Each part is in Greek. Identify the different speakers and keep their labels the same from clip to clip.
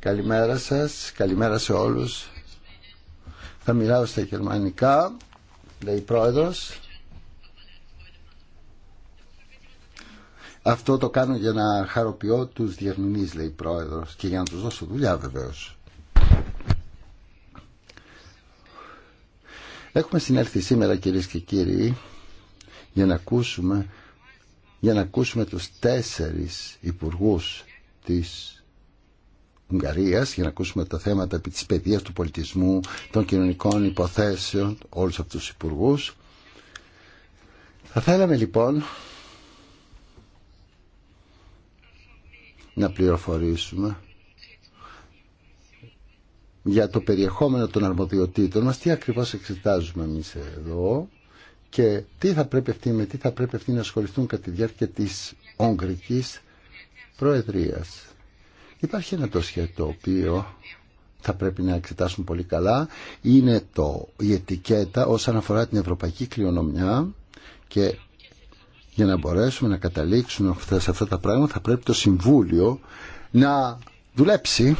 Speaker 1: Καλημέρα σας, καλημέρα σε όλους. Θα μιλάω στα γερμανικά, λέει η πρόεδρος. Αυτό το κάνω για να χαροποιώ τους διερμηνείς, λέει η πρόεδρος, και για να τους δώσω δουλειά βεβαίως. Έχουμε συνέλθει σήμερα κυρίες και κύριοι για να ακούσουμε για να ακούσουμε τους τέσσερις υπουργούς της Ουγγαρίας για να ακούσουμε τα θέματα επί της παιδείας, του πολιτισμού, των κοινωνικών υποθέσεων, όλους αυτούς τους υπουργούς. Θα θέλαμε λοιπόν να πληροφορήσουμε για το περιεχόμενο των αρμοδιοτήτων μας, τι ακριβώς εξετάζουμε εμείς εδώ και τι θα πρέπει αυτοί, με τι θα πρέπει αυτοί να ασχοληθούν κατά τη διάρκεια της Ογγρικής Προεδρίας. Υπάρχει ένα σχέδιο το οποίο θα πρέπει να εξετάσουμε πολύ καλά. Είναι το, η ετικέτα όσον αφορά την ευρωπαϊκή κληρονομιά και για να μπορέσουμε να καταλήξουμε σε αυτά τα πράγματα θα πρέπει το Συμβούλιο να δουλέψει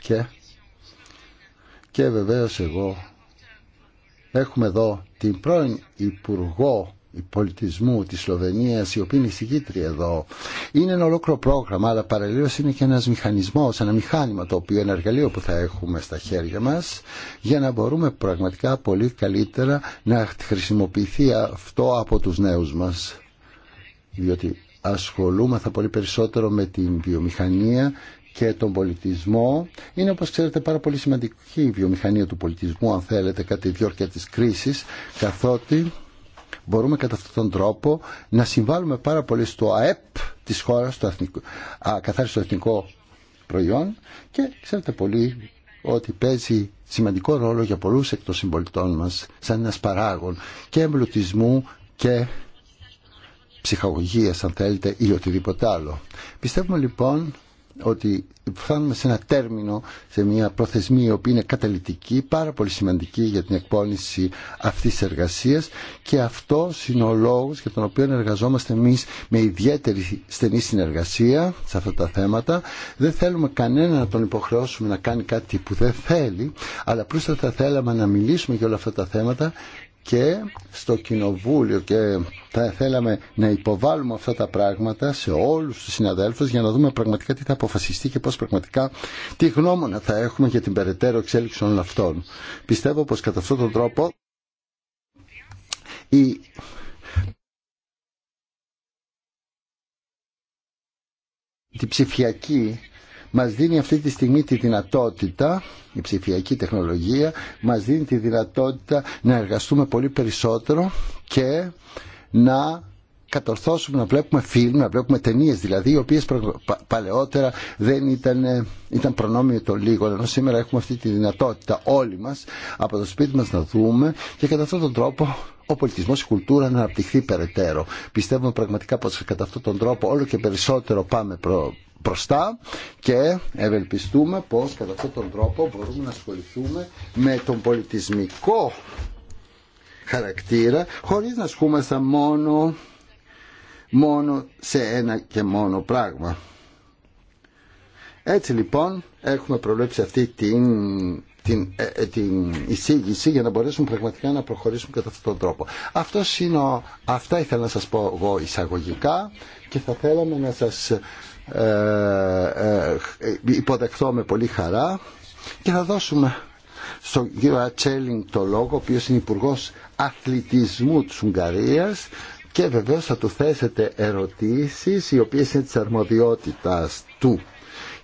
Speaker 1: και, και βεβαίως εγώ έχουμε εδώ την πρώην Υπουργό πολιτισμού της Σλοβενίας η οποία είναι εισηγήτρια εδώ είναι ένα ολόκληρο πρόγραμμα αλλά παραλλήλως είναι και ένας μηχανισμός, ένα μηχάνημα το οποίο είναι εργαλείο που θα έχουμε στα χέρια μας για να μπορούμε πραγματικά πολύ καλύτερα να χρησιμοποιηθεί αυτό από τους νέους μας διότι ασχολούμαστε πολύ περισσότερο με την βιομηχανία και τον πολιτισμό. Είναι όπως ξέρετε πάρα πολύ σημαντική η βιομηχανία του πολιτισμού αν θέλετε κατά τη διόρκεια της κρίσης καθότι μπορούμε κατά αυτόν τον τρόπο να συμβάλλουμε πάρα πολύ στο ΑΕΠ της χώρας, στο εθνικό, α, καθάριστο εθνικό προϊόν και ξέρετε πολύ ότι παίζει σημαντικό ρόλο για πολλούς εκ των συμπολιτών μας σαν ένας παράγων και εμπλουτισμού και ψυχαγωγίας αν θέλετε ή οτιδήποτε άλλο. Πιστεύουμε λοιπόν ότι φτάνουμε σε ένα τέρμινο, σε μια προθεσμία η οποία είναι καταλητική, πάρα πολύ σημαντική για την εκπόνηση αυτής τη εργασίας και αυτό είναι ο λόγο για τον οποίο εργαζόμαστε εμεί με ιδιαίτερη στενή συνεργασία σε αυτά τα θέματα. Δεν θέλουμε κανένα να τον υποχρεώσουμε να κάνει κάτι που δεν θέλει, αλλά πρώτα θα θέλαμε να μιλήσουμε για όλα αυτά τα θέματα και στο Κοινοβούλιο και θα θέλαμε να υποβάλουμε αυτά τα πράγματα σε όλους τους συναδέλφους για να δούμε πραγματικά τι θα αποφασιστεί και πώς πραγματικά τι γνώμονα θα έχουμε για την περαιτέρω εξέλιξη όλων αυτών. Πιστεύω πως κατά αυτόν τον τρόπο η... ψηφιακή μας δίνει αυτή τη στιγμή τη δυνατότητα, η ψηφιακή τεχνολογία, μας δίνει τη δυνατότητα να εργαστούμε πολύ περισσότερο και να κατορθώσουμε να βλέπουμε φιλμ, να βλέπουμε ταινίες δηλαδή, οι οποίες παλαιότερα δεν ήταν, ε, ήταν προνόμιο το λίγο, ενώ σήμερα έχουμε αυτή τη δυνατότητα όλοι μας από το σπίτι μας να δούμε και κατά αυτόν τον τρόπο ο πολιτισμός, η κουλτούρα να αναπτυχθεί περαιτέρω. Πιστεύουμε πραγματικά πως κατά αυτόν τον τρόπο όλο και περισσότερο πάμε προ, μπροστά και ευελπιστούμε πως κατά αυτόν τον τρόπο μπορούμε να ασχοληθούμε με τον πολιτισμικό χαρακτήρα χωρίς να ασχούμαστε μόνο, μόνο σε ένα και μόνο πράγμα. Έτσι λοιπόν έχουμε προβλέψει αυτή την, την, ε, ε, την εισήγηση για να μπορέσουμε πραγματικά να προχωρήσουμε κατά αυτόν τον τρόπο. Αυτός είναι ο, αυτά ήθελα να σας πω εγώ εισαγωγικά και θα θέλαμε να σας ε, ε, ε, υποδεχθώ με πολύ χαρά και θα δώσουμε στον κύριο Ατσέλινγκ το λόγο, ο οποίος είναι υπουργό Αθλητισμού της Ουγγαρίας και βεβαίω θα του θέσετε ερωτήσεις οι οποίες είναι της αρμοδιότητας του.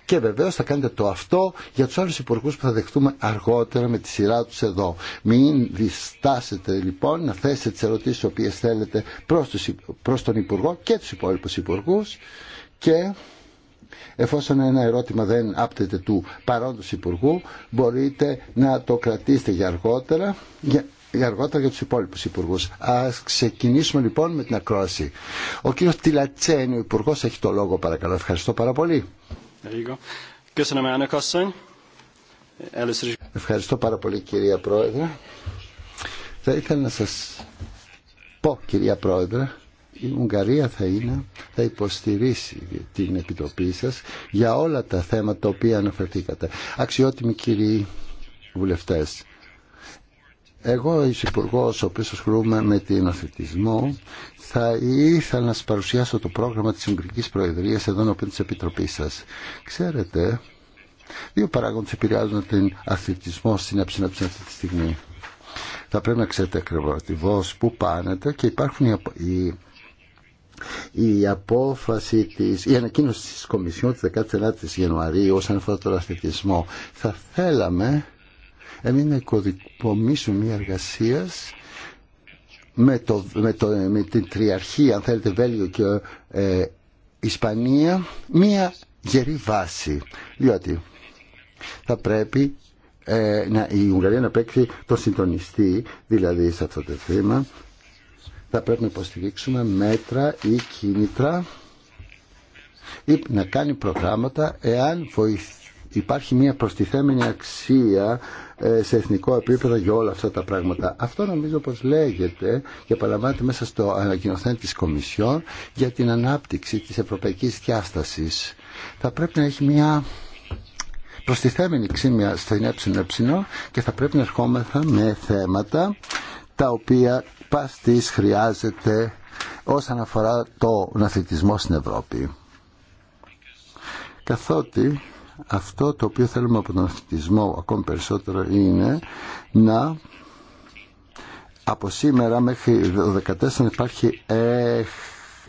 Speaker 1: Και βεβαίω θα κάνετε το αυτό για τους άλλους υπουργούς που θα δεχτούμε αργότερα με τη σειρά τους εδώ. Μην διστάσετε λοιπόν να θέσετε τις ερωτήσεις οι οποίε θέλετε προς, προς τον Υπουργό και τους υπόλοιπους υπουργούς και εφόσον ένα ερώτημα δεν άπτεται του παρόντος Υπουργού μπορείτε να το κρατήσετε για αργότερα για, για αργότερα για τους υπόλοιπους υπουργούς. Ας ξεκινήσουμε λοιπόν με την ακρόαση. Ο κύριος Τιλατσένη, ο υπουργός, έχει το λόγο παρακαλώ. Ευχαριστώ πάρα πολύ. Ευχαριστώ πάρα πολύ κυρία Πρόεδρε. Θα ήθελα να σας πω κυρία Πρόεδρε η Ουγγαρία θα, είναι, θα υποστηρίσει την επιτροπή σας για όλα τα θέματα τα οποία αναφερθήκατε. Αξιότιμοι κύριοι βουλευτές, εγώ ως υπουργό ο οποίος ασχολούμαι με την αθλητισμό θα ήθελα να σας παρουσιάσω το πρόγραμμα της Ουγγρικής Προεδρίας εδώ ενώπιον της Επιτροπής σας. Ξέρετε, δύο παράγοντες επηρεάζουν την αθλητισμό στην αψινάψη αυτή τη στιγμή θα πρέπει να ξέρετε ακριβώ πού πάνετε και υπάρχουν οι η απόφαση της, η ανακοίνωση της Κομισιόν της 19 η Γενουαρίου όσον αφορά τον αθλητισμό θα θέλαμε εμείς να οικοδομήσουμε μια εργασία με, το, με, την τριαρχία αν θέλετε Βέλγιο και ε, Ισπανία μια γερή βάση διότι θα πρέπει ε, να, η Ουγγαρία να παίξει το συντονιστή δηλαδή σε αυτό το θέμα θα πρέπει να υποστηρίξουμε μέτρα ή κίνητρα ή να κάνει προγράμματα εάν υπάρχει μια προστιθέμενη αξία ε, σε εθνικό επίπεδο για όλα αυτά τα πράγματα. Αυτό νομίζω πως λέγεται και επαναλαμβάνεται μέσα στο ανακοινωθέν της Κομισιόν για την ανάπτυξη της ευρωπαϊκής διάστασης. Θα πρέπει να έχει μια προστιθέμενη ξύμια στην ΕΕ και θα πρέπει να ερχόμεθα με θέματα τα οποία παστής χρειάζεται όσον αφορά το αθλητισμό στην Ευρώπη. Καθότι αυτό το οποίο θέλουμε από τον αθλητισμό ακόμη περισσότερο είναι να από σήμερα μέχρι το 2014 υπάρχει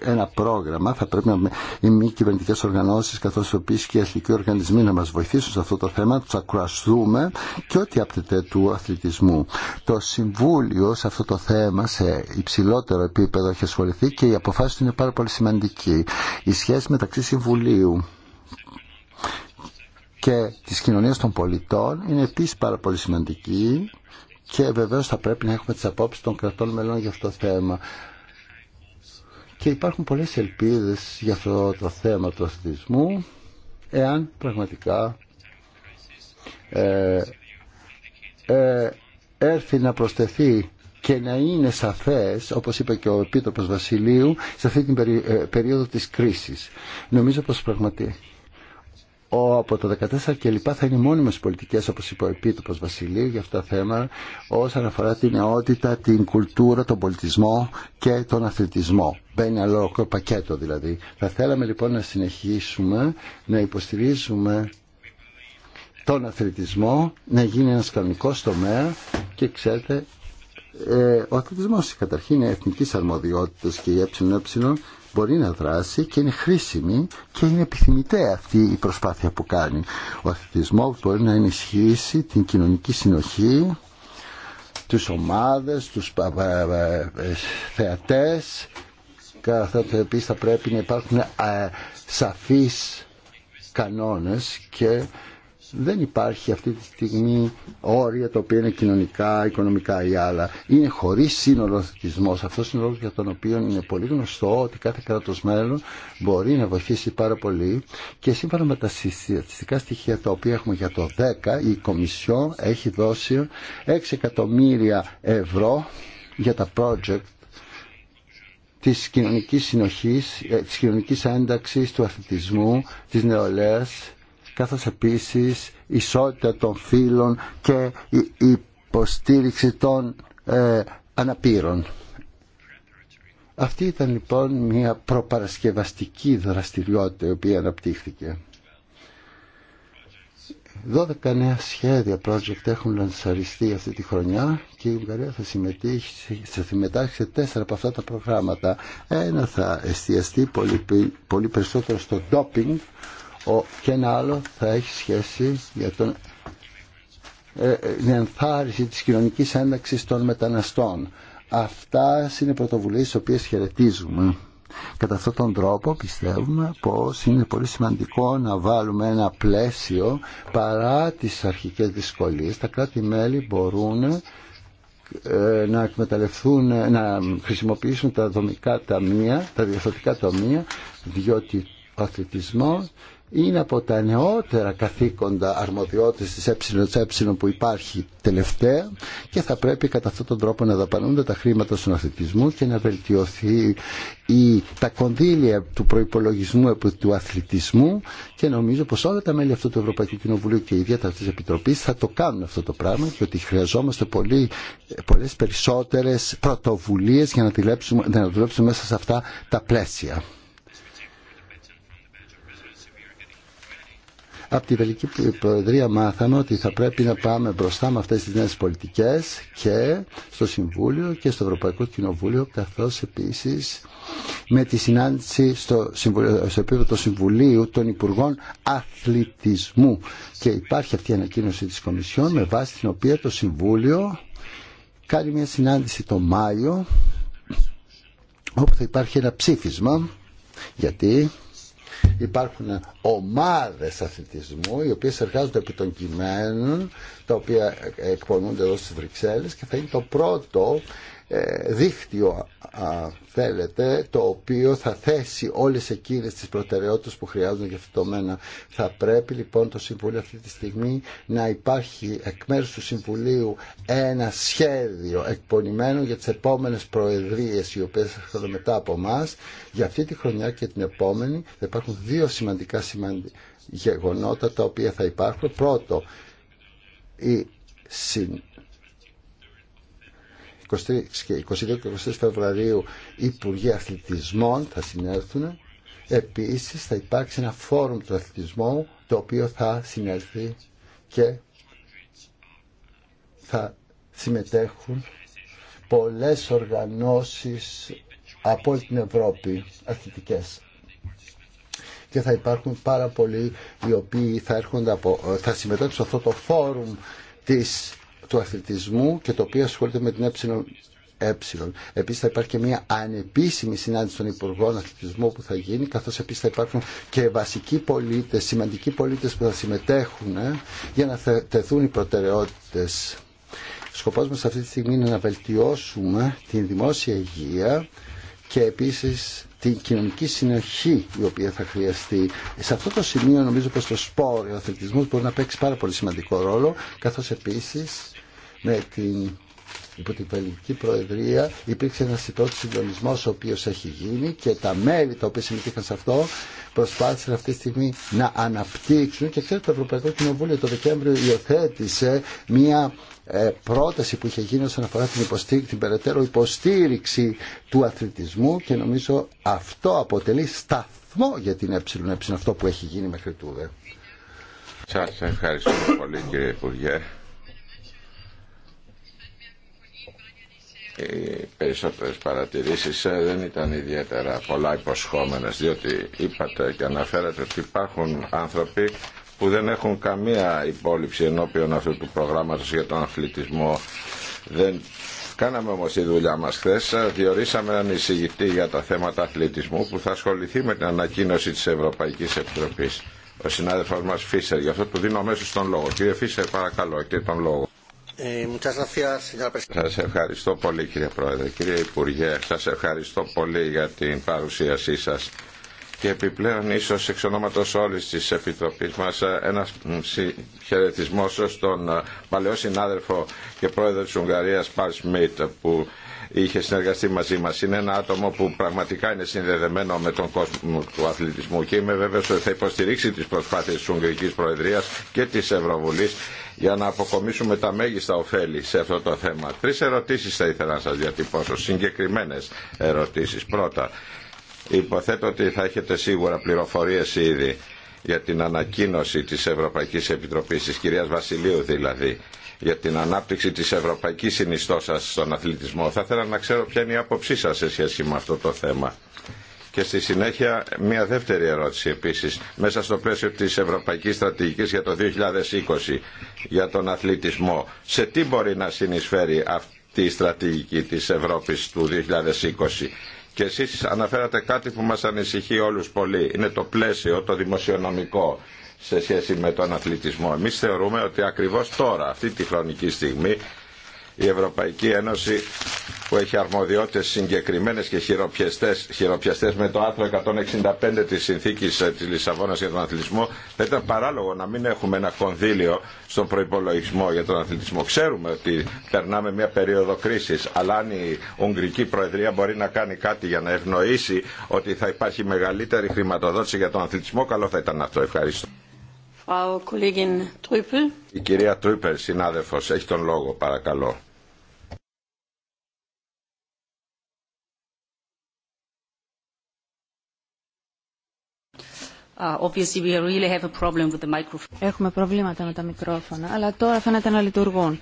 Speaker 1: ένα πρόγραμμα, θα πρέπει να, οι μη κυβερνητικέ οργανώσει καθώ οποίε και οι αθλητικοί οργανισμοί να μα βοηθήσουν σε αυτό το θέμα, του ακουραστούμε και ό,τι άπτεται του αθλητισμού. Το Συμβούλιο σε αυτό το θέμα σε υψηλότερο επίπεδο έχει ασχοληθεί και η αποφάση του είναι πάρα πολύ σημαντική. Η σχέση μεταξύ Συμβουλίου και της κοινωνίας των πολιτών είναι επίσης πάρα πολύ σημαντική και βεβαίως θα πρέπει να έχουμε τις απόψει των κρατών μελών για αυτό το θέμα και υπάρχουν πολλές ελπίδες για αυτό το θέμα του αθλητισμού εάν πραγματικά ε, ε, έρθει να προσθεθεί και να είναι σαφές, όπως είπε και ο Επίτροπος Βασιλείου, σε αυτή την ε, περίοδο της κρίσης. Νομίζω πως πραγματικά ο, από το 2014 και λοιπά θα είναι μόνιμες πολιτικές όπως είπε ο Επίτροπος Βασιλείου για αυτά τα θέματα όσον αφορά την νεότητα, την κουλτούρα, τον πολιτισμό και τον αθλητισμό. Μπαίνει ένα ολόκληρο πακέτο δηλαδή. Θα θέλαμε λοιπόν να συνεχίσουμε να υποστηρίζουμε τον αθλητισμό, να γίνει ένας κανονικός τομέα και ξέρετε ε, ο αθλητισμός καταρχήν είναι εθνικής αρμοδιότητας και η ΕΕ μπορεί να δράσει και είναι χρήσιμη και είναι επιθυμητέα αυτή η προσπάθεια που κάνει. Ο αθλητισμό μπορεί να ενισχύσει την κοινωνική συνοχή, τους ομάδες, τους ε, ε, ε, θεατές κατά επίσης θα πρέπει να υπάρχουν σαφείς κανόνες και δεν υπάρχει αυτή τη στιγμή όρια τα οποία είναι κοινωνικά, οικονομικά ή άλλα. Είναι χωρί σύνολο αθλητισμό. Αυτό είναι ο λόγο για τον οποίο είναι πολύ γνωστό ότι κάθε κράτο μέλλον μπορεί να βοηθήσει πάρα πολύ και σύμφωνα με τα συστατιστικά στοιχεία τα οποία έχουμε για το 10, η Κομισιό έχει δώσει 6 εκατομμύρια ευρώ για τα project της κοινωνικής συνοχής, ε, της κοινωνικής ένταξης, του αθλητισμού, της νεολαίας καθώς επίσης ισότητα των φύλων και η υποστήριξη των ε, αναπήρων. Αυτή ήταν λοιπόν μια προπαρασκευαστική δραστηριότητα η οποία αναπτύχθηκε. 12 νέα σχέδια project έχουν λανσαριστεί αυτή τη χρονιά και η Ουγγαρία θα συμμετέχει, συμμετάσχει σε τέσσερα από αυτά τα προγράμματα. Ένα θα εστιαστεί πολύ, πολύ περισσότερο στο ντόπινγκ και ένα άλλο θα έχει σχέση για τον, ε, ε την ενθάρρυνση της κοινωνικής ένταξης των μεταναστών. Αυτά είναι πρωτοβουλίες τις οποίες χαιρετίζουμε. Κατά αυτόν τον τρόπο πιστεύουμε πως είναι πολύ σημαντικό να βάλουμε ένα πλαίσιο παρά τις αρχικές δυσκολίες. Τα κράτη-μέλη μπορούν ε, να εκμεταλλευτούν, ε, να χρησιμοποιήσουν τα δομικά ταμεία, τα ταμεία, διότι ο αθλητισμός είναι από τα νεότερα καθήκοντα αρμοδιότητες της ΕΕ που υπάρχει τελευταία και θα πρέπει κατά αυτόν τον τρόπο να δαπανούνται τα χρήματα στον αθλητισμό και να βελτιωθεί η, τα κονδύλια του προϋπολογισμού του αθλητισμού και νομίζω πως όλα τα μέλη αυτού του Ευρωπαϊκού Κοινοβουλίου και ιδιαίτερα αυτής της Επιτροπής θα το κάνουν αυτό το πράγμα και ότι χρειαζόμαστε πολύ, πολλές περισσότερες πρωτοβουλίες για να δουλέψουμε μέσα σε αυτά τα πλαίσια. Από τη Βελική Προεδρία μάθαμε ότι θα πρέπει να πάμε μπροστά με αυτές τις νέες πολιτικές και στο Συμβούλιο και στο Ευρωπαϊκό Κοινοβούλιο καθώς επίσης με τη συνάντηση στο, στο επίπεδο του Συμβουλίου των Υπουργών Αθλητισμού και υπάρχει αυτή η ανακοίνωση της Κομισιόν με βάση την οποία το Συμβούλιο κάνει μια συνάντηση το Μάιο όπου θα υπάρχει ένα ψήφισμα γιατί Υπάρχουν ομάδες αθλητισμού οι οποίες εργάζονται επί των κειμένων τα οποία εκπονούνται εδώ στις Βρυξέλλες και θα είναι το πρώτο ε, δίκτυο α, θέλετε το οποίο θα θέσει όλες εκείνες τις προτεραιότητες που χρειάζονται για μένα. Θα πρέπει λοιπόν το Συμβούλιο αυτή τη στιγμή να υπάρχει εκ μέρους του Συμβουλίου ένα σχέδιο εκπονημένο για τις επόμενες προεδρίες οι οποίες έρχονται μετά από εμά. Για αυτή τη χρονιά και την επόμενη θα υπάρχουν δύο σημαντικά σημαντι γεγονότα τα οποία θα υπάρχουν. Πρώτο, η συν 23 και 23 Φεβρουαρίου οι Υπουργοί Αθλητισμών θα συνέλθουν. Επίσης θα υπάρξει ένα φόρουμ του αθλητισμού το οποίο θα συνέλθει και θα συμμετέχουν πολλές οργανώσεις από όλη την Ευρώπη αθλητικές και θα υπάρχουν πάρα πολλοί οι οποίοι θα, έρχονται από, θα συμμετέχουν σε αυτό το φόρουμ της του αθλητισμού και το οποίο ασχολείται με την Ε. Επίση θα υπάρχει και μια ανεπίσημη συνάντηση των Υπουργών Αθλητισμού που θα γίνει, καθώ επίση θα υπάρχουν και βασικοί πολίτε, σημαντικοί πολίτε που θα συμμετέχουν ε, για να τεθούν οι προτεραιότητε. Σκοπός μας αυτή τη στιγμή είναι να βελτιώσουμε την δημόσια υγεία και επίσης την κοινωνική συνοχή η οποία θα χρειαστεί. Σε αυτό το σημείο νομίζω πως το σπόρο, ο αθλητισμός μπορεί να παίξει πάρα πολύ σημαντικό ρόλο καθώς επίσης με την υπό την Βελγική Προεδρία υπήρξε ένα σιτό συντονισμό ο οποίο έχει γίνει και τα μέλη τα οποία συμμετείχαν σε αυτό προσπάθησαν αυτή τη στιγμή να αναπτύξουν και ξέρετε το Ευρωπαϊκό Κοινοβούλιο το Δεκέμβριο υιοθέτησε μια ε, πρόταση που είχε γίνει όσον αφορά την, υποστήριξη, την περαιτέρω υποστήριξη του αθλητισμού και νομίζω αυτό αποτελεί σταθμό για την ΕΕ αυτό που έχει γίνει μέχρι τούδε.
Speaker 2: Σας ευχαριστούμε πολύ κύριε Υπουργέ. οι περισσότερες παρατηρήσεις ε, δεν ήταν ιδιαίτερα πολλά υποσχόμενες διότι είπατε και αναφέρατε ότι υπάρχουν άνθρωποι που δεν έχουν καμία υπόληψη ενώπιον αυτού του προγράμματος για τον αθλητισμό δεν Κάναμε όμω τη δουλειά μα χθε. Διορίσαμε έναν εισηγητή για τα θέματα αθλητισμού που θα ασχοληθεί με την ανακοίνωση τη Ευρωπαϊκή Επιτροπή. Ο συνάδελφο μα Φίσερ. Γι' αυτό του δίνω αμέσω τον λόγο. Κύριε Φίσερ, παρακαλώ, και τον λόγο.
Speaker 1: Ε, σας
Speaker 2: ευχαριστώ πολύ κύριε Πρόεδρε. Κύριε Υπουργέ, σας ευχαριστώ πολύ για την παρουσίασή σας. Και επιπλέον ίσως εξ ονόματος όλης της Επιτροπής μας ένας χαιρετισμό στον παλαιό συνάδελφο και πρόεδρο της Ουγγαρίας Παλ Σμιτ που είχε συνεργαστεί μαζί μα, Είναι ένα άτομο που πραγματικά είναι συνδεδεμένο με τον κόσμο του αθλητισμού και είμαι βέβαιο ότι θα υποστηρίξει τι προσπάθειε της Ουγγρική Προεδρίας και τη Ευρωβουλή για να αποκομίσουμε τα μέγιστα ωφέλη σε αυτό το θέμα. Τρει ερωτήσει θα ήθελα να σα διατυπώσω, συγκεκριμένε ερωτήσει. Πρώτα, υποθέτω ότι θα έχετε σίγουρα πληροφορίε ήδη για την ανακοίνωση της Ευρωπαϊκής Επιτροπής, της κυρίας Βασιλείου δηλαδή, για την ανάπτυξη της ευρωπαϊκής συνιστώσας στον αθλητισμό. Θα ήθελα να ξέρω ποια είναι η άποψή σας σε σχέση με αυτό το θέμα. Και στη συνέχεια μια δεύτερη ερώτηση επίσης, μέσα στο πλαίσιο της Ευρωπαϊκής Στρατηγικής για το 2020 για τον αθλητισμό. Σε τι μπορεί να συνεισφέρει αυτή η στρατηγική της Ευρώπης του 2020. Και εσείς αναφέρατε κάτι που μας ανησυχεί όλους πολύ. Είναι το πλαίσιο, το δημοσιονομικό σε σχέση με τον αθλητισμό. Εμείς θεωρούμε ότι ακριβώς τώρα, αυτή τη χρονική στιγμή, η Ευρωπαϊκή Ένωση που έχει αρμοδιότητες συγκεκριμένες και χειροπιαστές, με το άρθρο 165 της συνθήκης ε, της Λισαβόνας για τον αθλητισμό θα ήταν παράλογο να μην έχουμε ένα κονδύλιο στον προϋπολογισμό για τον αθλητισμό. Ξέρουμε ότι περνάμε μια περίοδο κρίσης αλλά αν η Ουγγρική Προεδρία μπορεί να κάνει κάτι για να ευνοήσει ότι θα υπάρχει μεγαλύτερη χρηματοδότηση για τον αθλητισμό καλό θα ήταν αυτό. Ευχαριστώ. Η κυρία Τρούπελ, συνάδελφος, έχει τον λόγο, παρακαλώ.
Speaker 3: Uh,
Speaker 4: Έχουμε προβλήματα με τα μικρόφωνα, αλλά τώρα φαίνεται να λειτουργούν.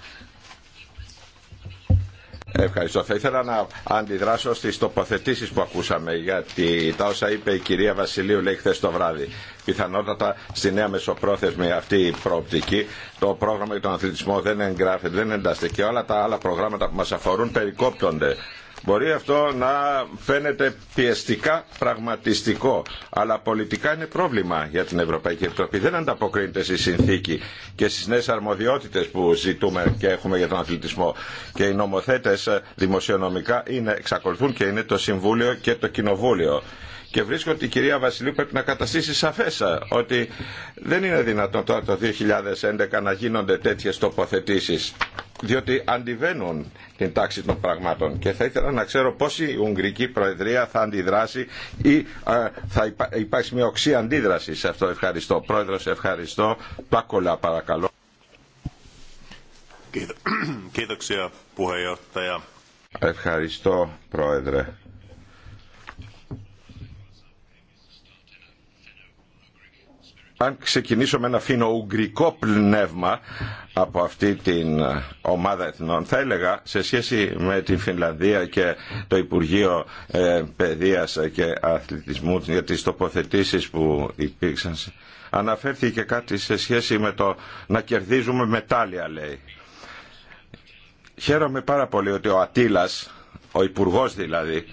Speaker 2: Ευχαριστώ. Θα ήθελα να αντιδράσω στις τοποθετήσεις που ακούσαμε γιατί τα όσα είπε η κυρία Βασιλείου λέει χθε το βράδυ. Πιθανότατα στη νέα μεσοπρόθεσμη αυτή η προοπτική το πρόγραμμα για τον αθλητισμό δεν εγγράφεται, δεν εντάσσεται και όλα τα άλλα προγράμματα που μας αφορούν περικόπτονται Μπορεί αυτό να φαίνεται πιεστικά πραγματιστικό, αλλά πολιτικά είναι πρόβλημα για την Ευρωπαϊκή Επιτροπή. Δεν ανταποκρίνεται στη συνθήκη και στις νέες αρμοδιότητες που ζητούμε και έχουμε για τον αθλητισμό. Και οι νομοθέτες δημοσιονομικά είναι, εξακολουθούν και είναι το Συμβούλιο και το Κοινοβούλιο. Και βρίσκω ότι η κυρία Βασιλείου πρέπει να καταστήσει σαφέσα ότι δεν είναι δυνατόν τώρα το 2011 να γίνονται τέτοιες τοποθετήσεις διότι αντιβαίνουν την τάξη των πραγμάτων και θα ήθελα να ξέρω πώς η Ουγγρική Προεδρία θα αντιδράσει ή θα υπάρξει μια οξύ αντίδραση σε αυτό. Ευχαριστώ. Πρόεδρος, ευχαριστώ. Πάκολα, παρακαλώ. Ευχαριστώ, Πρόεδρε. αν ξεκινήσω με ένα φινοουγγρικό πνεύμα από αυτή την ομάδα εθνών, θα έλεγα σε σχέση με την Φινλανδία και το Υπουργείο ε, Παιδείας και Αθλητισμού για τις τοποθετήσεις που υπήρξαν. Αναφέρθηκε κάτι σε σχέση με το να κερδίζουμε μετάλλια λέει. Χαίρομαι πάρα πολύ ότι ο Ατήλας, ο Υπουργός δηλαδή,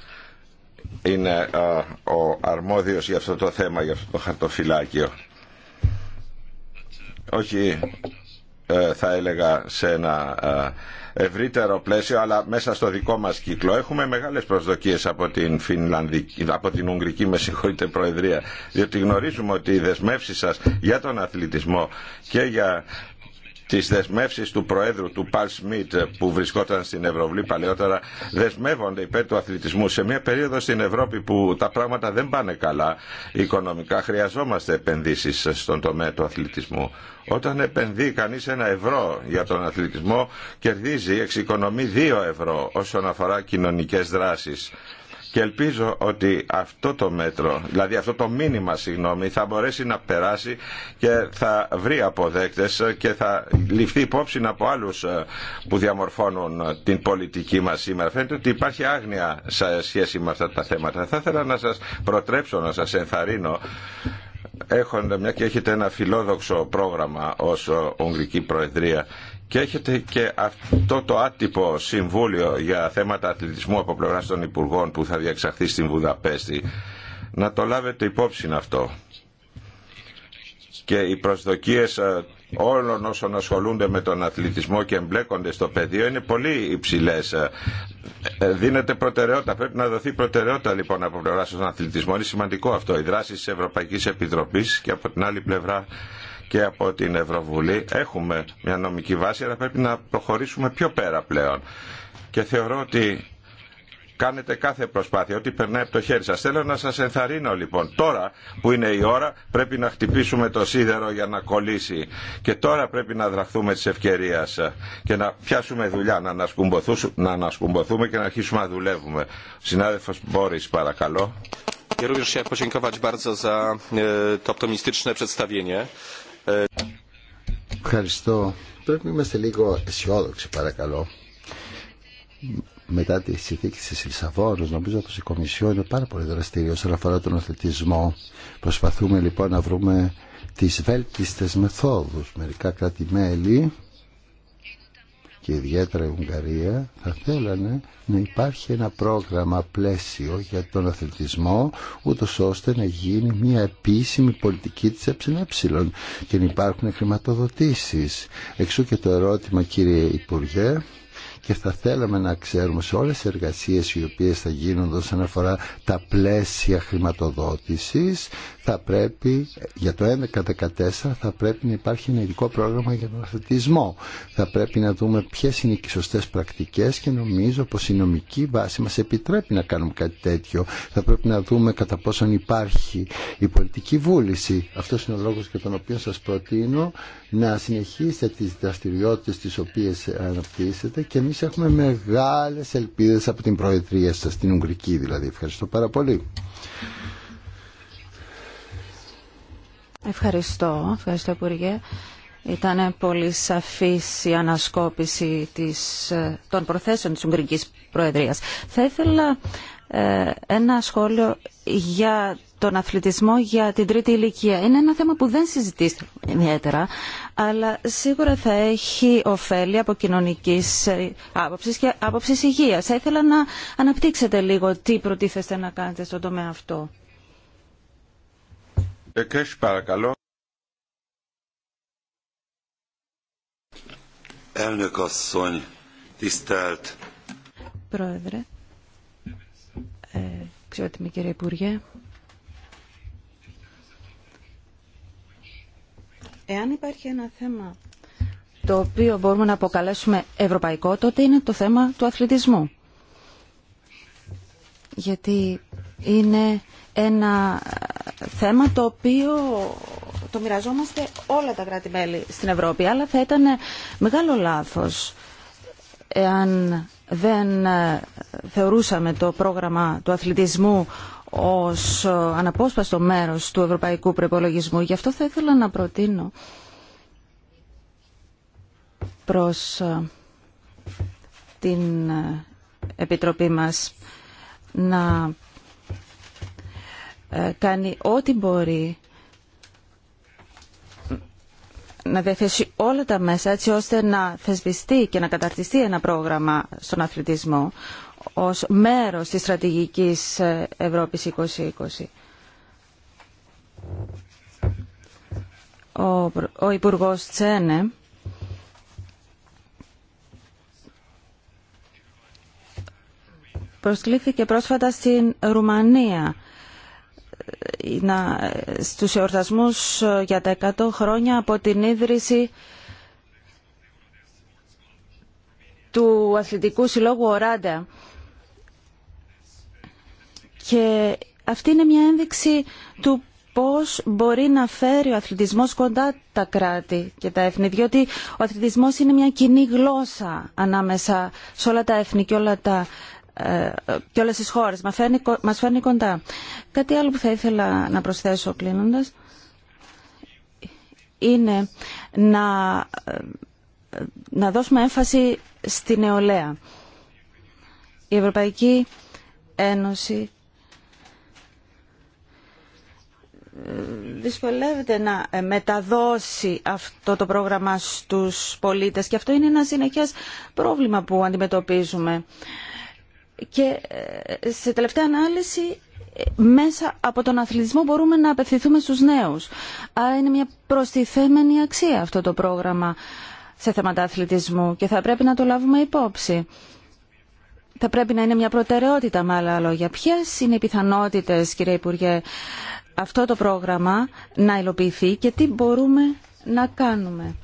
Speaker 2: είναι ε, ο αρμόδιος για αυτό το θέμα, για αυτό το χαρτοφυλάκιο όχι ε, θα έλεγα σε ένα ε, ευρύτερο πλαίσιο αλλά μέσα στο δικό μας κύκλο έχουμε μεγάλες προσδοκίες από την, Φινλανδική, από την Ουγγρική με Προεδρία διότι γνωρίζουμε ότι οι δεσμεύσεις σας για τον αθλητισμό και για τι δεσμεύσει του Προέδρου του Παλ Σμιτ που βρισκόταν στην Ευρωβουλή παλαιότερα δεσμεύονται υπέρ του αθλητισμού. Σε μια περίοδο στην Ευρώπη που τα πράγματα δεν πάνε καλά οικονομικά χρειαζόμαστε επενδύσεις στον τομέα του αθλητισμού. Όταν επενδύει κανεί ένα ευρώ για τον αθλητισμό κερδίζει, εξοικονομεί δύο ευρώ όσον αφορά κοινωνικέ δράσει. Και ελπίζω ότι αυτό το μέτρο, δηλαδή αυτό το μήνυμα, συγγνώμη, θα μπορέσει να περάσει και θα βρει αποδέκτες και θα ληφθεί υπόψη από άλλους ε, που διαμορφώνουν την πολιτική μας σήμερα. Φαίνεται ότι υπάρχει άγνοια σε σχέση με αυτά τα θέματα. Θα ήθελα να σας προτρέψω, να σας ενθαρρύνω μια και έχετε ένα φιλόδοξο πρόγραμμα ως Ουγγρική Προεδρία και έχετε και αυτό το άτυπο συμβούλιο για θέματα αθλητισμού από πλευρά των Υπουργών που θα διαξαχθεί στην Βουδαπέστη. Να το λάβετε υπόψη αυτό. Και οι προσδοκίες ε, όλων όσων ασχολούνται με τον αθλητισμό και εμπλέκονται στο πεδίο είναι πολύ υψηλέ. Ε, ε, δίνεται προτεραιότητα. Πρέπει να δοθεί προτεραιότητα λοιπόν από πλευρά στον αθλητισμό. Είναι σημαντικό αυτό. Οι δράσει τη Ευρωπαϊκή Επιτροπή και από την άλλη πλευρά και από την Ευρωβουλή έχουμε μια νομική βάση αλλά πρέπει να προχωρήσουμε πιο πέρα πλέον. Και θεωρώ ότι Κάνετε κάθε προσπάθεια, ό,τι περνάει από το χέρι σας. Θέλω να σας ενθαρρύνω λοιπόν. Τώρα που είναι η ώρα πρέπει να χτυπήσουμε το σίδερο για να κολλήσει. Και τώρα πρέπει να δραχθούμε τη ευκαιρία και να πιάσουμε δουλειά, να ανασκουμποθούμε, να ανασκουμποθούμε και να αρχίσουμε να δουλεύουμε. Συνάδελφος Μπόρις παρακαλώ.
Speaker 5: Ja również chciałem podziękować bardzo za to optymistyczne przedstawienie.
Speaker 1: Ευχαριστώ. Πρέπει να είμαστε λίγο αισιόδοξοι παρακαλώ. Μετά τη συνθήκη τη Λισαβόνα, νομίζω πω η Κομισιόν είναι πάρα πολύ δραστήριο όσον αφορά τον αθλητισμό. Προσπαθούμε λοιπόν να βρούμε τι βέλτιστε μεθόδου. Μερικά κράτη-μέλη και ιδιαίτερα η Ουγγαρία θα θέλανε να υπάρχει ένα πρόγραμμα πλαίσιο για τον αθλητισμό ούτως ώστε να γίνει μια επίσημη πολιτική της ΕΕ και να υπάρχουν χρηματοδοτήσεις. Εξού και το ερώτημα κύριε Υπουργέ και θα θέλαμε να ξέρουμε σε όλες τις εργασίες οι οποίες θα γίνονται όσον αφορά τα πλαίσια χρηματοδότησης θα πρέπει για το 2014 θα πρέπει να υπάρχει ένα ειδικό πρόγραμμα για τον αθλητισμό. Θα πρέπει να δούμε ποιε είναι οι σωστέ πρακτικέ και νομίζω πω η νομική βάση μα επιτρέπει να κάνουμε κάτι τέτοιο. Θα πρέπει να δούμε κατά πόσον υπάρχει η πολιτική βούληση. Αυτό είναι ο λόγο για τον οποίο σα προτείνω να συνεχίσετε τι δραστηριότητε τι οποίε αναπτύσσετε και εμεί έχουμε μεγάλε ελπίδε από την Προεδρία σα, την Ουγγρική δηλαδή. Ευχαριστώ πάρα πολύ.
Speaker 4: Ευχαριστώ. Ευχαριστώ, Υπουργέ. Ήταν πολύ σαφής η ανασκόπηση της, ε, των προθέσεων της Ουγγρικής Προεδρίας. Θα ήθελα ε, ένα σχόλιο για τον αθλητισμό για την τρίτη ηλικία. Είναι ένα θέμα που δεν συζητήσετε ιδιαίτερα, αλλά σίγουρα θα έχει ωφέλη από κοινωνική ε, άποψη και άποψη υγεία. Θα ήθελα να αναπτύξετε λίγο τι προτίθεστε να κάνετε στον τομέα αυτό.
Speaker 2: Εκέσ, παρακαλώ.
Speaker 4: Πρόεδρε, ε, κύριε Υπουργέ, εάν υπάρχει ένα θέμα το οποίο μπορούμε να αποκαλέσουμε ευρωπαϊκό, τότε είναι το θέμα του αθλητισμού. Γιατί είναι ένα θέμα το οποίο το μοιραζόμαστε όλα τα κράτη-μέλη στην Ευρώπη, αλλά θα ήταν μεγάλο λάθος εάν δεν ε, θεωρούσαμε το πρόγραμμα του αθλητισμού ως αναπόσπαστο μέρος του ευρωπαϊκού προπολογισμού. Γι' αυτό θα ήθελα να προτείνω προς ε, την ε, Επιτροπή μας να ε, κάνει ό,τι μπορεί να διαθέσει όλα τα μέσα έτσι ώστε να θεσπιστεί και να καταρτιστεί ένα πρόγραμμα στον αθλητισμό ως μέρος της στρατηγικής ε, Ευρώπης 2020. Ο, ο Υπουργός Τσένε προσκλήθηκε πρόσφατα στην Ρουμανία στους εορτασμούς για τα 100 χρόνια από την ίδρυση του Αθλητικού Συλλόγου Οράντα. Και αυτή είναι μια ένδειξη του πώς μπορεί να φέρει ο αθλητισμός κοντά τα κράτη και τα έθνη, διότι ο αθλητισμός είναι μια κοινή γλώσσα ανάμεσα σε όλα τα έθνη και όλα τα ε, και όλες τις χώρες. Μας φέρνει, κοντά. Κάτι άλλο που θα ήθελα να προσθέσω κλείνοντας είναι να, ε, να δώσουμε έμφαση στη νεολαία. Η Ευρωπαϊκή Ένωση ε, δυσκολεύεται να μεταδώσει αυτό το πρόγραμμα στους πολίτες και αυτό είναι ένα συνεχές πρόβλημα που αντιμετωπίζουμε και ε, σε τελευταία ανάλυση ε, μέσα από τον αθλητισμό μπορούμε να απευθυνθούμε στους νέους. Άρα είναι μια προστιθέμενη αξία αυτό το πρόγραμμα σε θέματα αθλητισμού και θα πρέπει να το λάβουμε υπόψη. Θα πρέπει να είναι μια προτεραιότητα με άλλα λόγια. Ποιες είναι οι πιθανότητες κύριε Υπουργέ αυτό το πρόγραμμα να υλοποιηθεί και τι μπορούμε να κάνουμε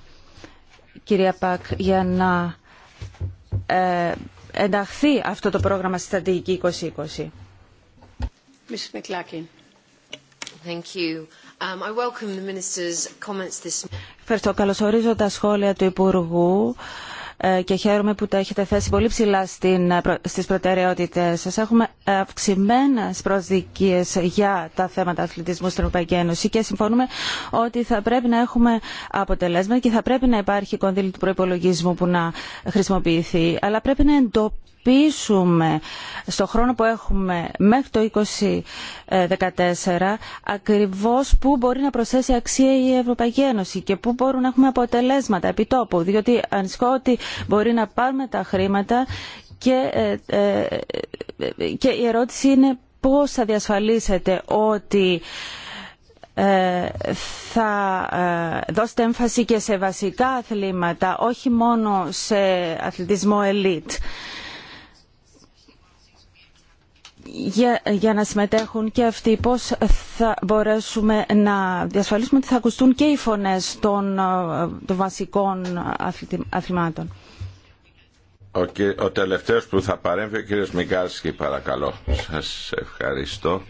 Speaker 4: κυρία Πακ για να ε, ενταχθεί αυτό το πρόγραμμα στη στρατηγική 2020.
Speaker 6: Um,
Speaker 4: Ευχαριστώ. Καλωσορίζω τα σχόλια του Υπουργού. Ε, και χαίρομαι που τα έχετε θέσει πολύ ψηλά ε, στις προτεραιότητες σας. Έχουμε αυξημένε προσδικίες για τα θέματα αθλητισμού στην Ευρωπαϊκή Ένωση και συμφωνούμε ότι θα πρέπει να έχουμε αποτελέσματα και θα πρέπει να υπάρχει κονδύλι του προπολογισμού που να χρησιμοποιηθεί. Αλλά πρέπει να εντοπίσουμε πίσουμε στο χρόνο που έχουμε μέχρι το 2014 ακριβώς πού μπορεί να προσθέσει αξία η Ευρωπαϊκή Ένωση και πού μπορούν να έχουμε αποτελέσματα επιτόπου διότι ανησυχώ ότι μπορεί να πάρουμε τα χρήματα και, ε, ε, και η ερώτηση είναι πώς θα διασφαλίσετε ότι ε, θα δώσετε έμφαση και σε βασικά αθλήματα, όχι μόνο σε αθλητισμό ελίτ για, να συμμετέχουν και αυτοί πώς θα μπορέσουμε να διασφαλίσουμε ότι θα ακουστούν και οι φωνές των, ε, των βασικών αθλημάτων.
Speaker 2: Ο, ο τελευταίος που θα παρέμβει ο κύριος Μικάρσκι παρακαλώ. Σας ευχαριστώ.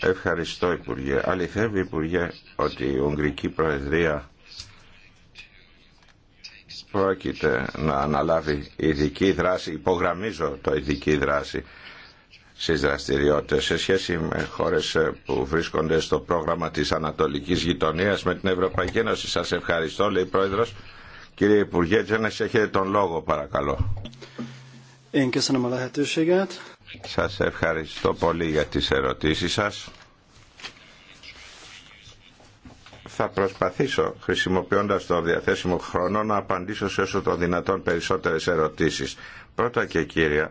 Speaker 2: Ευχαριστώ Υπουργέ. Αληθεύει Υπουργέ ότι η Ουγγρική Προεδρία πρόκειται να αναλάβει ειδική δράση, υπογραμμίζω το ειδική δράση στις δραστηριότητες σε σχέση με χώρες που βρίσκονται στο πρόγραμμα της Ανατολικής Γειτονίας με την Ευρωπαϊκή Ένωση. Σας ευχαριστώ, λέει Πρόεδρος. Κύριε Υπουργέ, Τζένες, έχετε τον λόγο, παρακαλώ. Σας ευχαριστώ πολύ για τις ερωτήσεις σας. θα προσπαθήσω χρησιμοποιώντας το διαθέσιμο χρόνο να απαντήσω σε όσο το δυνατόν περισσότερες ερωτήσεις. Πρώτα και κύρια,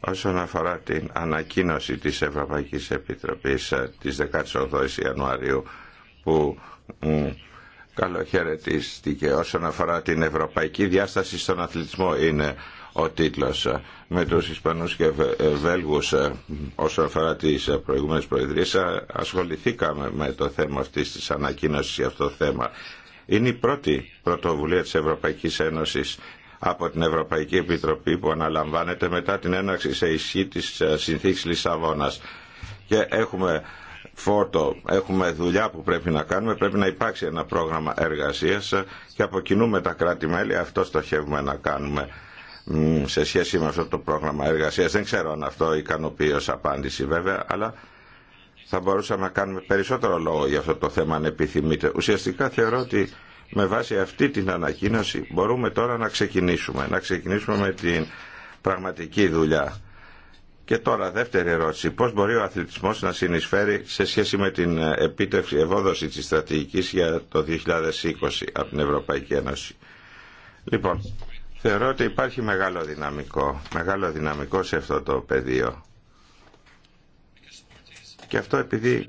Speaker 2: όσον αφορά την ανακοίνωση της Ευρωπαϊκής Επιτροπής ε, της 18ης Ιανουαρίου που καλοχαιρετίστηκε όσον αφορά την ευρωπαϊκή διάσταση στον αθλητισμό είναι ο τίτλος ε, με τους Ισπανούς και ε, Βέλγους ε, όσον αφορά τις προηγούμενες προεδρίες ασχοληθήκαμε με το θέμα αυτής της ανακοίνωσης για αυτό το θέμα. Είναι η πρώτη πρωτοβουλία της Ευρωπαϊκής Ένωσης από την Ευρωπαϊκή Επιτροπή που αναλαμβάνεται μετά την έναρξη σε ισχύ της συνθήκης Λισαβόνας. Και έχουμε φόρτο, έχουμε δουλειά που πρέπει να κάνουμε, πρέπει να υπάρξει ένα πρόγραμμα εργασίας και από κοινού τα κράτη-μέλη αυτό στοχεύουμε να κάνουμε σε σχέση με αυτό το πρόγραμμα εργασίας. Δεν ξέρω αν αυτό ικανοποιεί ως απάντηση βέβαια, αλλά θα μπορούσαμε να κάνουμε περισσότερο λόγο για αυτό το θέμα αν επιθυμείτε. Ουσιαστικά θεωρώ ότι με βάση αυτή την ανακοίνωση μπορούμε τώρα να ξεκινήσουμε. Να ξεκινήσουμε με την πραγματική δουλειά. Και τώρα δεύτερη ερώτηση. Πώς μπορεί ο αθλητισμός να συνεισφέρει σε σχέση με την επίτευξη ευόδοση της στρατηγικής για το 2020 από την Ευρωπαϊκή Ένωση. Λοιπόν, Θεωρώ ότι υπάρχει μεγάλο δυναμικό, μεγάλο δυναμικό σε αυτό το πεδίο. Και αυτό επειδή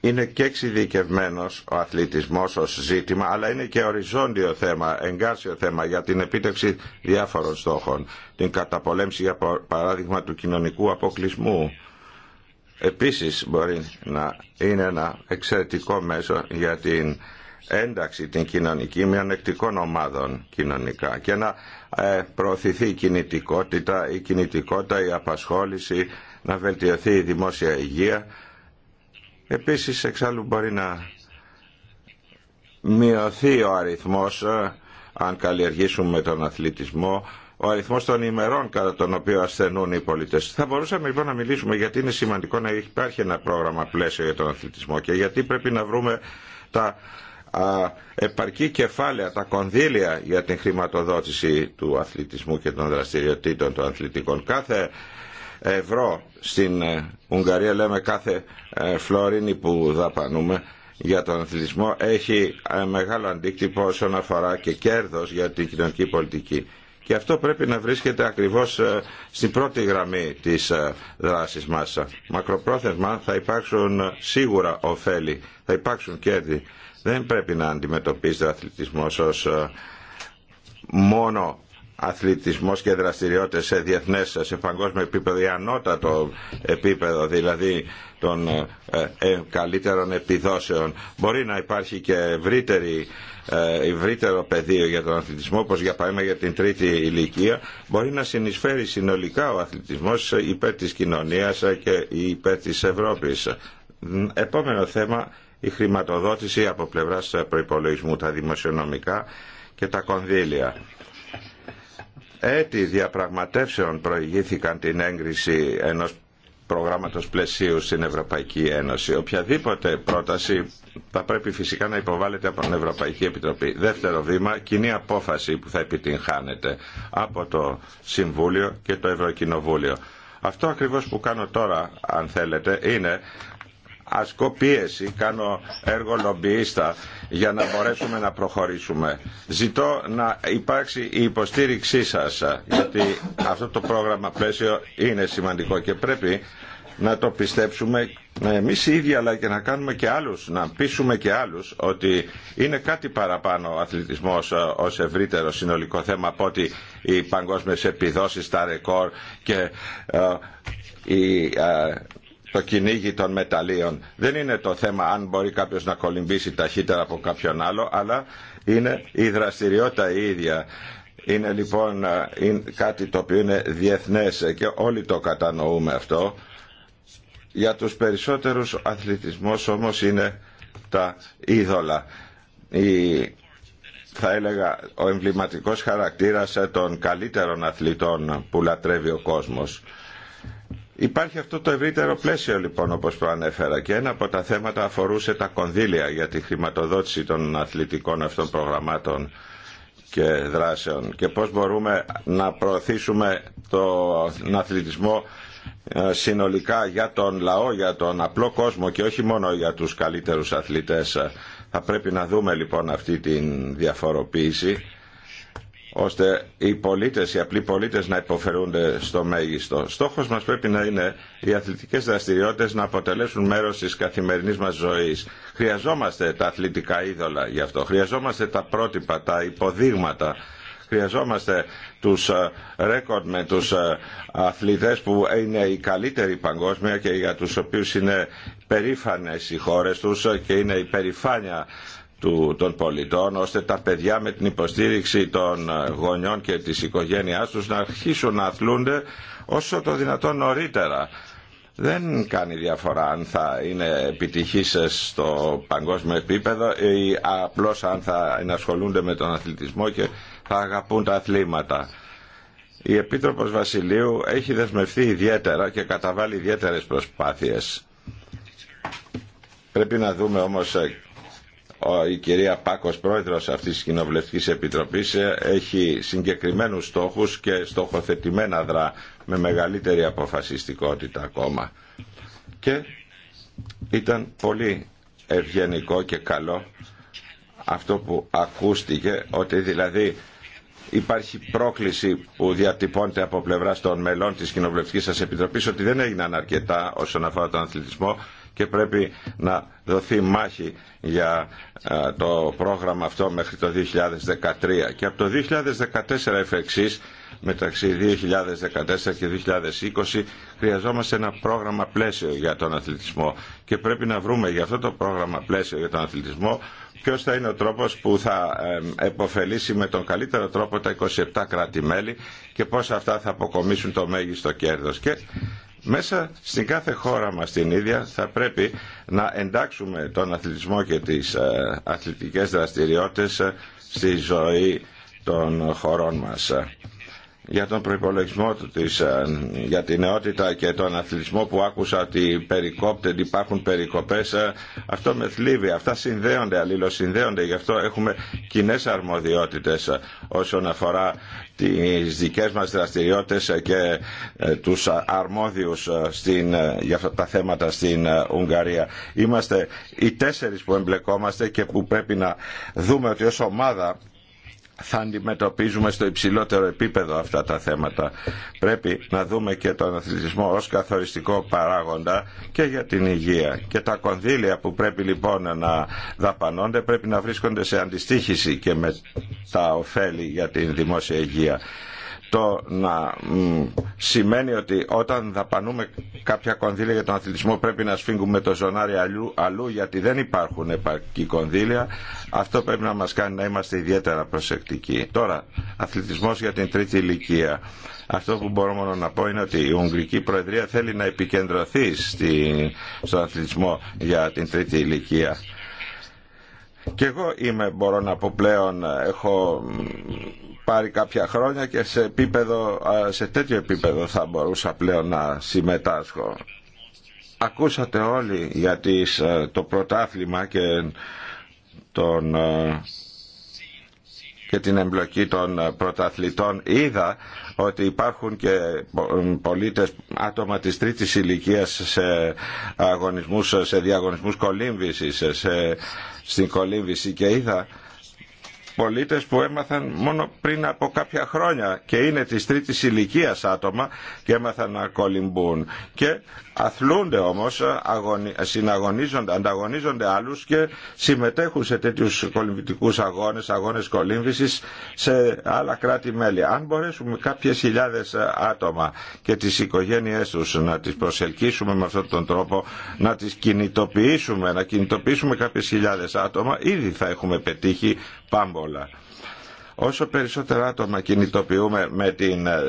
Speaker 2: είναι και εξειδικευμένο ο αθλητισμός ως ζήτημα, αλλά είναι και οριζόντιο θέμα, εγκάρσιο θέμα για την επίτευξη διάφορων στόχων. Την καταπολέμηση, για παράδειγμα, του κοινωνικού αποκλεισμού. Επίσης μπορεί να είναι ένα εξαιρετικό μέσο για την ένταξη την κοινωνική μειονεκτικών ομάδων κοινωνικά και να ε, προωθηθεί η κινητικότητα, η κινητικότητα, η απασχόληση, να βελτιωθεί η δημόσια υγεία. Επίσης εξάλλου μπορεί να μειωθεί ο αριθμός, ε, αν καλλιεργήσουμε τον αθλητισμό, ο αριθμό των ημερών κατά τον οποίο ασθενούν οι πολίτε. Θα μπορούσαμε λοιπόν να μιλήσουμε γιατί είναι σημαντικό να υπάρχει ένα πρόγραμμα πλαίσιο για τον αθλητισμό και γιατί πρέπει να βρούμε τα επαρκή κεφάλαια, τα κονδύλια για την χρηματοδότηση του αθλητισμού και των δραστηριοτήτων των αθλητικών. Κάθε ευρώ στην ε, Ουγγαρία, λέμε κάθε ε, φλωρίνη που δαπανούμε για τον αθλητισμό, έχει ε, μεγάλο αντίκτυπο όσον αφορά και κέρδος για την κοινωνική πολιτική. Και αυτό πρέπει να βρίσκεται ακριβώς στην πρώτη γραμμή της δράσης μας. Μακροπρόθεσμα θα υπάρξουν σίγουρα ωφέλη, θα υπάρξουν κέρδη δεν πρέπει να αντιμετωπίζεται ο αθλητισμός ως ε, μόνο αθλητισμός και δραστηριότητες σε διεθνές, σε παγκόσμιο επίπεδο ή ανώτατο επίπεδο, δηλαδή των ε, ε, καλύτερων επιδόσεων. Μπορεί να υπάρχει και ευρύτερη ευρύτερο πεδίο για τον αθλητισμό, όπως για παράδειγμα για την τρίτη ηλικία, μπορεί να συνεισφέρει συνολικά ο αθλητισμός υπέρ της κοινωνίας και υπέρ της Ευρώπης. Επόμενο θέμα η χρηματοδότηση από πλευράς προϋπολογισμού, τα δημοσιονομικά και τα κονδύλια. Έτη διαπραγματεύσεων προηγήθηκαν την έγκριση ενός προγράμματος πλαισίου στην Ευρωπαϊκή Ένωση. Οποιαδήποτε πρόταση θα πρέπει φυσικά να υποβάλλεται από την Ευρωπαϊκή Επιτροπή. Δεύτερο βήμα, κοινή απόφαση που θα επιτυγχάνεται από το Συμβούλιο και το Ευρωκοινοβούλιο. Αυτό ακριβώς που κάνω τώρα, αν θέλετε, είναι ασκώ πίεση, κάνω έργο λομπιίστα για να μπορέσουμε να προχωρήσουμε. Ζητώ να υπάρξει η υποστήριξή σας, γιατί αυτό το πρόγραμμα πλαίσιο είναι σημαντικό και πρέπει να το πιστέψουμε εμείς οι ίδιοι αλλά και να κάνουμε και άλλους, να πείσουμε και άλλους ότι είναι κάτι παραπάνω ο αθλητισμός ως ευρύτερο συνολικό θέμα από ότι οι παγκόσμιες επιδόσεις, τα ρεκόρ και ε, ε, το κυνήγι των μεταλλίων. Δεν είναι το θέμα αν μπορεί κάποιος να κολυμπήσει ταχύτερα από κάποιον άλλο, αλλά είναι η δραστηριότητα η ίδια. Είναι λοιπόν ε, είναι κάτι το οποίο είναι διεθνές και όλοι το κατανοούμε αυτό. Για τους περισσότερους αθλητισμός όμως είναι τα είδωλα. Η, θα έλεγα ο εμβληματικός χαρακτήρας των καλύτερων αθλητών που λατρεύει ο κόσμος. Υπάρχει αυτό το ευρύτερο πλαίσιο λοιπόν όπως προανέφερα και ένα από τα θέματα αφορούσε τα κονδύλια για τη χρηματοδότηση των αθλητικών αυτών προγραμμάτων και δράσεων και πώς μπορούμε να προωθήσουμε τον αθλητισμό ε, συνολικά για τον λαό, για τον απλό κόσμο και όχι μόνο για τους καλύτερους αθλητές. Θα πρέπει να δούμε λοιπόν αυτή τη διαφοροποίηση ώστε οι πολίτες, οι απλοί πολίτες να υποφερούνται στο μέγιστο. Στόχος μας πρέπει να είναι οι αθλητικές δραστηριότητες να αποτελέσουν μέρος της καθημερινής μας ζωής. Χρειαζόμαστε τα αθλητικά είδωλα γι' αυτό. Χρειαζόμαστε τα πρότυπα, τα υποδείγματα. Χρειαζόμαστε τους ε, ρέκορντ με τους ε, αθλητές που είναι οι καλύτεροι παγκόσμια και για τους οποίους είναι περήφανες οι χώρες τους και είναι η περηφάνεια του, των πολιτών ώστε τα παιδιά με την υποστήριξη των γονιών και της οικογένειάς τους να αρχίσουν να αθλούνται όσο το δυνατόν νωρίτερα. Δεν κάνει διαφορά αν θα είναι επιτυχής στο παγκόσμιο επίπεδο ή απλώς αν θα ενασχολούνται με τον αθλητισμό και θα αγαπούν τα αθλήματα. Η Επίτροπος Βασιλείου έχει δεσμευθεί ιδιαίτερα και καταβάλει ιδιαίτερες προσπάθειες. Πρέπει να δούμε όμως η κυρία Πάκος πρόεδρος αυτής της Κοινοβουλευτικής Επιτροπής ε, έχει συγκεκριμένους στόχους και στοχοθετημένα δρά με μεγαλύτερη αποφασιστικότητα ακόμα. Και ήταν πολύ ευγενικό και καλό αυτό που ακούστηκε ότι δηλαδή υπάρχει πρόκληση που διατυπώνεται από πλευρά των μελών της Κοινοβουλευτικής σας Επιτροπής ότι δεν έγιναν αρκετά όσον αφορά τον αθλητισμό και πρέπει να δοθεί μάχη για το πρόγραμμα αυτό μέχρι το 2013. Και από το 2014 εφ' εξής, μεταξύ 2014 και 2020 χρειαζόμαστε ένα πρόγραμμα πλαίσιο για τον αθλητισμό και πρέπει να βρούμε για αυτό το πρόγραμμα πλαίσιο για τον αθλητισμό ποιο θα είναι ο τρόπο που θα επωφελήσει με τον καλύτερο τρόπο τα 27 κράτη-μέλη και πώ αυτά θα αποκομίσουν το μέγιστο κέρδο. Μέσα στην κάθε χώρα μας την ίδια θα πρέπει να εντάξουμε τον αθλητισμό και τις ε, αθλητικές δραστηριότητες ε, στη ζωή των χωρών μας για τον προϋπολογισμό του της, ε, για την νεότητα και τον αθλητισμό που άκουσα ότι περικόπτεν, υπάρχουν περικοπές ε, αυτό με θλίβει, αυτά συνδέονται αλληλοσυνδέονται, γι' αυτό έχουμε κοινέ αρμοδιότητες ε, όσον αφορά τις δικές μας δραστηριότητες και τους αρμόδιους στην, για αυτά τα θέματα στην Ουγγαρία. Είμαστε οι τέσσερις που εμπλεκόμαστε και που πρέπει να δούμε ότι ως ομάδα θα αντιμετωπίζουμε στο υψηλότερο επίπεδο αυτά τα θέματα. Πρέπει να δούμε και τον αθλητισμό ως καθοριστικό παράγοντα και για την υγεία. Και τα κονδύλια που πρέπει λοιπόν να δαπανώνται πρέπει να βρίσκονται σε αντιστοίχηση και με τα ωφέλη για την δημόσια υγεία το να σημαίνει ότι όταν δαπανούμε κάποια κονδύλια για τον αθλητισμό πρέπει να σφίγγουμε το ζωνάρι αλλού, γιατί δεν υπάρχουν επαρκή κονδύλια αυτό πρέπει να μας κάνει να είμαστε ιδιαίτερα προσεκτικοί. Τώρα, αθλητισμός για την τρίτη ηλικία. Αυτό που μπορώ μόνο να πω είναι ότι η Ουγγρική Προεδρία θέλει να επικεντρωθεί στη, στον αθλητισμό για την τρίτη ηλικία. Και εγώ είμαι, μπορώ να πω πλέον, έχω πάρει κάποια χρόνια και σε, επίπεδο, σε τέτοιο επίπεδο θα μπορούσα πλέον να συμμετάσχω. Ακούσατε όλοι για το πρωτάθλημα και, τον, και την εμπλοκή των πρωταθλητών. Είδα ότι υπάρχουν και πολίτες άτομα της τρίτης ηλικίας σε, αγωνισμούς, σε διαγωνισμούς κολύμβησης, σε, στην κολύμβηση και είδα πολίτες που έμαθαν μόνο πριν από κάποια χρόνια και είναι της τρίτης ηλικία άτομα και έμαθαν να κολυμπούν. Και αθλούνται όμως, συναγωνίζονται, ανταγωνίζονται άλλους και συμμετέχουν σε τέτοιους κολυμπητικούς αγώνες, αγώνες κολύμβησης σε άλλα κράτη-μέλη. Αν μπορέσουμε κάποιες χιλιάδες άτομα και τις οικογένειές τους να τις προσελκύσουμε με αυτόν τον τρόπο, να τις κινητοποιήσουμε, να κινητοποιήσουμε κάποιες χιλιάδες άτομα, ήδη θα έχουμε πετύχει πάμπολα. Όσο περισσότερα άτομα κινητοποιούμε με την ε,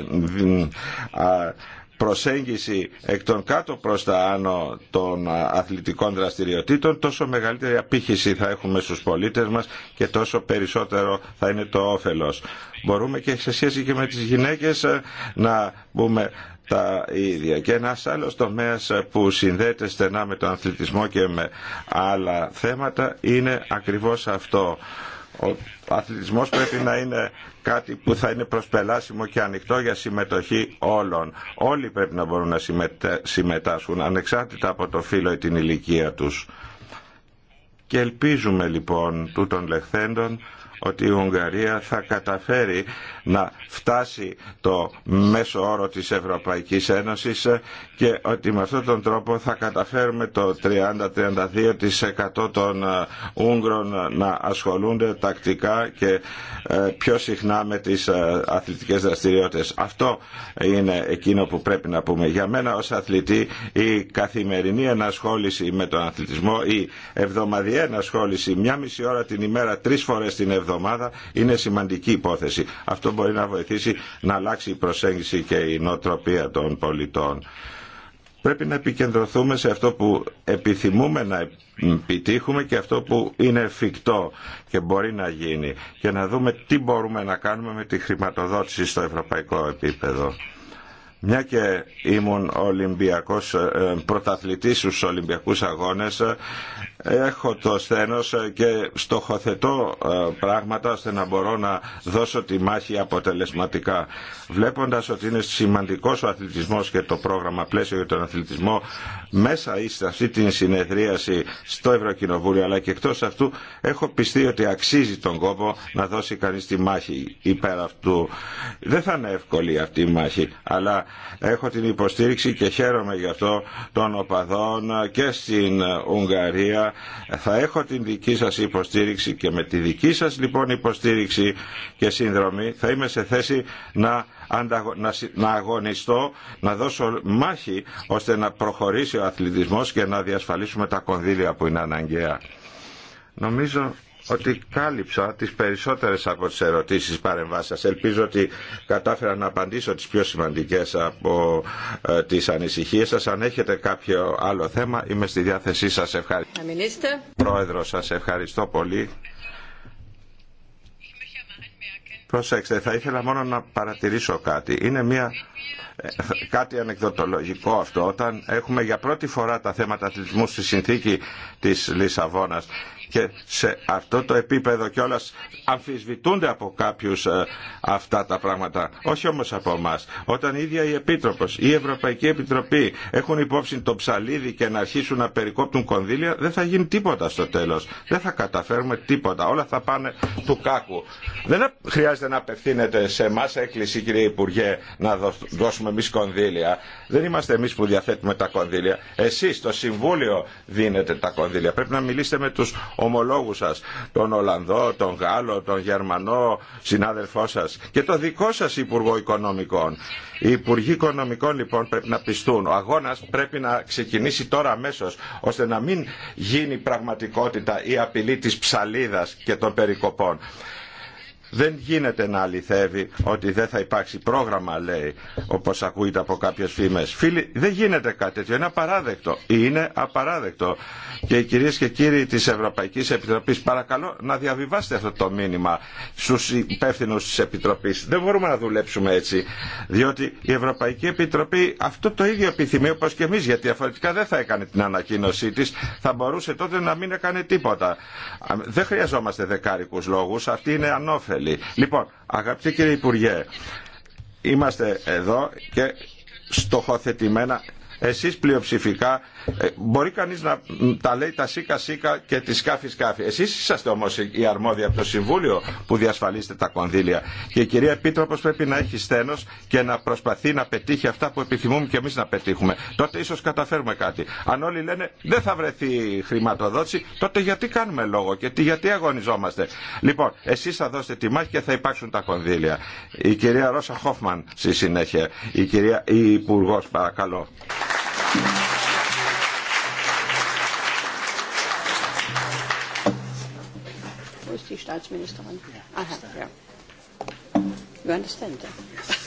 Speaker 2: προσέγγιση εκ των κάτω προς τα άνω των αθλητικών δραστηριοτήτων, τόσο μεγαλύτερη απήχηση θα έχουμε στους πολίτες μας και τόσο περισσότερο θα είναι το όφελος. Μπορούμε και σε σχέση και με τις γυναίκες ε, να πούμε τα ίδια. Και ένας άλλος τομέας που συνδέεται στενά με τον αθλητισμό και με άλλα θέματα είναι ακριβώς αυτό. Ο αθλητισμός πρέπει να είναι κάτι που θα είναι προσπελάσιμο και ανοιχτό για συμμετοχή όλων. Όλοι πρέπει να μπορούν να συμμετάσχουν ανεξάρτητα από το φύλλο ή την ηλικία τους. Και ελπίζουμε λοιπόν τούτων λεχθέντων ότι η Ουγγαρία θα καταφέρει να φτάσει το μέσο όρο της Ευρωπαϊκής Ένωσης και ότι με αυτόν τον τρόπο θα καταφέρουμε το 30-32% των ε, Ούγγρων να ασχολούνται τακτικά και ε, πιο συχνά με τις ε, αθλητικές δραστηριότητες. Αυτό είναι εκείνο που πρέπει να πούμε. Για μένα ως αθλητή η καθημερινή ενασχόληση με τον αθλητισμό, η εβδομαδιαία ενασχόληση μια μισή ώρα την ημέρα τρεις φορές την εβδομάδα είναι σημαντική υπόθεση. Αυτό μπορεί να βοηθήσει να αλλάξει η προσέγγιση και η νοοτροπία των πολιτών. Πρέπει να επικεντρωθούμε σε αυτό που επιθυμούμε να επιτύχουμε και αυτό που είναι εφικτό και μπορεί να γίνει και να δούμε τι μπορούμε να κάνουμε με τη χρηματοδότηση στο ευρωπαϊκό επίπεδο. Μια και ήμουν Ολυμπιακός ε, ε, πρωταθλητής στους Ολυμπιακούς Αγώνες, έχω το σθένος και στοχοθετώ ε, πράγματα ώστε να μπορώ να δώσω τη μάχη αποτελεσματικά. Βλέποντας ότι είναι σημαντικός ο αθλητισμός και το πρόγραμμα πλαίσιο για τον αθλητισμό μέσα ή σε αυτή την συνεδρίαση στο Ευρωκοινοβούλιο αλλά και εκτός αυτού έχω πιστεί ότι αξίζει τον κόπο να δώσει κανείς τη μάχη υπέρ αυτού. Δεν θα είναι εύκολη αυτή η μάχη αλλά έχω την υποστήριξη και χαίρομαι γι' αυτό των οπαδών και στην Ουγγαρία θα έχω την δική σας υποστήριξη και με τη δική σας λοιπόν υποστήριξη και σύνδρομη θα είμαι σε θέση να, να... να αγωνιστώ, να δώσω μάχη ώστε να προχωρήσει ο αθλητισμός και να διασφαλίσουμε τα κονδύλια που είναι αναγκαία. Νομίζω ότι κάλυψα τις περισσότερες από τις ερωτήσεις παρεμβάσεις. Ελπίζω ότι κατάφερα να απαντήσω τις πιο σημαντικές από ε, τις ανησυχίες σας. Αν έχετε κάποιο άλλο θέμα είμαι στη διάθεσή σας. Ευχαριστώ. Πρόεδρο σας ευχαριστώ πολύ. Προσέξτε, θα ήθελα μόνο να παρατηρήσω κάτι. Είναι μια ε, κάτι ανεκδοτολογικό αυτό όταν έχουμε για πρώτη φορά τα θέματα αθλητισμού στη συνθήκη της Λισαβόνας και σε αυτό το επίπεδο κιόλα αμφισβητούνται από κάποιου ε, αυτά τα πράγματα. Όχι όμω από εμά. Όταν η ίδια η Επίτροπο, η Ευρωπαϊκή Επιτροπή έχουν υπόψη το ψαλίδι και να αρχίσουν να περικόπτουν κονδύλια, δεν θα γίνει τίποτα στο τέλο. Δεν θα καταφέρουμε τίποτα. Όλα θα πάνε του κάκου. Δεν χρειάζεται να απευθύνεται σε εμά έκκληση, κύριε Υπουργέ, να δώσουμε εμεί κονδύλια. Δεν είμαστε εμεί που διαθέτουμε τα κονδύλια. Εσεί, το Συμβούλιο, δίνετε τα κονδύλια. Πρέπει να μιλήσετε με του ομολόγου σα, τον Ολλανδό, τον Γάλλο, τον Γερμανό συνάδελφό σα και το δικό σας Υπουργό Οικονομικών. Οι Υπουργοί Οικονομικών λοιπόν πρέπει να πιστούν. Ο αγώνας πρέπει να ξεκινήσει τώρα αμέσω ώστε να μην γίνει πραγματικότητα η απειλή της ψαλίδας και των περικοπών. Δεν γίνεται να αληθεύει ότι δεν θα υπάρξει πρόγραμμα, λέει, όπως ακούγεται από κάποιες φήμες. Φίλοι, δεν γίνεται κάτι τέτοιο. Είναι απαράδεκτο. Είναι απαράδεκτο. Και οι κυρίες και κύριοι της Ευρωπαϊκής Επιτροπής, παρακαλώ να διαβιβάσετε αυτό το μήνυμα στους υπεύθυνου της Επιτροπής. Δεν μπορούμε να δουλέψουμε έτσι, διότι η Ευρωπαϊκή Επιτροπή αυτό το ίδιο επιθυμεί όπως και εμείς, γιατί διαφορετικά δεν θα έκανε την ανακοίνωσή της, θα μπορούσε τότε να μην έκανε τίποτα. Δεν χρειαζόμαστε δεκάρικους λόγους, αυτή είναι ανώφελη. Λοιπόν, αγαπητέ κύριε Υπουργέ, είμαστε εδώ και στοχοθετημένα εσείς πλειοψηφικά ε, μπορεί κανεί να τα λέει τα σίκα σίκα και τη σκάφη σκάφη. Εσεί είσαστε όμω οι αρμόδιοι από το Συμβούλιο που διασφαλίσετε τα κονδύλια. Και η κυρία Επίτροπο πρέπει να έχει στένο και να προσπαθεί να πετύχει αυτά που επιθυμούμε και εμεί να πετύχουμε. Τότε ίσω καταφέρουμε κάτι. Αν όλοι λένε δεν θα βρεθεί χρηματοδότηση, τότε γιατί κάνουμε λόγο και γιατί αγωνιζόμαστε. Λοιπόν, εσεί θα δώσετε τη μάχη και θα υπάρξουν τα κονδύλια. Η κυρία Ρώσα Χόφμαν στη συνέχεια. Η κυρία Υπουργό, παρακαλώ.
Speaker 6: die Staatsministerin. Aha, ja. You understand that? Yes.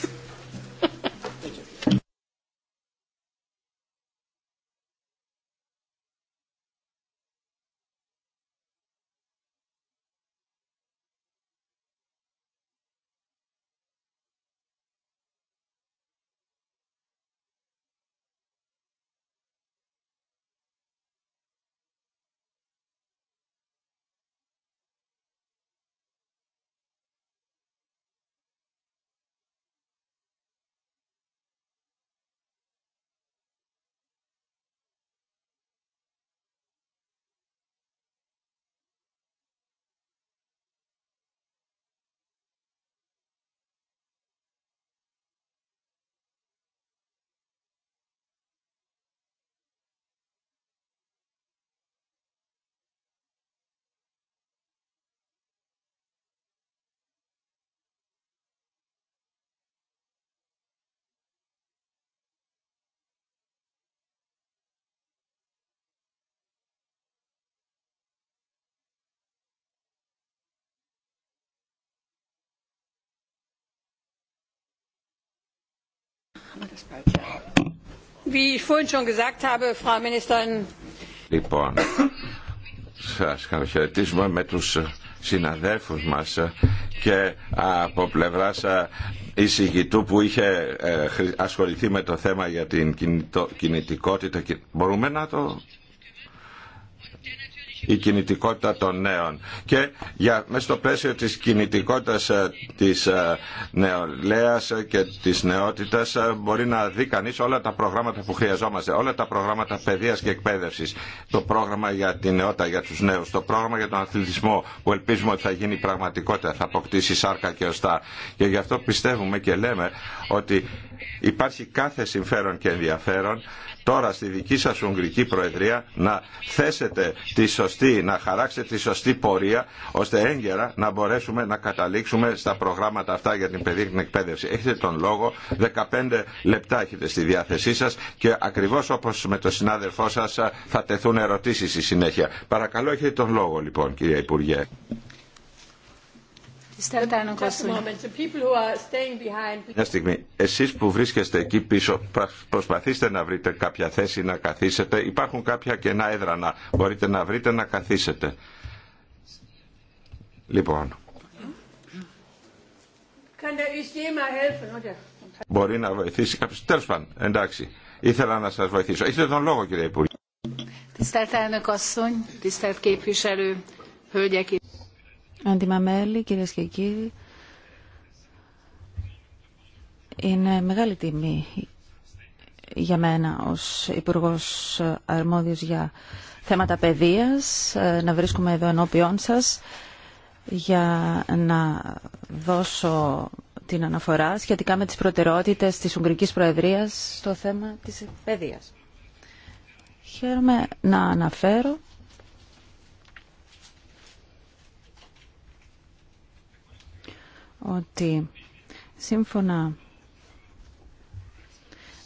Speaker 2: Λοιπόν, σα καλοχαιρετίζουμε με τους συναδέλφους μας και από πλευράς εισηγητού που είχε ε, ασχοληθεί με το θέμα για την κινητικότητα μπορούμε να το η κινητικότητα των νέων. Και για, μέσα στο πλαίσιο της κινητικότητας ε, της ε, νεολαίας και της νεότητας ε, μπορεί να δει κανεί όλα τα προγράμματα που χρειαζόμαστε, όλα τα προγράμματα παιδείας και εκπαίδευσης, το πρόγραμμα για την νεότητα, για τους νέους, το πρόγραμμα για τον αθλητισμό που ελπίζουμε ότι θα γίνει πραγματικότητα, θα αποκτήσει σάρκα και οστά. Και γι' αυτό πιστεύουμε και λέμε ότι υπάρχει κάθε συμφέρον και ενδιαφέρον τώρα στη δική σας Ουγγρική Προεδρία να θέσετε τη σωστή, να χαράξετε τη σωστή πορεία ώστε έγκαιρα να μπορέσουμε να καταλήξουμε στα προγράμματα αυτά για την παιδί την εκπαίδευση. Έχετε τον λόγο, 15 λεπτά έχετε στη διάθεσή σας και ακριβώς όπως με τον συνάδελφό σας θα τεθούν ερωτήσεις στη συνέχεια. Παρακαλώ έχετε τον λόγο λοιπόν κυρία Υπουργέ. Μια στιγμή. Εσείς που βρίσκεστε εκεί πίσω, προσπαθήστε να βρείτε κάποια θέση να καθίσετε. Υπάρχουν κάποια κενά έδρανα. Μπορείτε να βρείτε να καθίσετε. Λοιπόν. Μπορεί να βοηθήσει κάποιος. Τέλος πάντων, εντάξει. Ήθελα να σας βοηθήσω. Είστε τον λόγο κύριε Υπουργέ.
Speaker 4: Αντιμαμέλη, κυρίες και κύριοι, είναι μεγάλη τιμή για μένα ως Υπουργός Αρμόδιος για θέματα παιδείας ε, να βρίσκομαι εδώ ενώπιόν σας για να δώσω την αναφορά σχετικά με τις προτεραιότητες της Ουγγρικής Προεδρίας στο θέμα της παιδείας. Χαίρομαι να αναφέρω ότι σύμφωνα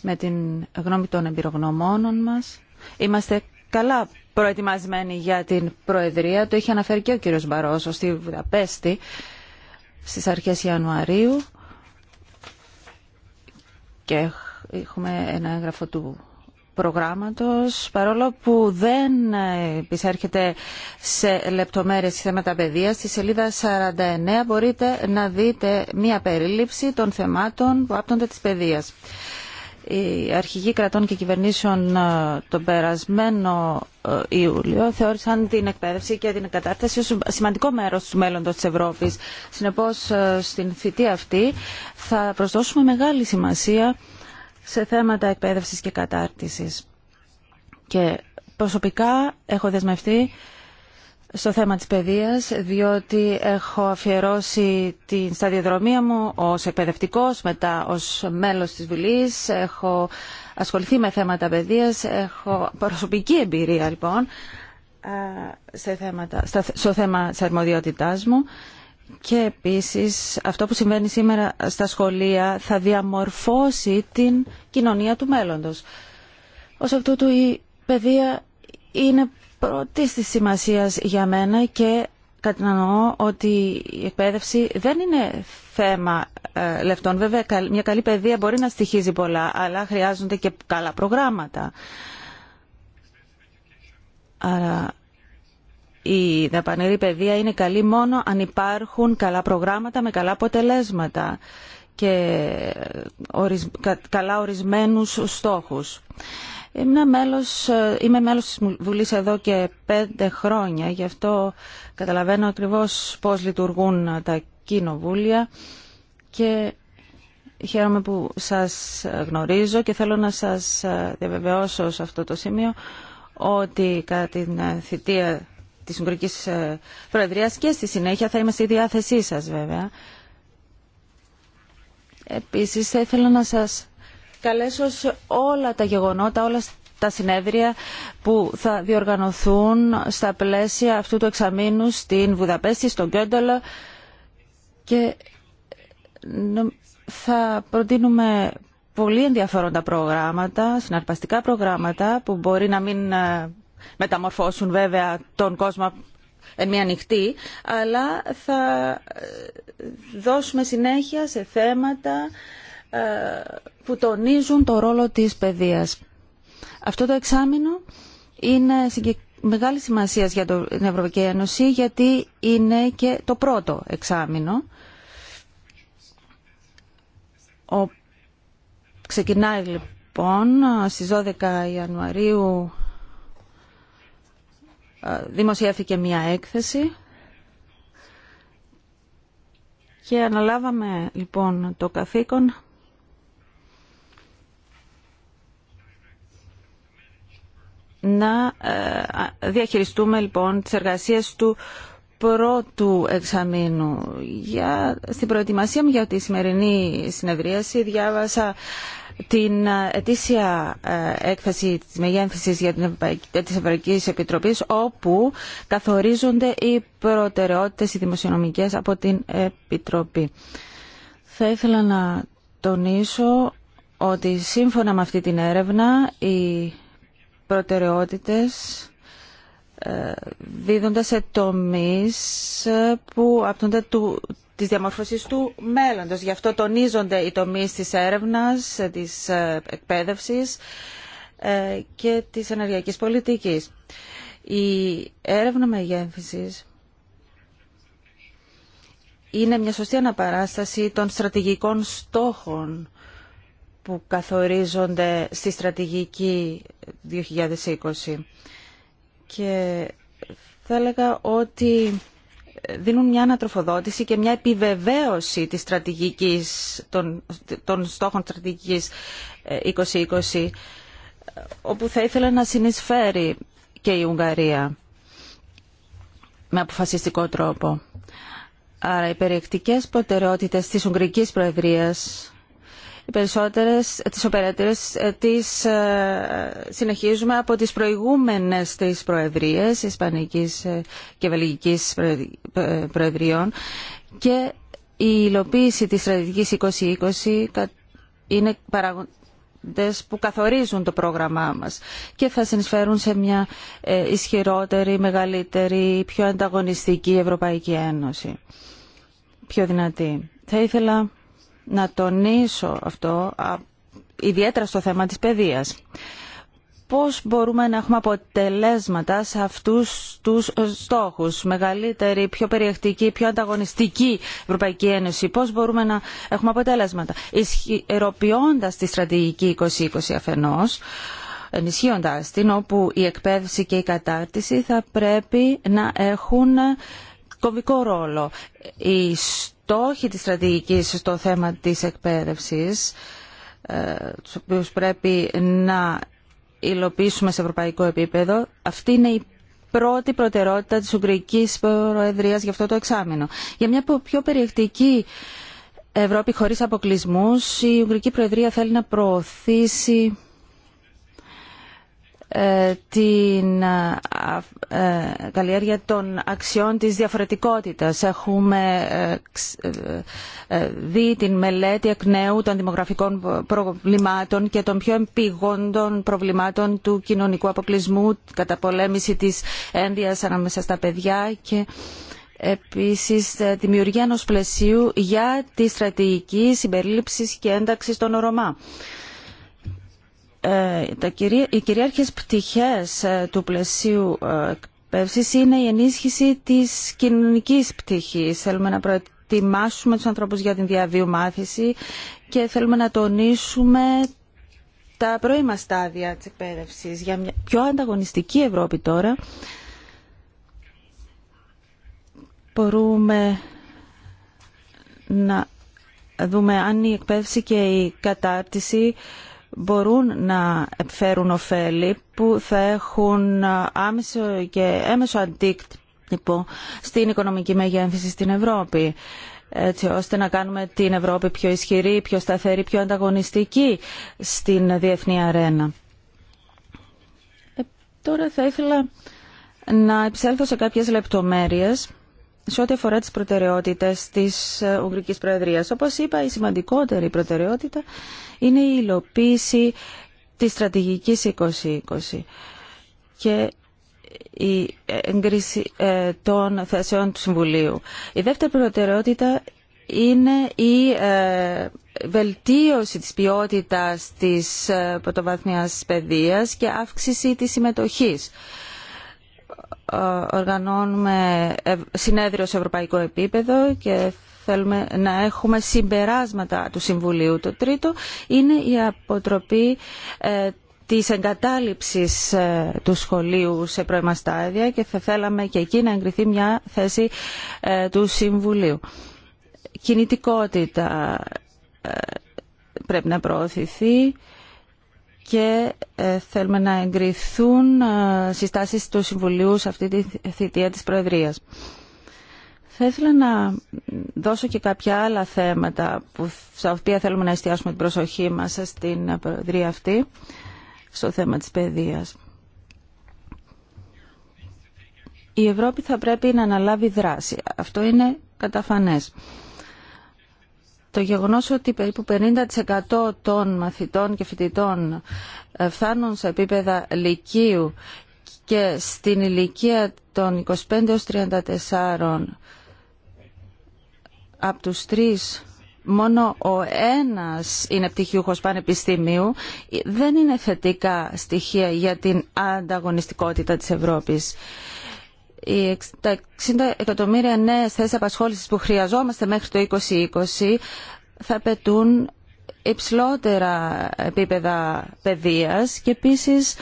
Speaker 4: με την γνώμη των εμπειρογνωμόνων μας είμαστε καλά προετοιμασμένοι για την Προεδρία. Το είχε αναφέρει και ο κύριος Μπαρόσο στη Βουδαπέστη στις αρχές Ιανουαρίου και έχουμε ένα έγγραφο του προγράμματος, παρόλο που δεν επισέρχεται σε λεπτομέρειες θέματα παιδείας, στη σελίδα 49 μπορείτε να δείτε μία περίληψη των θεμάτων που άπτονται της παιδείας. Οι αρχηγοί κρατών και κυβερνήσεων ε, τον περασμένο ε, Ιούλιο θεώρησαν την εκπαίδευση και την κατάρτιση ως σημαντικό μέρος του μέλλοντος της Ευρώπης. Συνεπώς, ε, στην θητεία αυτή θα προσδώσουμε μεγάλη σημασία σε θέματα εκπαίδευσης και κατάρτισης. Και προσωπικά έχω δεσμευτεί στο θέμα της παιδείας, διότι έχω αφιερώσει την σταδιοδρομία μου ως εκπαιδευτικός, μετά ως μέλος της Βουλής, έχω ασχοληθεί με θέματα παιδείας, έχω προσωπική εμπειρία λοιπόν σε θέματα, στο θέμα της αρμοδιότητάς μου και επίσης αυτό που συμβαίνει σήμερα στα σχολεία θα διαμορφώσει την κοινωνία του μέλλοντος. Ως αυτού του η παιδεία είναι πρώτη τη σημασία για μένα και κατανοώ ότι η εκπαίδευση δεν είναι θέμα ε, λεφτών. Βέβαια, μια καλή παιδεία μπορεί να στοιχίζει πολλά, αλλά χρειάζονται και καλά προγράμματα. Άρα η δαπανερή παιδεία είναι καλή μόνο αν υπάρχουν καλά προγράμματα με καλά αποτελέσματα και καλά ορισμένους στόχους. Είμαι μέλος, είμαι μέλος της Βουλής εδώ και πέντε χρόνια, γι' αυτό καταλαβαίνω ακριβώς πώς λειτουργούν τα κοινοβούλια και χαίρομαι που σας γνωρίζω και θέλω να σας διαβεβαιώσω σε αυτό το σημείο ότι κατά την θητεία της Ουγγρικής ε, Προεδρίας και στη συνέχεια θα είμαι στη διάθεσή σας βέβαια. Επίσης θα ήθελα να σας καλέσω σε όλα τα γεγονότα, όλα τα συνέδρια που θα διοργανωθούν στα πλαίσια αυτού του εξαμήνου στην Βουδαπέστη, στον Κέντολο και θα προτείνουμε πολύ ενδιαφέροντα προγράμματα, συναρπαστικά προγράμματα που μπορεί να μην ε, μεταμορφώσουν βέβαια τον κόσμο εν μία νυχτή, αλλά θα ε, δώσουμε συνέχεια σε θέματα ε, που τονίζουν το ρόλο της παιδείας. Αυτό το εξάμεινο είναι μεγάλη σημασία για την Ευρωπαϊκή Ένωση γιατί είναι και το πρώτο εξάμεινο. Ο... Ξεκινάει λοιπόν ε, στις 12 Ιανουαρίου ε, δημοσιεύθηκε μια έκθεση και αναλάβαμε λοιπόν το καθήκον να ε, διαχειριστούμε λοιπόν τις εργασίες του πρώτου εξαμήνου. Για, στην προετοιμασία μου για τη σημερινή συνεδρίαση διάβασα την ε, ετήσια ε, έκθεση της μεγένθησης για την Ευρωπαϊκή Επιτροπή, όπου καθορίζονται οι προτεραιότητες οι δημοσιονομικές από την Επιτροπή. Θα ήθελα να τονίσω ότι σύμφωνα με αυτή την έρευνα οι προτεραιότητες ε, δίδονται σε τομείς που απτούνται του Τη διαμόρφωση του μέλλοντος. Γι' αυτό τονίζονται οι τομεί τη έρευνα, τη ε, εκπαίδευση ε, και τη ενεργειακή πολιτική. Η έρευνα μεγέθυνσης είναι μια σωστή αναπαράσταση των στρατηγικών στόχων που καθορίζονται στη στρατηγική 2020. Και θα έλεγα ότι δίνουν μια ανατροφοδότηση και μια επιβεβαίωση της στρατηγικής, των, των στόχων στρατηγικής 2020, ε, όπου θα ήθελε να συνεισφέρει και η Ουγγαρία με αποφασιστικό τρόπο. Άρα οι περιεκτικές προτεραιότητες της Ουγγρικής Προεδρίας οι περισσότερες, ε, τις οπερατήρες ε, τις ε, συνεχίζουμε από τις προηγούμενες τις προεδρίες, Ισπανικής και Βελγικής προεδριών και η υλοποίηση της στρατηγικής 2020 είναι παραγοντές που καθορίζουν το πρόγραμμά μας και θα συνεισφέρουν σε μια ισχυρότερη, μεγαλύτερη, πιο ανταγωνιστική Ευρωπαϊκή Ένωση, πιο δυνατή. Θα ήθελα να τονίσω αυτό, ιδιαίτερα στο θέμα της παιδείας. Πώς μπορούμε να έχουμε αποτελέσματα σε αυτούς τους στόχους, μεγαλύτερη, πιο περιεκτική, πιο ανταγωνιστική Ευρωπαϊκή Ένωση, πώς μπορούμε να έχουμε αποτελέσματα, ισχυροποιώντας τη στρατηγική 2020 αφενός, ενισχύοντας την, όπου η εκπαίδευση και η κατάρτιση θα πρέπει να έχουν κομβικό ρόλο. Οι το όχι της στρατηγικής στο θέμα της εκπαίδευσης, ε, τους οποίους πρέπει να υλοποιήσουμε σε ευρωπαϊκό επίπεδο, αυτή είναι η πρώτη προτεραιότητα της Ουγγρικής Προεδρίας για αυτό το εξάμεινο. Για μια πιο περιεκτική Ευρώπη χωρίς αποκλεισμούς, η Ουγγρική Προεδρία θέλει να προωθήσει ε, την ε, ε, καλλιέργεια των αξιών της διαφορετικότητας. Έχουμε δει την μελέτη εκ νέου των δημογραφικών προβλημάτων και των πιο επιγόντων προβλημάτων του κοινωνικού αποκλεισμού, πολέμηση της ένδυας ανάμεσα στα παιδιά και επίσης δημιουργία ενός πλαισίου για τη στρατηγική συμπερίληψης και ένταξης των Ρωμά. Ε, οι κυρίαρχες πτυχές ε, του πλαισίου ε, εκπαίδευση είναι η ενίσχυση της κοινωνικής πτυχής. Θέλουμε να προετοιμάσουμε τους ανθρώπους για την διαβίου μάθηση και θέλουμε να τονίσουμε τα πρώιμα στάδια της εκπαίδευση για μια πιο ανταγωνιστική Ευρώπη τώρα. Μπορούμε να δούμε αν η εκπαίδευση και η κατάρτιση μπορούν να φέρουν ωφέλη που θα έχουν άμεσο και έμεσο αντίκτυπο στην οικονομική μεγέθυνση στην Ευρώπη έτσι ώστε να κάνουμε την Ευρώπη πιο ισχυρή, πιο σταθερή, πιο ανταγωνιστική στην διεθνή αρένα. Ε, τώρα θα ήθελα να επισέλθω σε κάποιες λεπτομέρειες σε ό,τι αφορά τις προτεραιότητες της ε, Ουγγρικής Προεδρίας. Όπως είπα, η σημαντικότερη προτεραιότητα είναι η υλοποίηση της στρατηγικής 2020 και η έγκριση ε, των θέσεων του Συμβουλίου. Η δεύτερη προτεραιότητα είναι η ε, βελτίωση της ποιότητας της πρωτοβαθμιάς παιδείας και αύξηση της συμμετοχής. Ε, οργανώνουμε συνέδριο σε ευρωπαϊκό επίπεδο και θέλουμε να έχουμε συμπεράσματα του Συμβουλίου. Το τρίτο είναι η αποτροπή ε, της εγκατάλειψης ε, του σχολείου σε πρώιμα στάδια και θα θέλαμε και εκεί να εγκριθεί μια θέση του Συμβουλίου. Κινητικότητα πρέπει να προωθηθεί και ε, θέλουμε να εγκριθούν ε, συστάσεις του Συμβουλίου σε αυτή τη θητεία της Προεδρίας. Θα ήθελα να δώσω και κάποια άλλα θέματα που, στα οποία θέλουμε να εστιάσουμε την προσοχή μας στην Προεδρία αυτή, στο θέμα της παιδείας. Η Ευρώπη θα πρέπει να αναλάβει δράση. Αυτό είναι καταφανές το γεγονός ότι περίπου 50% των μαθητών και φοιτητών ε, φτάνουν σε επίπεδα λυκείου και στην ηλικία των 25 34 από τους τρεις μόνο ο ένας είναι πτυχιούχος πανεπιστημίου δεν είναι θετικά στοιχεία για την ανταγωνιστικότητα της Ευρώπης τα 60 εκατομμύρια νέες θέσεις απασχόλησης που χρειαζόμαστε μέχρι το 2020 θα απαιτούν υψηλότερα επίπεδα παιδείας και επίσης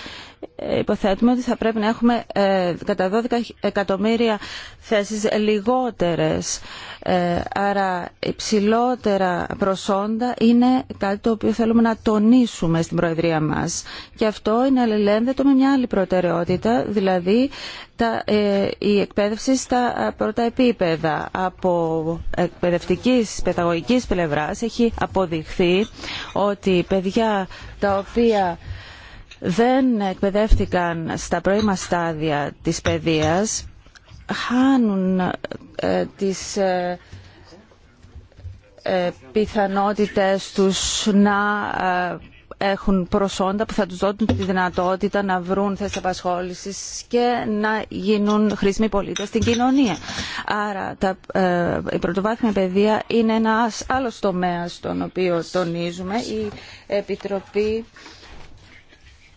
Speaker 4: υποθέτουμε ότι θα πρέπει να έχουμε ε, κατά 12 εκατομμύρια θέσεις λιγότερες. Ε, άρα υψηλότερα προσόντα είναι κάτι το οποίο θέλουμε να τονίσουμε στην Προεδρία μας. Και αυτό είναι αλληλένδετο με μια άλλη προτεραιότητα, δηλαδή τα, ε, η εκπαίδευση στα πρώτα επίπεδα. Από εκπαιδευτικής, παιδαγωγικής πλευράς έχει αποδειχθεί ότι παιδιά τα οποία δεν εκπαιδεύτηκαν στα πρώιμα στάδια της παιδείας χάνουν ε, τις ε, ε, πιθανότητες τους να έχουν προσόντα που θα τους δώσουν τη δυνατότητα να βρουν θέσεις απασχόλησης και να γίνουν χρήσιμοι πολίτες στην κοινωνία. Άρα τα, η πρωτοβάθμια παιδεία είναι ένας άλλος τομέας στον οποίο τονίζουμε. Η Επιτροπή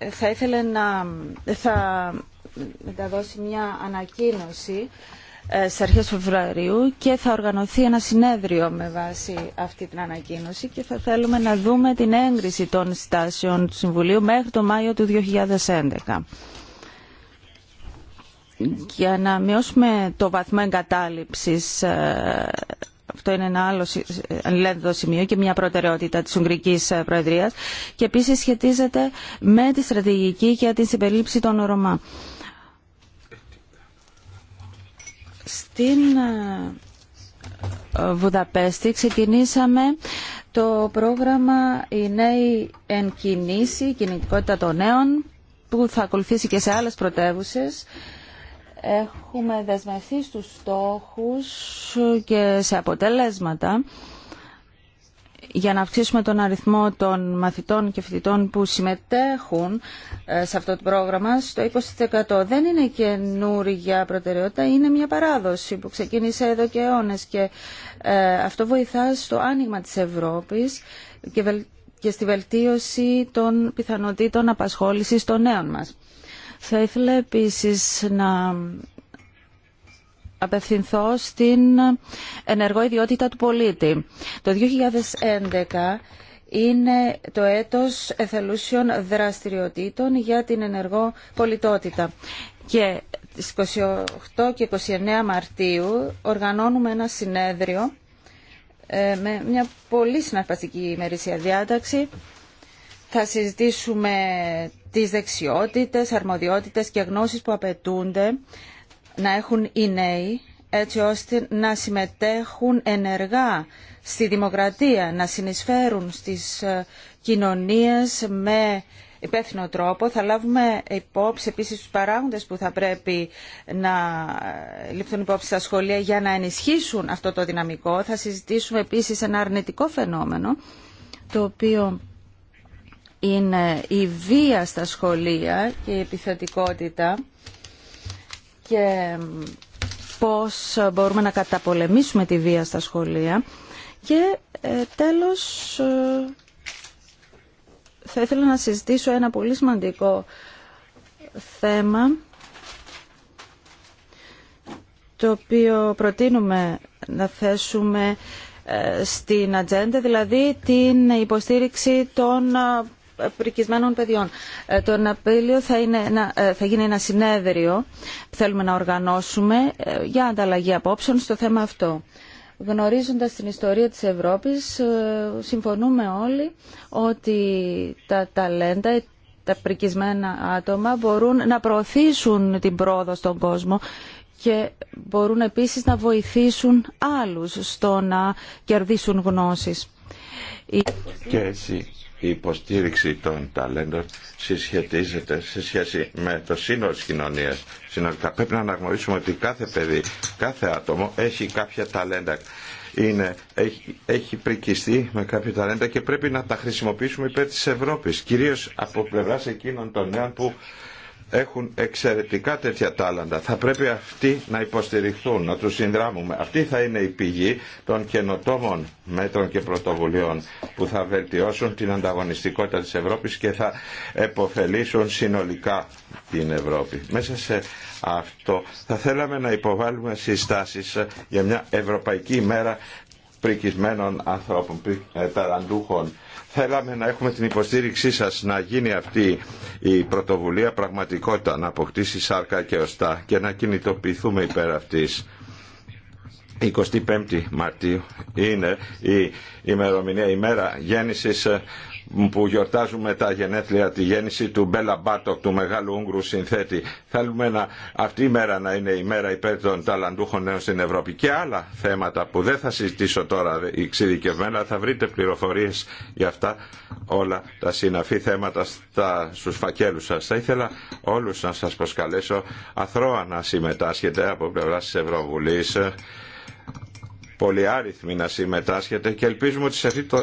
Speaker 4: θα ήθελε να θα μεταδώσει μια ανακοίνωση σε αρχές Φεβρουαρίου και θα οργανωθεί ένα συνέδριο με βάση αυτή την ανακοίνωση και θα θέλουμε να δούμε την έγκριση των στάσεων του Συμβουλίου μέχρι το Μάιο του 2011. Για να μειώσουμε το βαθμό εγκατάλειψης ε, αυτό είναι ένα άλλο αλληλένδετο σημείο και μια προτεραιότητα της Ουγγρικής ε, Προεδρίας και επίσης σχετίζεται με τη στρατηγική για την συμπερίληψη των Ρωμά. Στην ε, Βουδαπέστη ξεκινήσαμε το πρόγραμμα «Η νέοι εν κινήσει, κινητικότητα των νέων» που θα ακολουθήσει και σε άλλες πρωτεύουσες έχουμε δεσμευθεί στους στόχους και σε αποτέλεσματα για να αυξήσουμε τον αριθμό των μαθητών και φοιτητών που συμμετέχουν ε, σε αυτό το πρόγραμμα στο 20%. Δεν είναι καινούργια προτεραιότητα, είναι μια παράδοση που ξεκίνησε εδώ και αιώνες και ε, αυτό βοηθά στο άνοιγμα της Ευρώπης και στη βελτίωση των πιθανότητων απασχόλησης των νέων μας. Θα ήθελα επίσης να απευθυνθώ στην ενεργό ιδιότητα του πολίτη. Το 2011 είναι το έτος εθελούσιων δραστηριοτήτων για την ενεργό πολιτότητα. Και στις 28 και 29 Μαρτίου οργανώνουμε ένα συνέδριο ε, με μια πολύ συναρπαστική ημερήσια διάταξη. Θα συζητήσουμε τις δεξιότητες, αρμοδιότητες και γνώσεις που απαιτούνται να έχουν οι νέοι έτσι ώστε να συμμετέχουν ενεργά στη δημοκρατία, να συνεισφέρουν στις ε, κοινωνίες με υπεύθυνο τρόπο. Θα λάβουμε υπόψη επίσης τους παράγοντες που θα πρέπει να ε, ληφθούν υπόψη στα σχολεία για να ενισχύσουν αυτό το δυναμικό. Θα συζητήσουμε επίσης ένα αρνητικό φαινόμενο το οποίο είναι η βία στα σχολεία και η επιθετικότητα και πώς μπορούμε να καταπολεμήσουμε τη βία στα σχολεία. Και ε, τέλος ε, θα ήθελα να συζητήσω ένα πολύ σημαντικό θέμα το οποίο προτείνουμε να θέσουμε ε, στην ατζέντα, δηλαδή την υποστήριξη των πρικισμένων παιδιών. Ε, τον Απρίλιο θα, είναι ε, θα γίνει ένα συνέδριο που θέλουμε να οργανώσουμε ε, για ανταλλαγή απόψεων στο θέμα αυτό. Γνωρίζοντας την ιστορία της Ευρώπης, συμφωνούμε όλοι ότι τα ταλέντα, τα πρικισμένα άτομα μπορούν να προωθήσουν την πρόοδο στον κόσμο και μπορούν επίσης να βοηθήσουν άλλους στο να κερδίσουν γνώσεις.
Speaker 2: Και η υποστήριξη των ταλέντων συσχετίζεται σε σχέση με το σύνολο της κοινωνίας. Συνολικά πρέπει να αναγνωρίσουμε ότι κάθε παιδί, κάθε άτομο έχει κάποια ταλέντα. Είναι, έχει, έχει πρικιστεί με κάποια ταλέντα και πρέπει να τα χρησιμοποιήσουμε υπέρ της Ευρώπης, κυρίως από πλευράς εκείνων των νέων που έχουν εξαιρετικά τέτοια τάλαντα. Θα πρέπει αυτοί να υποστηριχθούν, να τους συνδράμουμε. Αυτή θα είναι η πηγή των καινοτόμων μέτρων και πρωτοβουλίων που θα βελτιώσουν την ανταγωνιστικότητα της Ευρώπης και θα επωφελήσουν συνολικά την Ευρώπη. Μέσα σε αυτό θα θέλαμε να υποβάλουμε συστάσεις για μια Ευρωπαϊκή ημέρα πρικισμένων ανθρώπων, ε, ταραντούχων θέλαμε να έχουμε την υποστήριξή σας να γίνει αυτή η πρωτοβουλία πραγματικότητα, να αποκτήσει σάρκα και οστά και να κινητοποιηθούμε υπέρ αυτής. 25η Μαρτίου είναι η ημερομηνία, η μέρα γέννησης που γιορτάζουμε τα γενέθλια, τη γέννηση του Μπέλα Μπάτοκ, του μεγάλου Ούγγρου συνθέτη. Θέλουμε να, αυτή η μέρα να είναι η μέρα υπέρ των ταλαντούχων νέων στην Ευρώπη και άλλα θέματα που δεν θα συζητήσω τώρα εξειδικευμένα. Θα βρείτε πληροφορίες για αυτά όλα τα συναφή θέματα στα, στους φακέλους σας. Θα ήθελα όλους να σας προσκαλέσω αθρώα να συμμετάσχετε από πλευρά της Ευρωβουλής πολυάριθμοι να συμμετάσχετε και ελπίζουμε ότι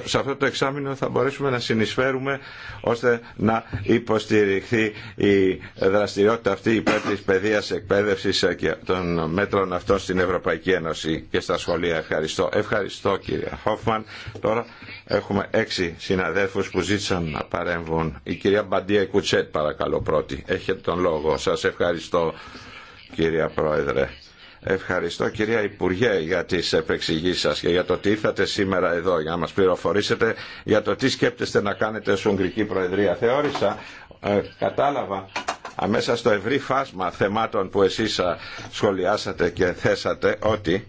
Speaker 2: σε αυτό το εξάμεινο θα μπορέσουμε να συνεισφέρουμε ώστε να υποστηριχθεί η δραστηριότητα αυτή υπέρ της παιδείας εκπαίδευσης και των μέτρων αυτών στην Ευρωπαϊκή Ένωση και στα σχολεία. Ευχαριστώ. Ευχαριστώ κύριε Χόφμαν. Τώρα έχουμε έξι συναδέλφους που ζήτησαν να παρέμβουν. Η κυρία Μπαντία Κουτσέτ παρακαλώ πρώτη. Έχετε τον λόγο. Σας ευχαριστώ κυρία Πρόεδρε. Ευχαριστώ κυρία Υπουργέ για τις επεξηγήσεις σας και για το ότι ήρθατε σήμερα εδώ για να μας πληροφορήσετε για το τι σκέπτεστε να κάνετε ως Ουγγρική Προεδρία. Θεώρησα, ε, κατάλαβα αμέσα στο ευρύ φάσμα θεμάτων που εσείς ε, σχολιάσατε και θέσατε ότι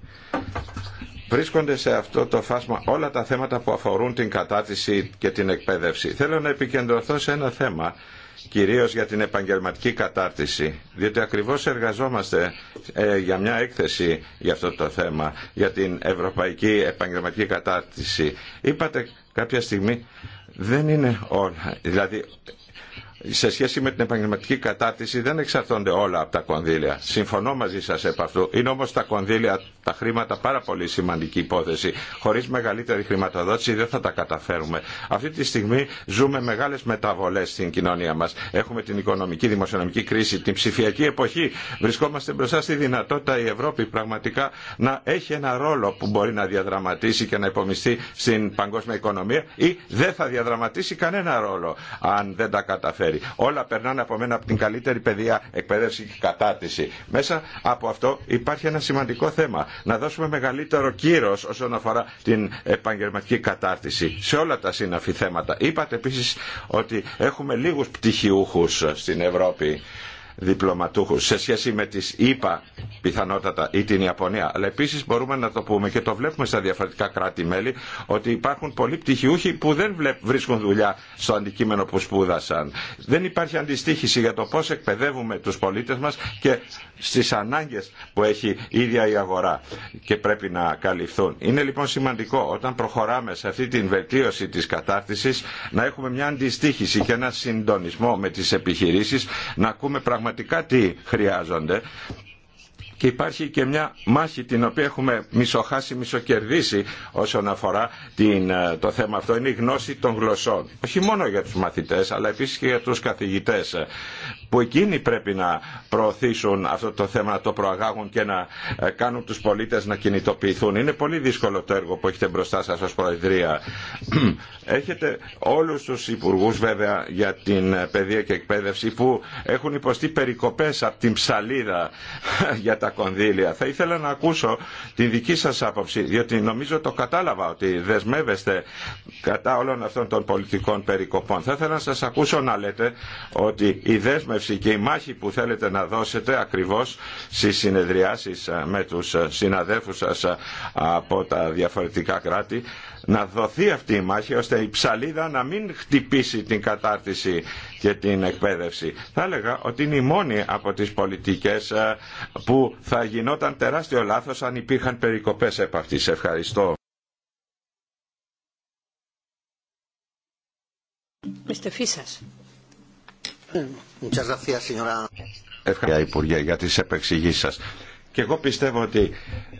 Speaker 2: βρίσκονται σε αυτό το φάσμα όλα τα θέματα που αφορούν την κατάτηση και την εκπαίδευση. Θέλω να επικεντρωθώ σε ένα θέμα κυρίως για την επαγγελματική κατάρτιση, διότι ακριβώς εργαζόμαστε ε, για μια έκθεση για αυτό το θέμα, για την ευρωπαϊκή επαγγελματική κατάρτιση. Είπατε κάποια στιγμή, δεν είναι όλα, δηλαδή σε σχέση με την επαγγελματική κατάρτιση δεν εξαρτώνται όλα από τα κονδύλια. Συμφωνώ μαζί σας επ' αυτού. Είναι όμως τα κονδύλια τα χρήματα πάρα πολύ σημαντική υπόθεση. Χωρί μεγαλύτερη χρηματοδότηση δεν θα τα καταφέρουμε. Αυτή τη στιγμή ζούμε μεγάλε μεταβολέ στην κοινωνία μα. Έχουμε την οικονομική, δημοσιονομική κρίση, την ψηφιακή εποχή. Βρισκόμαστε μπροστά στη δυνατότητα η Ευρώπη πραγματικά να έχει ένα ρόλο που μπορεί να διαδραματίσει και να υπομειστεί στην παγκόσμια οικονομία ή δεν θα διαδραματίσει κανένα ρόλο αν δεν τα καταφέρει. Όλα περνάνε από μένα από την καλύτερη παιδεία, εκπαίδευση και κατάρτιση. Μέσα από αυτό υπάρχει ένα σημαντικό θέμα να δώσουμε μεγαλύτερο κύρο όσον αφορά την επαγγελματική κατάρτιση σε όλα τα συναφή θέματα. Είπατε επίσης ότι έχουμε λίγους πτυχιούχους στην Ευρώπη σε σχέση με τις ΗΠΑ πιθανότατα ή την Ιαπωνία. Αλλά επίσης μπορούμε να το πούμε και το βλέπουμε στα διαφορετικά κράτη-μέλη ότι υπάρχουν πολλοί πτυχιούχοι που δεν βρίσκουν δουλειά στο αντικείμενο που σπούδασαν. Δεν υπάρχει αντιστοίχηση για το πώς εκπαιδεύουμε τους πολίτες μας και στις ανάγκες που έχει ίδια η αγορά και πρέπει να καλυφθούν. Είναι λοιπόν σημαντικό όταν προχωράμε σε αυτή την βελτίωση της κατάρτισης να έχουμε μια αντιστοίχηση και ένα συντονισμό με τις επιχειρήσεις να ακούμε πραγματικά πραγματικά τι χρειάζονται και υπάρχει και μια μάχη την οποία έχουμε μισοχάσει, μισοκερδίσει όσον αφορά την, ε, το θέμα αυτό. Είναι η γνώση των γλωσσών. Όχι μόνο για τους μαθητές, αλλά επίσης και για τους καθηγητές που εκείνοι πρέπει να προωθήσουν αυτό το θέμα, να το προαγάγουν και να ε, κάνουν τους πολίτες να κινητοποιηθούν. Είναι πολύ δύσκολο το έργο που έχετε μπροστά σας ως Προεδρία. Έχετε όλους τους υπουργούς βέβαια για την ε, παιδεία και εκπαίδευση που έχουν υποστεί περικοπές από την ψαλίδα για τα κονδύλια. Θα ήθελα να ακούσω την δική σας άποψη, διότι νομίζω το κατάλαβα ότι δεσμεύεστε κατά όλων αυτών των πολιτικών περικοπών. Θα ήθελα να σας ακούσω να λέτε ότι η δέσμευση και η μάχη που θέλετε να δώσετε ακριβώς στις συνεδριάσεις ε, με τους ε, συναδέλφους σας ε, από τα διαφορετικά κράτη να δοθεί αυτή η μάχη ώστε η ψαλίδα να μην χτυπήσει την κατάρτιση και την εκπαίδευση. Θα έλεγα ότι είναι η μόνη από τις πολιτικές που θα γινόταν τεράστιο λάθος αν υπήρχαν περικοπές επ' αυτής. Ευχαριστώ. Ευχαριστώ, Υπουργέ, για τις επεξηγήσεις σας. Και εγώ πιστεύω ότι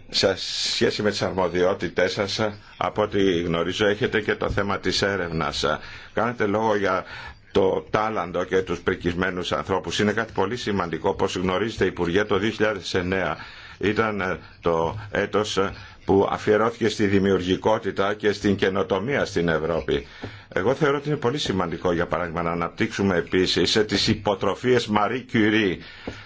Speaker 2: σε σχέση με τις αρμοδιότητές σας, από ό,τι γνωρίζω, έχετε και το θέμα της έρευνας. Κάνετε λόγο για το τάλαντο και τους πρικισμένους ανθρώπους. Είναι κάτι πολύ σημαντικό, όπως γνωρίζετε, Υπουργέ, το 2009 ήταν το έτος που αφιερώθηκε στη δημιουργικότητα και στην καινοτομία στην Ευρώπη. Εγώ θεωρώ ότι είναι πολύ σημαντικό για παράδειγμα να αναπτύξουμε επίσης τις υποτροφίες Marie Curie,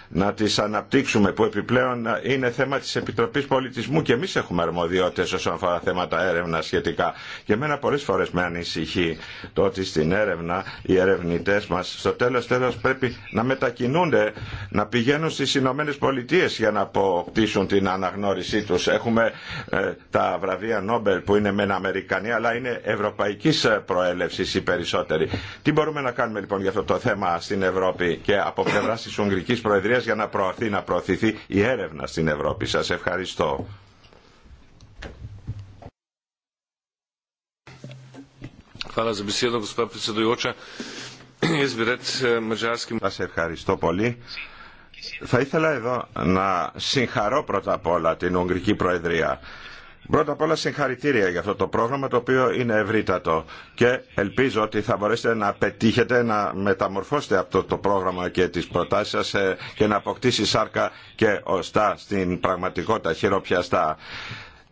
Speaker 2: να τις αναπτύξουμε που επιπλέον είναι θέμα της Επιτροπής Πολιτισμού και εμείς έχουμε αρμοδιότητες όσον αφορά θέματα έρευνα σχετικά. Και εμένα πολλές φορές με ανησυχεί το ότι στην έρευνα οι ερευνητές μας στο τέλος τέλος πρέπει να μετακινούνται, να πηγαίνουν στι Ηνωμένε Πολιτείε για να αποκτήσουν την αναγνώρισή τους. Έχουμε ε, τα βραβεία Νόμπελ που είναι μεν Αμερικανοί αλλά είναι ευρωπαϊκή ε, προέλευση οι περισσότεροι. Τι μπορούμε να κάνουμε λοιπόν για αυτό το θέμα στην Ευρώπη και από πλευρά τη Ουγγρικής Προεδρίας για να προωθεί, να προωθηθεί η έρευνα στην Ευρώπη. Σα ευχαριστώ. Σα eh, ευχαριστώ πολύ. Θα ήθελα εδώ να συγχαρώ πρώτα απ' όλα την Ουγγρική Προεδρία. Πρώτα απ' όλα συγχαρητήρια για αυτό το πρόγραμμα το οποίο είναι ευρύτατο και ελπίζω ότι θα μπορέσετε να πετύχετε να μεταμορφώσετε αυτό το πρόγραμμα και τις προτάσεις σας ε, και να αποκτήσει σάρκα και οστά στην πραγματικότητα χειροπιαστά.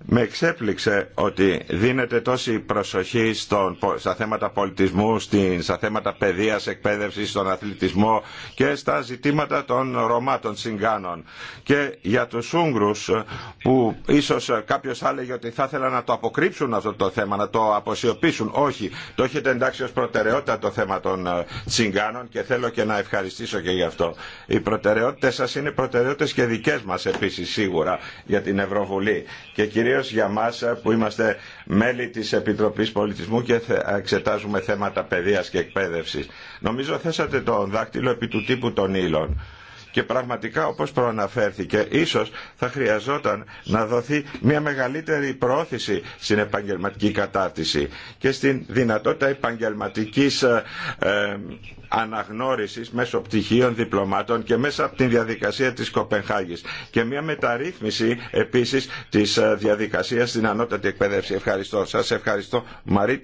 Speaker 2: Με εξέπληξε ότι δίνεται τόση προσοχή στον, στα θέματα πολιτισμού, στην, στα θέματα παιδείας, εκπαίδευσης, στον αθλητισμό και στα ζητήματα των Ρωμά, των Τσιγκάνων. Και για τους Ούγγρους που ίσως κάποιος θα έλεγε ότι θα ήθελα να το αποκρύψουν αυτό το θέμα, να το αποσιωπήσουν. Όχι, το έχετε εντάξει ως προτεραιότητα το θέμα των ε, Τσιγκάνων και θέλω και να ευχαριστήσω και γι' αυτό. Οι προτεραιότητες σας είναι προτεραιότητες και δικές μας επίσης σίγουρα για την Ευρωβουλή. Και κυρίως για μας ε, που είμαστε μέλη της Επιτροπής Πολιτισμού και εξετάζουμε θέματα παιδείας και εκπαίδευσης. Νομίζω θέσατε το δάκτυλο επί του τύπου των ύλων και πραγματικά όπως προαναφέρθηκε ίσως θα χρειαζόταν να δοθεί μια μεγαλύτερη προώθηση στην επαγγελματική κατάρτιση και στην δυνατότητα επαγγελματικής ε, ε, αναγνώρισης μέσω πτυχίων, διπλωμάτων και μέσα από την διαδικασία της Κοπενχάγης και μια μεταρρύθμιση επίσης της ε, διαδικασίας στην ανώτατη εκπαίδευση. Ευχαριστώ. Σας ευχαριστώ. Μαρή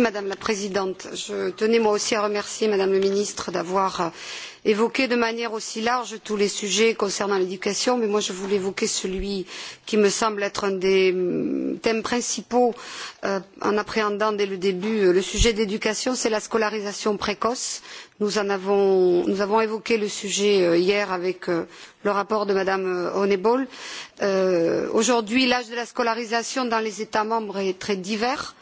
Speaker 6: madame la présidente je tenais moi aussi à remercier madame la ministre d'avoir évoqué de manière aussi large tous les sujets concernant l'éducation mais je voulais évoquer celui qui me semble être un des thèmes principaux en appréhendant dès le début le sujet de l'éducation c'est la scolarisation précoce. nous avons évoqué le sujet hier avec le rapport de mme honeyball. aujourd'hui l'âge de la scolarisation dans les états membres est très divers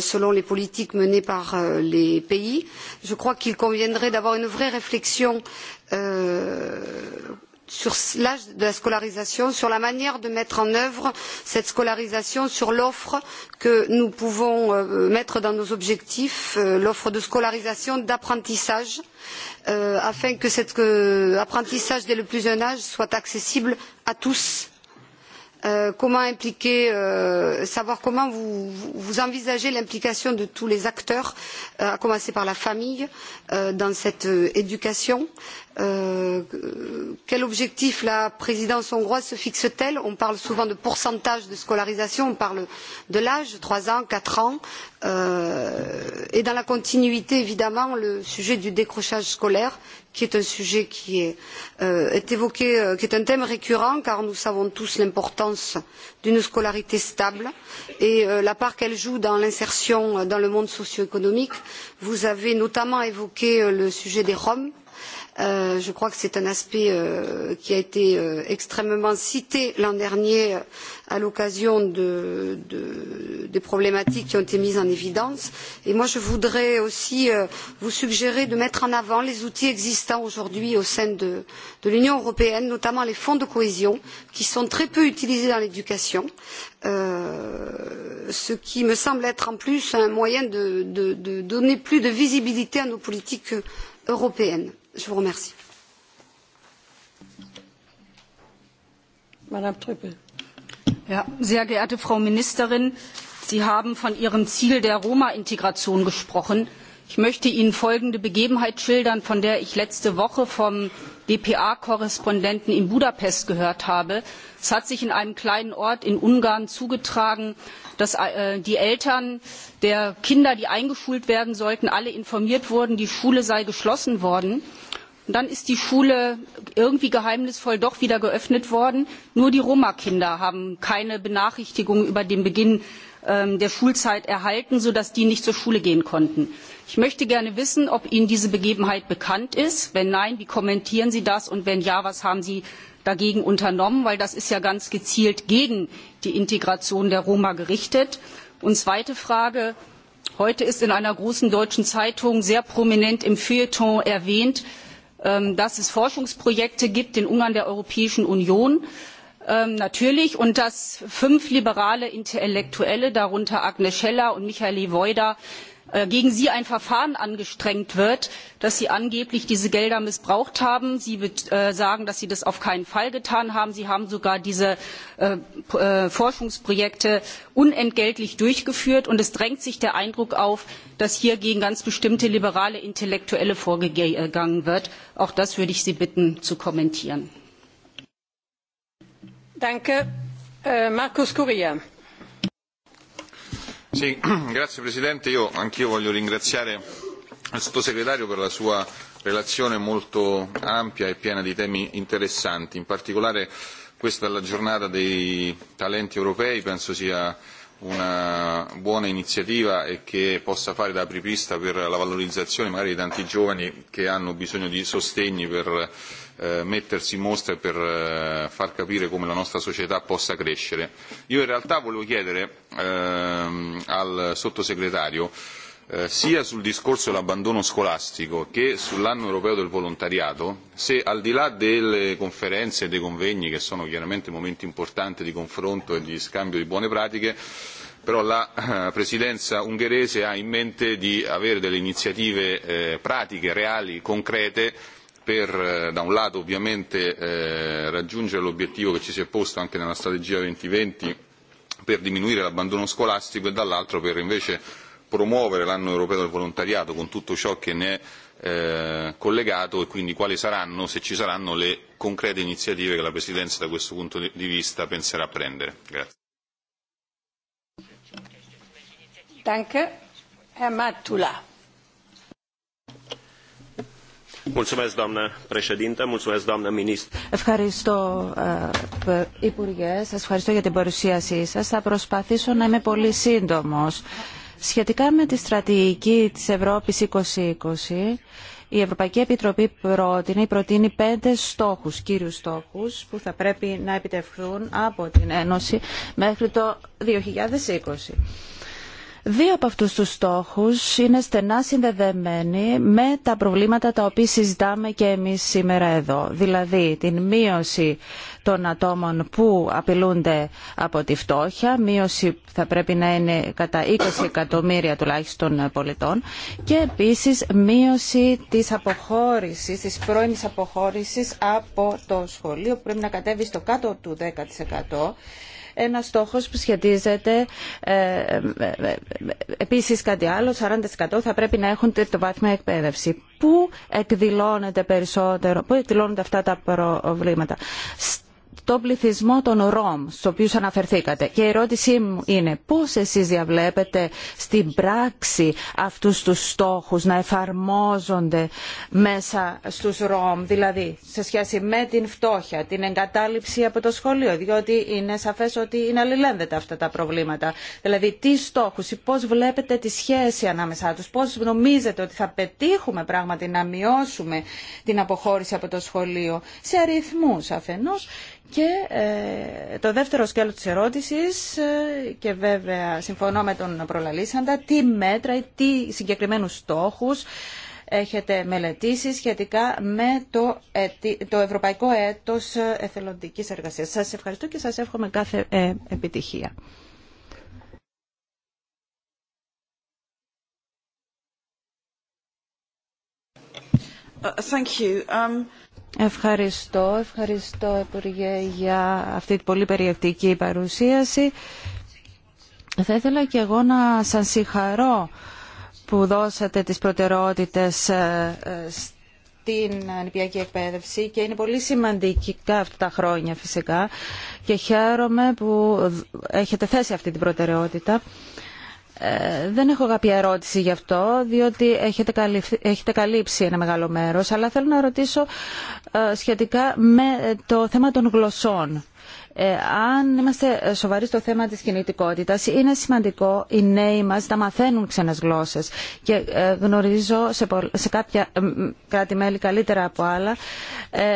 Speaker 6: selon les politiques menées par les pays. Je crois qu'il conviendrait d'avoir une vraie réflexion sur l'âge de la scolarisation, sur la manière de mettre en œuvre cette scolarisation, sur l'offre que nous pouvons mettre dans nos objectifs, l'offre de scolarisation, d'apprentissage, afin que cet apprentissage dès le plus jeune âge soit accessible à tous comment impliquer, savoir comment vous envisagez l'implication de tous les acteurs, à commencer par la famille, dans cette éducation. Quel objectif la présidence hongroise se fixe-t-elle On parle souvent de pourcentage de scolarisation, on parle de l'âge, 3 ans, 4 ans. Et dans la continuité, évidemment, le sujet du décrochage scolaire qui est un sujet qui est évoqué, qui est un thème récurrent, car nous savons tous l'importance d'une scolarité stable et la part qu'elle joue dans l'insertion dans le monde socio économique. Vous avez notamment évoqué le sujet des Roms Je crois que c'est un aspect qui a été extrêmement cité l'an dernier à l'occasion des problématiques qui ont été mises en évidence. Et moi, je voudrais aussi vous suggérer de mettre en avant les outils existants aujourd'hui au sein de l'Union européenne, notamment les fonds de cohésion, qui sont très peu utilisés dans l'éducation, ce qui me semble être en plus un moyen de donner plus de visibilité à nos politiques européennes. Je vous remercie. Madame Sehr
Speaker 3: geehrte Frau Ministerin, Sie haben von Ihrem Ziel der Roma-Integration gesprochen. Ich möchte Ihnen folgende Begebenheit schildern, von der ich letzte Woche vom dpa-Korrespondenten in Budapest gehört habe. Es hat sich in einem kleinen Ort in Ungarn zugetragen, dass die eltern der kinder die eingeschult werden sollten alle informiert wurden die schule sei geschlossen worden. Und dann ist die Schule irgendwie geheimnisvoll doch wieder geöffnet worden. Nur die Roma-Kinder haben keine Benachrichtigung über den Beginn der Schulzeit erhalten, sodass die nicht zur Schule gehen konnten. Ich möchte gerne wissen, ob Ihnen diese Begebenheit bekannt ist. Wenn nein, wie kommentieren Sie das? Und wenn ja, was haben Sie dagegen unternommen? Denn das ist ja ganz gezielt gegen die Integration der Roma gerichtet? Und zweite Frage Heute ist in einer großen deutschen Zeitung sehr prominent im Feuilleton erwähnt, dass es Forschungsprojekte gibt in Ungarn der Europäischen Union natürlich und dass fünf liberale Intellektuelle, darunter Agnes Scheller und Michael Woida, gegen sie ein verfahren angestrengt wird dass sie angeblich diese gelder missbraucht haben. sie sagen dass sie das auf keinen fall getan haben. sie haben sogar diese forschungsprojekte unentgeltlich durchgeführt und es drängt sich der eindruck auf dass hier gegen ganz bestimmte liberale intellektuelle vorgegangen wird. auch das würde ich sie bitten zu kommentieren.
Speaker 5: Grazie Presidente, io anch'io voglio ringraziare il Sottosegretario per la sua relazione molto ampia e piena di temi interessanti, in particolare questa è la giornata dei talenti europei penso sia una buona iniziativa e che possa fare da apripista per la valorizzazione magari di tanti giovani che hanno bisogno di sostegni per mettersi in mostra per far capire come la nostra società possa crescere. Io in realtà volevo chiedere al sottosegretario sia sul discorso dell'abbandono scolastico che sull'anno europeo del volontariato se al di là delle conferenze e dei convegni che sono chiaramente momenti importanti di confronto e di scambio di buone pratiche però la presidenza ungherese ha in mente di avere delle iniziative pratiche reali concrete per da un lato ovviamente raggiungere l'obiettivo che ci si è posto anche nella strategia 2020 per diminuire l'abbandono scolastico e dall'altro per invece promuovere l'anno europeo del volontariato con tutto ciò che ne è collegato e quindi quali saranno, se ci saranno, le concrete iniziative che la Presidenza da questo punto di vista penserà a prendere.
Speaker 6: Danke.
Speaker 4: Ευχαριστώ ε, Υπουργέ, σας ευχαριστώ για την παρουσίασή σας. Θα προσπαθήσω να είμαι πολύ σύντομος. Σχετικά με τη στρατηγική της Ευρώπης 2020, η Ευρωπαϊκή Επιτροπή πρότεινε, προτείνει πέντε στόχους, κύριους στόχους, που θα πρέπει να επιτευχθούν από την Ένωση μέχρι το 2020. Δύο από αυτούς τους στόχους είναι στενά συνδεδεμένοι με τα προβλήματα τα οποία συζητάμε και εμείς σήμερα εδώ. Δηλαδή την μείωση των ατόμων που απειλούνται από τη φτώχεια, μείωση θα πρέπει να είναι κατά 20 εκατομμύρια τουλάχιστον πολιτών και επίσης μείωση της αποχώρησης, της πρώιμης αποχώρησης από το σχολείο που πρέπει να κατέβει στο κάτω του 10% ένα στόχος που σχετίζεται ε, ε, επίσης κάτι άλλο, 40% θα πρέπει να έχουν το βάθμιο εκπαίδευση. Πού εκδηλώνεται περισσότερο, πού εκδηλώνονται αυτά τα προβλήματα τον πληθυσμό των Ρώμ, στους οποίους αναφερθήκατε. Και η ερώτησή μου είναι πώς εσείς διαβλέπετε στην πράξη αυτούς τους στόχους να εφαρμόζονται μέσα στους ΡΟΜ δηλαδή σε σχέση με την φτώχεια, την εγκατάλειψη από το σχολείο, διότι είναι σαφές ότι είναι αλληλένδετα αυτά τα προβλήματα. Δηλαδή τι στόχους ή πώς βλέπετε τη σχέση ανάμεσά τους, πώς νομίζετε ότι θα πετύχουμε πράγματι να μειώσουμε την αποχώρηση από το σχολείο σε αριθμούς αφενός και ε, το δεύτερο σκέλος της ερώτησης, ε, και βέβαια συμφωνώ με τον προλαλήσαντα, τι μέτρα ή τι συγκεκριμένους στόχους έχετε μελετήσει σχετικά με το, το Ευρωπαϊκό Έτος Εθελοντικής Εργασίας. Σας ευχαριστώ και σας εύχομαι κάθε ε, επιτυχία. Uh, thank um, Ευχαριστώ. Ευχαριστώ, Υπουργέ, για αυτή την πολύ περιεκτική παρουσίαση. Θα ήθελα και εγώ να σας συγχαρώ που δώσατε τις προτεραιότητες ε, στην νηπιακή εκπαίδευση και είναι πολύ σημαντική αυτά τα χρόνια φυσικά και χαίρομαι που έχετε θέσει αυτή την προτεραιότητα. Ε, δεν έχω κάποια ερώτηση γι' αυτό, διότι έχετε, καλύψει, έχετε καλύψει ένα μεγάλο μέρος, αλλά θέλω να ρωτήσω ε, σχετικά με το θέμα των γλωσσών. Ε, αν είμαστε σοβαροί στο θέμα της κινητικότητας, είναι σημαντικό οι νέοι μας να μαθαίνουν ξένες γλώσσες. Και γνωρίζω σε, σε κάποια ε, κράτη-μέλη καλύτερα από άλλα,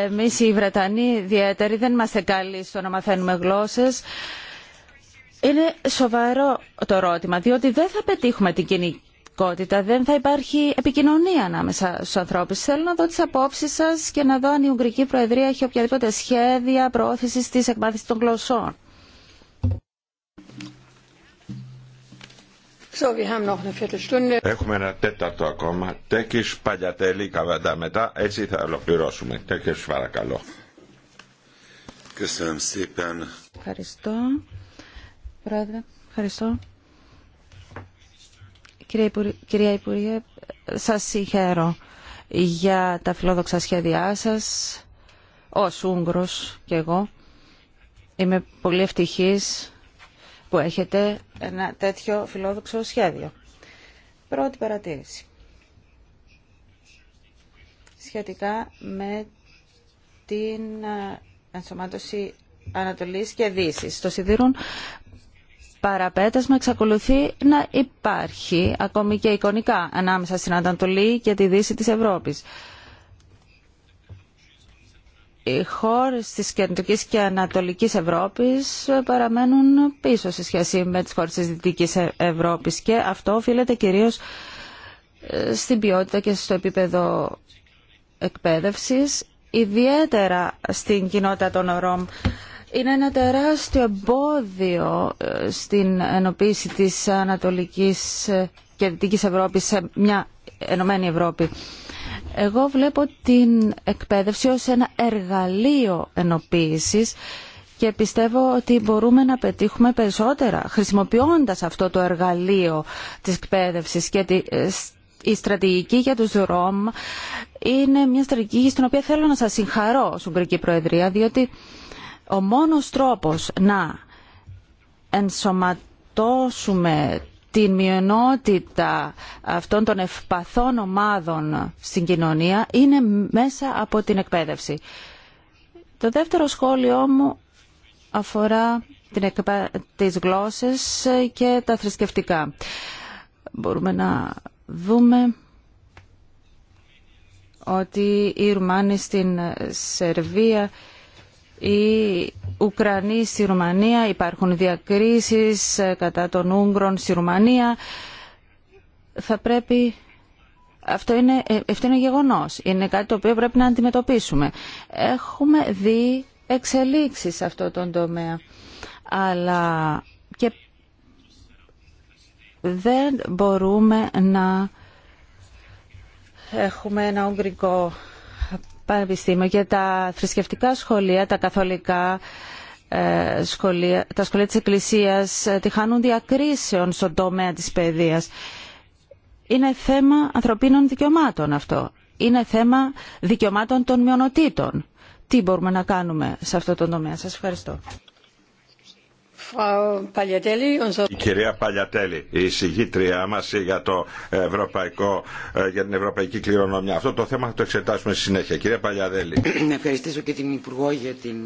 Speaker 4: εμείς οι Βρετανοί ιδιαίτεροι δεν είμαστε καλοί στο να μαθαίνουμε γλώσσες. Είναι σοβαρό το ερώτημα, διότι δεν θα πετύχουμε την κοινικότητα, δεν θα υπάρχει επικοινωνία ανάμεσα στους ανθρώπους. Θέλω να δω τις απόψεις σας και να δω αν η Ουγγρική Προεδρία έχει οποιαδήποτε σχέδια προώθησης της εκμάθησης των γλωσσών.
Speaker 2: Έχουμε ένα τέταρτο ακόμα. Τέκης Παλιατέλη καβέντα Μετά έτσι θα ολοκληρώσουμε. Τέκης παρακαλώ.
Speaker 4: Ευχαριστώ. Πρόεδρε, ευχαριστώ. Κυρία Υπουργέ, σας συγχαίρω για τα φιλόδοξα σχέδιά σας. Ο Ούγγρος και εγώ είμαι πολύ ευτυχής που έχετε ένα τέτοιο φιλόδοξο σχέδιο. Πρώτη παρατήρηση. Σχετικά με την ε, ενσωμάτωση Ανατολής και Δύσης. Στο παραπέτασμα εξακολουθεί να υπάρχει ακόμη και εικονικά ανάμεσα στην Ανατολή και τη Δύση της Ευρώπης. Οι χώρες της Κεντρικής και Ανατολικής Ευρώπης παραμένουν πίσω σε σχέση με τις χώρες της Δυτικής ε- Ευρώπης και αυτό οφείλεται κυρίως ε, στην ποιότητα και στο επίπεδο εκπαίδευσης, ιδιαίτερα στην κοινότητα των ΡΟΜ είναι ένα τεράστιο εμπόδιο ε, στην ενοποίηση της Ανατολικής ε, και Δυτικής Ευρώπης σε μια Ενωμένη Ευρώπη. Εγώ βλέπω την εκπαίδευση ως ένα εργαλείο ενοποίησης και πιστεύω ότι μπορούμε να πετύχουμε περισσότερα χρησιμοποιώντας αυτό το εργαλείο της εκπαίδευσης και τη, ε, η στρατηγική για τους ΡΟΜ είναι μια στρατηγική στην οποία θέλω να σας συγχαρώ, Σουγκρική Προεδρία, διότι ο μόνος τρόπος να ενσωματώσουμε την μειονότητα αυτών των ευπαθών ομάδων στην κοινωνία είναι μέσα από την εκπαίδευση. Το δεύτερο σχόλιο μου αφορά την, τις γλώσσες και τα θρησκευτικά. Μπορούμε να δούμε ότι οι Ρουμάνοι στην Σερβία οι Ουκρανοί στη Ρουμανία, υπάρχουν διακρίσεις ε, κατά των Ούγγρων στη Ρουμανία. Θα πρέπει... Αυτό είναι, ε, αυτό είναι γεγονός. Είναι κάτι το οποίο πρέπει να αντιμετωπίσουμε. Έχουμε δει εξελίξεις σε αυτό τον τομέα. Αλλά και δεν μπορούμε να έχουμε ένα ουγγρικό πανεπιστήμιο για τα θρησκευτικά σχολεία, τα καθολικά ε, σχολεία, τα σχολεία της Εκκλησίας ε, τη χάνουν διακρίσεων στον τομέα της παιδείας. Είναι θέμα ανθρωπίνων δικαιωμάτων αυτό. Είναι θέμα δικαιωμάτων των μειονοτήτων. Τι μπορούμε να κάνουμε σε αυτό το τομέα. Σας ευχαριστώ.
Speaker 7: Η
Speaker 2: κυρία Παλιατέλη, η εισηγήτριά μα για, ε, για την ευρωπαϊκή κληρονομιά. Αυτό το θέμα θα το εξετάσουμε στη συνέχεια. Κυρία Παλιατέλη.
Speaker 7: Να ευχαριστήσω και την Υπουργό για την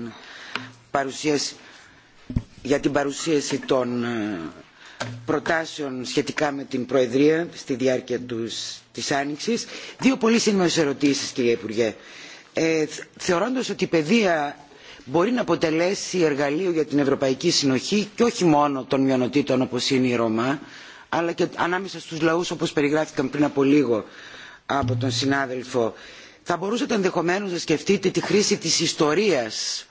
Speaker 7: παρουσίαση, των ε, προτάσεων σχετικά με την Προεδρία στη διάρκεια τους, της Άνοιξης. Δύο πολύ σύντομες ερωτήσεις, κυρία Υπουργέ. Ε, θεωρώντας ότι η παιδεία μπορεί να αποτελέσει εργαλείο για την ευρωπαϊκή συνοχή και όχι μόνο των μειονοτήτων όπως είναι η ρωμά αλλά και ανάμεσα στους λαούς όπως περιγράφηκαν πριν από λίγο από τον συνάδελφο. Θα μπορούσατε ενδεχομένως να σκεφτείτε τη χρήση της ιστορίας,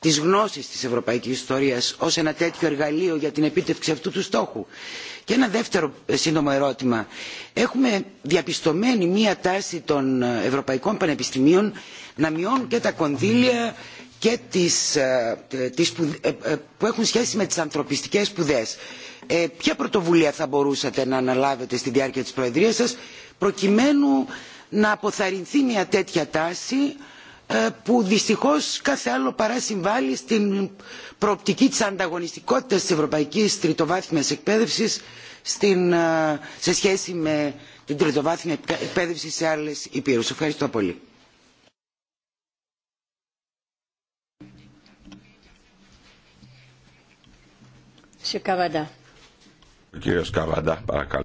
Speaker 7: της γνώσης της ευρωπαϊκής ιστορίας ως ένα τέτοιο εργαλείο για την επίτευξη αυτού του στόχου. Και ένα δεύτερο ε, σύντομο ερώτημα. Έχουμε διαπιστωμένη μία τάση των ε, ευρωπαϊκών πανεπιστημίων να μειώνουν και τα κονδύλια και ε, ε, ε, που έχουν σχέση με τις ανθρωπιστικές σπουδές. ποια πρωτοβουλία θα μπορούσατε να αναλάβετε στη διάρκεια της Προεδρίας σας προκειμένου να αποθαρρυνθεί μια τέτοια τάση που δυστυχώς κάθε άλλο παρά συμβάλλει στην προοπτική της ανταγωνιστικότητας της ευρωπαϊκής τριτοβάθμιας εκπαίδευσης σε σχέση με την τριτοβάθμια εκπαίδευση σε άλλες υπήρους. Ευχαριστώ πολύ.
Speaker 2: παρακαλώ.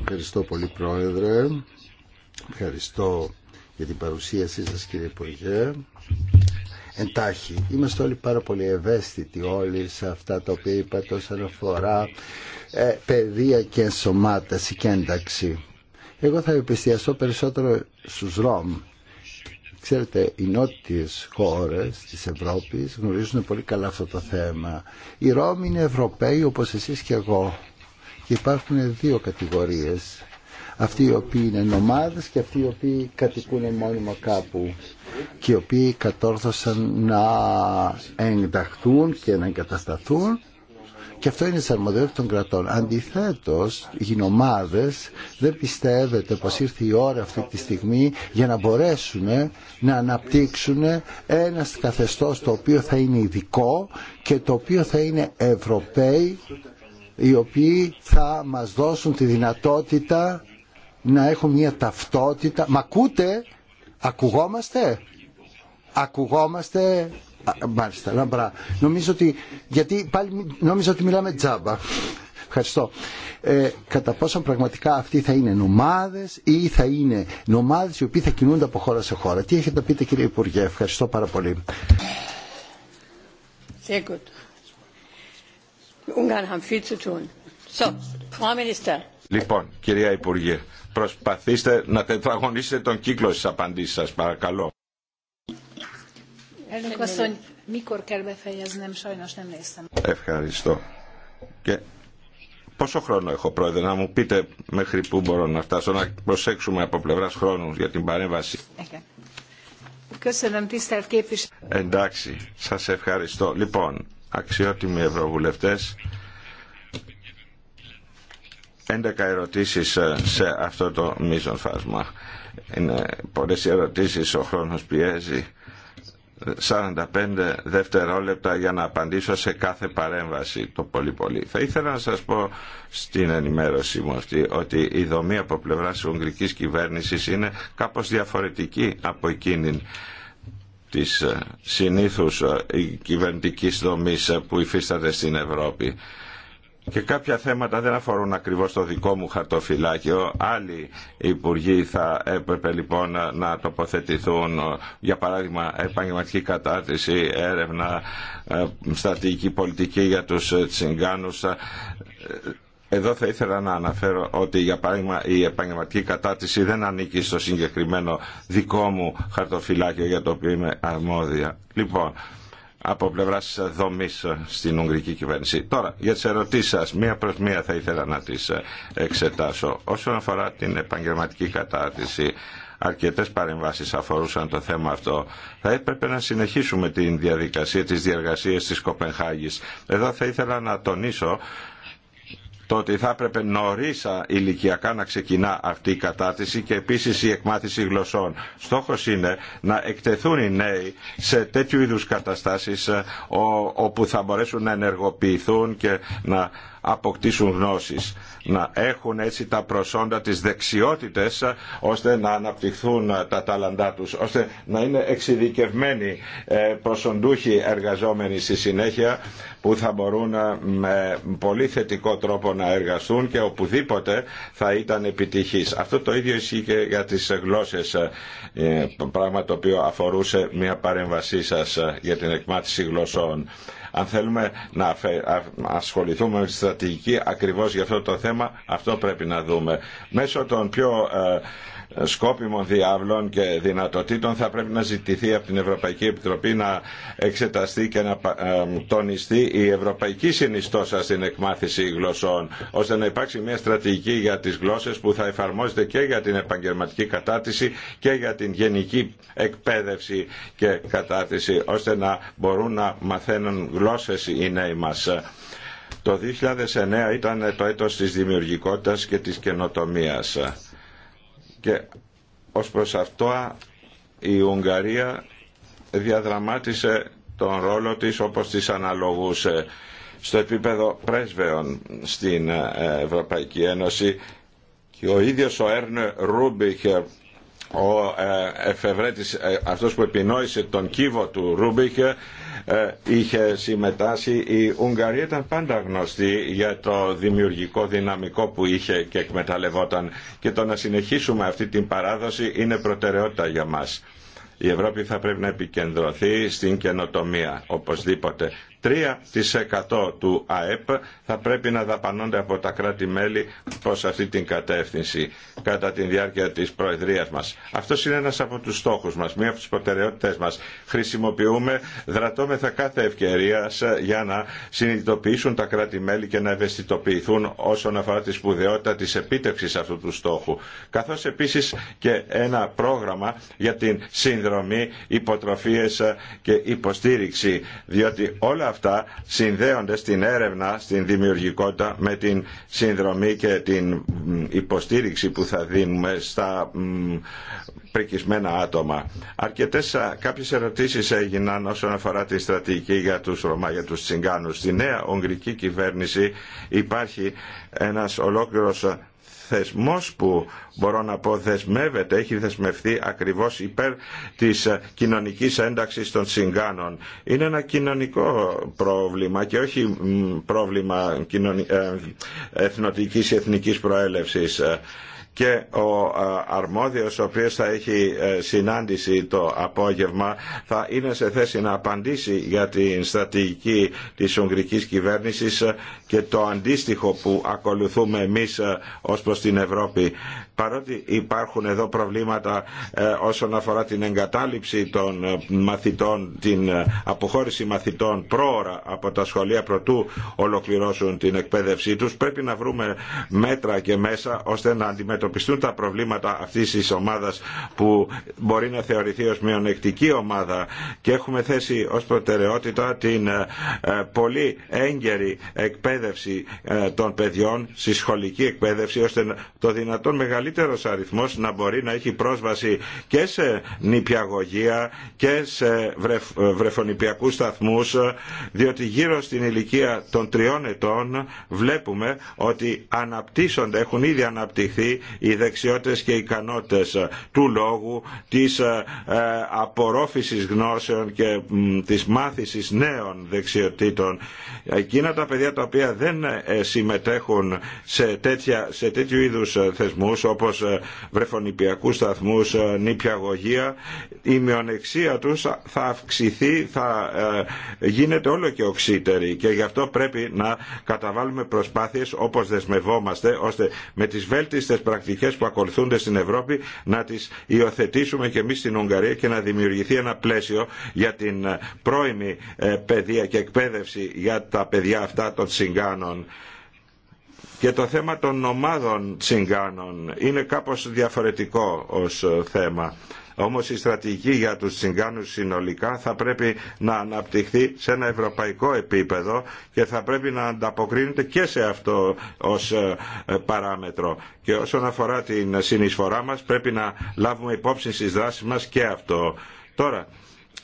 Speaker 2: Ευχαριστώ πολύ Πρόεδρε.
Speaker 1: Ευχαριστώ για την παρουσίασή σας κύριε Υπουργέ. Εντάχει, είμαστε όλοι πάρα πολύ ευαίσθητοι όλοι σε αυτά τα οποία είπατε όσον αφορά ε, παιδεία και ενσωμάτωση και ένταξη. Εγώ θα επιστιαστώ περισσότερο στους ΡΟΜ Ξέρετε, οι νότιες χώρες της Ευρώπης γνωρίζουν πολύ καλά αυτό το θέμα. Οι Ρώμοι είναι Ευρωπαίοι όπως εσείς και εγώ. Και υπάρχουν δύο κατηγορίες. Αυτοί οι οποίοι είναι νομάδες και αυτοί οι οποίοι κατοικούν μόνιμα κάπου και οι οποίοι κατόρθωσαν να ενταχθούν και να εγκατασταθούν και αυτό είναι τη αρμοδιότητα των κρατών. Αντιθέτω, οι γινομάδε δεν πιστεύετε πω ήρθε η ώρα αυτή τη στιγμή για να μπορέσουν να αναπτύξουν ένα καθεστώ το οποίο θα είναι ειδικό και το οποίο θα είναι Ευρωπαίοι οι οποίοι θα μας δώσουν τη δυνατότητα να έχουν μια ταυτότητα. Μα ακούτε, ακουγόμαστε, ακουγόμαστε Μάλιστα, λαμπρά. Νομίζω ότι, γιατί πάλι ότι μιλάμε τζάμπα. Ευχαριστώ. Ε, κατά πόσο πραγματικά αυτοί θα είναι νομάδε ή θα είναι νομάδε οι οποίοι θα κινούνται από χώρα σε χώρα. Τι έχετε να πείτε κύριε Υπουργέ. Ευχαριστώ πάρα πολύ.
Speaker 6: haben viel zu tun. So, Minister.
Speaker 2: Λοιπόν, κυρία Υπουργέ, προσπαθήστε να τετραγωνίσετε τον κύκλο στις απαντήσεις σας, παρακαλώ. Ευχαριστώ. Και πόσο χρόνο έχω πρόεδρε να μου πείτε μέχρι που μπορώ να φτάσω να προσέξουμε από πλευράς χρόνου για την παρέμβαση. Εντάξει, σας ευχαριστώ. Λοιπόν, αξιότιμοι ευρωβουλευτές, 11 ερωτήσεις ε, σε αυτό το μείζον φάσμα. Είναι πολλές ερωτήσεις, ο χρόνος πιέζει. 45 δευτερόλεπτα για να απαντήσω σε κάθε παρέμβαση το πολύ πολύ. Θα ήθελα να σας πω στην ενημέρωσή μου αυτή ότι η δομή από πλευρά της Ουγγρικής κυβέρνησης είναι κάπως διαφορετική από εκείνη της ε, συνήθους ε, κυβερνητικής δομής ε, που υφίσταται στην Ευρώπη. Και κάποια θέματα δεν αφορούν ακριβώς το δικό μου χαρτοφυλάκιο. Άλλοι υπουργοί θα έπρεπε λοιπόν να τοποθετηθούν, για παράδειγμα επαγγελματική κατάρτιση, έρευνα, ε, στρατηγική πολιτική για τους ε, τσιγκάνους. Ε, εδώ θα ήθελα να αναφέρω ότι για παράδειγμα η επαγγελματική κατάρτιση δεν ανήκει στο συγκεκριμένο δικό μου χαρτοφυλάκιο για το οποίο είμαι αρμόδια. Λοιπόν, από πλευρά δομή στην Ουγγρική κυβέρνηση. Τώρα, για τι ερωτήσει σα, μία προ μία θα ήθελα να τι εξετάσω. Όσον αφορά την επαγγελματική κατάρτιση, αρκετέ παρεμβάσει αφορούσαν το θέμα αυτό. Θα έπρεπε να συνεχίσουμε τη διαδικασία της διαργασίας της Κοπενχάγης. Εδώ θα ήθελα να τονίσω το ότι θα έπρεπε νωρίσα ηλικιακά να ξεκινά αυτή η κατάρτιση και επίσης η εκμάθηση γλωσσών. Στόχος είναι να εκτεθούν οι νέοι σε τέτοιου είδους καταστάσεις ε, όπου θα μπορέσουν να ενεργοποιηθούν και να αποκτήσουν γνώσεις να έχουν έτσι τα προσόντα, τις δεξιότητες ε, ώστε να αναπτυχθούν ε, τα ταλαντά τους, ώστε να είναι εξειδικευμένοι ε, προσοντούχοι εργαζόμενοι στη συνέχεια που θα μπορούν με πολύ θετικό τρόπο να εργαστούν και οπουδήποτε θα ήταν επιτυχής. Αυτό το ίδιο ισχύει και για τις γλώσσες, πράγμα το οποίο αφορούσε μια παρέμβασή σας για την εκμάθηση γλωσσών. Αν θέλουμε να ασχοληθούμε με τη στρατηγική ακριβώς για αυτό το θέμα, αυτό πρέπει να δούμε. Μέσω των πιο ε, σκόπιμων διάβλων και δυνατοτήτων θα πρέπει να ζητηθεί από την Ευρωπαϊκή Επιτροπή να εξεταστεί και να ε, τονιστεί η ευρωπαϊκή συνιστόσα στην εκμάθηση γλωσσών ώστε να υπάρξει μια στρατηγική για τις γλώσσες που θα εφαρμόζεται και για την επαγγελματική κατάρτιση και για την γενική εκπαίδευση και κατάρτιση ώστε να μπορούν να μαθαίνουν γλώσσες οι νέοι μας. Το 2009 ήταν το έτος της δημιουργικότητας και της καινοτομίας. Και ως προς αυτό η Ουγγαρία διαδραμάτισε τον ρόλο της όπως της αναλογούσε στο επίπεδο πρέσβεων στην ε, Ευρωπαϊκή Ένωση και ο ίδιος ο Έρνε Ρούμπιχερ ο ε, εφευρέτης, ε, αυτός που επινόησε τον κύβο του Ρούμπικ ε, είχε συμμετάσχει. Η Ουγγαρία ήταν πάντα γνωστή για το δημιουργικό δυναμικό που είχε και εκμεταλλευόταν και το να συνεχίσουμε αυτή την παράδοση είναι προτεραιότητα για μας. Η Ευρώπη θα πρέπει να επικεντρωθεί στην καινοτομία, οπωσδήποτε. 3% του ΑΕΠ θα πρέπει να δαπανώνται από τα κράτη-μέλη προς αυτή την κατεύθυνση κατά τη διάρκεια της Προεδρίας μας. Αυτό είναι ένας από τους στόχους μας, μία από τις προτεραιότητες μας. Χρησιμοποιούμε, δρατώμεθα κάθε ευκαιρία για να συνειδητοποιήσουν τα κράτη-μέλη και να ευαισθητοποιηθούν όσον αφορά τη σπουδαιότητα της επίτευξης αυτού του στόχου. Καθώς επίσης και ένα πρόγραμμα για την συνδρομή, υποτροφίες και υποστήριξη, διότι όλα αυτά συνδέονται στην έρευνα, στην δημιουργικότητα με την συνδρομή και την υποστήριξη που θα δίνουμε στα πρικισμένα άτομα. Αρκετές κάποιες ερωτήσεις έγιναν όσον αφορά τη στρατηγική για τους Ρωμά, για τους Τσιγκάνους. Στη νέα Ουγγρική κυβέρνηση υπάρχει ένας ολόκληρος θεσμός που μπορώ να πω δεσμεύεται, έχει δεσμευτεί ακριβώς υπέρ της ε, κοινωνικής ένταξης των συγκάνων. Είναι ένα κοινωνικό πρόβλημα και όχι πρόβλημα ε, εθνοτικής ή εθνικής προέλευσης και ο αρμόδιος ο οποίος θα έχει ε, συνάντηση το απόγευμα θα είναι σε θέση να απαντήσει για την στρατηγική της Ουγγρικής κυβέρνησης ε, και το αντίστοιχο που ακολουθούμε εμείς ε, ως προς την Ευρώπη παρότι υπάρχουν εδώ προβλήματα ε, όσον αφορά την εγκατάλειψη των ε, μαθητών, την ε, αποχώρηση μαθητών πρόωρα από τα σχολεία προτού ολοκληρώσουν την εκπαίδευσή τους, πρέπει να βρούμε μέτρα και μέσα ώστε να αντιμετωπιστούν τα προβλήματα αυτής της ομάδας που μπορεί να θεωρηθεί ως μειονεκτική ομάδα και έχουμε θέσει ως προτεραιότητα την πολύ έγκαιρη εκπαίδευση των παιδιών, στη σχολική εκπαίδευση, ώστε το δυνατόν μεγαλύτερος αριθμός να μπορεί να έχει πρόσβαση και σε νηπιαγωγεία και σε βρεφ, βρεφονηπιακούς σταθμούς διότι γύρω στην ηλικία των τριών ετών βλέπουμε ότι αναπτύσσονται, έχουν ήδη αναπτυχθεί οι δεξιότητες και οι ικανότητες του λόγου, της ε, απορρόφησης γνώσεων και της μάθησης νέων δεξιοτήτων. Εκείνα τα παιδιά τα οποία δεν ε, συμμετέχουν σε, σε τέτοιου είδους ε, θεσμούς όπως ε, βρεφονιπιακούς σταθμούς, ε, νηπιαγωγεία, η μειονεξία τους θα αυξηθεί, θα ε, γίνεται όλο και οξύτερη και γι' αυτό πρέπει να καταβάλουμε προσπάθειες όπως δεσμευόμαστε ώστε με τις βέλτιστες πρακτικές που ακολουθούνται στην Ευρώπη να τις υιοθετήσουμε και εμείς στην Ουγγαρία και να δημιουργηθεί ένα πλαίσιο για την πρώιμη παιδεία και εκπαίδευση για τα παιδιά αυτά των συγκάνων. Και το θέμα των ομάδων τσιγκάνων είναι κάπως διαφορετικό ως ε, θέμα. Όμως η στρατηγική για τους τσιγκάνους συνολικά θα πρέπει να αναπτυχθεί σε ένα ευρωπαϊκό επίπεδο και θα πρέπει να ανταποκρίνεται και σε αυτό ως ε, ε, παράμετρο. Και όσον αφορά την συνεισφορά μας πρέπει να λάβουμε υπόψη στις δράσεις μας και αυτό. Τώρα,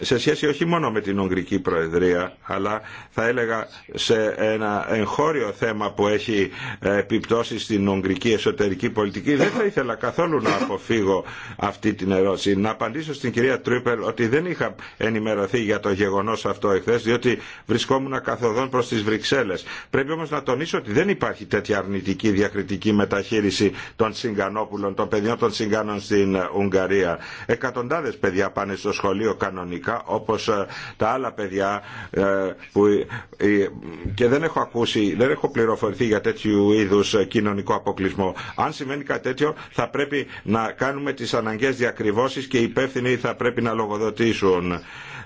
Speaker 2: σε σχέση όχι μόνο με την Ουγγρική Προεδρία, αλλά θα έλεγα σε ένα εγχώριο θέμα που έχει ε, επιπτώσει στην Ουγγρική εσωτερική πολιτική, δεν θα ήθελα καθόλου να αποφύγω αυτή την ερώτηση. Να απαντήσω στην κυρία Τρούπελ ότι δεν είχα ενημερωθεί για το γεγονό αυτό εχθέ, διότι βρισκόμουν καθοδόν προ τι Βρυξέλλε. Πρέπει όμω να τονίσω ότι δεν υπάρχει τέτοια αρνητική διακριτική μεταχείριση των συγκανόπουλων, των παιδιών των συγκάνων στην Ουγγαρία. Εκατοντάδε παιδιά πάνε στο σχολείο κανονικά όπως ε, τα άλλα παιδιά ε, που, ε, και δεν έχω ακούσει, δεν έχω πληροφορηθεί για τέτοιου είδους κοινωνικό αποκλεισμό. Αν σημαίνει κάτι τέτοιο θα πρέπει να κάνουμε τις αναγκαίες διακριβώσεις και οι υπεύθυνοι θα πρέπει να λογοδοτήσουν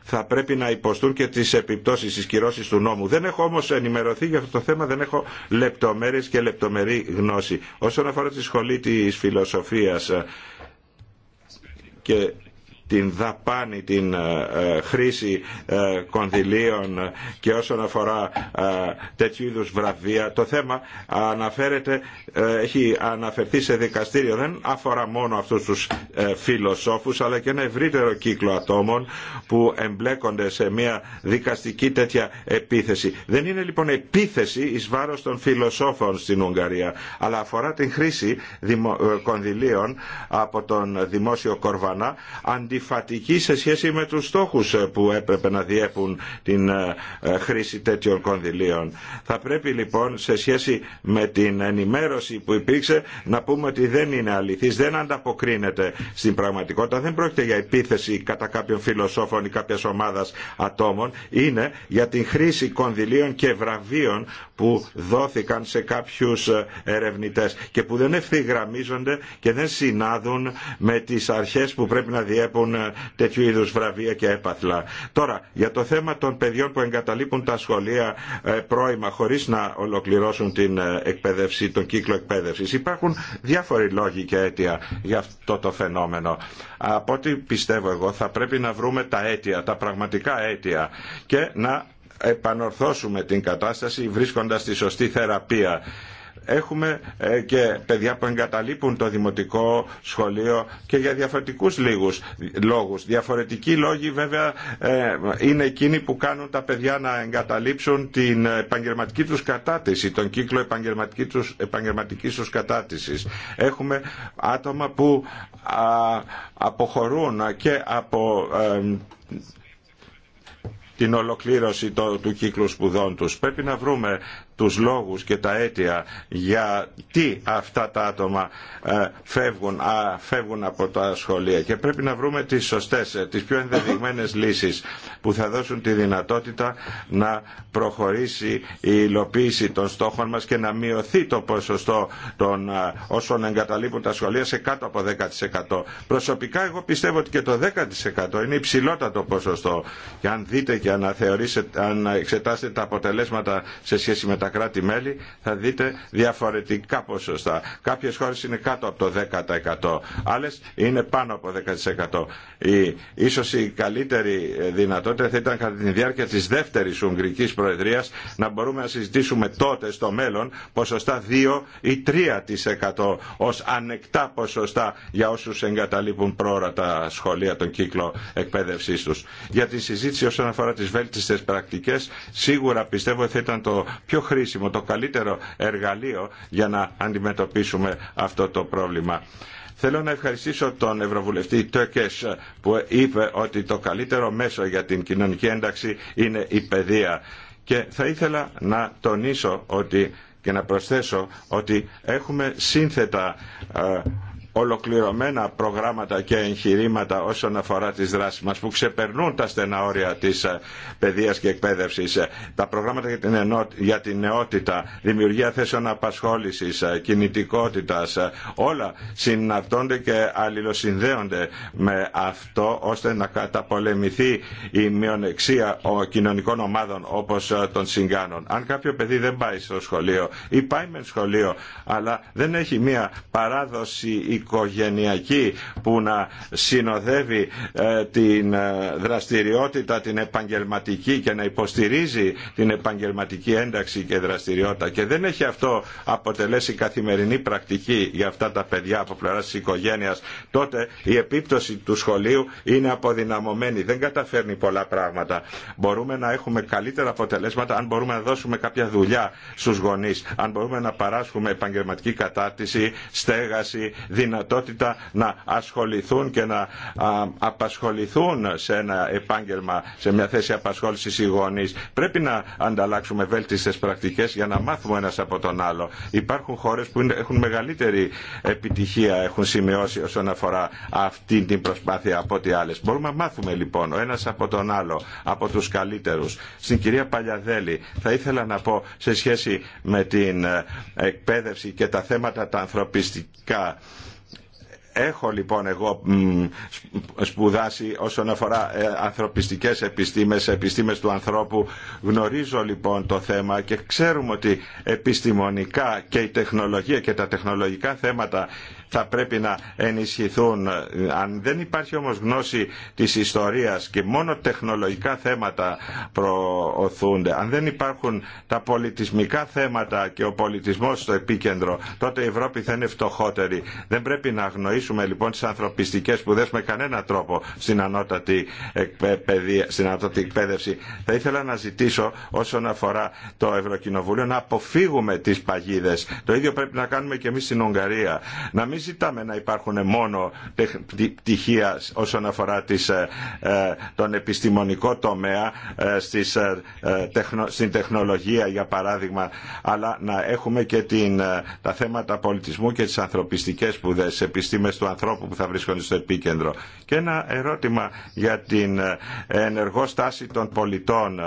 Speaker 2: θα πρέπει να υποστούν και τις επιπτώσεις της κυρώσεις του νόμου. Δεν έχω όμως ενημερωθεί για αυτό το θέμα, δεν έχω λεπτομέρειες και λεπτομερή γνώση. Όσον αφορά τη σχολή της φιλοσοφίας και την δαπάνη, την ε, ε, χρήση ε, κονδυλίων και όσον αφορά τέτοιου είδους βραβεία. Το θέμα αναφέρεται, έχει αναφερθεί σε δικαστήριο. Δεν αφορά μόνο αυτούς τους φιλοσόφους αλλά και ένα ευρύτερο κύκλο ατόμων που εμπλέκονται σε μια δικαστική τέτοια επίθεση. Δεν είναι λοιπόν επίθεση εις βάρος των φιλοσόφων στην Ουγγαρία αλλά αφορά την χρήση κονδυλίων από τον δημόσιο Κορβανά σε σχέση με τους στόχους ε, που έπρεπε να διέπουν την ε, ε, χρήση τέτοιων κονδυλίων. Θα πρέπει λοιπόν σε σχέση με την ενημέρωση που υπήρξε να πούμε ότι δεν είναι αληθής, δεν ανταποκρίνεται στην πραγματικότητα. Δεν πρόκειται για επίθεση κατά κάποιων φιλοσόφων ή κάποιας ομάδας ατόμων. Είναι για την χρήση κονδυλίων και βραβείων που δόθηκαν σε κάποιους ε, ερευνητές και που δεν ευθυγραμμίζονται και δεν συνάδουν με τις αρχές που πρέπει να διέπουν ε, τέτοιου είδους βραβεία και έπαθλα. Τώρα, για το θέμα των παιδιών που εγκαταλείπουν τα σχολεία ε, πρώιμα χωρίς να ολοκληρώσουν την εκπαίδευση, τον κύκλο εκπαίδευσης, υπάρχουν διάφοροι λόγοι και αίτια για αυτό το φαινόμενο. Από ό,τι πιστεύω εγώ θα πρέπει να βρούμε τα αίτια, τα πραγματικά αίτια και να επανορθώσουμε την κατάσταση βρίσκοντας τη σωστή θεραπεία. Έχουμε ε, και παιδιά που εγκαταλείπουν το δημοτικό σχολείο και για διαφορετικούς λίγους λόγους. Διαφορετικοί λόγοι βέβαια ε, είναι εκείνοι που κάνουν τα παιδιά να εγκαταλείψουν την επαγγελματική τους κατάτηση, τον κύκλο επαγγελματική τους, επαγγελματικής τους κατάτησης. Έχουμε άτομα που αποχωρούν και από ε, την ολοκλήρωση του κύκλου σπουδών τους. Πρέπει να βρούμε τους λόγους και τα αίτια γιατί αυτά τα άτομα ε, φεύγουν, φεύγουν από τα σχολεία και πρέπει να βρούμε τις σωστές, ε, τις πιο ενδεδειγμένες λύσεις που θα δώσουν τη δυνατότητα να προχωρήσει η υλοποίηση των στόχων μας και να μειωθεί το ποσοστό των ε, όσων εγκαταλείπουν τα σχολεία σε κάτω από 10%. Προσωπικά εγώ πιστεύω ότι και το 10% είναι υψηλότατο ποσοστό και αν δείτε και αν, αν εξετάσετε τα αποτελέσματα σε σχέση με τα κράτη-μέλη θα δείτε διαφορετικά ποσοστά. Κάποιες χώρε είναι κάτω από το 10%, Άλλε είναι πάνω από 10%. Η, ίσως η καλύτερη ε, δυνατότητα θα ήταν κατά τη διάρκεια της δεύτερης Ουγγρικής Προεδρίας να μπορούμε να συζητήσουμε τότε στο μέλλον ποσοστά 2 ή 3% ως ανεκτά ποσοστά για όσου εγκαταλείπουν πρόωρα τα σχολεία, τον κύκλο εκπαίδευσή του. Για τη συζήτηση όσον αφορά τι βέλτιστες πρακτικέ, σίγουρα πιστεύω θα ήταν το πιο χρήσιμο χρήσιμο, το καλύτερο εργαλείο για να αντιμετωπίσουμε αυτό το πρόβλημα. Θέλω να ευχαριστήσω τον Ευρωβουλευτή Τόκες που είπε ότι το καλύτερο μέσο για την κοινωνική ένταξη είναι η παιδεία. Και θα ήθελα να τονίσω ότι και να προσθέσω ότι έχουμε σύνθετα ε, ολοκληρωμένα προγράμματα και εγχειρήματα όσον αφορά τις δράσεις μας που ξεπερνούν τα στενά όρια της ε, παιδείας και εκπαίδευσης. Ε, τα προγράμματα για την, ενό... για νεότητα, δημιουργία θέσεων απασχόλησης, ε, κινητικότητας, όλα συναυτώνται και αλληλοσυνδέονται με αυτό ώστε να καταπολεμηθεί η μειονεξία κοινωνικών ομάδων όπως των συγκάνων. Αν κάποιο παιδί δεν πάει στο σχολείο ή πάει με σχολείο αλλά δεν έχει μια παράδοση οικογενειακή που να συνοδεύει ε, την ε, δραστηριότητα την επαγγελματική και να υποστηρίζει την επαγγελματική ένταξη και δραστηριότητα και δεν έχει αυτό αποτελέσει καθημερινή πρακτική για αυτά τα παιδιά από πλευρά τη οικογένεια, τότε η επίπτωση του σχολείου είναι αποδυναμωμένη. Δεν καταφέρνει πολλά πράγματα. Μπορούμε να έχουμε καλύτερα αποτελέσματα αν μπορούμε να δώσουμε κάποια δουλειά στου γονεί, αν μπορούμε να παράσχουμε επαγγελματική κατάρτιση, στέγαση, δυνατότητα να ασχοληθούν και να απασχοληθούν σε ένα επάγγελμα, σε μια θέση απασχόληση οι γονεί. Πρέπει να ανταλλάξουμε βέλτιστε πρακτικέ για να μάθουμε ένα από τον άλλο. Υπάρχουν χώρε που έχουν μεγαλύτερη επιτυχία, έχουν σημειώσει όσον αφορά αυτή την προσπάθεια από ό,τι άλλε. Μπορούμε να μάθουμε λοιπόν ο ένα από τον άλλο, από του καλύτερου. Στην κυρία Παλιαδέλη, θα ήθελα να πω σε σχέση με την ε, εκπαίδευση και τα θέματα τα ανθρωπιστικά Έχω λοιπόν εγώ σπουδάσει όσον αφορά ε, ανθρωπιστικές επιστήμες, επιστήμες του ανθρώπου. Γνωρίζω λοιπόν το θέμα και ξέρουμε ότι επιστημονικά και η τεχνολογία και τα τεχνολογικά θέματα θα πρέπει να ενισχυθούν. Αν δεν υπάρχει όμως γνώση της ιστορίας και μόνο τεχνολογικά θέματα προωθούνται, αν δεν υπάρχουν τα πολιτισμικά θέματα και ο πολιτισμός στο επίκεντρο, τότε η Ευρώπη θα είναι φτωχότερη. Δεν πρέπει να αγνοήσουμε λοιπόν τις ανθρωπιστικές σπουδές με κανένα τρόπο στην ανώτατη, στην ανώτατη εκπαίδευση. Θα ήθελα να ζητήσω όσον αφορά το Ευρωκοινοβούλιο να αποφύγουμε τις παγίδες. Το ίδιο πρέπει να κάνουμε και εμείς στην Ουγγαρία ζητάμε να υπάρχουν μόνο πτυχία όσον αφορά τις, ε, ε, τον επιστημονικό τομέα ε, στις, στην τεχνολογία για παράδειγμα αλλά να έχουμε και την, τα θέματα πολιτισμού και τις ανθρωπιστικές σπουδές, επιστήμες του ανθρώπου που θα βρίσκονται στο επίκεντρο. Και ένα ερώτημα για την ενεργό στάση των πολιτών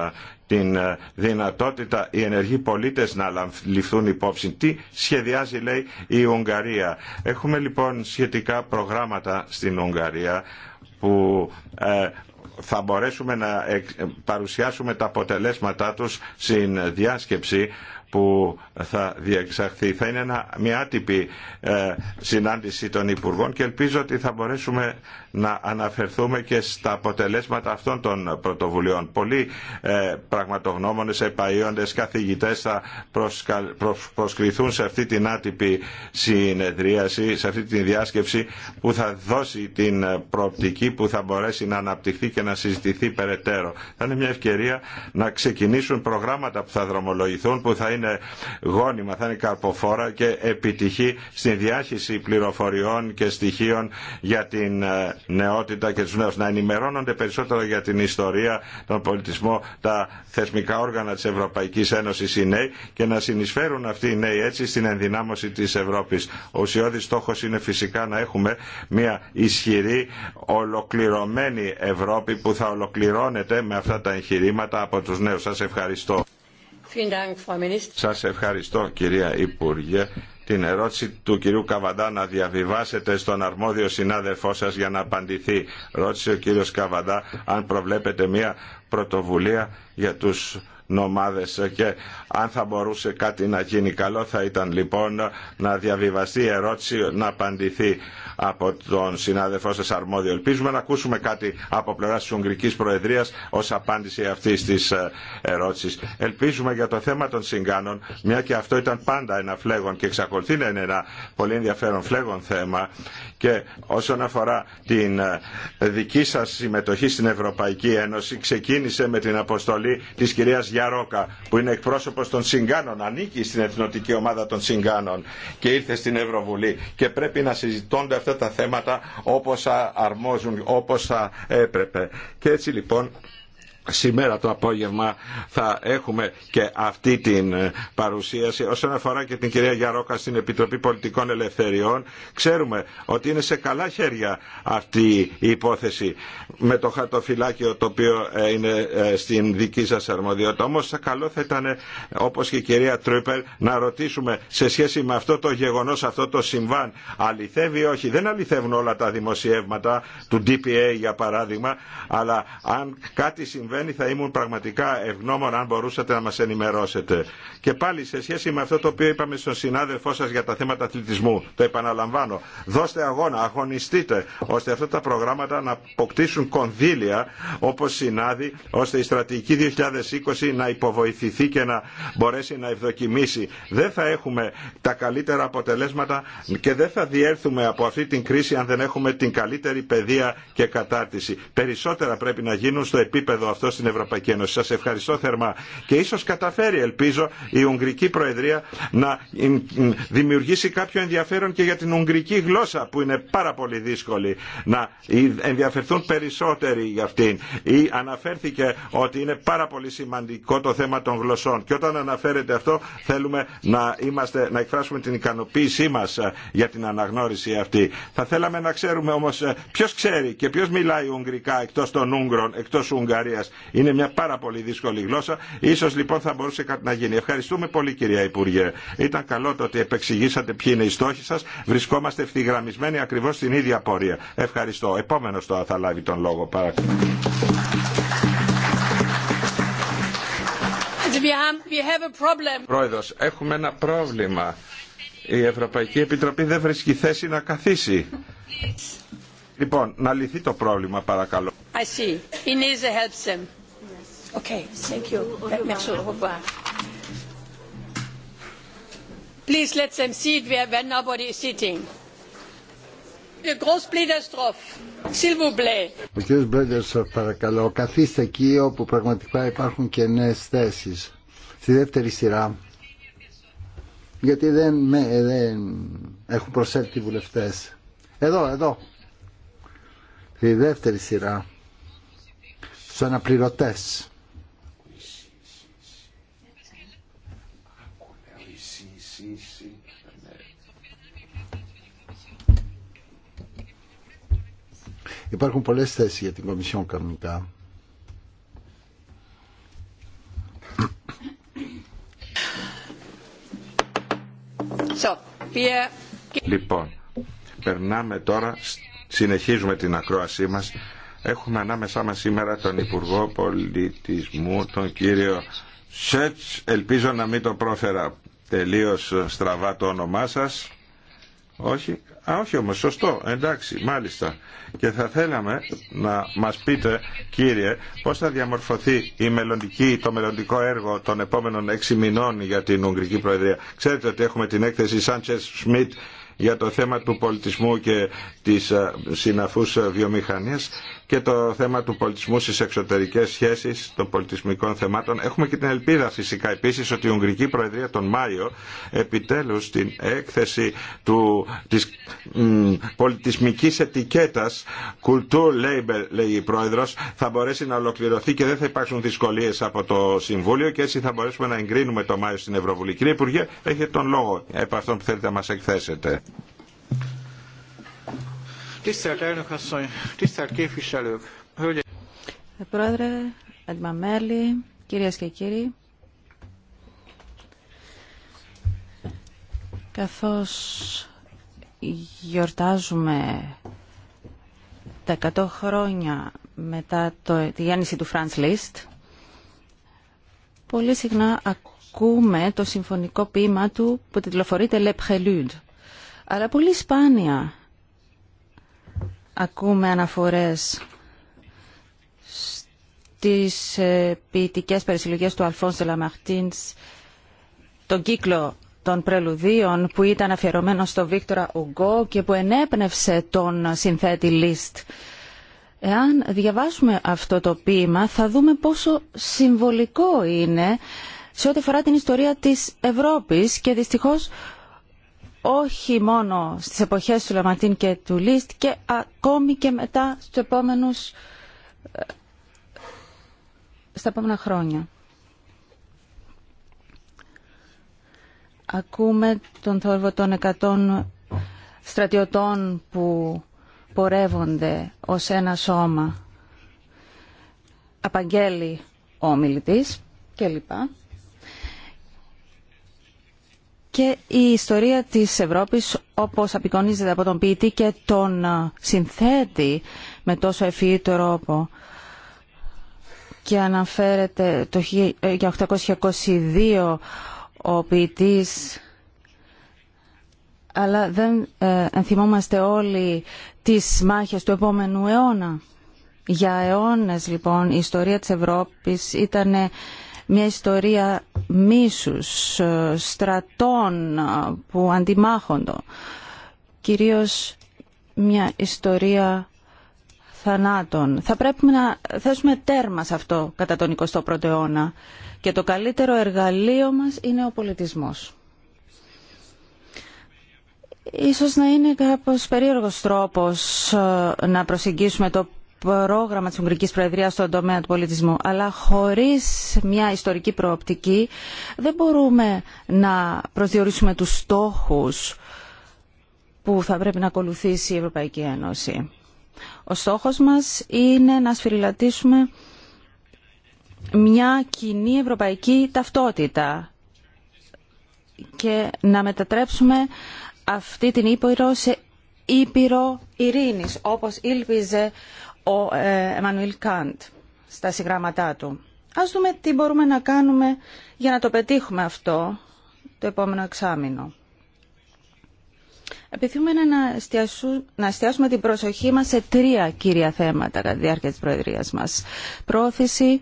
Speaker 2: την ε, δυνατότητα οι ενεργοί πολίτες να ληφθούν υπόψη. Τι σχεδιάζει λέει η Ουγγαρία. Έχουμε λοιπόν σχετικά προγράμματα στην Ουγγαρία που ε, θα μπορέσουμε να παρουσιάσουμε τα αποτελέσματά τους στην διάσκεψη που θα διεξαχθεί. Θα είναι μια άτυπη ε, συνάντηση των Υπουργών και ελπίζω ότι θα μπορέσουμε να αναφερθούμε και στα αποτελέσματα αυτών των πρωτοβουλειών. Πολλοί ε, πραγματογνώμονες, επαΐοντες, καθηγητές θα προσκα... προσκληθούν σε αυτή την άτυπη συνεδρίαση, σε αυτή την διάσκεψη που θα δώσει την προοπτική που θα μπορέσει να αναπτυχθεί και να συζητηθεί περαιτέρω. Θα είναι μια ευκαιρία να ξεκινήσουν προγράμματα που θα δρομολογηθούν, που θα είναι γόνιμα, θα είναι καρποφόρα και επιτυχή στην διάχυση πληροφοριών και στοιχείων για την ε, νεότητα και τους νέους να ενημερώνονται περισσότερο για την ιστορία, τον πολιτισμό, τα θεσμικά όργανα της Ευρωπαϊκής Ένωσης οι νέοι και να συνεισφέρουν αυτοί οι νέοι έτσι στην ενδυνάμωση της Ευρώπης. Ο ουσιώδης στόχος είναι φυσικά να έχουμε μια ισχυρή, ολοκληρωμένη Ευρώπη που θα ολοκληρώνεται με αυτά τα εγχειρήματα από τους νέους. Σας ευχαριστώ. Σας ευχαριστώ κυρία Υπουργέ την ερώτηση του κυρίου Καβαντά να διαβιβάσετε στον αρμόδιο συνάδελφό σα για να απαντηθεί. Ρώτησε ο κύριο Καβαντά αν προβλέπετε μια πρωτοβουλία για τους νομάδες και αν θα μπορούσε κάτι να γίνει καλό θα ήταν λοιπόν να διαβιβαστεί η ερώτηση να απαντηθεί από τον συνάδελφό σας αρμόδιο. Ελπίζουμε να ακούσουμε κάτι από πλευράς της Ουγγρικής Προεδρίας ως απάντηση αυτή της ε, ερώτησης. Ελπίζουμε για το θέμα των συγκάνων, μια και αυτό ήταν πάντα ένα φλέγον και εξακολουθεί να είναι ένα πολύ ενδιαφέρον φλέγον θέμα και όσον αφορά την ε, δική σας συμμετοχή στην Ευρωπαϊκή Ένωση ξεκίνησε με την αποστολή της κυρίας Γιαρόκα που είναι εκπρόσωπος των Συγκάνων, ανήκει στην εθνοτική ομάδα των Συγκάνων και ήρθε στην Ευρωβουλή και πρέπει να συζητώνται αυτά τα θέματα όπως αρμόζουν, όπως θα έπρεπε. Και έτσι λοιπόν σήμερα το απόγευμα θα έχουμε και αυτή την ε, παρουσίαση όσον αφορά και την κυρία Γιαρόκα στην Επιτροπή Πολιτικών Ελευθεριών ξέρουμε ότι είναι σε καλά χέρια αυτή η υπόθεση με το χαρτοφυλάκιο το οποίο ε, είναι ε, στην δική σας αρμοδιότητα όμως καλό θα ήταν όπως και η κυρία Τρούπελ να ρωτήσουμε σε σχέση με αυτό το γεγονός αυτό το συμβάν αληθεύει ή όχι δεν αληθεύουν όλα τα δημοσιεύματα του DPA για παράδειγμα αλλά αν κάτι συμβαίνει συμβαίνει θα ήμουν πραγματικά ευγνώμων αν μπορούσατε να μας ενημερώσετε. Και πάλι σε σχέση με αυτό το οποίο είπαμε στον συνάδελφό σας για τα θέματα αθλητισμού, το επαναλαμβάνω, δώστε αγώνα, αγωνιστείτε, ώστε αυτά τα προγράμματα να αποκτήσουν κονδύλια όπως συνάδει, ώστε η στρατηγική 2020 να υποβοηθηθεί και να μπορέσει να ευδοκιμήσει. Δεν θα έχουμε τα καλύτερα αποτελέσματα και δεν θα διέρθουμε από αυτή την κρίση αν δεν έχουμε την καλύτερη παιδεία και κατάρτιση. Περισσότερα πρέπει να γίνουν στο επίπεδο αυτό αυτό στην Ευρωπαϊκή Ένωση. σα ευχαριστώ θερμά. Και ίσω καταφέρει, ελπίζω, η Ουγγρική Προεδρία να ε, δημιουργήσει κάποιο ενδιαφέρον και για την Ουγγρική γλώσσα που είναι πάρα πολύ δύσκολη να ε, ενδιαφερθούν περισσότεροι για αυτήν. Ή αναφέρθηκε ότι είναι πάρα πολύ σημαντικό το θέμα των γλωσσών. Και όταν αναφέρεται αυτό θέλουμε να, είμαστε, να εκφράσουμε την ικανοποίησή μα ε, για την αναγνώριση αυτή. Θα θέλαμε να ξέρουμε όμω ποιο ξέρει και ποιο μιλάει Ουγγρικά εκτό των Ούγγρων, εκτό Ουγγαρία. Είναι μια πάρα πολύ δύσκολη γλώσσα. Ίσως λοιπόν θα μπορούσε κάτι να γίνει. Ευχαριστούμε πολύ κυρία Υπουργέ. Ήταν καλό το ότι επεξηγήσατε ποιοι είναι οι στόχοι σας. Βρισκόμαστε ευθυγραμμισμένοι ακριβώς στην ίδια πορεία. Ευχαριστώ. Επόμενος τώρα θα λάβει τον λόγο. Παρακαλώ. Πρόεδρος, έχουμε ένα πρόβλημα. Η Ευρωπαϊκή Επιτροπή δεν βρίσκει θέση να καθίσει. Λοιπόν, να λυθεί το πρόβλημα παρακαλώ.
Speaker 6: I see. Inese helps them. Yes. Okay, thank you. Merci, au revoir. Please let them sit where when nobody is sitting.
Speaker 1: Ο κ. Μπρέντερστροφ, παρακαλώ, καθίστε εκεί όπου πραγματικά υπάρχουν κενές θέσεις. Στη δεύτερη σειρά. Γιατί δεν, με, δεν έχουν προσέλθει βουλευτές. Εδώ, εδώ η δεύτερη σειρά στους αναπληρωτές. Υπάρχουν πολλές θέσεις για την Κομισιόν κανονικά.
Speaker 2: Λοιπόν, περνάμε τώρα Συνεχίζουμε την ακρόασή μας. Έχουμε ανάμεσά μας σήμερα τον Υπουργό Πολιτισμού, τον κύριο Σέτς. Ελπίζω να μην το πρόφερα τελείως στραβά το όνομά σας. Όχι. Α, όχι όμως, σωστό. Εντάξει, μάλιστα. Και θα θέλαμε να μας πείτε, κύριε, πώς θα διαμορφωθεί η μελλοντική, το μελλοντικό έργο των επόμενων έξι μηνών για την Ουγγρική Προεδρία. Ξέρετε ότι έχουμε την έκθεση Σάντσες Σμιτ για το θέμα του πολιτισμού και της ε, συναφούς ε, βιομηχανίας και το θέμα του πολιτισμού στις εξωτερικές σχέσεις των πολιτισμικών θεμάτων. Έχουμε και την ελπίδα φυσικά επίσης ότι η Ουγγρική Προεδρία τον Μάιο επιτέλους την έκθεση του, της ετικέτα, πολιτισμικής ετικέτας Label λέει η Πρόεδρος θα μπορέσει να ολοκληρωθεί και δεν θα υπάρξουν δυσκολίες από το Συμβούλιο και έτσι θα μπορέσουμε να εγκρίνουμε το Μάιο στην Ευρωβουλή. Κύριε Υπουργέ, έχετε τον λόγο επ' αυτόν που θέλετε να μας εκθέσετε. Tisztelt elnök asszony,
Speaker 4: Πρόεδρε, και κύριοι, καθώς γιορτάζουμε τα 100 χρόνια μετά το, τη γέννηση του Franz Liszt, πολύ συχνά ακούμε το συμφωνικό ποίημα του που τηλεφορείται Le Prelude. Αλλά πολύ σπάνια ακούμε αναφορές στις ε, ποιητικές περισυλλογές του Αλφόνς Λαμαρτίνς, τον κύκλο των πρελουδίων που ήταν αφιερωμένο στο Βίκτορα Ουγκό και που ενέπνευσε τον συνθέτη Λίστ. Εάν διαβάσουμε αυτό το ποίημα θα δούμε πόσο συμβολικό είναι σε ό,τι αφορά την ιστορία της Ευρώπης και δυστυχώς όχι μόνο στις εποχές του Λαματίν και του Λίστ και ακόμη και μετά στους επόμενους, ε, στα επόμενα χρόνια. Ακούμε τον θόρυβο των 100 στρατιωτών που πορεύονται ως ένα σώμα. Απαγγέλει ο ομιλητής κλπ και η ιστορία της Ευρώπης όπως απεικονίζεται από τον ποιητή και τον συνθέτη με τόσο ευφυή τρόπο και αναφέρεται το 1822 ε, ο ποιητής αλλά δεν ε, ενθυμόμαστε όλοι τις μάχες του επόμενου αιώνα. Για αιώνες λοιπόν η ιστορία της Ευρώπης ήταν μια ιστορία μίσους, ε, στρατών ε, που αντιμάχονται, κυρίως μια ιστορία θανάτων. Θα πρέπει να θέσουμε τέρμα σε αυτό κατά τον 21ο αιώνα και το καλύτερο εργαλείο μας είναι ο πολιτισμός. Ίσως να είναι κάπως περίεργος τρόπος ε, να προσεγγίσουμε το πρόγραμμα της Ουγγρικής Προεδρίας στον τομέα του πολιτισμού. Αλλά χωρίς μια ιστορική προοπτική δεν μπορούμε να προσδιορίσουμε τους στόχους που θα πρέπει να ακολουθήσει η Ευρωπαϊκή Ένωση. Ο στόχος μας είναι να σφυριλατήσουμε μια κοινή ευρωπαϊκή ταυτότητα και να μετατρέψουμε αυτή την Ήπειρο σε Ήπειρο ειρήνης, όπως ήλπιζε ο ε, Εμμανουήλ Καντ στα συγγράμματά του. Ας δούμε τι μπορούμε να κάνουμε για να το πετύχουμε αυτό το επόμενο εξάμεινο. Επιθυμούμε να εστιάσουμε την προσοχή μας σε τρία κύρια θέματα κατά τη διάρκεια της Προεδρίας μας. Πρόθεση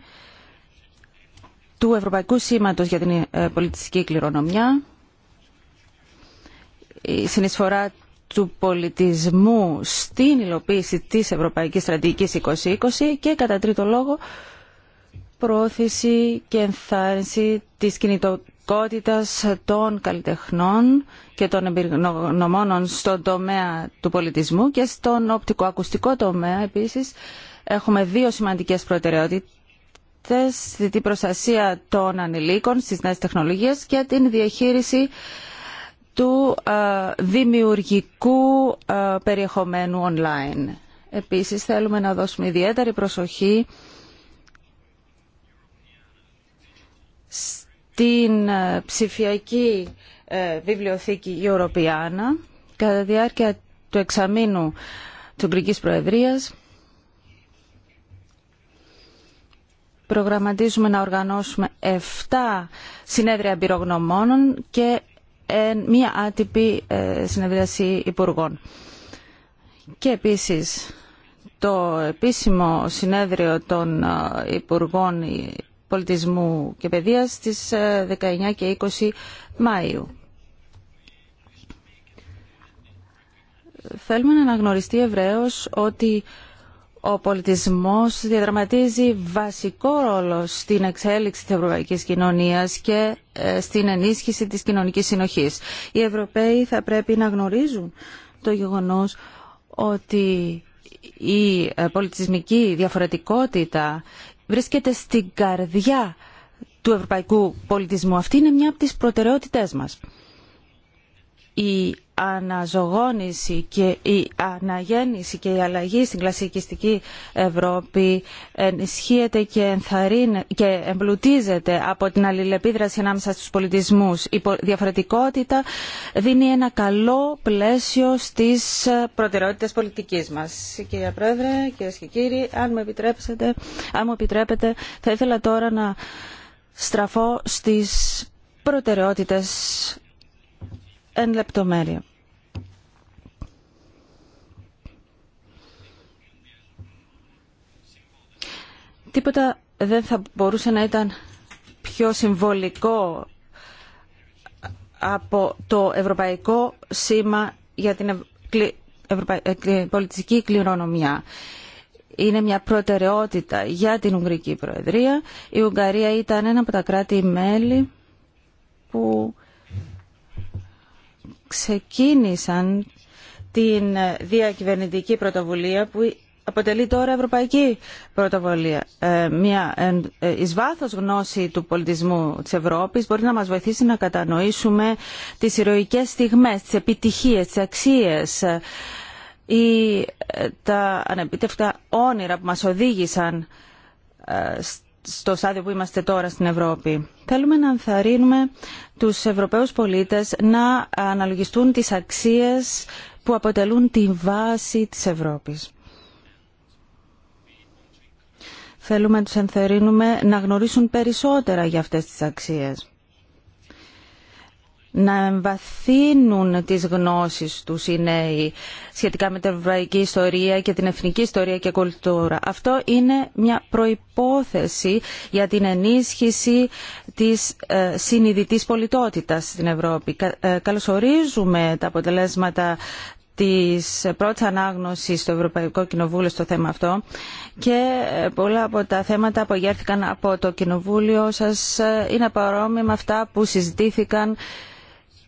Speaker 4: του Ευρωπαϊκού Σήματος για την ε, Πολιτιστική Κληρονομιά, η συνεισφορά του πολιτισμού στην υλοποίηση της Ευρωπαϊκής Στρατηγικής 2020 και κατά τρίτο λόγο προώθηση και ενθάρρυνση της κινητικότητας των καλλιτεχνών και των εμπειρογνωμόνων στον τομέα του πολιτισμού και στον οπτικοακουστικό τομέα επίσης έχουμε δύο σημαντικές προτεραιότητες την προστασία των ανηλίκων στις νέες τεχνολογίες και την διαχείριση του ε, δημιουργικού ε, περιεχομένου online. Επίσης θέλουμε να δώσουμε ιδιαίτερη προσοχή στην ε, ψηφιακή βιβλιοθήκη Ευρωπιάνα κατά τη διάρκεια του εξαμήνου του Ουγγρικής Προεδρίας. Προγραμματίζουμε να οργανώσουμε 7 συνέδρια εμπειρογνωμόνων και μία άτυπη ε, συνεδρίαση υπουργών. Και επίσης το επίσημο συνέδριο των ε, Υπουργών Πολιτισμού και Παιδείας στις 19 ε, και 20 Μάιου. Θέλουμε να αναγνωριστεί ευρέως ότι ο πολιτισμός διαδραματίζει βασικό ρόλο στην εξέλιξη της ευρωπαϊκής κοινωνίας και ε, στην ενίσχυση της κοινωνικής συνοχής. Οι Ευρωπαίοι θα πρέπει να γνωρίζουν το γεγονός ότι η ε, πολιτισμική διαφορετικότητα βρίσκεται στην καρδιά του ευρωπαϊκού πολιτισμού. Αυτή είναι μια από τις προτεραιότητές μας. Η αναζωγόνηση και η αναγέννηση και η αλλαγή στην κλασικιστική Ευρώπη ενισχύεται και, και εμπλουτίζεται από την αλληλεπίδραση ανάμεσα στους πολιτισμούς. Η διαφορετικότητα δίνει ένα καλό πλαίσιο στις προτεραιότητες πολιτικής μας. Κύριε Πρόεδρε, κυρίες και κύριοι, αν, μου επιτρέψετε, αν μου επιτρέπετε θα ήθελα τώρα να στραφώ στις προτεραιότητες εν λεπτομέρεια. Τίποτα δεν θα μπορούσε να ήταν πιο συμβολικό από το Ευρωπαϊκό Σήμα για την ε, Πολιτιστική Κληρονομιά. Είναι μια προτεραιότητα για την Ουγγρική Προεδρία. Η Ουγγαρία ήταν ένα από τα κράτη-μέλη που ξεκίνησαν την διακυβερνητική πρωτοβουλία που αποτελεί τώρα ευρωπαϊκή πρωτοβουλία. Ε, μια ε, εις βάθος γνώση του πολιτισμού της Ευρώπης μπορεί να μας βοηθήσει να κατανοήσουμε τις ηρωικές στιγμές, τις επιτυχίες, τις αξίες ή ε, τα ανεπίτευτα όνειρα που μας οδήγησαν στο στάδιο που είμαστε τώρα στην Ευρώπη. Θέλουμε να ενθαρρύνουμε τους Ευρωπαίους πολίτες να αναλογιστούν τις αξίες που αποτελούν τη βάση της Ευρώπης. Θέλουμε να τους ενθαρρύνουμε να γνωρίσουν περισσότερα για αυτές τις αξίες να εμβαθύνουν τις γνώσεις τους οι νέοι σχετικά με την ευρωπαϊκή ιστορία και την εθνική ιστορία και κουλτούρα. Αυτό είναι μια προϋπόθεση για την ενίσχυση της ε, συνειδητής πολιτότητας στην Ευρώπη. Ε, καλωσορίζουμε τα αποτελέσματα της πρώτης ανάγνωσης στο Ευρωπαϊκό Κοινοβούλιο στο θέμα αυτό και ε, πολλά από τα θέματα που γέρθηκαν από το Κοινοβούλιο σας είναι παρόμοια με αυτά που συζητήθηκαν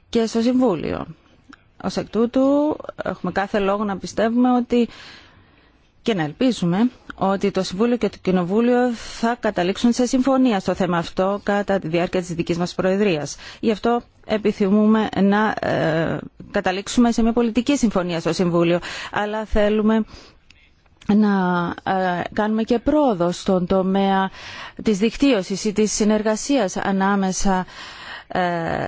Speaker 4: και στο Συμβούλιο. Ω εκ τούτου έχουμε κάθε λόγο να πιστεύουμε ότι και να ελπίζουμε ότι το Συμβούλιο και το Κοινοβούλιο θα καταλήξουν σε συμφωνία στο θέμα αυτό κατά τη διάρκεια της δικής μας Προεδρίας. Γι' αυτό επιθυμούμε να ε, καταλήξουμε σε μια πολιτική συμφωνία στο Συμβούλιο, αλλά θέλουμε να ε, κάνουμε και πρόοδο στον τομέα της δικτύωσης ή της συνεργασίας ανάμεσα ε,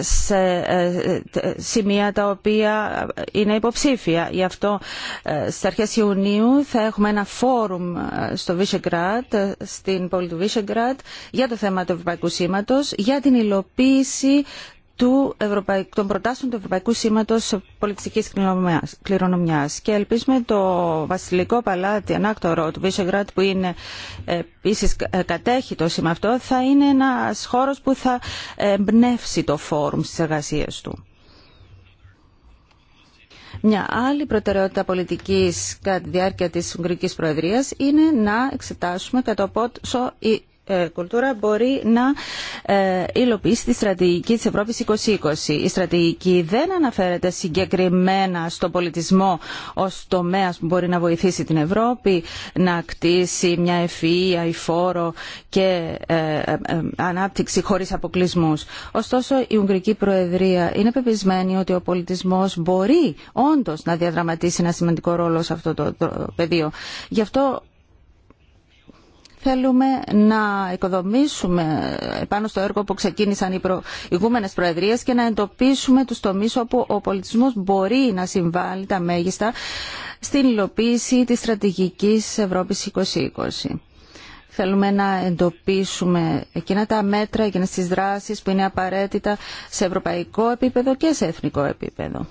Speaker 4: σε ε, σημεία τα οποία είναι υποψήφια. Γι' αυτό ε, στις αρχές Ιουνίου θα έχουμε ένα φόρουμ στο Βίσεγκράτ, στην πόλη του Βίσεγκράτ, για το θέμα του Ευρωπαϊκού Σήματος, για την υλοποίηση των προτάσεων του Ευρωπαϊκού Σήματος Πολιτιστικής Κληρονομιάς. Και ελπίζουμε το Βασιλικό Παλάτι Ανάκτορο του Βίσεγκρατ που είναι ε, επίση ε, κατέχει το σήμα αυτό θα είναι ένας χώρος που θα εμπνεύσει το φόρουμ στις εργασίες του. Μια άλλη προτεραιότητα πολιτικής κατά τη διάρκεια της Ουγγρικής Προεδρίας είναι να εξετάσουμε κατά πόσο ε, κουλτούρα μπορεί να ε, υλοποιήσει τη στρατηγική της Ευρώπης 2020. Η στρατηγική δεν αναφέρεται συγκεκριμένα στον πολιτισμό ως τομέας που μπορεί να βοηθήσει την Ευρώπη να κτίσει μια η φορο και ε, ανάπτυξη χωρίς αποκλεισμούς. Ωστόσο η Ουγγρική Προεδρία είναι πεπισμένη ότι ο πολιτισμός μπορεί όντως να διαδραματίσει ένα σημαντικό ρόλο σε αυτό το πεδίο. Γι' αυτό Θέλουμε να οικοδομήσουμε πάνω στο έργο που ξεκίνησαν οι προηγούμενες προεδρίες και να εντοπίσουμε τους τομείς όπου ο πολιτισμός μπορεί να συμβάλλει τα μέγιστα στην υλοποίηση της στρατηγικής Ευρώπης 2020 θέλουμε να εντοπίσουμε εκείνα τα μέτρα, εκείνες τις δράσεις που είναι απαραίτητα σε ευρωπαϊκό επίπεδο και σε εθνικό επίπεδο.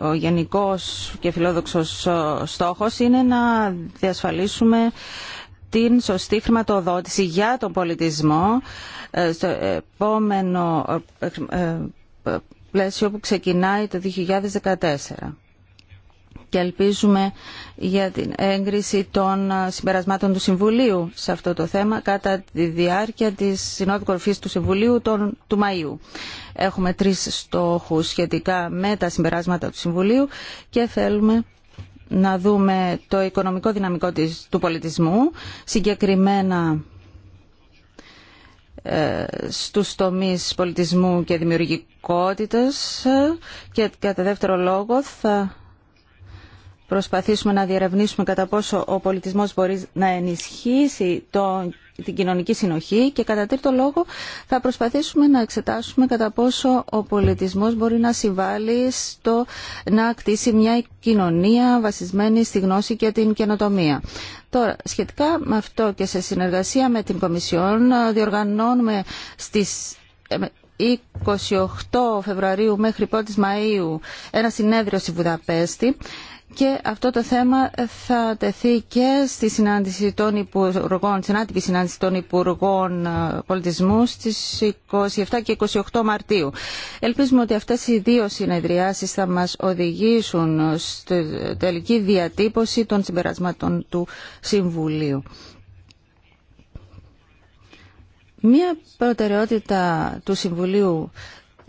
Speaker 4: ο γενικός και φιλόδοξος στόχος είναι να διασφαλίσουμε την σωστή χρηματοδότηση για τον πολιτισμό ε, στο επόμενο ε, ε, πλαίσιο που ξεκινάει το 2014 και ελπίζουμε για την έγκριση των συμπερασμάτων του Συμβουλίου σε αυτό το θέμα κατά τη διάρκεια της Συνόδου Κορφής του Συμβουλίου τον, του Μαΐου. Έχουμε τρεις στόχους σχετικά με τα συμπεράσματα του Συμβουλίου και θέλουμε να δούμε το οικονομικό δυναμικό του πολιτισμού, συγκεκριμένα ε, στους τομείς πολιτισμού και δημιουργικότητας και κατά δεύτερο λόγο θα προσπαθήσουμε να διερευνήσουμε κατά πόσο ο πολιτισμός μπορεί να ενισχύσει το, την κοινωνική συνοχή και κατά τρίτο λόγο θα προσπαθήσουμε να εξετάσουμε κατά πόσο ο πολιτισμός μπορεί να συμβάλλει στο να κτίσει μια κοινωνία βασισμένη στη γνώση και την καινοτομία. Τώρα, σχετικά με αυτό και σε συνεργασία με την Κομισιόν διοργανώνουμε στις 28 ε, Φεβρουαρίου μέχρι Μαΐου ένα συνέδριο στη Βουδαπέστη και αυτό το θέμα θα τεθεί και στη συνάντηση των υπουργών, στην άτυπη συνάντηση των υπουργών ε, πολιτισμού στις 27 και 28 Μαρτίου. Ελπίζουμε ότι αυτές οι δύο συνεδριάσεις θα μας οδηγήσουν στη τελική διατύπωση των συμπερασμάτων του Συμβουλίου. Μία προτεραιότητα του Συμβουλίου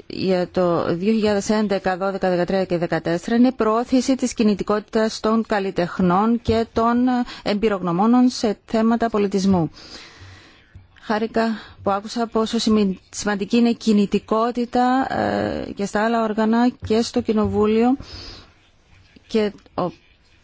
Speaker 4: για το 2011, 12, 13 και 14 είναι προώθηση της κινητικότητας των καλλιτεχνών και των εμπειρογνωμόνων σε θέματα πολιτισμού. Χάρηκα που άκουσα πόσο σημαντική είναι η κινητικότητα ε, και στα άλλα όργανα και στο Κοινοβούλιο και ο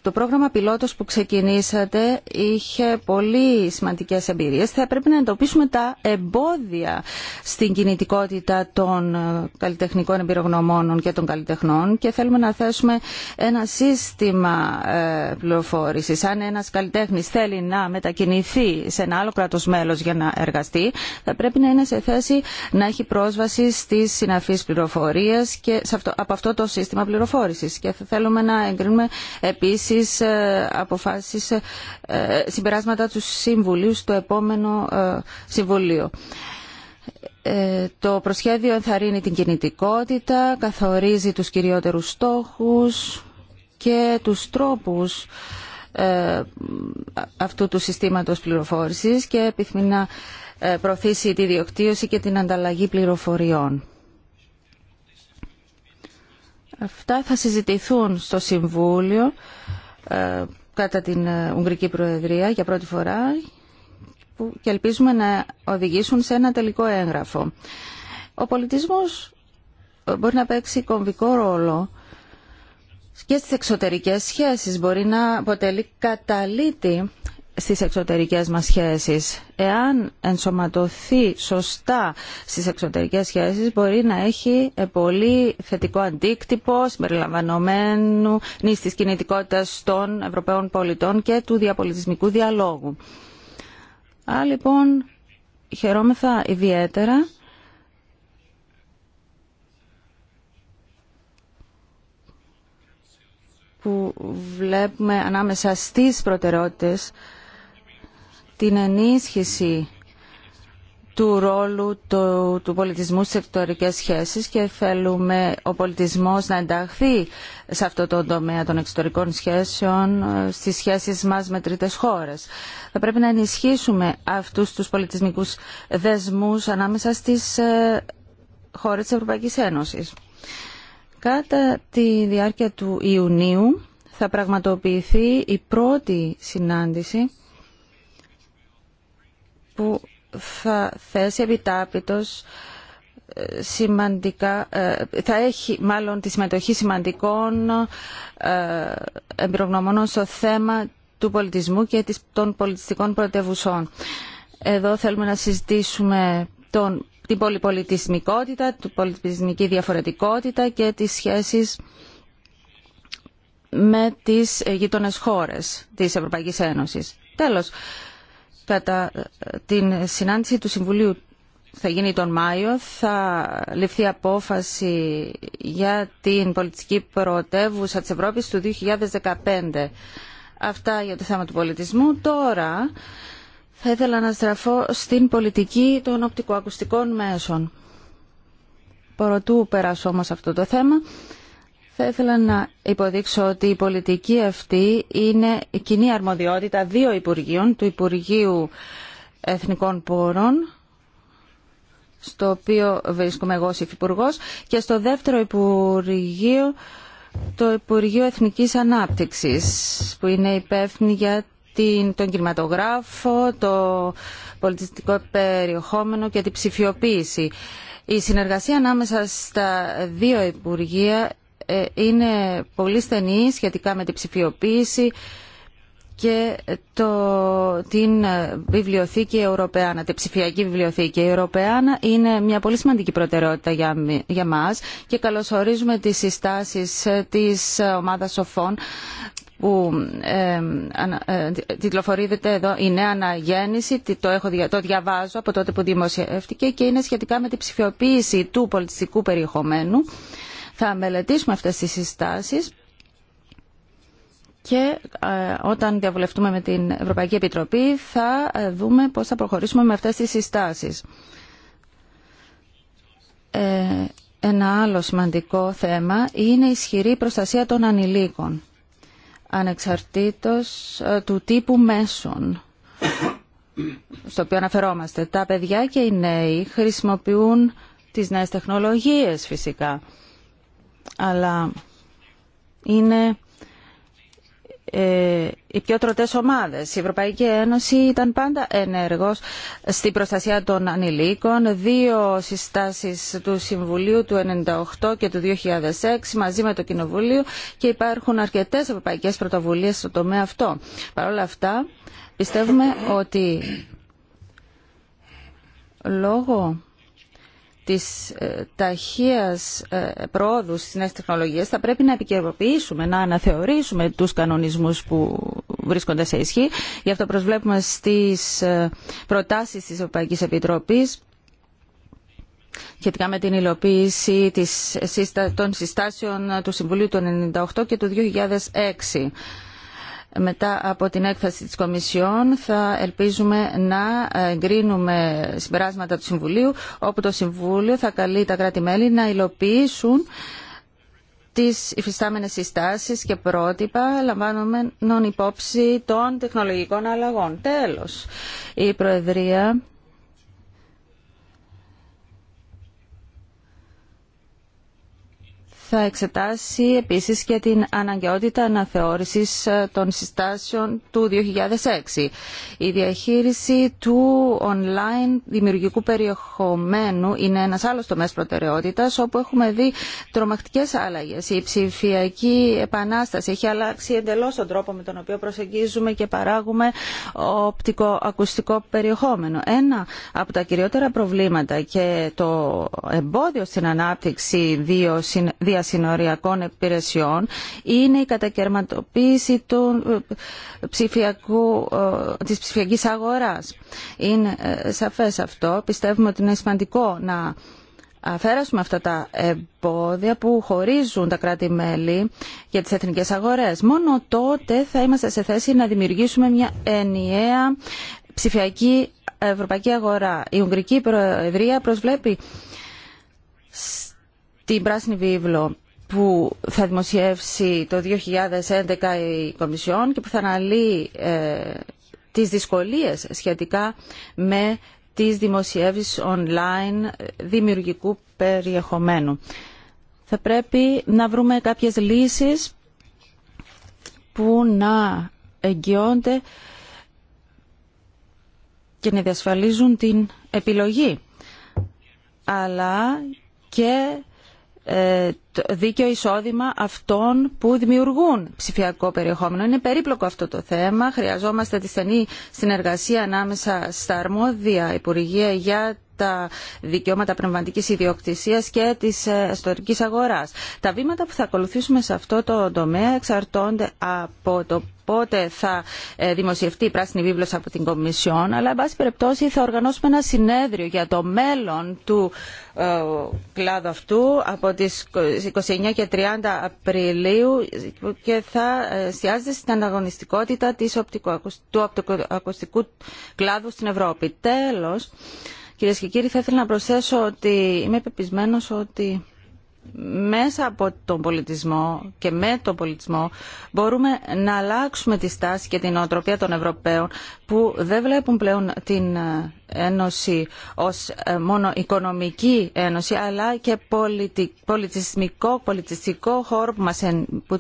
Speaker 4: το πρόγραμμα πιλότος που ξεκινήσατε είχε πολύ σημαντικές εμπειρίες. Θα πρέπει να εντοπίσουμε τα εμπόδια στην κινητικότητα των ε, καλλιτεχνικών εμπειρογνωμόνων και των καλλιτεχνών και θέλουμε να θέσουμε ένα σύστημα ε, πληροφόρησης. Αν ένας καλλιτέχνης θέλει να μετακινηθεί σε ένα άλλο κράτος μέλος για να εργαστεί, θα πρέπει να είναι σε θέση να έχει πρόσβαση στις συναφείς πληροφορίες και από αυτό το σύστημα πληροφόρησης. Και θέλουμε να εγκρίνουμε επίσης τις ε, αποφάσεις, ε, συμπεράσματα του Συμβουλίου στο επόμενο ε, Συμβουλίο. Το προσχέδιο ενθαρρύνει την κινητικότητα, καθορίζει τους κυριότερους στόχους και τους τρόπους αυτού του συστήματος πληροφόρησης και επιθυμεί να προωθήσει τη διοκτήωση και την ανταλλαγή πληροφοριών. Αυτά θα συζητηθούν στο Συμβούλιο ε, κατά την ε, Ουγγρική Προεδρία για πρώτη φορά και ελπίζουμε να οδηγήσουν σε ένα τελικό έγγραφο. Ο πολιτισμός ε, μπορεί να παίξει κομβικό ρόλο και στις εξωτερικές σχέσεις μπορεί να αποτελεί καταλήτη στις εξωτερικές μας σχέσεις. Εάν ενσωματωθεί σωστά στις εξωτερικές σχέσεις μπορεί να έχει ε, πολύ θετικό αντίκτυπο συμπεριλαμβανομένου της κινητικότητας των Ευρωπαίων πολιτών και του διαπολιτισμικού διαλόγου. Άρα λοιπόν χαιρόμεθα ιδιαίτερα που βλέπουμε ανάμεσα στις προτεραιότητες την ενίσχυση του ρόλου του, του πολιτισμού στις εξωτερικές σχέσεις και θέλουμε ο πολιτισμός να ενταχθεί σε αυτό το τομέα των εξωτερικών σχέσεων ε, στις σχέσεις μας με τρίτες χώρες. Θα πρέπει να ενισχύσουμε αυτούς τους πολιτισμικούς δεσμούς ανάμεσα στις ε, χώρες της Ευρωπαϊκής Ένωσης. Κατά τη διάρκεια του Ιουνίου θα πραγματοποιηθεί η πρώτη συνάντηση που θα θέσει επιτάπητος ε, ε, θα έχει μάλλον τη συμμετοχή σημαντικών ε, εμπειρογνωμών στο θέμα του πολιτισμού και των πολιτιστικών πρωτεύουσών. Εδώ θέλουμε να συζητήσουμε τον, την πολυπολιτισμικότητα, την πολιτισμική διαφορετικότητα και τις σχέσεις με τις γειτονές χώρες της Ευρωπαϊκής Ένωσης. Τέλος, Κατά ε, την συνάντηση του Συμβουλίου θα γίνει τον Μάιο, θα ληφθεί απόφαση για την πολιτική πρωτεύουσα της Ευρώπης του 2015. Αυτά για το θέμα του πολιτισμού. Τώρα θα ήθελα να στραφώ στην πολιτική των οπτικοακουστικών μέσων. Προτού περάσω όμως αυτό το θέμα, θα ήθελα να υποδείξω ότι η πολιτική αυτή είναι κοινή αρμοδιότητα δύο Υπουργείων, του Υπουργείου Εθνικών Πόρων, στο οποίο βρίσκομαι εγώ ως και στο δεύτερο Υπουργείο, το Υπουργείο Εθνικής Ανάπτυξης, που είναι υπεύθυνη για την, τον κινηματογράφο, το πολιτιστικό περιεχόμενο και την ψηφιοποίηση. Η συνεργασία ανάμεσα στα δύο Υπουργεία ε, είναι πολύ στενή σχετικά με την ψηφιοποίηση και το, την βιβλιοθήκη Ευρωπαίανα, την ψηφιακή βιβλιοθήκη Ευρωπαίανα είναι μια πολύ σημαντική προτεραιότητα για, για μας και καλωσορίζουμε τις συστάσεις της ομάδας σοφών που ε, ε, εδώ η νέα αναγέννηση, το, έχω, το διαβάζω από τότε που δημοσιεύτηκε και είναι σχετικά με την ψηφιοποίηση του πολιτιστικού περιεχομένου θα μελετήσουμε αυτές τις συστάσεις και ε, όταν διαβουλευτούμε με την Ευρωπαϊκή Επιτροπή θα ε, δούμε πώς θα προχωρήσουμε με αυτές τις συστάσεις. Ε, ένα άλλο σημαντικό θέμα είναι η ισχυρή προστασία των ανηλίκων, ανεξαρτήτως του τύπου μέσων στο οποίο αναφερόμαστε. Τα παιδιά και οι νέοι χρησιμοποιούν τις νέες τεχνολογίες φυσικά αλλά είναι ε, οι πιο τροτές ομάδες. Η Ευρωπαϊκή Ένωση ήταν πάντα ενεργός στην προστασία των ανηλίκων. Δύο συστάσεις του Συμβουλίου του 1998 και του 2006 μαζί με το Κοινοβουλίο και υπάρχουν αρκετές ευρωπαϊκές πρωτοβουλίες στο τομέα αυτό. Παρ' όλα αυτά πιστεύουμε ότι λόγω της ε, ταχείας ε, πρόοδου στις νέες τεχνολογίες θα πρέπει να επικαιροποιήσουμε, να αναθεωρήσουμε τους κανονισμούς που βρίσκονται σε ισχύ. Γι' αυτό προσβλέπουμε στις ε, προτάσεις της Ευρωπαϊκής Επιτροπής σχετικά με την υλοποίηση των συστάσεων του Συμβουλίου του 1998 και του 2006 μετά από την έκθεση της Κομισιόν θα ελπίζουμε να εγκρίνουμε συμπεράσματα του Συμβουλίου όπου το Συμβούλιο θα καλεί τα κράτη-μέλη να υλοποιήσουν τις υφιστάμενες συστάσεις και πρότυπα λαμβάνομενων υπόψη των τεχνολογικών αλλαγών. Τέλος, η Προεδρία θα εξετάσει επίσης και την αναγκαιότητα αναθεώρησης ε, των συστάσεων του 2006. Η διαχείριση του online δημιουργικού περιεχομένου είναι ένας άλλος τομέας προτεραιότητας όπου έχουμε δει τρομακτικές άλλαγες. Η ψηφιακή επανάσταση έχει αλλάξει εντελώς τον τρόπο με τον οποίο προσεγγίζουμε και παράγουμε οπτικοακουστικό περιεχόμενο. Ένα από τα κυριότερα προβλήματα και το εμπόδιο στην ανάπτυξη δύο συνοριακών υπηρεσιών είναι η κατακαιρματοποίηση του ε, ψηφιακού, ε, της ψηφιακής αγοράς. Είναι ε, σαφές αυτό. Πιστεύουμε ότι είναι σημαντικό να αφαίρεσουμε αυτά τα εμπόδια που χωρίζουν τα κράτη-μέλη για τις εθνικές αγορές. Μόνο τότε θα είμαστε σε θέση να δημιουργήσουμε μια ενιαία ψηφιακή ευρωπαϊκή αγορά. Η Ουγγρική Προεδρία προσβλέπει την Πράσινη Βίβλο που θα δημοσιεύσει το 2011 η Κομισιόν και που θα αναλύει ε, τις δυσκολίες σχετικά με τις δημοσιεύσεις online δημιουργικού περιεχομένου. Θα πρέπει να βρούμε κάποιες λύσεις που να εγγυώνται και να διασφαλίζουν την επιλογή αλλά και ε, δίκαιο εισόδημα αυτών που δημιουργούν ψηφιακό περιεχόμενο. Είναι περίπλοκο αυτό το θέμα. Χρειαζόμαστε τη στενή συνεργασία ανάμεσα στα αρμόδια Υπουργεία για τα δικαιώματα πνευματικής ιδιοκτησίας και της ε, ιστορικής αγοράς. Τα βήματα που θα ακολουθήσουμε σε αυτό το τομέα εξαρτώνται από το πότε θα ε, δημοσιευτεί η πράσινη βίβλος από την Κομισιόν, αλλά εν πάση περιπτώσει θα οργανώσουμε ένα συνέδριο για το μέλλον του ε, κλάδου αυτού από τις 29 και 30 Απριλίου και θα ε, εστιάζεται στην ανταγωνιστικότητα του οπτικοακουστικού κλάδου στην Ευρώπη. Τέλος, κυρίες και κύριοι, θα ήθελα να προσθέσω ότι είμαι πεπισμένος ότι μέσα από τον πολιτισμό και με τον πολιτισμό μπορούμε να αλλάξουμε τη στάση και την οτροπία των Ευρωπαίων που δεν βλέπουν πλέον την ε, Ένωση ως ε, μόνο οικονομική ένωση αλλά και πολιτισμικό, πολιτιστικό χώρο που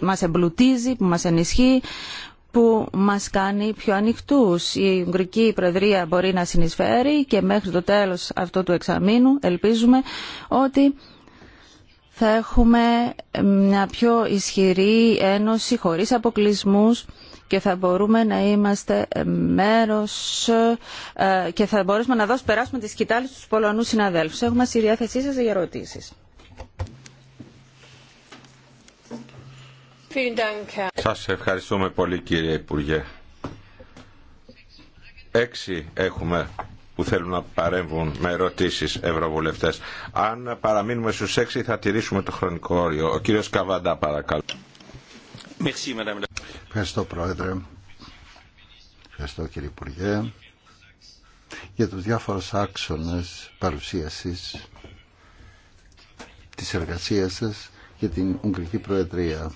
Speaker 4: μας εμπλουτίζει, που μας ενισχύει που μας κάνει πιο ανοιχτούς. Η Ουγγρική Προεδρία μπορεί να συνεισφέρει και μέχρι το τέλος αυτού του εξαμήνου ελπίζουμε ότι θα έχουμε μια πιο ισχυρή ένωση χωρίς αποκλεισμούς και θα μπορούμε να είμαστε μέρος ε, και θα μπορέσουμε να δώσουμε περάσουμε τις κοιτάλες στους Πολωνούς συναδέλφους. Έχουμε στη διάθεσή σας για ερωτήσεις.
Speaker 3: Σας
Speaker 2: ευχαριστούμε πολύ κύριε Υπουργέ. Έξι έχουμε που θέλουν να παρέμβουν με ερωτήσεις ευρωβουλευτές. Αν παραμείνουμε στους έξι, θα τηρήσουμε το χρονικό όριο. Ο κύριος Καβαντά παρακαλώ. Ευχαριστώ Πρόεδρε. Ευχαριστώ κύριε Υπουργέ
Speaker 1: για τους διάφορους άξονες παρουσίασης της εργασίας σας για την Ουγγρική Προεδρία.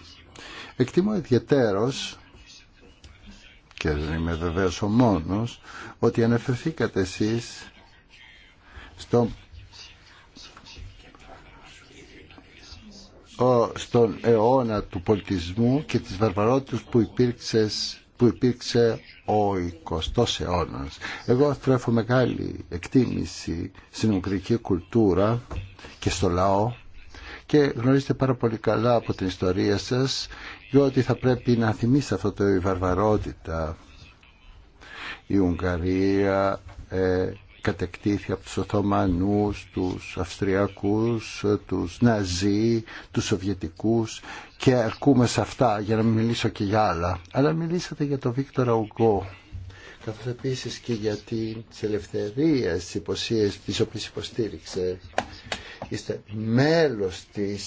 Speaker 1: Εκτιμώ ιδιαίτερος και δεν είμαι βεβαίω ο μόνος ότι αναφερθήκατε εσείς στον αιώνα του πολιτισμού και της βαρβαρότητας που υπήρξε, που υπήρξε ο 20ος αιώνας. Εγώ στρέφω μεγάλη εκτίμηση στην Ουγγρική κουλτούρα και στο λαό και γνωρίζετε πάρα πολύ καλά από την ιστορία σας ότι θα πρέπει να θυμίσετε αυτό το η βαρβαρότητα. Η Ουγγαρία ε, κατεκτήθη από τους Οθωμανούς, τους Αυστριακούς, τους Ναζί, τους Σοβιετικούς και αρκούμε σε αυτά για να μην μιλήσω και για άλλα. Αλλά μιλήσατε για τον Βίκτορα Ουγκό καθώς επίσης και για τις ελευθερίες τις υποσίες τις οποίες υποστήριξε είστε μέλος της,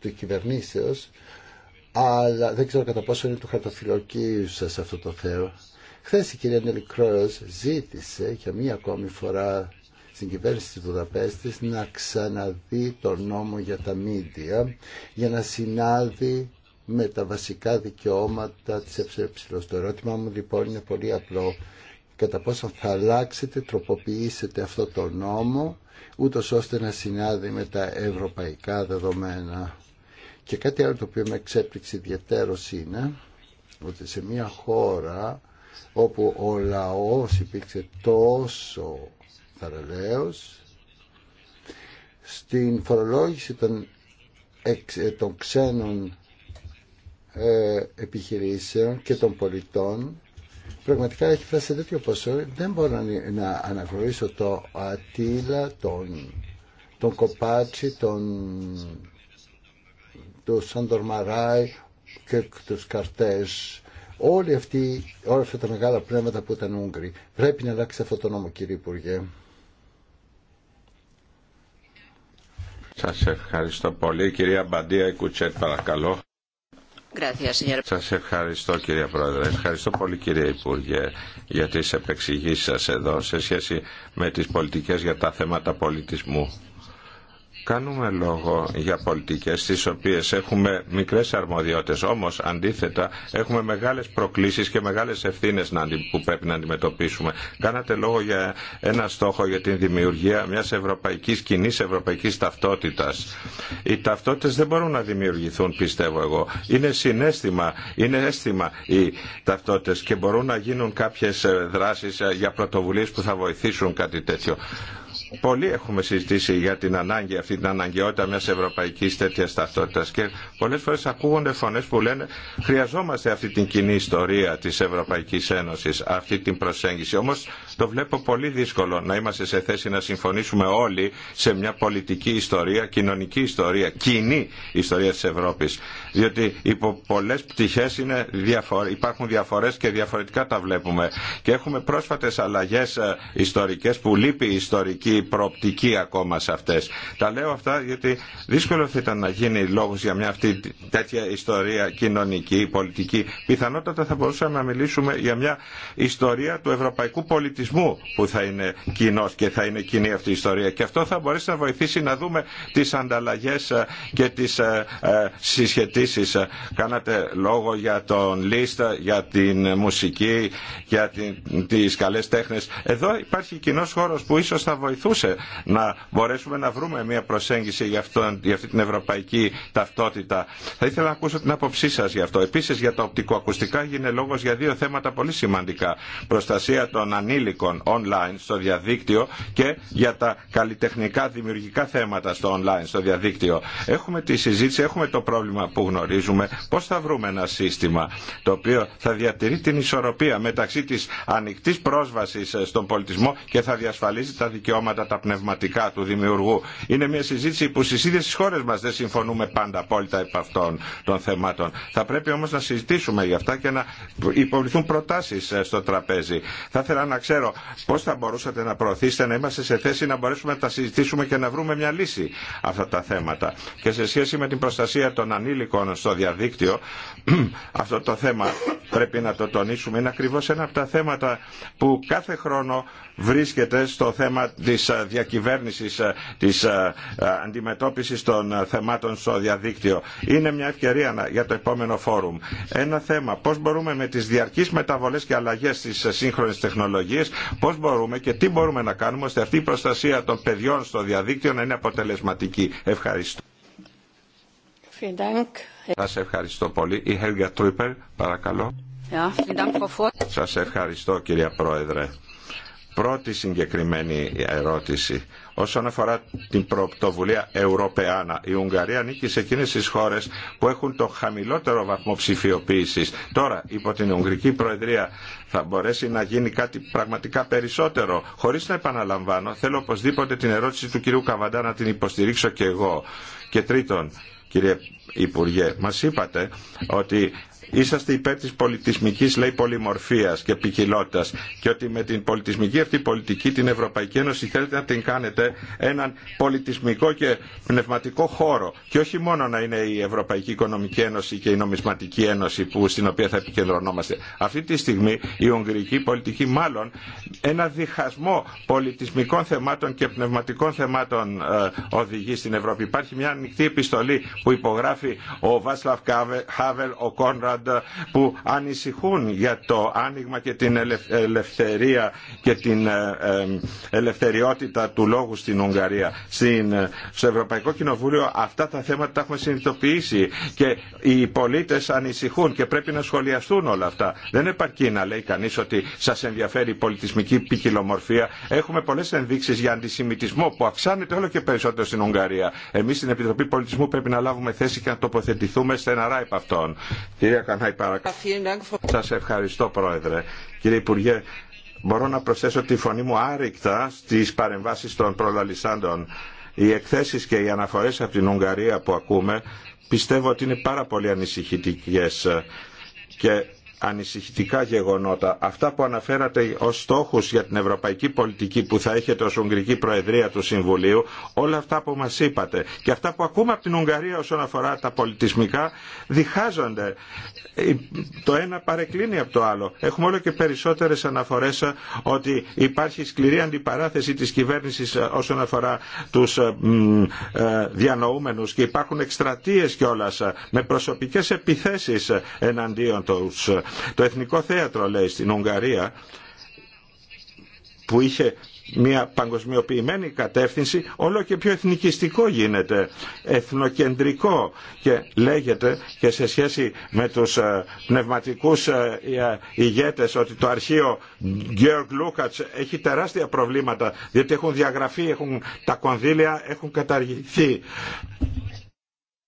Speaker 1: του κυβερνήσεως αλλά δεν ξέρω κατά πόσο είναι του χαρτοφυλακίου σας αυτό το θέμα. Χθε η κυρία Νέλη ζήτησε για μία ακόμη φορά στην κυβέρνηση της Βουδαπέστης να ξαναδεί το νόμο για τα μίντια για να συνάδει με τα βασικά δικαιώματα της ΕΕ. Το ερώτημά μου λοιπόν είναι πολύ απλό. Κατά πόσο θα αλλάξετε, τροποποιήσετε αυτό το νόμο ούτως ώστε να συνάδει με τα ευρωπαϊκά δεδομένα. Και κάτι άλλο το οποίο με εξέπληξε ιδιαίτερο είναι ότι σε μια χώρα όπου ο λαός υπήρξε τόσο θαραλέος στην φορολόγηση των, εξ, ε, ξένων ε, επιχειρήσεων και των πολιτών πραγματικά έχει φτάσει σε τέτοιο ποσό. Δεν μπορώ να αναγνωρίσω το Ατήλα, τον, τον Κοπάτσι, τον, το Σάντορ Μαράι και τους Καρτές. Όλοι αυτοί, όλα αυτά τα μεγάλα πνεύματα που ήταν Ούγγροι. Πρέπει να αλλάξει αυτό το νόμο κύριε Υπουργέ.
Speaker 2: Σας ευχαριστώ πολύ. Κυρία Μπαντία Κουτσέτ παρακαλώ. Σας ευχαριστώ κύριε Πρόεδρε. Ευχαριστώ πολύ κύριε Υπουργέ για τις επεξηγήσεις σας εδώ σε σχέση με τις πολιτικές για τα θέματα πολιτισμού. Κάνουμε λόγο για πολιτικές τις οποίες έχουμε μικρές αρμοδιότητες, όμως αντίθετα έχουμε μεγάλες προκλήσεις και μεγάλες ευθύνες που πρέπει να αντιμετωπίσουμε. Κάνατε λόγο για ένα στόχο για την δημιουργία μιας ευρωπαϊκής κοινή ευρωπαϊκής ταυτότητας. Οι ταυτότητες δεν μπορούν να δημιουργηθούν πιστεύω εγώ. Είναι συνέστημα, είναι αίσθημα οι ταυτότητες και μπορούν να γίνουν κάποιες ε, δράσεις ε, για πρωτοβουλίες που θα βοηθήσουν κάτι τέτοιο πολλοί έχουμε συζητήσει για την ανάγκη, αυτή την αναγκαιότητα μια ευρωπαϊκή τέτοια ταυτότητα και πολλέ φορέ ακούγονται φωνέ που λένε χρειαζόμαστε αυτή την κοινή ιστορία τη Ευρωπαϊκή Ένωση, αυτή την προσέγγιση. Όμω το βλέπω πολύ δύσκολο να είμαστε σε θέση να συμφωνήσουμε όλοι σε μια πολιτική ιστορία, κοινωνική ιστορία, κοινή ιστορία τη Ευρώπη. Διότι υπό πολλέ πτυχέ υπάρχουν διαφορέ και διαφορετικά τα βλέπουμε. Και έχουμε πρόσφατε αλλαγέ ε, ιστορικέ που λείπει η ιστορική προοπτική ακόμα σε αυτές. Τα λέω αυτά γιατί δύσκολο θα ήταν να γίνει λόγος για μια αυτή τέτοια ιστορία κοινωνική, πολιτική. Πιθανότατα θα μπορούσαμε να μιλήσουμε για μια ιστορία του ευρωπαϊκού πολιτισμού που θα είναι κοινό και θα είναι κοινή αυτή η ιστορία. Και αυτό θα μπορέσει να βοηθήσει να δούμε τις ανταλλαγές ε, και τις ε, ε, συσχετήσεις. Κάνατε λόγο για τον Λίστα, για την μουσική, για τι τις καλές τέχνες. Εδώ υπάρχει κοινό χώρος που ίσως θα βοηθούσε να μπορέσουμε να βρούμε μια προσέγγιση για, αυτό, για αυτή την ευρωπαϊκή ταυτότητα. Θα ήθελα να ακούσω την άποψή σα γι' αυτό. Επίση για τα οπτικοακουστικά γίνεται λόγο για δύο θέματα πολύ σημαντικά. Προστασία των ανήλικων online στο διαδίκτυο και για τα καλλιτεχνικά δημιουργικά θέματα στο online, στο διαδίκτυο. Έχουμε τη συζήτηση, έχουμε το πρόβλημα που γνωρίζουμε. Πώ θα βρούμε ένα σύστημα το οποίο θα διατηρεί την ισορροπία μεταξύ τη ανοιχτή πρόσβαση στον πολιτισμό και θα διασφαλίζει τα δικαιώματα τα πνευματικά του δημιουργού. Είναι μια συζήτηση που στι ίδιε τι χώρε μα δεν συμφωνούμε πάντα απόλυτα επ' αυτών των θεμάτων. Θα πρέπει όμω να συζητήσουμε για αυτά και να υποβληθούν προτάσει ε, στο τραπέζι. Θα ήθελα να ξέρω πώ θα μπορούσατε να προωθήσετε να είμαστε σε θέση να μπορέσουμε να τα συζητήσουμε και να βρούμε μια λύση αυτά τα θέματα. Και σε σχέση με την προστασία των ανήλικων στο διαδίκτυο, αυτό το θέμα πρέπει να το τονίσουμε. Είναι ακριβώ ένα από τα θέματα που κάθε χρόνο βρίσκεται στο θέμα της ε, διακυβέρνησης ε, της ε, αντιμετώπισης των θεμάτων στο διαδίκτυο. Είναι μια ευκαιρία για το επόμενο φόρουμ. Ένα θέμα, πώς μπορούμε με τις διαρκείς μεταβολές και αλλαγές στις σύγχρονες τεχνολογίες, πώς μπορούμε και τι μπορούμε να κάνουμε ώστε αυτή η προστασία των παιδιών στο διαδίκτυο να είναι αποτελεσματική. Ευχαριστώ. Σα ευχαριστώ πολύ. Η Helga Τρούπερ, παρακαλώ. Σα ευχαριστώ κυρία Πρόεδρε. Πρώτη συγκεκριμένη ερώτηση. Όσον αφορά την πρωτοβουλία Ευρωπαϊάνα. η Ουγγαρία ανήκει σε εκείνε τι χώρε που έχουν το χαμηλότερο βαθμό ψηφιοποίηση. Τώρα, υπό την Ουγγρική Προεδρία, θα μπορέσει να γίνει κάτι πραγματικά περισσότερο. Χωρί να επαναλαμβάνω, θέλω οπωσδήποτε την ερώτηση του κυρίου Καβαντά να την υποστηρίξω και εγώ. Και τρίτον, κύριε Υπουργέ, μας είπατε ότι είσαστε υπέρ της πολιτισμικής λέει πολυμορφίας και ποικιλότητα και ότι με την πολιτισμική αυτή πολιτική την Ευρωπαϊκή Ένωση θέλετε να την κάνετε έναν πολιτισμικό και πνευματικό χώρο και όχι μόνο να είναι η Ευρωπαϊκή Οικονομική Ένωση και η Νομισματική Ένωση που, στην οποία θα επικεντρωνόμαστε. Αυτή τη στιγμή η Ουγγρική πολιτική μάλλον ένα διχασμό πολιτισμικών θεμάτων και πνευματικών θεμάτων ε, οδηγεί στην Ευρώπη. Υπάρχει μια ανοιχτή επιστολή που υπογράφει ο Βάσλαβ Χάβελ, ο Κόνραντ που ανησυχούν για το άνοιγμα και την ελευθερία και την ε, ελευθεριότητα του λόγου στην Ουγγαρία. Στην, ε, στο Ευρωπαϊκό Κοινοβούλιο αυτά τα θέματα τα έχουμε συνειδητοποιήσει και οι πολίτες ανησυχούν και πρέπει να σχολιαστούν όλα αυτά. Δεν επαρκεί να λέει κανείς ότι σας ενδιαφέρει η πολιτισμική ποικιλομορφία. Έχουμε πολλές ενδείξεις για αντισημιτισμό που αυξάνεται όλο και περισσότερο στην Ουγγαρία. Εμείς στην Επιτροπή Πολιτισμού πρέπει να λάβουμε θέση και να τοποθετηθούμε στεναρά επ' αυτών. Σας ευχαριστώ Πρόεδρε. Κύριε Υπουργέ, μπορώ να προσθέσω τη φωνή μου άρρηκτα στις παρεμβάσεις των προλαλισσάντων. Οι εκθέσεις και οι αναφορές από την Ουγγαρία που ακούμε πιστεύω ότι είναι πάρα πολύ ανησυχητικές και ανησυχητικά γεγονότα. Αυτά που αναφέρατε ως στόχους για την ευρωπαϊκή πολιτική που θα έχετε ως Ουγγρική Προεδρία του Συμβουλίου, όλα αυτά που μας είπατε και αυτά που ακούμε από την Ουγγαρία όσον αφορά τα πολιτισμικά, διχάζονται. Το ένα παρεκκλίνει από το άλλο. Έχουμε όλο και περισσότερες αναφορές ότι υπάρχει σκληρή αντιπαράθεση της κυβέρνησης όσον αφορά τους ε, ε, διανοούμενους και υπάρχουν εκστρατείες κιόλα με προσωπικές επιθέσεις εναντίον τους το Εθνικό Θέατρο, λέει, στην Ουγγαρία, που είχε μια παγκοσμιοποιημένη κατεύθυνση όλο και πιο εθνικιστικό γίνεται εθνοκεντρικό και λέγεται και σε σχέση με τους ε, πνευματικούς ε, ε, ηγέτες ότι το αρχείο Γκέρκ Λούκατς έχει τεράστια προβλήματα διότι έχουν διαγραφεί, έχουν, τα κονδύλια έχουν καταργηθεί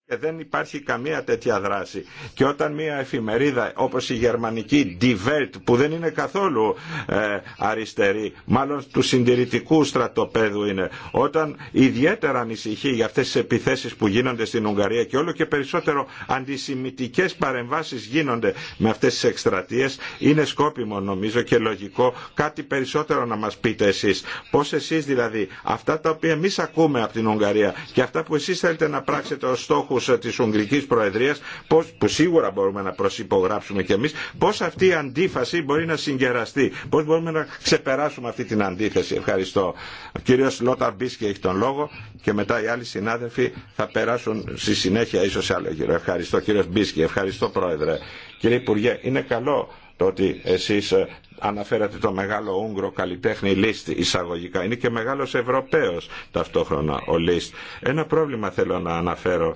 Speaker 2: και δεν υπάρχει καμία τέτοια δράση. Και όταν μια εφημερίδα όπως η γερμανική Die Welt που δεν είναι καθόλου ε, αριστερή, μάλλον του συντηρητικού στρατοπέδου είναι, όταν ιδιαίτερα ανησυχεί για αυτές τις επιθέσεις που γίνονται στην Ουγγαρία και όλο και περισσότερο αντισημιτικές παρεμβάσεις γίνονται με αυτές τις εκστρατείες, είναι σκόπιμο νομίζω και λογικό κάτι περισσότερο να μας πείτε εσείς. Πώς εσείς δηλαδή αυτά τα οποία εμείς ακούμε από την Ουγγαρία και αυτά που εσείς θέλετε να πράξετε ως στόχο Τη ε, της Ουγγρικής Προεδρίας πώς, που σίγουρα μπορούμε να προσυπογράψουμε κι εμείς πώς αυτή η αντίφαση μπορεί να συγκεραστεί πώς μπορούμε να ξεπεράσουμε αυτή την αντίθεση ευχαριστώ ο κύριος Λόταρ Μπίσκι έχει τον λόγο και μετά οι άλλοι συνάδελφοι θα περάσουν στη συνέχεια ίσως σε άλλο γύρο ευχαριστώ κύριος Μπίσκι ευχαριστώ πρόεδρε κύριε Υπουργέ είναι καλό το ότι εσείς ε, αναφέρατε το μεγάλο Ούγγρο καλλιτέχνη Λίστ εισαγωγικά. Είναι και μεγάλος Ευρωπαίος ταυτόχρονα ο Λίστ. Ένα πρόβλημα θέλω να αναφέρω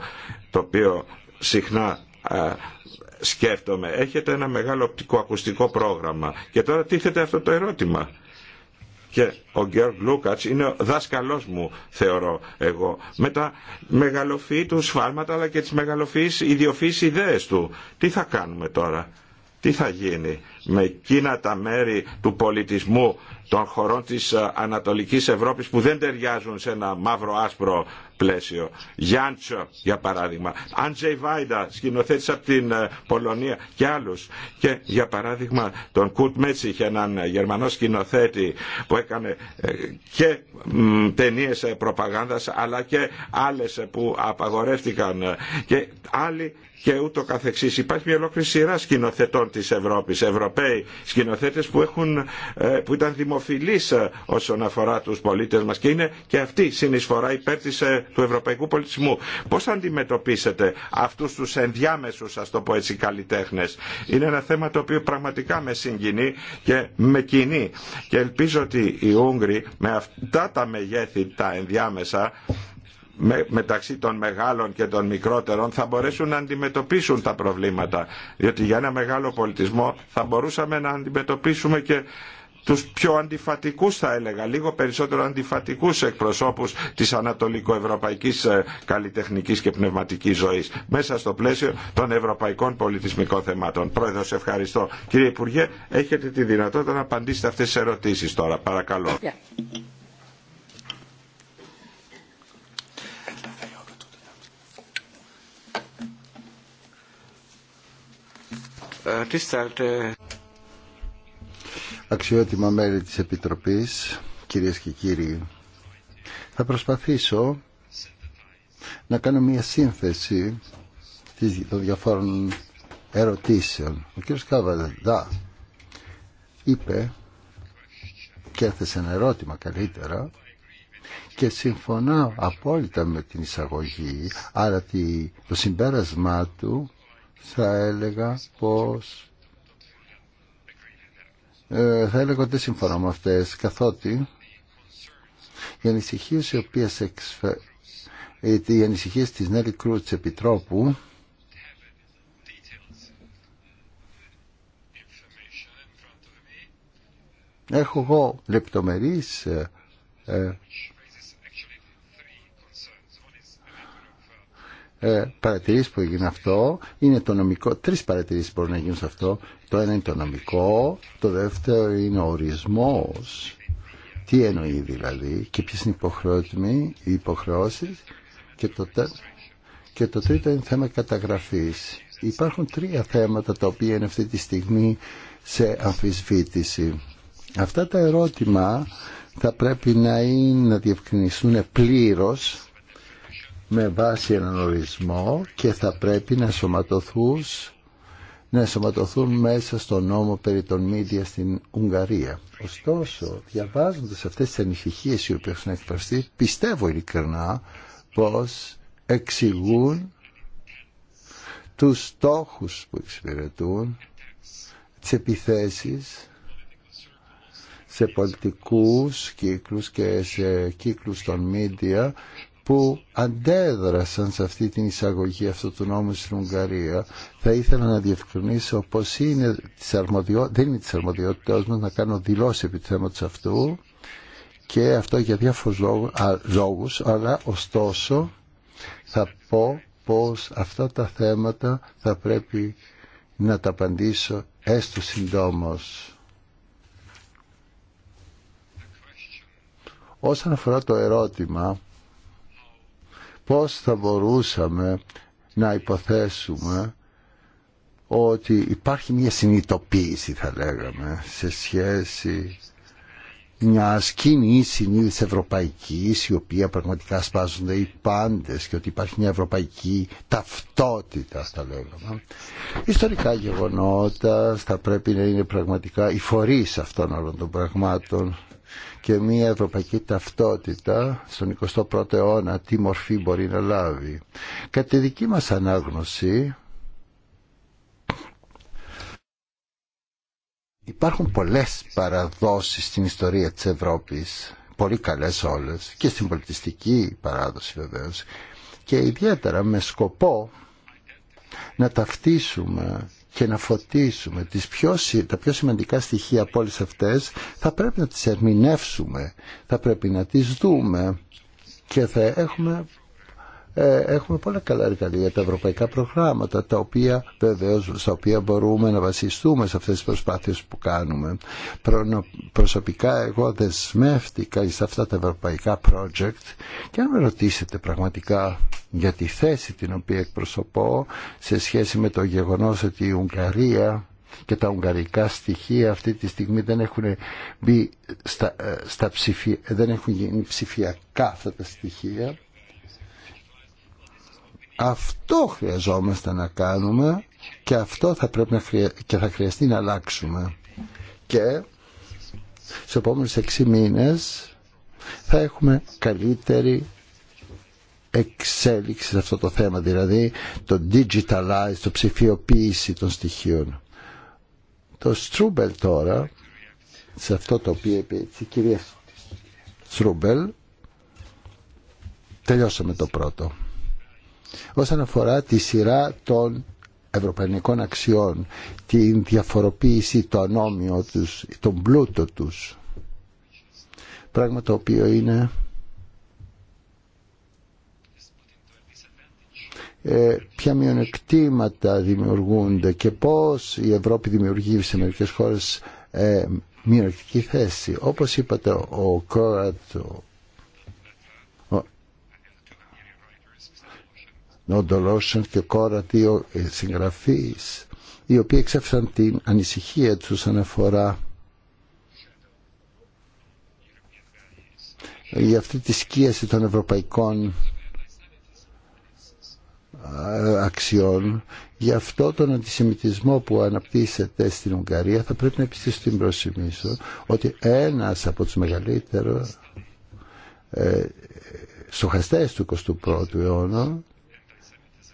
Speaker 2: το οποίο συχνά ε, σκέφτομαι. Έχετε ένα μεγάλο οπτικοακουστικό πρόγραμμα και τώρα τίθεται αυτό το ερώτημα. Και ο Γκέρ Λούκατς είναι ο δάσκαλός μου, θεωρώ εγώ, με τα μεγαλοφυή του σφάλματα αλλά και τις μεγαλοφύης ιδιοφύης ιδέες του. Τι θα κάνουμε τώρα τι θα γίνει με εκείνα τα μέρη του πολιτισμού των χωρών της ε, Ανατολικής Ευρώπης που δεν ταιριάζουν σε ένα μαύρο-άσπρο πλαίσιο. Γιάντσο, για παράδειγμα. Άντζεϊ Βάιντα, σκηνοθέτης από την ε, Πολωνία και άλλους. Και, για παράδειγμα, τον Κουρτ Μέτσιχ, έναν ε, γερμανό σκηνοθέτη που έκανε και ταινίες προπαγάνδας αλλά και άλλες που απαγορεύτηκαν. Και άλλοι και ούτω καθεξής. Υπάρχει μια ολόκληρη σειρά σκηνοθετών της Ευρώπης, Ευρωπαίοι σκηνοθέτες που, έχουν, ε, που ήταν δημοφιλείς ε, όσον αφορά τους πολίτες μας και είναι και αυτή συνεισφορά υπέρ της, ε, του ευρωπαϊκού πολιτισμού. Πώς θα αντιμετωπίσετε αυτούς τους ενδιάμεσους, ας το πω έτσι, καλλιτέχνες. Είναι ένα θέμα το οποίο πραγματικά με συγκινεί και με κινεί. Και ελπίζω ότι οι Ούγγροι με αυτά τα μεγέθη τα ενδιάμεσα μεταξύ των μεγάλων και των μικρότερων θα μπορέσουν να αντιμετωπίσουν τα προβλήματα. Διότι για ένα μεγάλο πολιτισμό θα μπορούσαμε να αντιμετωπίσουμε και τους πιο αντιφατικούς θα έλεγα, λίγο περισσότερο αντιφατικούς εκπροσώπους της ανατολικοευρωπαϊκής ε, καλλιτεχνικής και πνευματικής ζωής μέσα στο πλαίσιο των ευρωπαϊκών πολιτισμικών θεμάτων. Πρόεδρος, ευχαριστώ. Κύριε Υπουργέ, έχετε τη δυνατότητα να απαντήσετε αυτές τις ερωτήσεις τώρα. Παρακαλώ.
Speaker 1: Αξιότιμα μέλη της Επιτροπής, κυρίες και κύριοι, θα προσπαθήσω να κάνω μια σύνθεση των διαφόρων ερωτήσεων. Ο κύριος Καβαδά είπε και έθεσε ένα ερώτημα καλύτερα και συμφωνώ απόλυτα με την εισαγωγή, άρα το συμπέρασμά του θα έλεγα πως ε, θα έλεγα ότι δεν συμφωνώ με αυτές καθότι ε, οι ανησυχίες οι οποίες εξφε... οι της Νέλη Κρούτς Επιτρόπου έχω εγώ λεπτομερείς ε, ε ε, παρατηρήσει που έγινε αυτό είναι το νομικό, τρεις παρατηρήσεις μπορούν να γίνουν σε αυτό το ένα είναι το νομικό το δεύτερο είναι ο ορισμός τι εννοεί δηλαδή και ποιε είναι οι υποχρεώσεις και το, και το τρίτο είναι θέμα καταγραφής υπάρχουν τρία θέματα τα οποία είναι αυτή τη στιγμή σε αμφισβήτηση αυτά τα ερώτημα θα πρέπει να, είναι, να διευκρινιστούν πλήρως με βάση έναν ορισμό και θα πρέπει να σωματωθούν, να σωματωθούν μέσα στο νόμο περί των μίδια στην Ουγγαρία. Ωστόσο, διαβάζοντας αυτές τις ανησυχίες οι οποίες έχουν εκφραστεί, πιστεύω ειλικρινά πως εξηγούν τους στόχους που εξυπηρετούν, τις επιθέσεις σε πολιτικούς κύκλους και σε κύκλους των μίντια που αντέδρασαν σε αυτή την εισαγωγή αυτού του νόμου στην Ουγγαρία θα ήθελα να διευκρινίσω πως είναι δεν είναι της αρμοδιότητας μας να κάνω δηλώσει επί του θέματος αυτού και αυτό για διάφορους λόγους αλλά ωστόσο θα πω πως αυτά τα θέματα θα πρέπει να τα απαντήσω έστω συντόμως. Όσον αφορά το ερώτημα πώς θα μπορούσαμε να υποθέσουμε ότι υπάρχει μια συνειδητοποίηση θα λέγαμε σε σχέση μια κοινή συνείδηση ευρωπαϊκή, η οποία πραγματικά σπάζονται οι πάντε και ότι υπάρχει μια ευρωπαϊκή ταυτότητα, θα λέγαμε. Ιστορικά γεγονότα θα πρέπει να είναι πραγματικά οι φορεις αυτών όλων των πραγμάτων και μια ευρωπαϊκή ταυτότητα στον 21ο αιώνα τι μορφή μπορεί να λάβει. Κατά τη δική μας ανάγνωση υπάρχουν πολλές παραδόσεις στην ιστορία της Ευρώπης, πολύ καλές όλες και στην πολιτιστική παράδοση βεβαίως και ιδιαίτερα με σκοπό να ταυτίσουμε και να φωτίσουμε τις πιο, τα πιο σημαντικά στοιχεία από όλες αυτές θα πρέπει να τις ερμηνεύσουμε, θα πρέπει να τις δούμε και θα έχουμε ε, έχουμε πολλά καλά εργαλεία, τα ευρωπαϊκά προγράμματα, τα οποία βεβαίως, στα οποία μπορούμε να βασιστούμε σε αυτές τις προσπάθειες που κάνουμε. προσωπικά εγώ δεσμεύτηκα σε αυτά τα ευρωπαϊκά project και αν με ρωτήσετε πραγματικά για τη θέση την οποία εκπροσωπώ σε σχέση με το γεγονός ότι η Ουγγαρία και τα ουγγαρικά στοιχεία αυτή τη στιγμή δεν έχουν μπει ε, δεν έχουν γίνει ψηφιακά αυτά τα στοιχεία αυτό χρειαζόμαστε να κάνουμε και αυτό θα πρέπει να και θα χρειαστεί να αλλάξουμε. Και στους επόμενους 6 μήνες θα έχουμε καλύτερη εξέλιξη σε αυτό το θέμα, δηλαδή το digitalize, το ψηφιοποίηση των στοιχείων. Το Στρούμπελ τώρα, σε αυτό το οποίο είπε η κυρία Στρούμπελ, τελειώσαμε το πρώτο όσον αφορά τη σειρά των ευρωπαϊκών αξιών, την διαφοροποίηση, το ανώμιο τους, τον πλούτο τους. Πράγμα το οποίο είναι ε, ποια μειονεκτήματα δημιουργούνται και πώς η Ευρώπη δημιουργεί σε μερικές χώρες ε, μειονεκτική θέση. Όπως είπατε, ο Κόρατ, Νόντολόσεν και Κόρα, δύο ε, συγγραφείς, οι οποίοι εξέφρασαν την ανησυχία τους σαν αφορά για αυτή τη σκίαση των ευρωπαϊκών ε, αξιών για αυτό τον αντισημιτισμό που αναπτύσσεται στην Ουγγαρία θα πρέπει να επιστήσω την προσημίσω ότι ένας από τους μεγαλύτερους ε, ε του 21ου αιώνα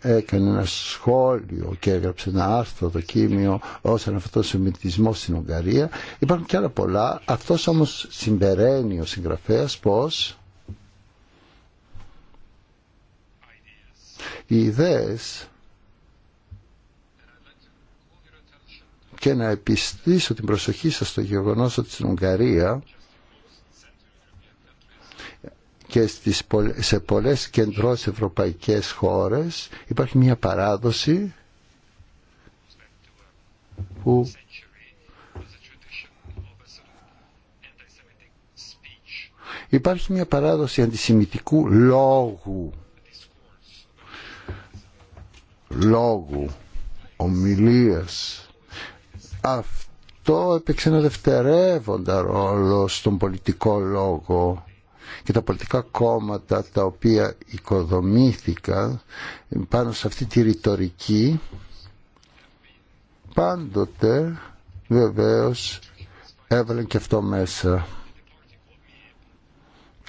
Speaker 1: έκανε ένα σχόλιο και έγραψε ένα άρθρο δοκίμιο όσον αυτό ο συμμετισμό στην Ουγγαρία. Υπάρχουν και άλλα πολλά. Αυτός όμως συμπεραίνει ο συγγραφέας πως οι ιδέες και να επιστήσω την προσοχή σας στο γεγονός ότι στην Ουγγαρία και στις, σε πολλές κεντρώς ευρωπαϊκές χώρες υπάρχει μια παράδοση που υπάρχει μια παράδοση αντισημιτικού λόγου λόγου ομιλίας αυτό έπαιξε ένα δευτερεύοντα ρόλο στον πολιτικό λόγο και τα πολιτικά κόμματα τα οποία οικοδομήθηκαν πάνω σε αυτή τη ρητορική πάντοτε βεβαίως έβαλαν και αυτό μέσα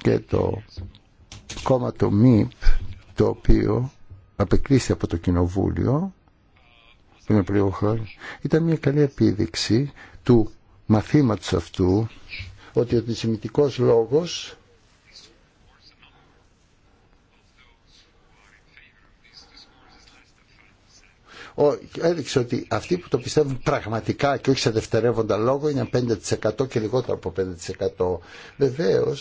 Speaker 1: και το κόμμα το ΜΥΠ το οποίο απεκλείστηκε από το κοινοβούλιο πριν από χρόνο ήταν μια καλή επίδειξη του μαθήματος αυτού ότι ο αντισημητικός λόγος έδειξε ότι αυτοί που το πιστεύουν πραγματικά και όχι σε δευτερεύοντα λόγο είναι 5% και λιγότερο από 5%. Βεβαίω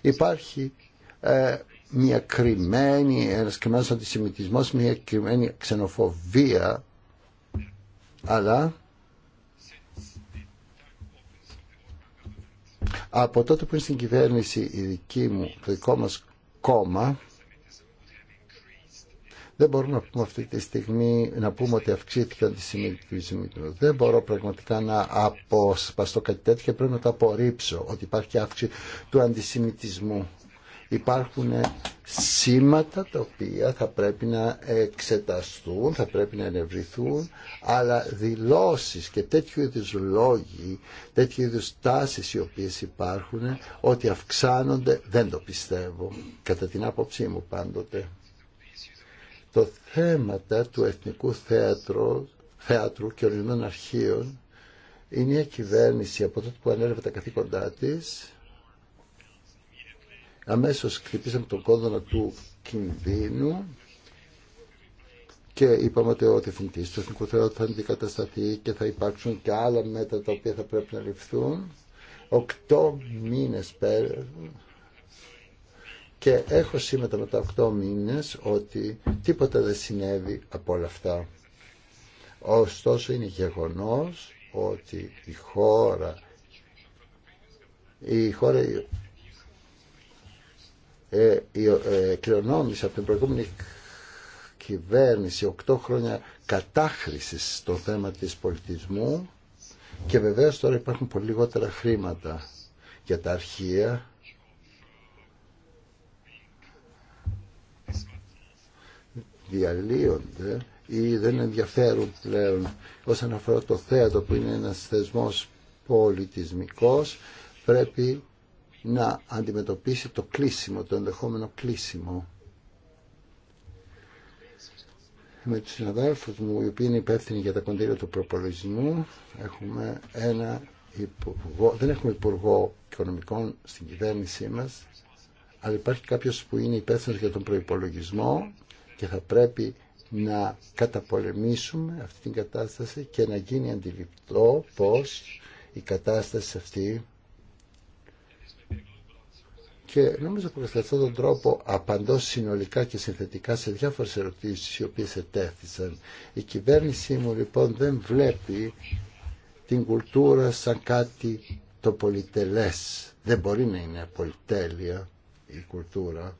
Speaker 1: υπάρχει ε, μια κρυμμένη, ένας κρυμμένος αντισημιτισμός, μια κρυμμένη ξενοφοβία, αλλά από τότε που είναι στην κυβέρνηση η δική μου, το δικό μας κόμμα, δεν μπορούμε να πούμε αυτή τη στιγμή να πούμε ότι αυξήθηκε ο αντισημιτισμό. Δεν μπορώ πραγματικά να αποσπαστώ κάτι τέτοιο και πρέπει να το απορρίψω ότι υπάρχει αύξηση του αντισημιτισμού. Υπάρχουν σήματα τα οποία θα πρέπει να εξεταστούν, θα πρέπει να ενευρηθούν, αλλά δηλώσεις και τέτοιου είδους λόγοι, τέτοιου είδους τάσεις οι οποίες υπάρχουν, ότι αυξάνονται, δεν το πιστεύω, κατά την άποψή μου πάντοτε το θέματα του Εθνικού Θέατρου, θέατρου και ορεινών Αρχείων η κυβέρνηση από τότε που ανέλαβε τα καθήκοντά τη. αμέσως χτυπήσαμε τον κόδωνα του κινδύνου και είπαμε ότι ο διευθυντή του Εθνικού Θεάτρου θα αντικατασταθεί και θα υπάρξουν και άλλα μέτρα τα οποία θα πρέπει να ληφθούν. Οκτώ μήνες πέρασαν και έχω σήμερα μετά 8 μήνες ότι τίποτα δεν συνέβη από όλα αυτά. Ωστόσο είναι γεγονός ότι η χώρα η χώρα ε, η, ε, κληρονόμησε από την προηγούμενη κυβέρνηση 8 χρόνια κατάχρησης στο θέμα της πολιτισμού και βεβαίως τώρα υπάρχουν πολύ λιγότερα χρήματα για τα αρχεία διαλύονται ή δεν ενδιαφέρουν πλέον όσον αφορά το θέατρο που είναι ένας θεσμός πολιτισμικός πρέπει να αντιμετωπίσει το κλείσιμο, το ενδεχόμενο κλείσιμο. Με τους συναδέλφους μου, οι οποίοι είναι υπεύθυνοι για τα κοντήρια του προπολογισμού, έχουμε ένα υπουργό, δεν έχουμε υπουργό οικονομικών στην κυβέρνησή μας, αλλά υπάρχει κάποιος που είναι υπεύθυνος για τον προϋπολογισμό και θα πρέπει να καταπολεμήσουμε αυτή την κατάσταση και να γίνει αντιληπτό πως η κατάσταση αυτή και νομίζω πως σε αυτόν τον τρόπο απαντώ συνολικά και συνθετικά σε διάφορες ερωτήσεις οι οποίες ετέθησαν. Η κυβέρνησή μου λοιπόν δεν βλέπει την κουλτούρα σαν κάτι το πολυτελές. Δεν μπορεί να είναι πολυτέλεια η κουλτούρα.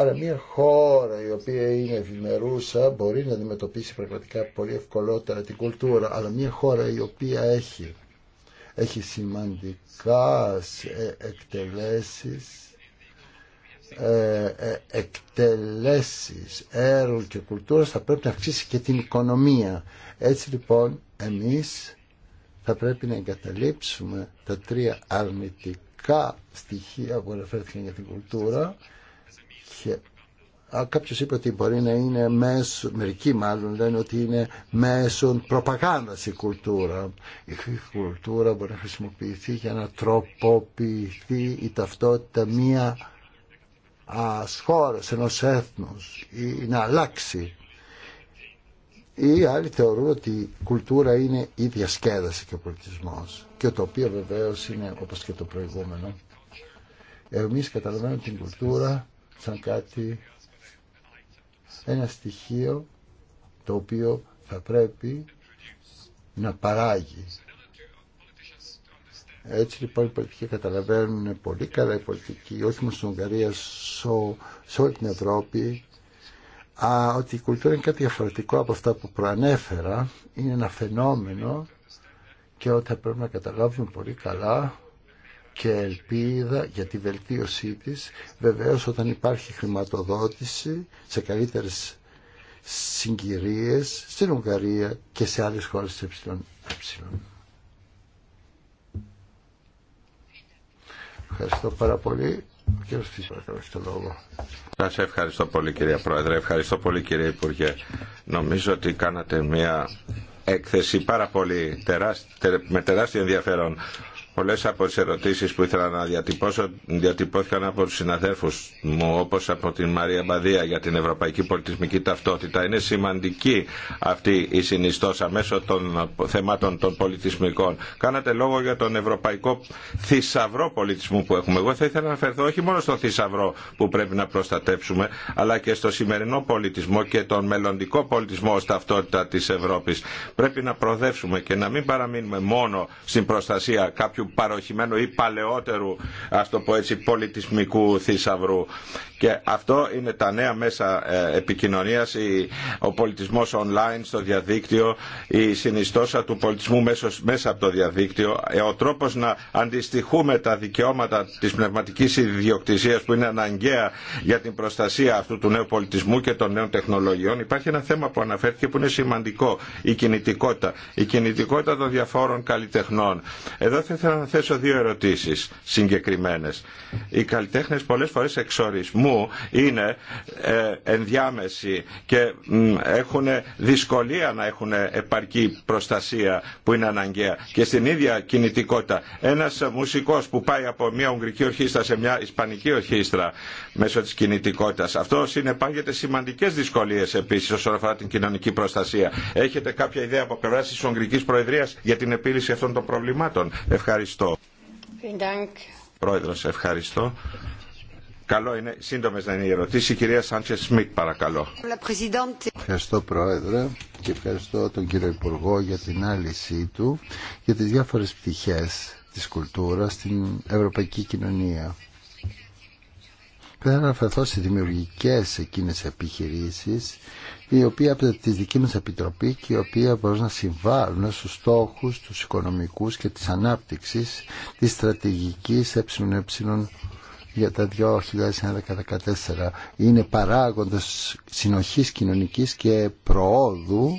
Speaker 1: Άρα μια χώρα η οποία είναι ευημερούσα μπορεί να αντιμετωπίσει πραγματικά πολύ ευκολότερα την κουλτούρα. Αλλά μια χώρα η οποία έχει, έχει σημαντικά ε, εκτελέσεις ε, ε, εκτελέσεις έργων και κουλτούρας θα πρέπει να αυξήσει και την οικονομία. Έτσι λοιπόν εμείς θα πρέπει να εγκαταλείψουμε τα τρία αρνητικά στοιχεία που αναφέρθηκαν για την κουλτούρα και Κάποιο είπε ότι μπορεί να είναι μέσο, μερικοί μάλλον λένε ότι είναι μέσον προπαγάνδα η κουλτούρα. Η κουλτούρα μπορεί να χρησιμοποιηθεί για να τροποποιηθεί η ταυτότητα μία χώρα, ενό έθνου ή να αλλάξει. Ή άλλοι θεωρούν ότι η κουλτούρα είναι η διασκέδαση και ο πολιτισμό. Και το οποίο βεβαίω είναι όπω και το προηγούμενο. Εμεί καταλαβαίνουμε την κουλτούρα σαν κάτι, ένα στοιχείο το οποίο θα πρέπει να παράγει. Έτσι λοιπόν οι πολιτικοί καταλαβαίνουν πολύ καλά οι πολιτικοί, όχι μόνο στην Ουγγαρία, σε όλη την Ευρώπη, α, ότι η κουλτούρα είναι κάτι διαφορετικό από αυτά που προανέφερα, είναι ένα φαινόμενο και ότι θα πρέπει να καταλάβουμε πολύ καλά και ελπίδα για τη βελτίωσή της βεβαίως όταν υπάρχει χρηματοδότηση σε καλύτερες συγκυρίες στην Ουγγαρία και σε άλλες χώρες της ΕΕ. Ευχαριστώ πάρα πολύ. Κύριε κύριος το λόγο.
Speaker 2: Σας ευχαριστώ πολύ κυρία Πρόεδρε, ευχαριστώ πολύ κύριε Υπουργέ. Νομίζω ότι κάνατε μια έκθεση πάρα πολύ τεράστι, με τεράστιο ενδιαφέρον Πολλέ από τι ερωτήσει που ήθελα να διατυπώσω διατυπώθηκαν από του συναδέλφου μου όπω από την Μαρία Μπαδία για την ευρωπαϊκή πολιτισμική ταυτότητα. Είναι σημαντική αυτή η συνιστόσα μέσω των θεμάτων των πολιτισμικών. Κάνατε λόγο για τον ευρωπαϊκό θησαυρό πολιτισμού που έχουμε. Εγώ θα ήθελα να αναφερθώ όχι μόνο στο θησαυρό που πρέπει να προστατέψουμε αλλά και στο σημερινό πολιτισμό και τον μελλοντικό πολιτισμό ω ταυτότητα τη Ευρώπη. Πρέπει να προδεύσουμε και να μην παραμείνουμε μόνο στην προστασία κάποιου παροχημένου ή παλαιότερου ας το πω έτσι, πολιτισμικού θησαυρού. Και αυτό είναι τα νέα μέσα ε, επικοινωνίας, ο πολιτισμός online στο διαδίκτυο, η συνιστόσα του πολιτισμού μέσα από το διαδίκτυο, ε, ο τρόπος να αντιστοιχούμε τα δικαιώματα της πνευματικής ιδιοκτησίας που είναι αναγκαία για την προστασία αυτού του νέου πολιτισμού και των νέων τεχνολογιών. Υπάρχει ένα θέμα που αναφέρθηκε που είναι σημαντικό, η κινητικότητα. Η κινητικότητα των διαφόρων καλλιτεχνών. Εδώ ήθελα να θέσω δύο ερωτήσεις συγκεκριμένες. Οι καλλιτέχνες πολλές φορές εξορισμού είναι ε, ενδιάμεση και έχουν δυσκολία να έχουν επαρκή προστασία που είναι αναγκαία και στην ίδια κινητικότητα. Ένας μουσικός που πάει από μια ουγγρική ορχήστρα σε μια ισπανική ορχήστρα μέσω της κινητικότητας. Αυτό συνεπάγεται σημαντικές δυσκολίες επίσης όσον αφορά την κοινωνική προστασία. Έχετε κάποια ιδέα από πλευρά της Ουγγρικής Προεδρίας για την επίλυση αυτών των προβλημάτων. Ευχαριστώ. Πρόεδρος, ευχαριστώ. Καλό είναι, σύντομες να είναι η ερωτήσει. Η κυρία Σάντσε Σμιτ, παρακαλώ.
Speaker 1: Ευχαριστώ, Πρόεδρε, και ευχαριστώ τον κύριο Υπουργό για την άλυση του, για τις διάφορες πτυχέ της κουλτούρας στην ευρωπαϊκή κοινωνία. Θα αναφερθώ σε δημιουργικές εκείνες επιχειρήσεις η οποία από τη δική μας επιτροπή και η οποία μπορεί να συμβάλλουν στους στόχους, τους οικονομικούς και της ανάπτυξης της στρατηγικής ΕΕ για τα 2011-2014. Είναι παράγοντας συνοχής κοινωνικής και προόδου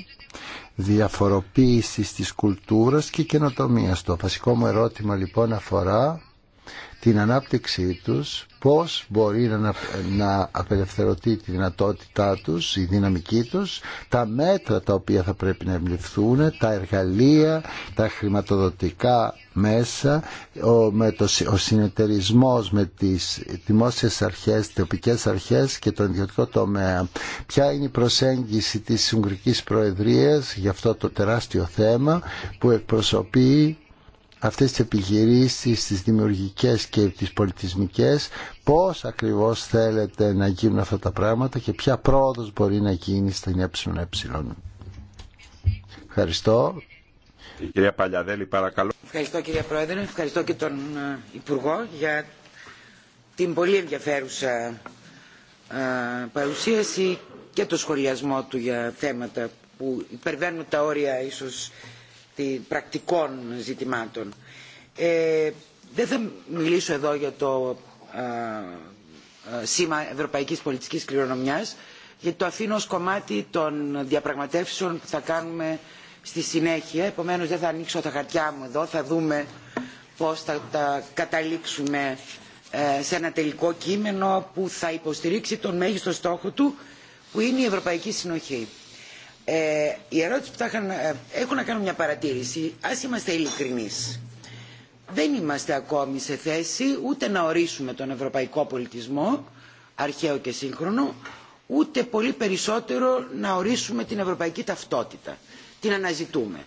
Speaker 1: διαφοροποίησης της κουλτούρας και καινοτομίας. Το βασικό μου ερώτημα λοιπόν αφορά την ανάπτυξή τους, πώς μπορεί να, να απελευθερωθεί τη δυνατότητά τους, η δυναμική τους, τα μέτρα τα οποία θα πρέπει να εμπληφθούν, τα εργαλεία, τα χρηματοδοτικά μέσα, ο, με το, ο συνεταιρισμός με τις δημόσιες αρχές, τοπικές αρχές και τον ιδιωτικό τομέα. Ποια είναι η προσέγγιση της Ουγγρικής Προεδρίας για αυτό το τεράστιο θέμα που εκπροσωπεί αυτές τις επιχειρήσεις, τις δημιουργικές και τις πολιτισμικές, πώς ακριβώς θέλετε να γίνουν αυτά τα πράγματα και ποια πρόοδος μπορεί να γίνει στην ΕΕ. Ευχαριστώ.
Speaker 7: Η κυρία Παλιαδέλη, παρακαλώ. Ευχαριστώ κυρία Πρόεδρε, ευχαριστώ και τον ε, Υπουργό για την πολύ ενδιαφέρουσα ε, παρουσίαση και το σχολιασμό του για θέματα που υπερβαίνουν τα όρια ίσως πρακτικών ζητημάτων. Ε, δεν θα μιλήσω εδώ για το ε, ε, σήμα Ευρωπαϊκής Πολιτικής Κληρονομιάς, γιατί το αφήνω ως κομμάτι των διαπραγματεύσεων που θα κάνουμε στη συνέχεια. Επομένως δεν θα ανοίξω τα χαρτιά μου εδώ, θα δούμε πώς θα τα καταλήξουμε ε, σε ένα τελικό κείμενο που θα υποστηρίξει τον μέγιστο στόχο του, που είναι η Ευρωπαϊκή Συνοχή ε, η ερώτηση που θα ε, έχω να κάνω μια παρατήρηση. Α είμαστε ειλικρινεί. Δεν είμαστε ακόμη σε θέση ούτε να ορίσουμε τον ευρωπαϊκό πολιτισμό, αρχαίο και σύγχρονο, ούτε πολύ περισσότερο να ορίσουμε την ευρωπαϊκή ταυτότητα. Την αναζητούμε.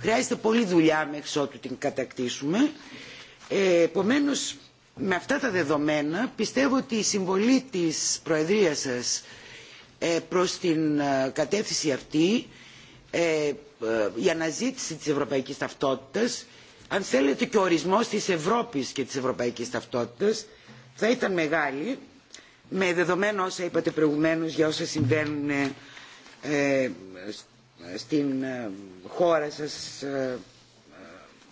Speaker 7: Χρειάζεται πολλή δουλειά μέχρι ότου την κατακτήσουμε. Ε, επομένως, με αυτά τα δεδομένα πιστεύω ότι η συμβολή της Προεδρίας σας ε, προς την ε, κατεύθυνση αυτή ε, η αναζήτηση της ευρωπαϊκής ταυτότητας αν θέλετε και ο ορισμός της Ευρώπης και της ευρωπαϊκής ταυτότητας θα ήταν μεγάλη με δεδομένο όσα είπατε προηγουμένως για όσα συμβαίνουν στην χώρα σας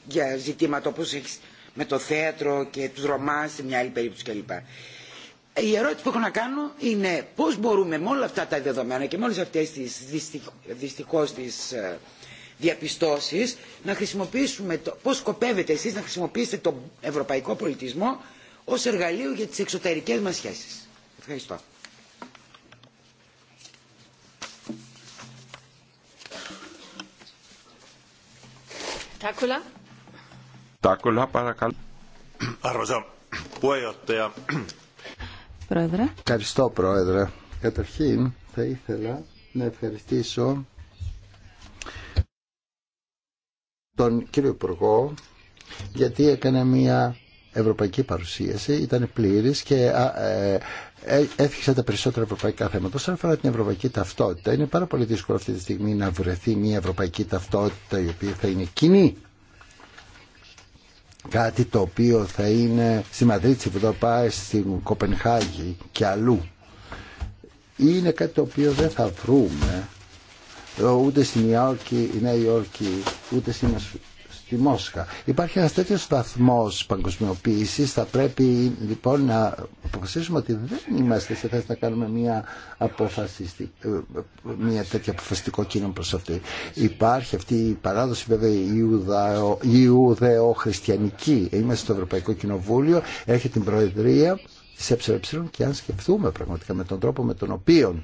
Speaker 7: για ζητήματα όπως έχεις με το θέατρο και τους Ρωμά σε μια άλλη περίπτωση κλπ η ερώτηση που έχω να κάνω είναι πώς μπορούμε με όλα αυτά τα δεδομένα και με όλες αυτές τις δυστυχώς τις ε, διαπιστώσεις να χρησιμοποιήσουμε το, πώς σκοπεύετε εσείς να χρησιμοποιήσετε τον ευρωπαϊκό πολιτισμό ως εργαλείο για τις εξωτερικές μας σχέσεις. Ευχαριστώ.
Speaker 3: Τάκουλα.
Speaker 2: Τάκουλα παρακαλώ.
Speaker 1: Πρόεδρε. Ευχαριστώ, Πρόεδρε. Καταρχήν, θα ήθελα να ευχαριστήσω τον κύριο Υπουργό γιατί έκανε μια ευρωπαϊκή παρουσίαση, ήταν πλήρης και έφυξε τα περισσότερα ευρωπαϊκά θέματα. Όσον αφορά την ευρωπαϊκή ταυτότητα, είναι πάρα πολύ δύσκολο αυτή τη στιγμή να βρεθεί μια ευρωπαϊκή ταυτότητα η οποία θα είναι κοινή κάτι το οποίο θα είναι στη που θα πάει, στην Κοπενχάγη και αλλού. Είναι κάτι το οποίο δεν θα βρούμε ε, ούτε στη Νέα Νέα Υόρκη, ούτε στη στη Μόσχα. Υπάρχει ένας τέτοιος σταθμός παγκοσμιοποίησης, θα πρέπει λοιπόν να αποφασίσουμε ότι δεν είμαστε σε θέση να κάνουμε μια, ε, μια τέτοια αποφασιστικό κίνημα προς αυτή. Υπάρχει αυτή η παράδοση η ιουδεο-χριστιανική. Είμαστε στο Ευρωπαϊκό Κοινοβούλιο, έχει την Προεδρία τη ΕΕ και αν σκεφτούμε πραγματικά με τον τρόπο με τον οποίο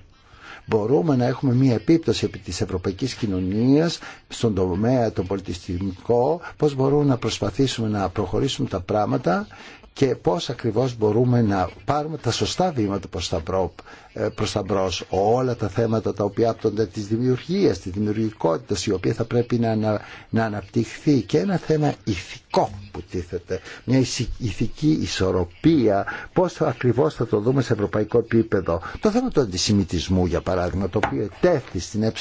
Speaker 1: μπορούμε να έχουμε μια επίπτωση επί της ευρωπαϊκής κοινωνίας στον τομέα το πολιτιστικό, πώς μπορούμε να προσπαθήσουμε να προχωρήσουμε τα πράγματα και πώς ακριβώς μπορούμε να πάρουμε τα σωστά βήματα προς τα, προ, ε, προς τα μπρος όλα τα θέματα τα οποία άπτονται της δημιουργίας, της δημιουργικότητας η οποία θα πρέπει να, να, αναπτυχθεί και ένα θέμα ηθικό που τίθεται, μια ηθική ισορροπία, πώς ακριβώς θα το δούμε σε ευρωπαϊκό επίπεδο. Το θέμα του αντισημιτισμού για παράδειγμα, το οποίο τέθη στην ΕΕ,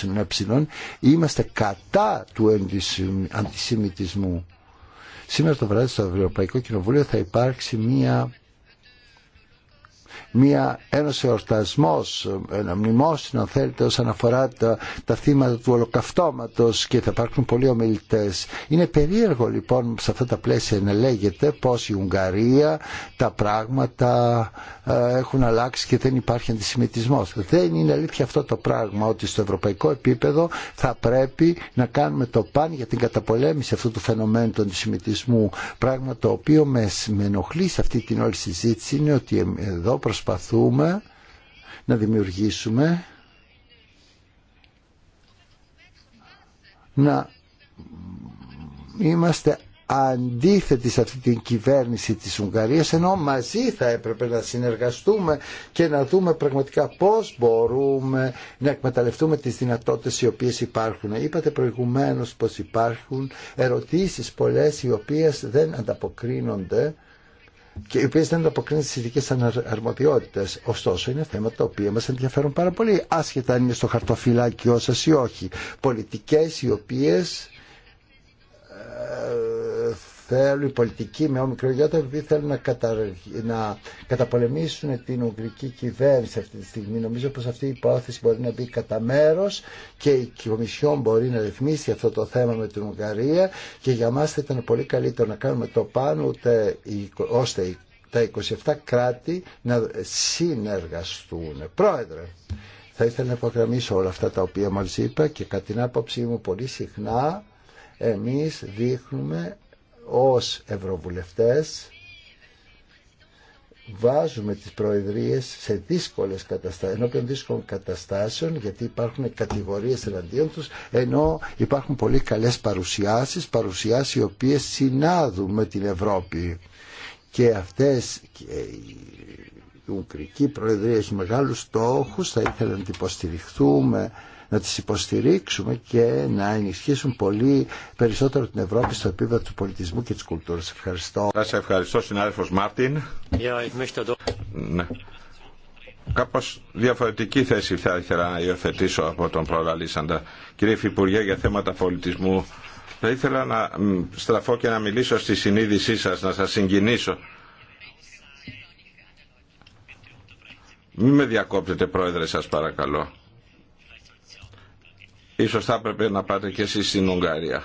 Speaker 1: είμαστε κατά του αντισημιτισμού Σήμερα το βράδυ στο Ευρωπαϊκό Κοινοβούλιο θα υπάρξει μια μια, ένας εορτασμός, ένα μνημόσυνο αν θέλετε όσον αφορά τα, τα θύματα του ολοκαυτώματος και θα υπάρχουν πολλοί ομιλητές. Είναι περίεργο λοιπόν σε αυτά τα πλαίσια να λέγεται πως η Ουγγαρία τα πράγματα ε, έχουν αλλάξει και δεν υπάρχει αντισημιτισμός. Δεν είναι αλήθεια αυτό το πράγμα ότι στο ευρωπαϊκό επίπεδο θα πρέπει να κάνουμε το παν για την καταπολέμηση αυτού του φαινομένου του αντισημιτισμού. Πράγμα το οποίο με, με ενοχλεί σε αυτή την όλη συζήτηση είναι ότι εδώ προσπαθούμε να δημιουργήσουμε να είμαστε αντίθετοι σε αυτή την κυβέρνηση της Ουγγαρίας ενώ μαζί θα έπρεπε να συνεργαστούμε και να δούμε πραγματικά πώς μπορούμε να εκμεταλλευτούμε τις δυνατότητες οι οποίες υπάρχουν. Είπατε προηγουμένως πως υπάρχουν ερωτήσεις πολλές οι οποίες δεν ανταποκρίνονται και οι οποίε δεν ανταποκρίνονται στι ειδικέ αρμοδιότητε. Ωστόσο, είναι θέματα τα οποία μα ενδιαφέρουν πάρα πολύ, άσχετα αν είναι στο χαρτοφυλάκι σα ή όχι. Πολιτικέ οι οποίε ε, θέλουν, οι πολιτικοί με όμικρο γιώτα, θέλουν να, κατα... να καταπολεμήσουν την Ουγγρική κυβέρνηση αυτή τη στιγμή. Νομίζω πως αυτή η υπόθεση μπορεί να μπει κατά μέρο και η Κομισιόν μπορεί να ρυθμίσει αυτό το θέμα με την Ουγγαρία και για μας θα ήταν πολύ καλύτερο να κάνουμε το πάνω ούτε, ώστε τα 27 κράτη να συνεργαστούν. Πρόεδρε, θα ήθελα να υπογραμμίσω όλα αυτά τα οποία μας είπα και κατά την άποψή μου πολύ συχνά εμείς δείχνουμε ως ευρωβουλευτές βάζουμε τις προεδρίες σε δύσκολες καταστάσεις, ενώπιον δύσκολων καταστάσεων γιατί υπάρχουν κατηγορίες εναντίον τους ενώ υπάρχουν πολύ καλές παρουσιάσεις, παρουσιάσεις οι οποίες συνάδουν με την Ευρώπη και αυτές η Ουγγρική Προεδρία έχει μεγάλους στόχους, θα ήθελα να την υποστηριχθούμε να τις υποστηρίξουμε και να ενισχύσουν πολύ περισσότερο την Ευρώπη στο επίπεδο του
Speaker 2: πολιτισμού και της κουλτούρας. Ευχαριστώ. Σας ευχαριστώ συνάδελφος Μάρτιν. ναι. Κάπως διαφορετική θέση θα ήθελα να υιοθετήσω από τον προλαλήσαντα. Κύριε Υφυπουργέ, για θέματα πολιτισμού θα ήθελα να στραφώ και να μιλήσω στη συνείδησή σας, να σας συγκινήσω. Μην με διακόπτετε πρόεδρε σας παρακαλώ. Ίσως θα έπρεπε να πάτε και εσείς στην Ουγγαρία.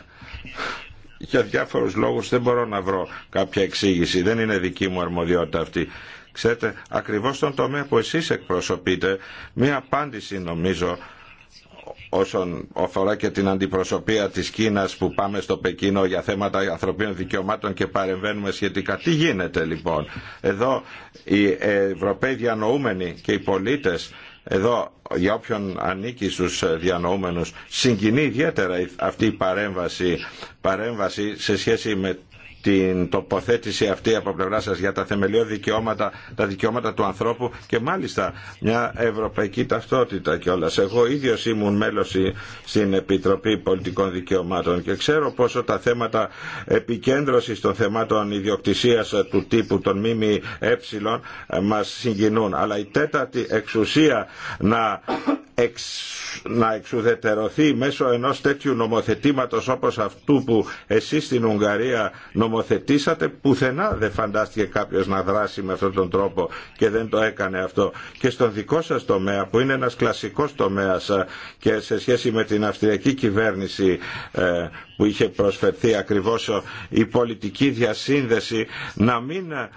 Speaker 2: Για διάφορους λόγους δεν μπορώ να βρω κάποια εξήγηση. Δεν είναι δική μου αρμοδιότητα αυτή. Ξέρετε, ακριβώς στον τομέα που εσείς εκπροσωπείτε, μία απάντηση νομίζω όσον αφορά και την αντιπροσωπεία της Κίνας που πάμε στο Πεκίνο για θέματα ανθρωπίνων δικαιωμάτων και παρεμβαίνουμε σχετικά. Τι γίνεται λοιπόν. Εδώ οι Ευρωπαίοι διανοούμενοι και οι πολίτες εδώ για όποιον ανήκει στους διανοούμενους συγκινεί ιδιαίτερα αυτή η παρέμβαση, παρέμβαση σε σχέση με την τοποθέτηση αυτή από πλευρά σας για τα θεμελιώδη δικαιώματα, τα δικαιώματα του ανθρώπου και μάλιστα μια ευρωπαϊκή ταυτότητα κιόλα. Εγώ ίδιο ήμουν μέλος στην Επιτροπή Πολιτικών Δικαιωμάτων και ξέρω πόσο τα θέματα επικέντρωση των θεμάτων ιδιοκτησία του τύπου των ΜΜΕ μας συγκινούν. Αλλά η τέταρτη εξουσία να να εξουδετερωθεί μέσω ενός τέτοιου νομοθετήματος όπως αυτού που εσείς στην Ουγγαρία νομοθετήσατε νομοθετήσατε πουθενά δεν φαντάστηκε κάποιος να δράσει με αυτόν τον τρόπο και δεν το έκανε αυτό. Και στον δικό σας τομέα που είναι ένας κλασικός τομέας ε, και σε σχέση με την αυστριακή κυβέρνηση ε, που είχε προσφερθεί ακριβώς η πολιτική διασύνδεση να μην ε,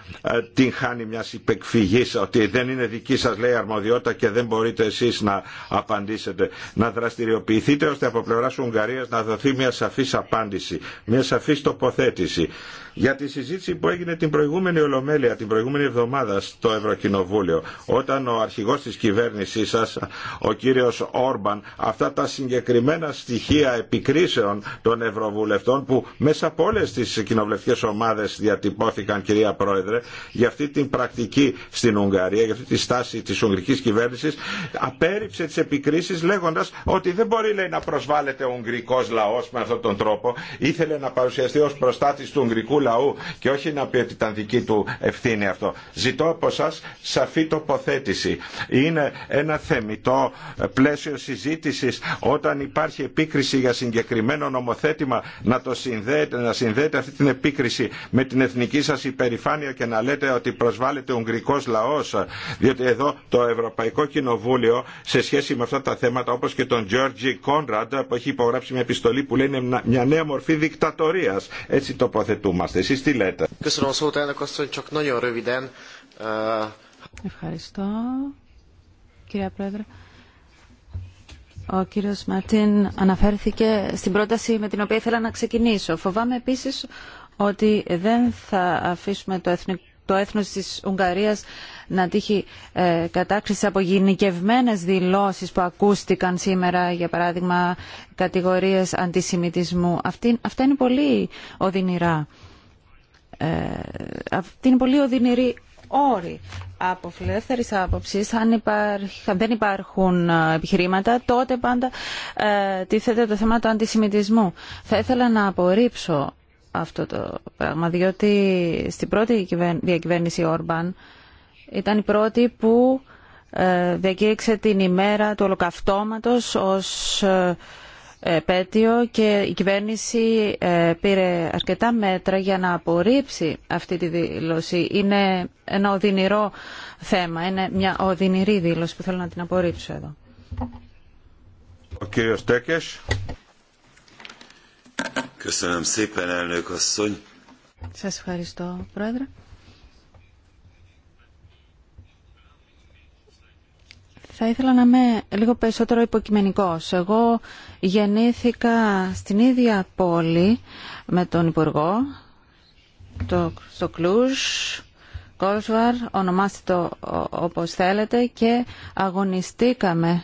Speaker 2: την χάνει μια υπεκφυγή ότι δεν είναι δική σας λέει αρμοδιότητα και δεν μπορείτε εσείς να απαντήσετε. Να δραστηριοποιηθείτε ώστε από πλευράς Ουγγαρίας να δοθεί μια σαφής απάντηση, μια σαφής τοποθέτηση για τη συζήτηση που έγινε την προηγούμενη Ολομέλεια, την προηγούμενη εβδομάδα στο Ευρωκοινοβούλιο, όταν ο αρχηγός της κυβέρνησής σας, ο κύριος Όρμπαν, αυτά τα συγκεκριμένα στοιχεία επικρίσεων των Ευρωβουλευτών που μέσα από όλε τις κοινοβουλευτικές ομάδες διατυπώθηκαν, κυρία Πρόεδρε, για αυτή την πρακτική στην Ουγγαρία, για αυτή τη στάση της Ουγγρικής κυβέρνησης, απέρριψε τις επικρίσεις λέγοντας ότι δεν μπορεί λέει, να προσβάλλεται ο Ουγγρικός λαό με αυτόν τον τρόπο. Ήθελε να παρουσιαστεί ως προστάτης του Ουγγρικού λαού και όχι να πει ότι ήταν δική του ευθύνη αυτό. Ζητώ από εσά σαφή τοποθέτηση. Είναι ένα θεμητό πλαίσιο συζήτηση όταν υπάρχει επίκριση για συγκεκριμένο νομοθέτημα να, το συνδέετε, να συνδέετε αυτή την επίκριση με την εθνική σα υπερηφάνεια και να λέτε ότι προσβάλλεται ο λαό λαός διότι εδώ το Ευρωπαϊκό Κοινοβούλιο σε σχέση με αυτά τα θέματα όπω και τον Γιώργη Κόνραντ που έχει υπογράψει μια επιστολή που λέει είναι μια νέα μορφή δικτατορία. Έτσι τοποθετούμαστε. Εσείς τι λέτε. Uh,
Speaker 4: Ευχαριστώ, κυρία Πρόεδρε. Ο κύριος Μαρτίν αναφέρθηκε στην πρόταση με την οποία ήθελα να ξεκινήσω. Φοβάμαι επίσης ότι δεν θα αφήσουμε το εθνικό το έθνος της Ουγγαρίας να τύχει ε, κατάκριση από γενικευμένε δηλώσεις που ακούστηκαν σήμερα, για παράδειγμα κατηγορίες αντισημιτισμού. Αυτή, αυτά είναι πολύ οδυνηρά. Ε, αυτή είναι πολύ οδυνηρή όρη Από φιλελεύθερη άποψη, αν, αν δεν υπάρχουν ε, επιχειρήματα, τότε πάντα ε, τίθεται το θέμα του αντισημιτισμού. Θα ήθελα να απορρίψω αυτό το πράγμα, διότι στην πρώτη διακυβέρνηση Όρμπαν ήταν η πρώτη που ε, διακήρυξε την ημέρα του ολοκαυτώματος ως ε, επέτειο και η κυβέρνηση ε, πήρε αρκετά μέτρα για να απορρίψει αυτή τη δήλωση. Είναι ένα οδυνηρό θέμα, είναι μια οδυνηρή δήλωση που θέλω να την απορρίψω εδώ.
Speaker 2: Ο κύριος Τέκες.
Speaker 4: Σας ευχαριστώ, Πρόεδρε. Θα ήθελα να είμαι λίγο περισσότερο υποκειμενικός. Εγώ γεννήθηκα στην ίδια πόλη με τον Υπουργό, το, στο Κλούζ, Κόλσβαρ, ονομάστε το όπως θέλετε και αγωνιστήκαμε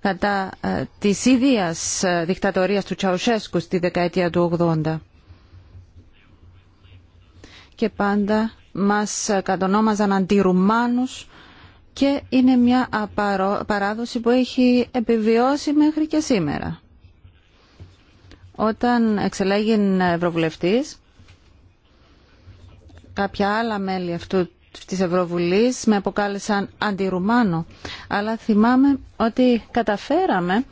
Speaker 4: κατά ε, της ίδιας ε, δικτατορίας του Τσαουσέσκου στη δεκαετία του 80. Και πάντα μας ε, κατονόμαζαν αντιρουμάνους και είναι μια παράδοση που έχει επιβιώσει μέχρι και σήμερα. Όταν εξελέγει ευρωβουλευτής, κάποια άλλα μέλη αυτού της Ευρωβουλής με αποκάλεσαν αντιρουμάνο. Αλλά θυμάμαι ότι καταφέραμε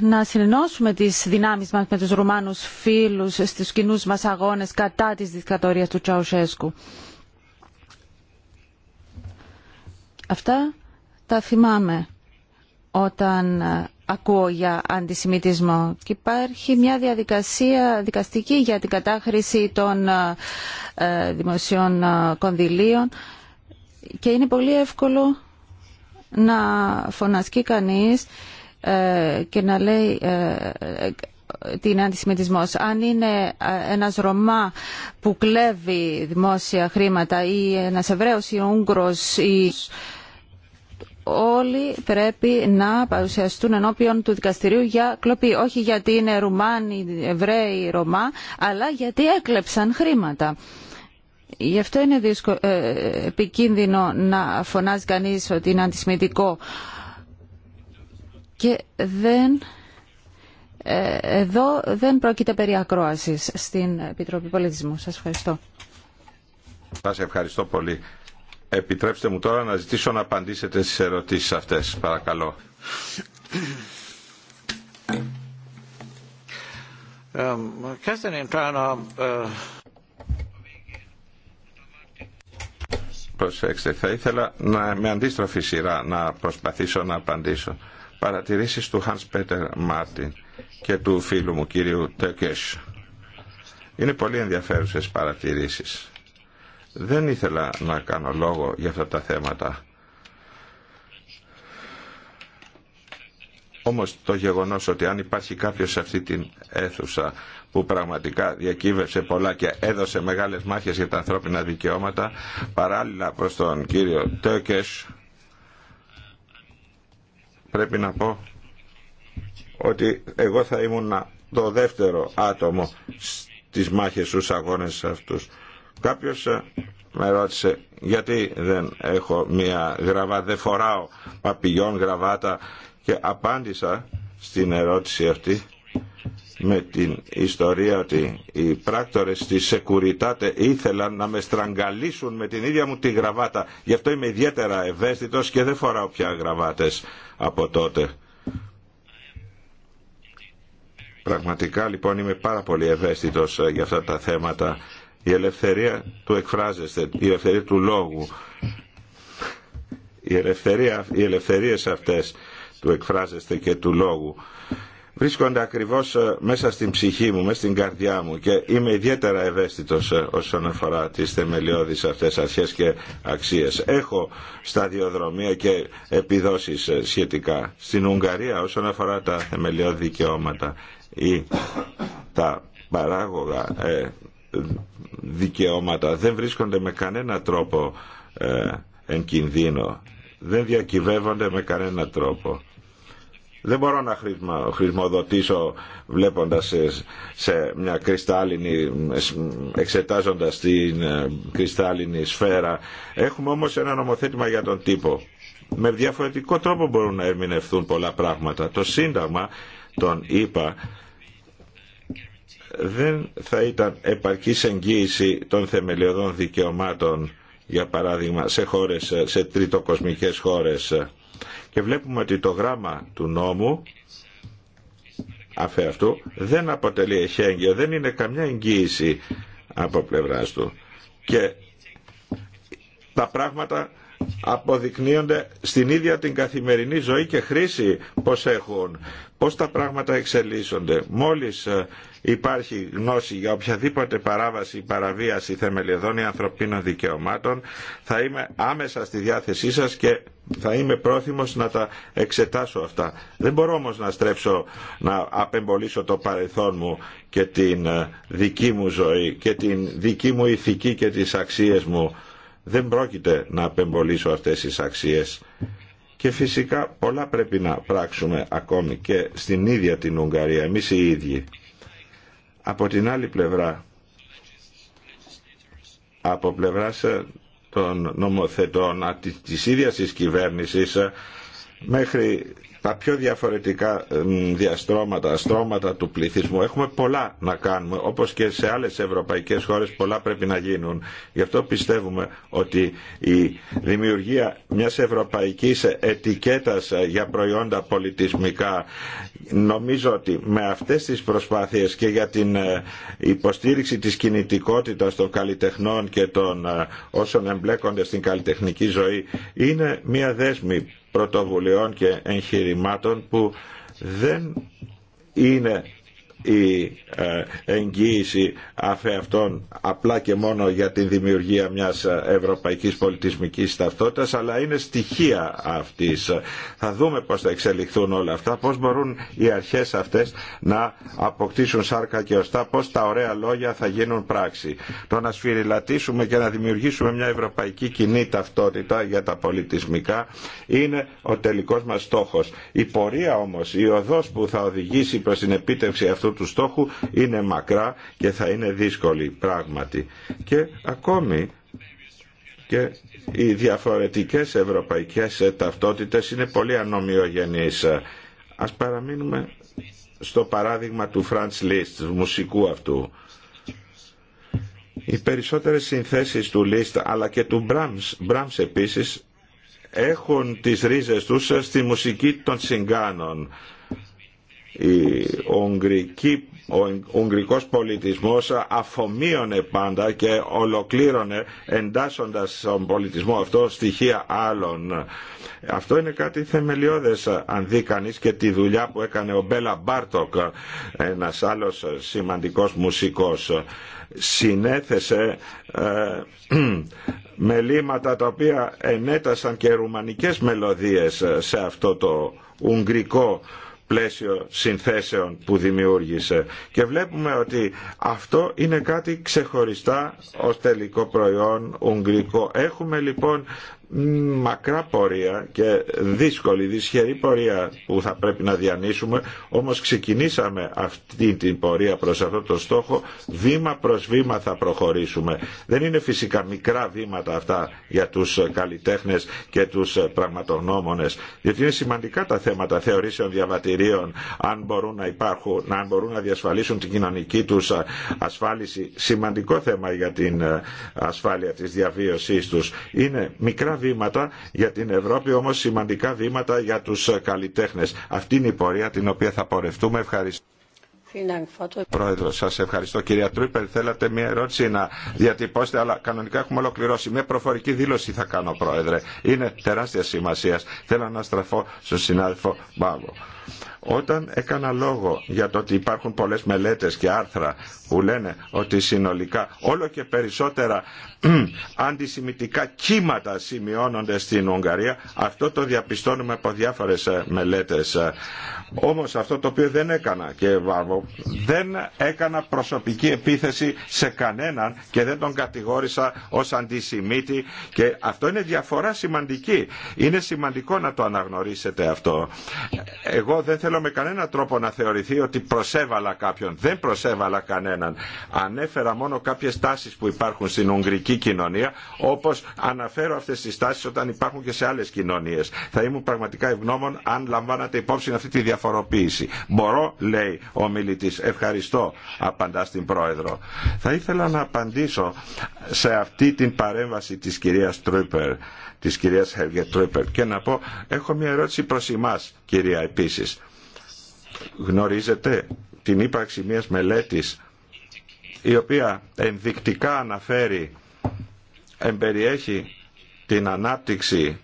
Speaker 4: να συνενώσουμε τις δυνάμεις μας με τους Ρουμάνους φίλους στις κοινούς μας αγώνες κατά της δικτατορίας του Τσαουσέσκου. Αυτά τα θυμάμαι όταν ε, ακούω για αντισημιτισμό και υπάρχει μια διαδικασία δικαστική για την κατάχρηση των ε, ε, δημοσίων κονδυλίων και είναι πολύ εύκολο να φωνασκεί κανείς και να λέει τι είναι αντισημιτισμός. Αν είναι ένας Ρωμά που κλέβει δημόσια χρήματα ή ένας Εβραίος ή Ούγγρος ή όλοι πρέπει να παρουσιαστούν ενώπιον του δικαστηρίου για κλοπή. Όχι γιατί είναι Ρουμάνοι, Εβραίοι, Ρωμά, αλλά γιατί έκλεψαν χρήματα. Γι' αυτό είναι δύσκο, ε, επικίνδυνο να φωνάζει κανείς ότι είναι αντισημιτικό. Και δεν... Ε, εδώ δεν πρόκειται περί ακρόασης στην Επιτροπή Πολιτισμού. Σας ευχαριστώ.
Speaker 2: Σας ευχαριστώ πολύ επιτρέψτε μου τώρα να ζητήσω να απαντήσετε στις ερωτήσεις αυτές. Παρακαλώ.
Speaker 1: Um, uh,
Speaker 2: Προσέξτε, θα ήθελα να, με αντίστροφη σειρά να προσπαθήσω να απαντήσω. Παρατηρήσεις του Hans Peter Martin και του φίλου μου κύριου Τεκέσ. Είναι πολύ ενδιαφέρουσες παρατηρήσεις δεν ήθελα να κάνω λόγο για αυτά τα θέματα. Όμως το γεγονός ότι αν υπάρχει κάποιος σε αυτή την αίθουσα που πραγματικά διακύβευσε πολλά και έδωσε μεγάλες μάχες για τα ανθρώπινα δικαιώματα, παράλληλα προς τον κύριο Τέκες, πρέπει να πω ότι εγώ θα ήμουν το δεύτερο άτομο στις μάχες στους αγώνες αυτούς. Κάποιος ε, με ρώτησε γιατί δεν έχω μία γραβάτα, δεν φοράω παπηγιόν γραβάτα και απάντησα στην ερώτηση αυτή με την ιστορία ότι οι πράκτορες της Σεκουριτάτε ήθελαν να με στραγγαλίσουν με την ίδια μου τη γραβάτα. Γι' αυτό είμαι ιδιαίτερα ευαίσθητος και δεν φοράω πια γραβάτες από τότε. Πραγματικά λοιπόν είμαι πάρα πολύ ευαίσθητος ε, για αυτά τα θέματα η ελευθερία του εκφράζεστε, η ελευθερία του λόγου, η ελευθερία, οι ελευθερίες αυτές του εκφράζεστε και του λόγου βρίσκονται ακριβώς ε, μέσα στην ψυχή μου, μέσα στην καρδιά μου και είμαι ιδιαίτερα ευαίσθητος ε, όσον αφορά τις θεμελιώδεις αυτές αρχές και αξίες. Έχω σταδιοδρομία και επιδόσεις ε, σχετικά. Στην Ουγγαρία όσον αφορά τα θεμελιώδη δικαιώματα ή τα παράγωγα δικαιώματα δεν βρίσκονται με κανένα τρόπο ε, εν κινδύνο. Δεν διακυβεύονται με κανένα τρόπο. Δεν μπορώ να χρησμοδοτήσω βλέποντας σε, σε μια κρυστάλλινη, εξετάζοντας την ε, κρυστάλλινη σφαίρα. Έχουμε όμως ένα νομοθέτημα για τον τύπο. Με διαφορετικό τρόπο μπορούν να ερμηνευθούν πολλά πράγματα. Το Σύνταγμα, τον είπα, δεν θα ήταν επαρκής εγγύηση των θεμελιωδών δικαιωμάτων, για παράδειγμα, σε, χώρες, σε τριτοκοσμικές χώρες. Και βλέπουμε ότι το γράμμα του νόμου αυτού, δεν αποτελεί εχέγγυο, δεν είναι καμιά εγγύηση από πλευράς του. Και τα πράγματα αποδεικνύονται στην ίδια την καθημερινή ζωή και χρήση πως έχουν πώς τα πράγματα εξελίσσονται. Μόλις ε, υπάρχει γνώση για οποιαδήποτε παράβαση ή παραβίαση θεμελιωδών ή ανθρωπίνων δικαιωμάτων, θα είμαι άμεσα στη διάθεσή σας και θα είμαι πρόθυμος να τα εξετάσω αυτά. Δεν μπορώ όμως να στρέψω, να απεμπολίσω το παρελθόν μου και την ε, δική μου ζωή και την δική μου ηθική και τις αξίες μου. Δεν πρόκειται να απεμπολίσω αυτές τις αξίες. Και φυσικά πολλά πρέπει να πράξουμε ακόμη και στην ίδια την Ουγγαρία, εμείς οι ίδιοι. Από την άλλη πλευρά, από πλευρά των νομοθετών της ίδιας της κυβέρνησης, μέχρι τα πιο διαφορετικά διαστρώματα, στρώματα του πληθυσμού. Έχουμε πολλά να κάνουμε, όπως και σε άλλες ευρωπαϊκές χώρες πολλά πρέπει να γίνουν. Γι' αυτό πιστεύουμε ότι η δημιουργία μιας ευρωπαϊκής ετικέτας για προϊόντα πολιτισμικά Νομίζω ότι με αυτές τις προσπάθειες και για την ε, υποστήριξη της κινητικότητας των καλλιτεχνών και των ε, όσων εμπλέκονται στην καλλιτεχνική ζωή είναι μια δέσμη πρωτοβουλειών και εγχειρημάτων που δεν είναι η ε, εγγύηση αυτών απλά και μόνο για την δημιουργία μιας ευρωπαϊκής πολιτισμικής ταυτότητας αλλά είναι στοιχεία αυτής. Θα δούμε πώς θα εξελιχθούν όλα αυτά, πώς μπορούν οι αρχές αυτές να αποκτήσουν σάρκα και οστά, πώς τα ωραία λόγια θα γίνουν πράξη. Το να σφυριλατήσουμε και να δημιουργήσουμε μια ευρωπαϊκή κοινή ταυτότητα για τα πολιτισμικά είναι ο τελικός μας στόχος. Η πορεία όμως, η οδός που θα οδηγήσει προς την επίτευξη αυτού αυτού του στόχου είναι μακρά και θα είναι δύσκολη πράγματι. Και ακόμη και οι διαφορετικές ευρωπαϊκές ταυτότητες είναι πολύ ανομοιογενείς. Ας παραμείνουμε στο παράδειγμα του Franz Liszt, μουσικού αυτού. Οι περισσότερες συνθέσεις του Liszt αλλά και του Brahms, Brahms επίσης έχουν τις ρίζες τους στη μουσική των συγκάνων η Ουγγρική, ο Ουγγρικός πολιτισμός αφομοίωνε πάντα και ολοκλήρωνε εντάσσοντας τον πολιτισμό αυτό στοιχεία άλλων. Αυτό είναι κάτι θεμελιώδες αν δει κανείς και τη δουλειά που έκανε ο Μπέλα Μπάρτοκ, ένας άλλος σημαντικός μουσικός συνέθεσε ε, μελήματα τα οποία ενέτασαν και ρουμανικές μελωδίες σε αυτό το ουγγρικό πλαίσιο συνθέσεων που δημιούργησε. Και βλέπουμε ότι αυτό είναι κάτι ξεχωριστά ως τελικό προϊόν ουγγρικό. Έχουμε λοιπόν μακρά πορεία και δύσκολη, δυσχερή πορεία που θα πρέπει να διανύσουμε, όμως ξεκινήσαμε αυτή την πορεία προς αυτό το στόχο, βήμα προς βήμα θα προχωρήσουμε. Δεν είναι φυσικά μικρά βήματα αυτά για τους καλλιτέχνες και τους πραγματογνώμονες, διότι είναι σημαντικά τα θέματα θεωρήσεων διαβατηρίων, αν μπορούν να υπάρχουν, αν μπορούν να διασφαλίσουν την κοινωνική τους ασφάλιση, σημαντικό θέμα για την ασφάλεια της διαβίωσής τους. Είναι μικρά βήματα για την Ευρώπη, όμως σημαντικά βήματα για τους ε, καλλιτέχνες. Αυτή είναι η πορεία την οποία θα πορευτούμε. Ευχαριστώ. Πρόεδρο, σα ευχαριστώ. Κυρία Τρούπερ, θέλατε μια ερώτηση να διατυπώσετε, αλλά κανονικά έχουμε ολοκληρώσει. Μια προφορική δήλωση θα κάνω, Πρόεδρε. Είναι τεράστια σημασία. Θέλω να στραφώ στον συνάδελφο Μπάγκο. Όταν έκανα λόγο για το ότι υπάρχουν πολλές μελέτες και άρθρα που λένε ότι συνολικά όλο και περισσότερα αντισημιτικά κύματα σημειώνονται στην Ουγγαρία, αυτό το διαπιστώνουμε από διάφορες ε, μελέτες. Όμως αυτό το οποίο δεν έκανα και βάβω, δεν έκανα προσωπική επίθεση σε κανέναν και δεν τον κατηγόρησα ως αντισημίτη και αυτό είναι διαφορά σημαντική. Είναι σημαντικό να το αναγνωρίσετε αυτό. Εγώ δεν θέλω θέλω με κανένα τρόπο να θεωρηθεί ότι προσέβαλα κάποιον. Δεν προσέβαλα κανέναν. Ανέφερα μόνο κάποιες τάσεις που υπάρχουν στην Ουγγρική κοινωνία, όπως αναφέρω αυτές τις τάσεις όταν υπάρχουν και σε άλλες κοινωνίες. Θα ήμουν πραγματικά ευγνώμων αν λαμβάνατε υπόψη αυτή τη διαφοροποίηση. Μπορώ, λέει ο μιλητής. Ευχαριστώ, απαντά στην Πρόεδρο. Θα ήθελα να απαντήσω σε αυτή την παρέμβαση της κυρίας Τρούπερ της κυρίας Χέργε Τρούπερ και να πω έχω μια ερώτηση προς εμάς κυρία επίσης Γνωρίζετε την ύπαρξη μιας μελέτης η οποία ενδεικτικά αναφέρει, εμπεριέχει την ανάπτυξη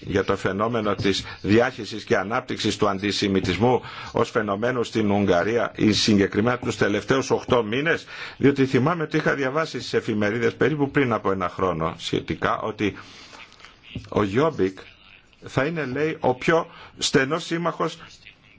Speaker 2: για το φαινόμενο της διάχυσης και ανάπτυξης του αντισημιτισμού ως φαινομένο στην Ουγγαρία ή συγκεκριμένα τους τελευταίους 8 μήνες διότι θυμάμαι ότι είχα διαβάσει στις εφημερίδες περίπου πριν από ένα χρόνο σχετικά ότι ο Γιόμπικ θα είναι λέει ο πιο στενός σύμμαχος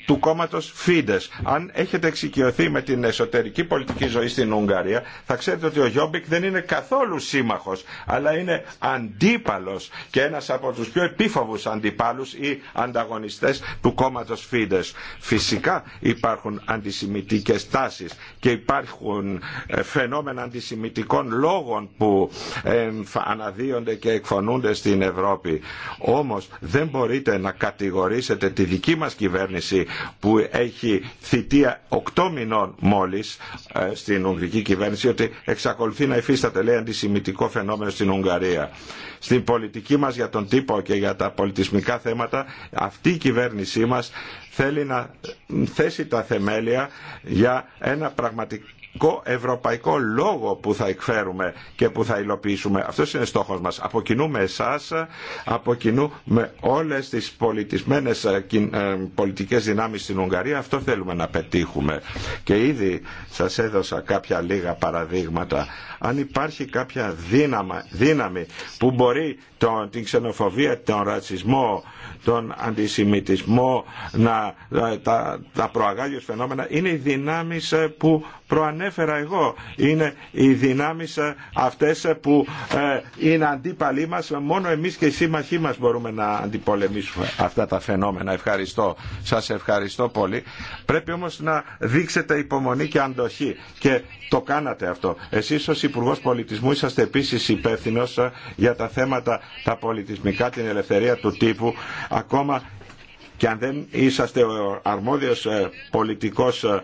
Speaker 2: του κόμματο Φίντες. Αν έχετε εξοικειωθεί με την εσωτερική πολιτική ζωή στην Ουγγαρία, θα ξέρετε ότι ο Γιόμπικ δεν είναι καθόλου σύμμαχος, αλλά είναι αντίπαλο και ένας από τους πιο επίφοβους αντιπάλους ή ανταγωνιστές του κόμματο Φίντες. Φυσικά υπάρχουν αντισημιτικές τάσεις και υπάρχουν ε, φαινόμενα αντισημητικών λόγων που ε, αναδύονται και εκφωνούνται στην Ευρώπη. Όμω δεν μπορείτε να κατηγορήσετε τη δική μα κυβέρνηση που έχει θητεία 8 μηνών μόλις ε, στην Ουγγρική κυβέρνηση ότι εξακολουθεί να υφίσταται λέει αντισημιτικό φαινόμενο στην Ουγγαρία. Στην πολιτική μας για τον τύπο και για τα πολιτισμικά θέματα αυτή η κυβέρνησή μας θέλει να ε, θέσει τα θεμέλια για ένα πραγματικό ευρωπαϊκό λόγο που θα εκφέρουμε και που θα υλοποιήσουμε. Αυτό είναι στόχο μα. Από κοινού με εσά, από με όλε τι πολιτισμένε ε, ε, πολιτικέ δυνάμει στην Ουγγαρία, αυτό θέλουμε να πετύχουμε. Και ήδη σα έδωσα κάποια λίγα παραδείγματα. Αν υπάρχει κάποια δύναμη που μπορεί τον, την ξενοφοβία, τον ρατσισμό, τον αντισημιτισμό, να, τα, τα προαγάγιος φαινόμενα είναι οι δυνάμεις ε, που προανέφερα εγώ. Είναι οι δυνάμεις ε, αυτές ε, που είναι αντίπαλοι μας, μόνο εμείς και οι σύμμαχοί μας μπορούμε να αντιπολεμήσουμε αυτά τα φαινόμενα. Ευχαριστώ. Σας ευχαριστώ πολύ. Πρέπει όμως να δείξετε υπομονή και αντοχή και το κάνατε αυτό. Εσείς ως Υπουργός Πολιτισμού είσαστε επίσης υπεύθυνο για τα θέματα τα πολιτισμικά, την ελευθερία του τύπου, ακόμα και αν δεν είσαστε ο αρμόδιος ε, πολιτικός, ε,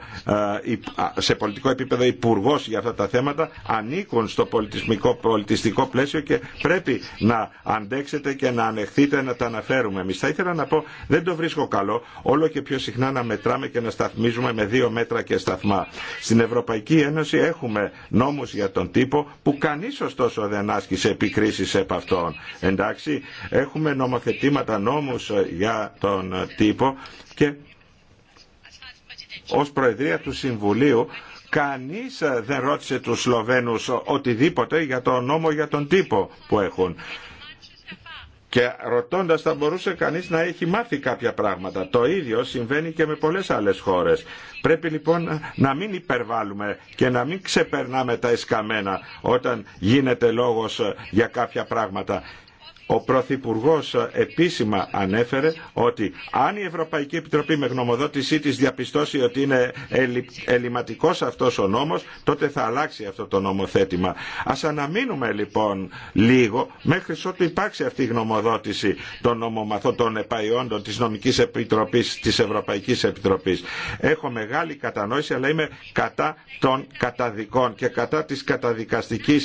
Speaker 2: ε, σε πολιτικό επίπεδο υπουργό για αυτά τα θέματα, ανήκουν στο πολιτισμικό, πολιτιστικό πλαίσιο και πρέπει να αντέξετε και να ανεχθείτε να τα αναφέρουμε εμείς. Θα ήθελα να πω, δεν το βρίσκω καλό, όλο και πιο συχνά να μετράμε και να σταθμίζουμε με δύο μέτρα και σταθμά. Στην Ευρωπαϊκή Ένωση έχουμε νόμους για τον τύπο που κανείς ωστόσο δεν άσκησε επικρίσεις επ' αυτών. Εντάξει, έχουμε νομοθετήματα νόμους για τον τύπο και ως Προεδρία του Συμβουλίου Κανείς δεν ρώτησε τους Σλοβαίνους οτιδήποτε για τον νόμο για τον τύπο που έχουν. Και ρωτώντας θα μπορούσε κανείς να έχει μάθει κάποια πράγματα. Το ίδιο συμβαίνει και με πολλές άλλες χώρες. Πρέπει λοιπόν να μην υπερβάλλουμε και να μην ξεπερνάμε τα εσκαμένα όταν γίνεται λόγος για κάποια πράγματα. Ο Πρωθυπουργό επίσημα ανέφερε ότι αν η Ευρωπαϊκή Επιτροπή με γνωμοδότησή τη διαπιστώσει ότι είναι ελληματικό αυτό ο νόμο, τότε θα αλλάξει αυτό το νομοθέτημα. Α αναμείνουμε λοιπόν λίγο μέχρι ότου υπάρξει αυτή η γνωμοδότηση των νομομαθών των επαϊόντων τη Νομική Επιτροπή τη Ευρωπαϊκή Επιτροπή. Έχω μεγάλη κατανόηση, αλλά είμαι κατά των καταδικών και κατά τη καταδικαστική,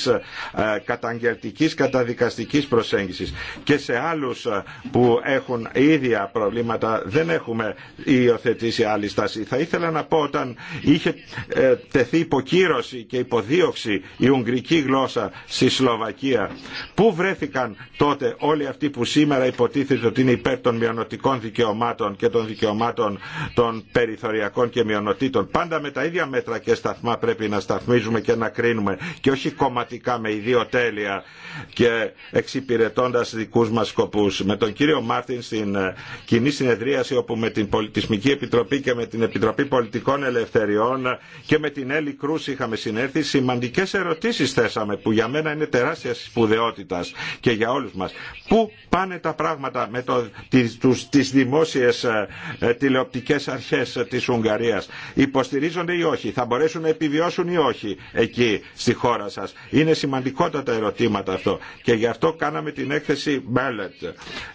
Speaker 2: ε, καταγγελτική, καταδικαστική προσέγγιση και σε άλλους ε, που έχουν ίδια προβλήματα δεν έχουμε υιοθετήσει άλλη στάση. Θα ήθελα να πω όταν είχε ε, τεθεί υποκύρωση και υποδίωξη η ουγγρική γλώσσα στη Σλοβακία πού βρέθηκαν τότε όλοι αυτοί που σήμερα υποτίθεται ότι είναι υπέρ των μειονοτικών δικαιωμάτων και των δικαιωμάτων των περιθωριακών και μειονοτήτων. Πάντα με τα ίδια μέτρα και σταθμά πρέπει να σταθμίζουμε και να κρίνουμε και όχι κομματικά με ιδιοτέλεια και εξυπηρετώντα προωθώντα δικού μα σκοπού. Με τον κύριο Μάρτιν στην ε, κοινή συνεδρίαση, όπου με την Πολιτισμική Επιτροπή και με την Επιτροπή Πολιτικών Ελευθεριών και με την Έλλη Κρού είχαμε συνέρθει, σημαντικέ ερωτήσει θέσαμε, που για μένα είναι τεράστια σπουδαιότητα και για όλου μα. Πού πάνε τα πράγματα με το, τις, τις δημόσιες ε, ε τηλεοπτικές αρχές ε, της Ουγγαρίας. Υποστηρίζονται ή όχι, θα μπορέσουν να επιβιώσουν ή όχι εκεί στη χώρα σας. Είναι σημαντικότατα ερωτήματα αυτό και γι' αυτό κάναμε την έκθεση έκθεση Μπέλετ.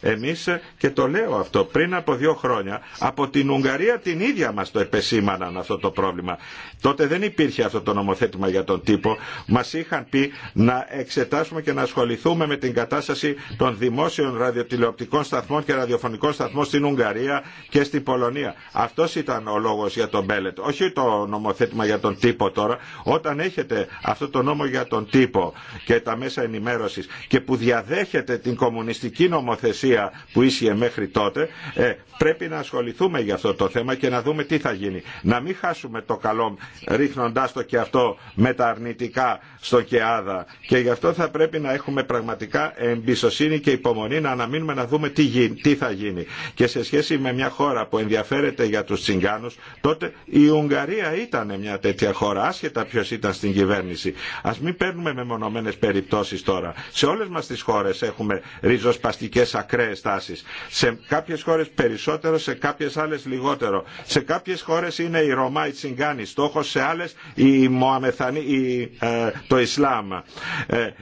Speaker 2: Εμείς, και το λέω αυτό, πριν από δύο χρόνια, από την Ουγγαρία την ίδια μας το επεσήμαναν αυτό το πρόβλημα. Τότε δεν υπήρχε αυτό το νομοθέτημα για τον τύπο. Μας είχαν πει να εξετάσουμε και να ασχοληθούμε με την κατάσταση των δημόσιων ραδιοτηλεοπτικών σταθμών και ραδιοφωνικών σταθμών στην Ουγγαρία και στην Πολωνία. Αυτό ήταν ο λόγο για τον Μπέλετ. Όχι το νομοθέτημα για τον τύπο τώρα. Όταν έχετε αυτό το νόμο για τον τύπο και τα μέσα ενημέρωση και που διαδέχεται την κομμουνιστική νομοθεσία που ίσχυε μέχρι τότε, ε, πρέπει να ασχοληθούμε για αυτό το θέμα και να δούμε τι θα γίνει. Να μην χάσουμε το καλό ρίχνοντάς το και αυτό με τα αρνητικά στο ΚΕΑΔΑ. Και γι' αυτό θα πρέπει να έχουμε πραγματικά εμπιστοσύνη και υπομονή να αναμείνουμε να δούμε τι, τι θα γίνει. Και σε σχέση με μια χώρα που ενδιαφέρεται για τους Τσιγκάνους, τότε η Ουγγαρία ήταν μια τέτοια χώρα, άσχετα ποιο ήταν στην κυβέρνηση. Ας μην παίρνουμε μεμονωμένες περιπτώσεις τώρα. Σε όλες μας τις χώρες έχουμε έχουμε ριζοσπαστικές ακραίες τάσεις. Σε κάποιες χώρες περισσότερο, σε κάποιες άλλες λιγότερο. Σε κάποιες χώρες είναι η Ρωμά, η Τσιγκάνη στόχος, σε άλλες η Μωαμεθανή, η, ε, το Ισλάμ, ε,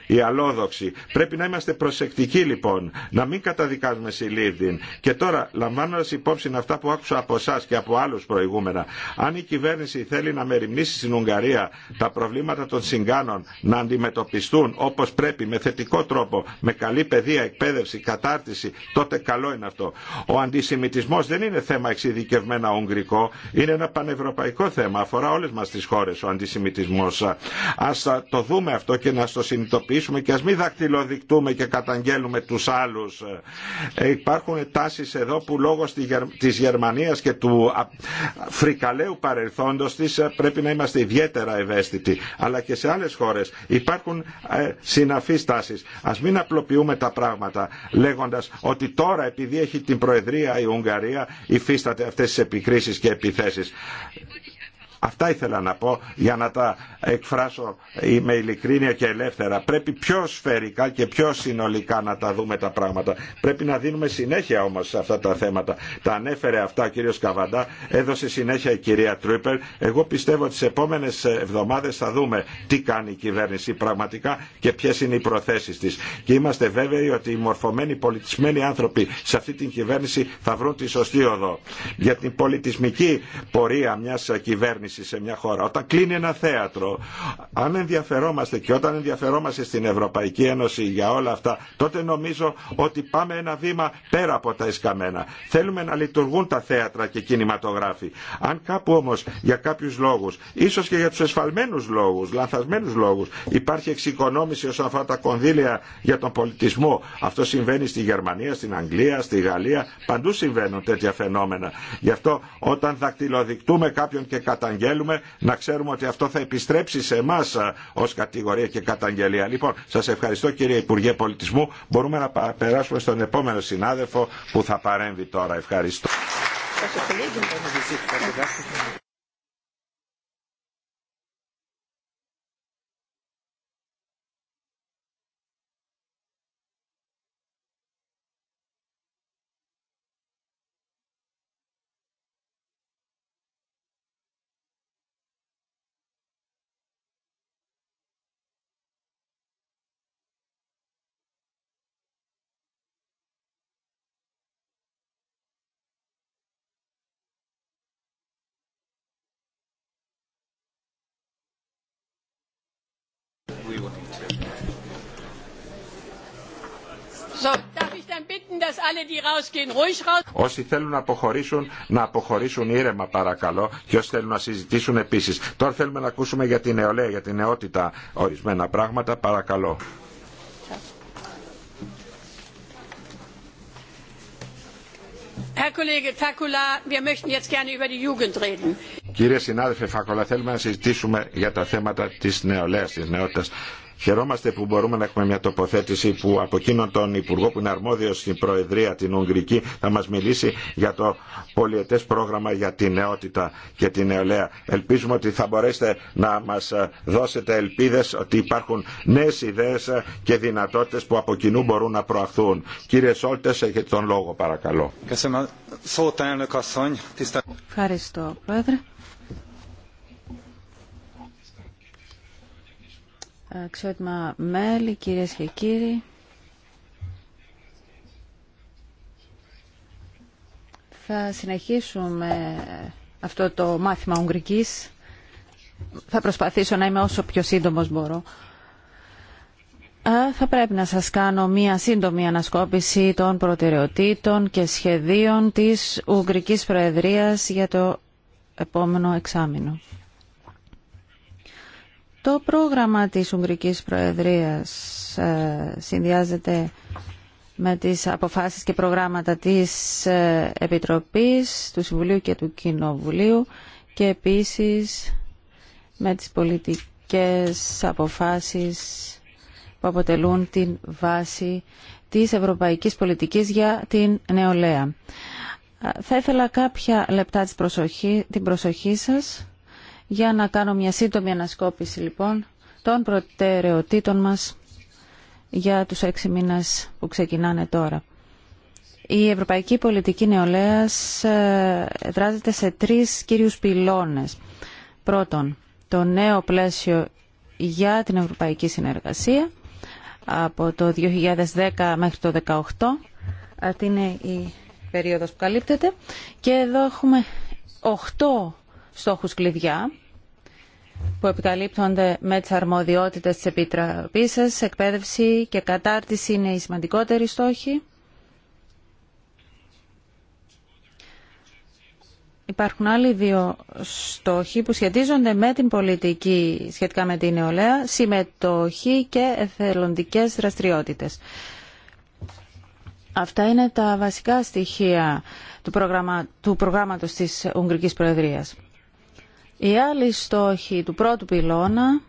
Speaker 2: η Αλόδοξη. Πρέπει να είμαστε προσεκτικοί λοιπόν, να μην καταδικάζουμε συλλήβδιν. Και τώρα, λαμβάνοντας υπόψη αυτά που άκουσα από εσά και από άλλους προηγούμενα, αν η κυβέρνηση θέλει να μεριμνήσει στην Ουγγαρία τα προβλήματα των Τσιγκάνων να αντιμετωπιστούν όπως πρέπει με θετικό τρόπο, με καλή παιδεία, εκπαίδευση, κατάρτιση, τότε καλό είναι αυτό. Ο αντισημιτισμός δεν είναι θέμα εξειδικευμένα ουγγρικό, είναι ένα πανευρωπαϊκό θέμα, αφορά όλες μας τις χώρες ο αντισημιτισμός. Α το δούμε αυτό και να το συνειδητοποιήσουμε και α μην δακτυλοδεικτούμε και καταγγέλουμε τους άλλους. Ε, υπάρχουν τάσεις εδώ που λόγω της Γερμανίας και του φρικαλαίου παρελθόντο τη ε, πρέπει να είμαστε ιδιαίτερα ευαίσθητοι. Αλλά και σε άλλε χώρε υπάρχουν ε, συναφείς τάσει. Α μην απλοποιούμε τα πράγματα λέγοντας ότι τώρα επειδή έχει την Προεδρία η Ουγγαρία υφίσταται αυτές τις επικρίσεις και επιθέσεις. Αυτά ήθελα να πω για να τα εκφράσω με ειλικρίνεια και ελεύθερα. Πρέπει πιο σφαιρικά και πιο συνολικά να τα δούμε τα πράγματα. Πρέπει να δίνουμε συνέχεια όμως σε αυτά τα θέματα. Τα ανέφερε αυτά ο κύριος Καβαντά, έδωσε συνέχεια η κυρία Τρούπερ. Εγώ πιστεύω ότι τις επόμενες εβδομάδες θα δούμε τι κάνει η κυβέρνηση πραγματικά και ποιες είναι οι προθέσεις της. Και είμαστε βέβαιοι ότι οι μορφωμένοι πολιτισμένοι άνθρωποι σε αυτή την κυβέρνηση θα βρουν τη σωστή οδό. Για την πολιτισμική πορεία μιας κυβέρνησης σε μια χώρα, όταν κλείνει ένα θέατρο, αν ενδιαφερόμαστε και όταν ενδιαφερόμαστε στην Ευρωπαϊκή Ένωση για όλα αυτά, τότε νομίζω ότι πάμε ένα βήμα πέρα από τα εσκαμμένα. Θέλουμε να λειτουργούν τα θέατρα και κινηματογράφοι. Αν κάπου όμω για κάποιου λόγου, ίσω και για του εσφαλμένου λόγου, λανθασμένου λόγου, υπάρχει εξοικονόμηση όσον αφορά τα κονδύλια για τον πολιτισμό. Αυτό συμβαίνει στη Γερμανία, στην Αγγλία, στη Γαλλία. Παντού συμβαίνουν τέτοια φαινόμενα. Γι' αυτό όταν δακτυλοδεικτούμε κάποιον και καταγγέλνουμε, καταγγέλουμε να ξέρουμε ότι αυτό θα επιστρέψει σε εμά ω κατηγορία και καταγγελία. Λοιπόν, σα ευχαριστώ κύριε Υπουργέ Πολιτισμού. Μπορούμε να περάσουμε στον επόμενο συνάδελφο που θα παρέμβει τώρα. Ευχαριστώ. Όσοι θέλουν να αποχωρήσουν, να αποχωρήσουν ήρεμα παρακαλώ και όσοι θέλουν να συζητήσουν επίσης. Τώρα θέλουμε να ακούσουμε για την νεολαία, για την νεότητα ορισμένα πράγματα, παρακαλώ. Κύριε συνάδελφε Φάκολα, θέλουμε να συζητήσουμε για τα θέματα της νεολαίας, της νεότητας. Χαιρόμαστε που μπορούμε να έχουμε μια τοποθέτηση που από εκείνον τον Υπουργό που είναι αρμόδιος στην Προεδρία την Ουγγρική θα μας μιλήσει για το πολιετές πρόγραμμα για τη νεότητα και την νεολαία. Ελπίζουμε ότι θα μπορέσετε να μας ε, δώσετε ελπίδες ότι υπάρχουν νέες ιδέες ε, και δυνατότητες που από κοινού μπορούν να προαχθούν. Κύριε Σόλτες, έχετε τον λόγο παρακαλώ.
Speaker 4: Ευχαριστώ Πρόεδρε. Αξιότιμα μέλη, κυρίες και κύριοι. Θα συνεχίσουμε αυτό το μάθημα Ουγγρικής. Θα προσπαθήσω να είμαι όσο πιο σύντομος μπορώ. Θα πρέπει να σας κάνω μία σύντομη ανασκόπηση των προτεραιοτήτων και σχεδίων της Ουγγρικής Προεδρίας για το επόμενο εξάμεινο. Το πρόγραμμα της Ουγγρικής Προεδρίας ε, συνδυάζεται με τις αποφάσεις και προγράμματα της ε, Επιτροπής, του Συμβουλίου και του Κοινοβουλίου και επίσης με τις πολιτικές αποφάσεις που αποτελούν την βάση της ευρωπαϊκής πολιτικής για την νεολαία. Ε, θα ήθελα κάποια λεπτά προσοχή, την προσοχή σας για να κάνω μια σύντομη ανασκόπηση λοιπόν των προτεραιοτήτων μας για τους έξι μήνες που ξεκινάνε τώρα. Η Ευρωπαϊκή Πολιτική Νεολαίας ε, δράζεται σε τρεις κύριους πυλώνες. Πρώτον, το νέο πλαίσιο για την Ευρωπαϊκή Συνεργασία από το 2010 μέχρι το 2018. Αυτή είναι η περίοδος που καλύπτεται. Και εδώ έχουμε 8 στόχους κλειδιά που επικαλύπτονται με τις αρμοδιότητες της Επιτροπής σας. Εκπαίδευση και κατάρτιση είναι οι σημαντικότεροι στόχοι. Υπάρχουν άλλοι δύο στόχοι που σχετίζονται με την πολιτική σχετικά με την νεολαία, συμμετοχή και εθελοντικές δραστηριότητες. Αυτά είναι τα βασικά στοιχεία του, προγράμμα, του προγράμματος της Ουγγρικής Προεδρίας. Οι άλλοι στόχοι του πρώτου πυλώνα,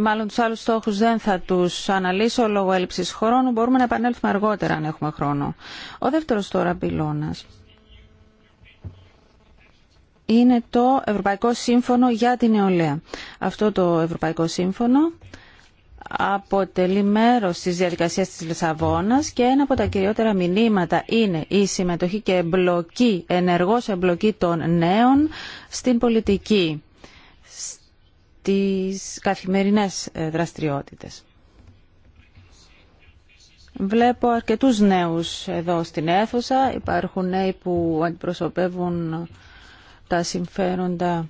Speaker 4: μάλλον τους άλλους στόχους δεν θα τους αναλύσω λόγω έλλειψης χρόνου, μπορούμε να επανέλθουμε αργότερα αν έχουμε χρόνο. Ο δεύτερος τώρα πυλώνας είναι το Ευρωπαϊκό Σύμφωνο για την Νεολαία. Αυτό το Ευρωπαϊκό Σύμφωνο αποτελεί μέρος της διαδικασίας της Λισαβόνας και ένα από τα κυριότερα μηνύματα είναι η συμμετοχή και εμπλοκή, ενεργός εμπλοκή των νέων στην πολιτική, στις καθημερινές ε, δραστηριότητες. Βλέπω αρκετούς νέους εδώ στην αίθουσα. Υπάρχουν νέοι που αντιπροσωπεύουν τα συμφέροντα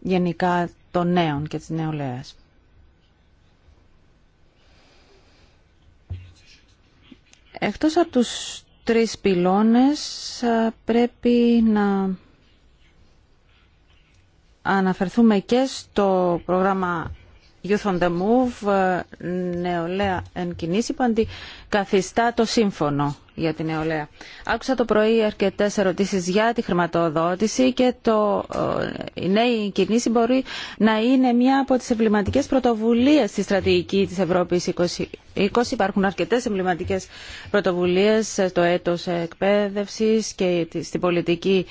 Speaker 4: γενικά των νέων και της νεολαίας. Εκτός από τους τρεις πυλώνες πρέπει να αναφερθούμε και στο πρόγραμμα Youth on the Move, νεολαία εν κινήσει, που αντικαθιστά το σύμφωνο για την νεολαία. Άκουσα το πρωί αρκετέ ερωτήσει για τη χρηματοδότηση και το, ε, η νέη κινήση μπορεί να είναι μια από τι εμβληματικέ πρωτοβουλίε στη στρατηγική τη Ευρώπη 2020. Υπάρχουν αρκετέ εμβληματικέ πρωτοβουλίε στο έτο εκπαίδευση και στην πολιτική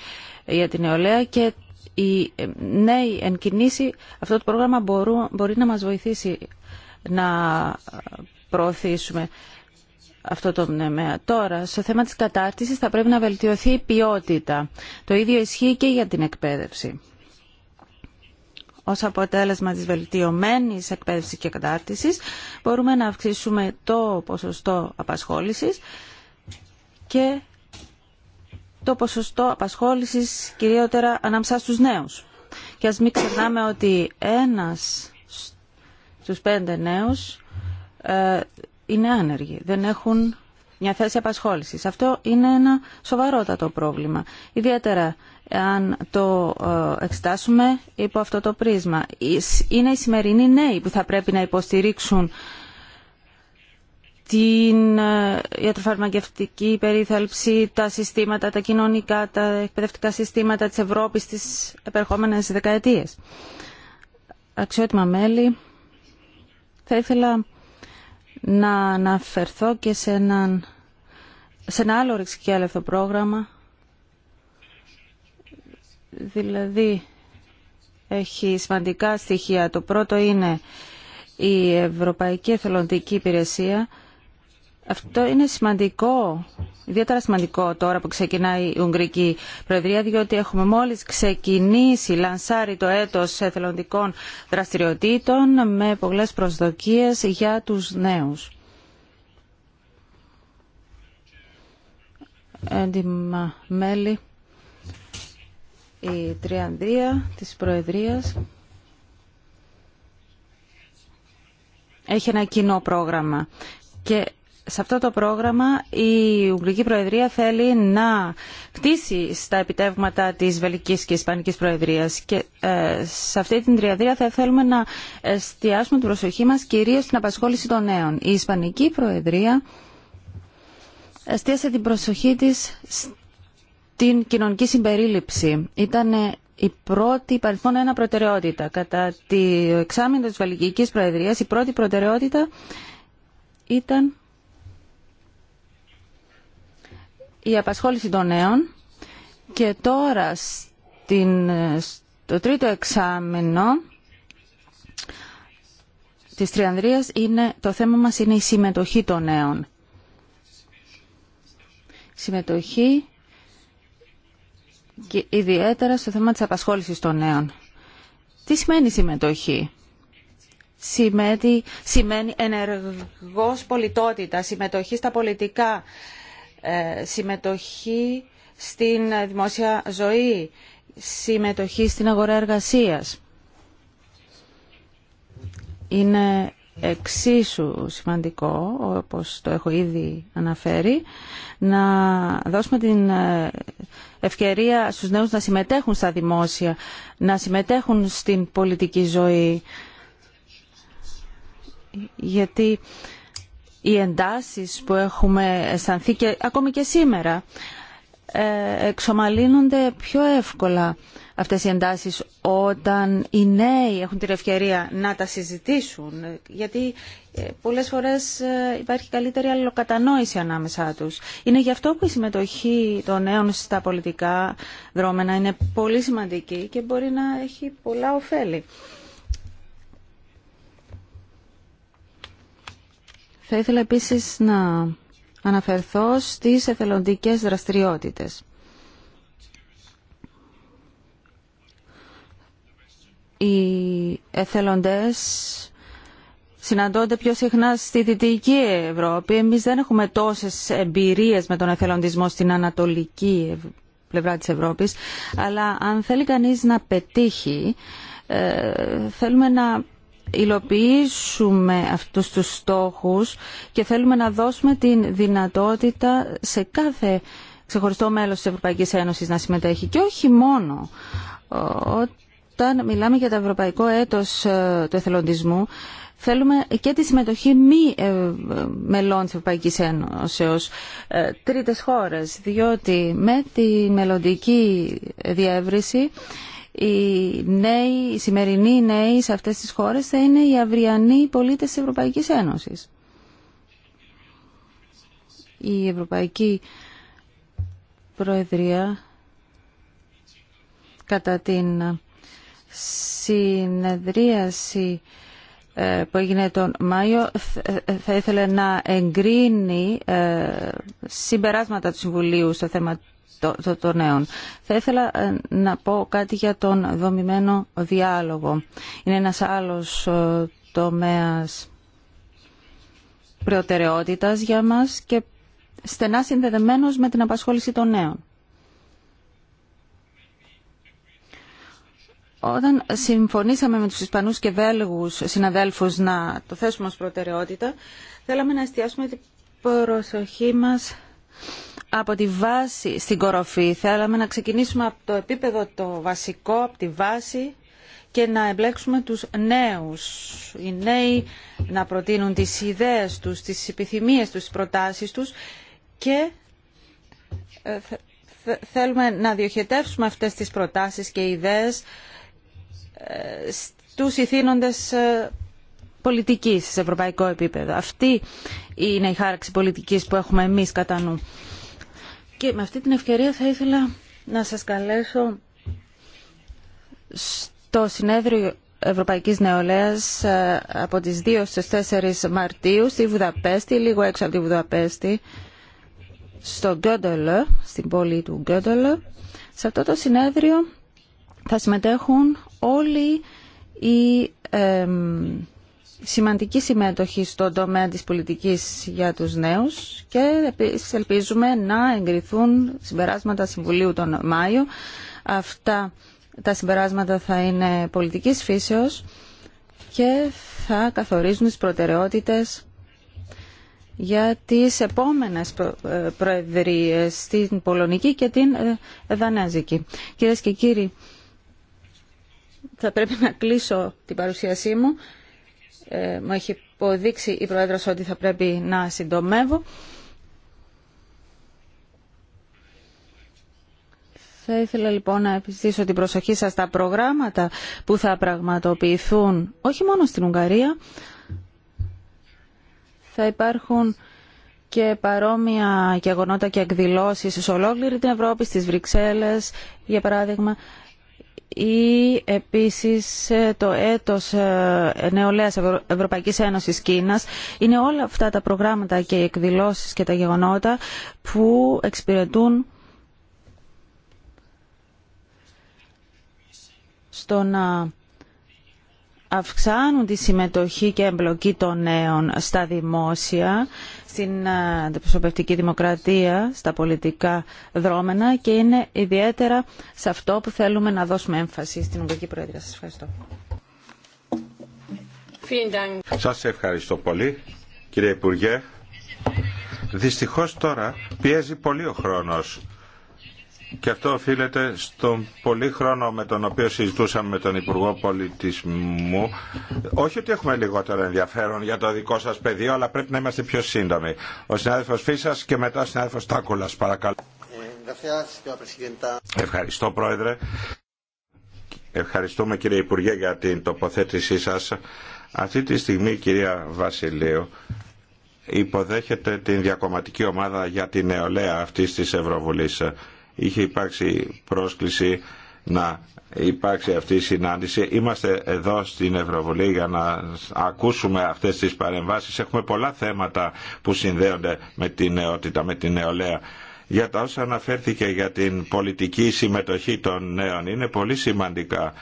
Speaker 4: για την νεολαία και η ε, νέη εν αυτό το πρόγραμμα μπορεί να μας βοηθήσει να ε, προωθήσουμε αυτό το Τώρα, στο θέμα της κατάρτισης θα πρέπει να βελτιωθεί η ποιότητα. Το ίδιο ισχύει και για την εκπαίδευση. Ως αποτέλεσμα της βελτιωμένης εκπαίδευσης και κατάρτισης μπορούμε να αυξήσουμε το ποσοστό απασχόλησης και το ποσοστό απασχόλησης κυριότερα ανάμεσα στους νέους. Και ας μην ξεχνάμε ότι ένας στους πέντε νέους ε, είναι άνεργοι, δεν έχουν μια θέση απασχόλησης. Αυτό είναι ένα σοβαρότατο πρόβλημα. Ιδιαίτερα αν το ε, εξετάσουμε υπό αυτό το πρίσμα. Είναι οι σημερινοί νέοι που θα πρέπει να υποστηρίξουν την ε, ιατροφαρμακευτική περίθαλψη, τα συστήματα, τα κοινωνικά, τα εκπαιδευτικά συστήματα της Ευρώπης στις επερχόμενες δεκαετίες. Αξιότιμα μέλη, θα ήθελα να αναφερθώ και σε, έναν, σε ένα άλλο ρηξικέλευτο πρόγραμμα. Δηλαδή, έχει σημαντικά στοιχεία. Το πρώτο είναι η Ευρωπαϊκή Εθελοντική Υπηρεσία αυτό είναι σημαντικό, ιδιαίτερα σημαντικό τώρα που ξεκινάει η Ουγγρική Προεδρία, διότι έχουμε μόλις ξεκινήσει, λανσάρει το έτος εθελοντικών δραστηριοτήτων με πολλές προσδοκίες για τους νέους. Έντιμα μέλη, η τριανδία της Προεδρίας έχει ένα κοινό πρόγραμμα και σε αυτό το πρόγραμμα η Ουγγρική Προεδρία θέλει να κτίσει στα επιτεύγματα της Βελικής και Ισπανικής Προεδρίας και ε, σε αυτή την τριαδρία θα θέλουμε να εστιάσουμε την προσοχή μας κυρίως στην απασχόληση των νέων. Η Ισπανική Προεδρία εστίασε την προσοχή της στην κοινωνική συμπερίληψη. Ήταν η πρώτη παρελθόν ένα προτεραιότητα. Κατά το εξάμεινο της Βελικής Προεδρίας η πρώτη προτεραιότητα ήταν η απασχόληση των νέων και τώρα στην, το τρίτο εξάμεινο της Τριανδρίας είναι, το θέμα μας είναι η συμμετοχή των νέων. Συμμετοχή και ιδιαίτερα στο θέμα της απασχόλησης των νέων. Τι σημαίνει συμμετοχή. Σημαίνει, σημαίνει ενεργός πολιτότητα, συμμετοχή στα πολιτικά, ε, συμμετοχή στην δημόσια ζωή, συμμετοχή στην αγορά εργασίας. Είναι εξίσου σημαντικό, όπως το έχω ήδη αναφέρει, να δώσουμε την ε, ευκαιρία στους νέους να συμμετέχουν στα δημόσια, να συμμετέχουν στην πολιτική ζωή. Γιατί οι εντάσεις που έχουμε αισθανθεί και ακόμη και σήμερα ε, εξομαλύνονται πιο εύκολα αυτές οι εντάσεις όταν οι νέοι έχουν την ευκαιρία να τα συζητήσουν γιατί ε, πολλές φορές ε, υπάρχει καλύτερη αλληλοκατανόηση ανάμεσά τους. Είναι γι' αυτό που η συμμετοχή των νέων στα πολιτικά δρόμενα είναι πολύ σημαντική και μπορεί να έχει πολλά ωφέλη. Θα ήθελα επίσης να αναφερθώ στις εθελοντικές δραστηριότητες. Οι εθελοντές συναντώνται πιο συχνά στη Δυτική Ευρώπη. Εμείς δεν έχουμε τόσες εμπειρίες με τον εθελοντισμό στην Ανατολική πλευρά της Ευρώπης. Αλλά αν θέλει κανείς να πετύχει, ε, θέλουμε να υλοποιήσουμε αυτούς τους στόχους και θέλουμε να δώσουμε την δυνατότητα σε κάθε ξεχωριστό μέλος της Ευρωπαϊκής Ένωσης να συμμετέχει και όχι μόνο όταν μιλάμε για το ευρωπαϊκό έτος ε, του εθελοντισμού θέλουμε και τη συμμετοχή μη ε, μελών της Ευρωπαϊκής Ένωσης ε, τρίτες χώρες διότι με τη μελλοντική διεύρυνση οι νέοι, οι σημερινοί νέοι σε αυτές τις χώρες θα είναι οι αυριανοί πολίτες της Ευρωπαϊκής Ένωσης. Η Ευρωπαϊκή Προεδρία κατά την συνεδρίαση ε, που έγινε τον Μάιο ε, θα ήθελε να εγκρίνει ε, συμπεράσματα του Συμβουλίου στο θέμα των νέων. Θα ήθελα ε, να πω κάτι για τον δομημένο διάλογο. Είναι ένας άλλος ε, τομέας προτεραιότητας για μας και στενά συνδεδεμένος με την απασχόληση των νέων. Όταν συμφωνήσαμε με τους Ισπανούς και Βέλγους συναδέλφους να το θέσουμε ως προτεραιότητα, θέλαμε να εστιάσουμε την προσοχή μας από τη βάση στην κοροφή. Θέλαμε να ξεκινήσουμε από το επίπεδο το βασικό, από τη βάση και να εμπλέξουμε τους νέους. Οι νέοι να προτείνουν τις ιδέες τους, τις επιθυμίες τους, τις προτάσεις τους και ε, θέλουμε να διοχετεύσουμε αυτές τις προτάσεις και ιδέες ε, στους ηθήνοντες ε, πολιτικής σε ευρωπαϊκό επίπεδο. Αυτή είναι η χάραξη πολιτικής που έχουμε εμείς κατά νου. Και με αυτή την ευκαιρία θα ήθελα να σας καλέσω στο συνέδριο Ευρωπαϊκής Νεολαίας ε, από τις 2 στις 4 Μαρτίου στη Βουδαπέστη, λίγο έξω από τη Βουδαπέστη, στο Γκέντελε, στην πόλη του Γκέντελε. Σε αυτό το συνέδριο θα συμμετέχουν όλοι οι σημαντική συμμετοχή στον τομέα της πολιτικής για τους νέους και επίσης ελπίζουμε να εγκριθούν συμπεράσματα Συμβουλίου τον Μάιο. Αυτά τα συμπεράσματα θα είναι πολιτικής φύσεως και θα καθορίζουν τις προτεραιότητες για τις επόμενες ε, προεδρίες στην Πολωνική και την ε, Δανέζικη. Κυρίες και κύριοι, θα πρέπει να κλείσω την παρουσίασή μου. Ε, μου έχει υποδείξει η Πρόεδρος ότι θα πρέπει να συντομεύω. Θα ήθελα λοιπόν να επιστήσω την προσοχή σας στα προγράμματα που θα πραγματοποιηθούν όχι μόνο στην Ουγγαρία. Θα υπάρχουν και παρόμοια γεγονότα και εκδηλώσεις σε ολόκληρη την Ευρώπη, στις Βρυξέλλες για παράδειγμα ή επίσης ε, το έτος ε, νεολαίας Ευρωπαϊκής Ένωσης Κίνας. Είναι όλα αυτά τα προγράμματα και οι εκδηλώσεις και τα γεγονότα που εξυπηρετούν στο να αυξάνουν τη συμμετοχή και εμπλοκή των νέων στα δημόσια, στην ε, αντιπροσωπευτική δημοκρατία, στα πολιτικά δρόμενα και είναι ιδιαίτερα σε αυτό που θέλουμε να δώσουμε έμφαση στην Ουγγρική Προεδρία. Σας ευχαριστώ.
Speaker 6: Σας
Speaker 2: ευχαριστώ πολύ κύριε Υπουργέ. Δυστυχώς τώρα πιέζει πολύ ο χρόνος και αυτό οφείλεται στον πολύ χρόνο με τον οποίο συζητούσαμε με τον Υπουργό Πολιτισμού. Όχι ότι έχουμε λιγότερο ενδιαφέρον για το δικό σας πεδίο, αλλά πρέπει να είμαστε πιο σύντομοι. Ο συνάδελφος Φίσας και μετά ο συνάδελφος Τάκουλας, παρακαλώ. Ευχαριστώ, Πρόεδρε. Ευχαριστούμε, κύριε Υπουργέ, για την τοποθέτησή σας. Αυτή τη στιγμή, κυρία Βασιλείου, υποδέχεται την διακομματική ομάδα για την νεολαία αυτής της Ευρωβουλής είχε υπάρξει πρόσκληση να υπάρξει αυτή η συνάντηση. Είμαστε εδώ στην Ευρωβουλή για να ακούσουμε αυτές τις παρεμβάσεις. Έχουμε πολλά θέματα που συνδέονται με την νεότητα, με την νεολαία. Για τα όσα αναφέρθηκε για την πολιτική συμμετοχή των νέων είναι πολύ σημαντικά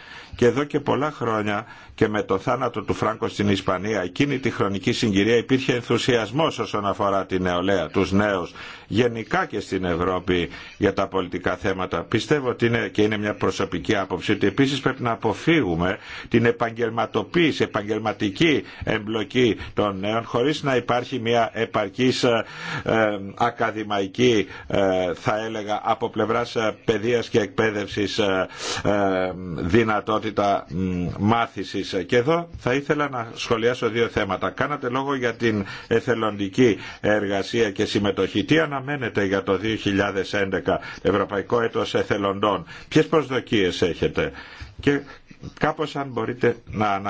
Speaker 2: και εδώ και πολλά χρόνια και με το θάνατο του Φράγκο στην Ισπανία, εκείνη τη χρονική συγκυρία υπήρχε ενθουσιασμός όσον αφορά τη νεολαία, τους νέους, γενικά και στην Ευρώπη για τα πολιτικά θέματα. Πιστεύω ότι είναι και είναι μια προσωπική άποψη ότι επίσης πρέπει να αποφύγουμε την επαγγελματοποίηση, επαγγελματική εμπλοκή των νέων χωρίς να υπάρχει μια επαρκής ε, ε ακαδημαϊκή ε, θα έλεγα από πλευράς ε, παιδείας και εκπαίδευσης ε, δυνατότητα τα μάθησης. Και εδώ θα ήθελα να σχολιάσω δύο θέματα. Κάνατε λόγο για την εθελοντική εργασία και συμμετοχή. Τι αναμένετε για το 2011 Ευρωπαϊκό Έτος Εθελοντών. Ποιες προσδοκίες έχετε. Και Κάπως αν μπορείτε να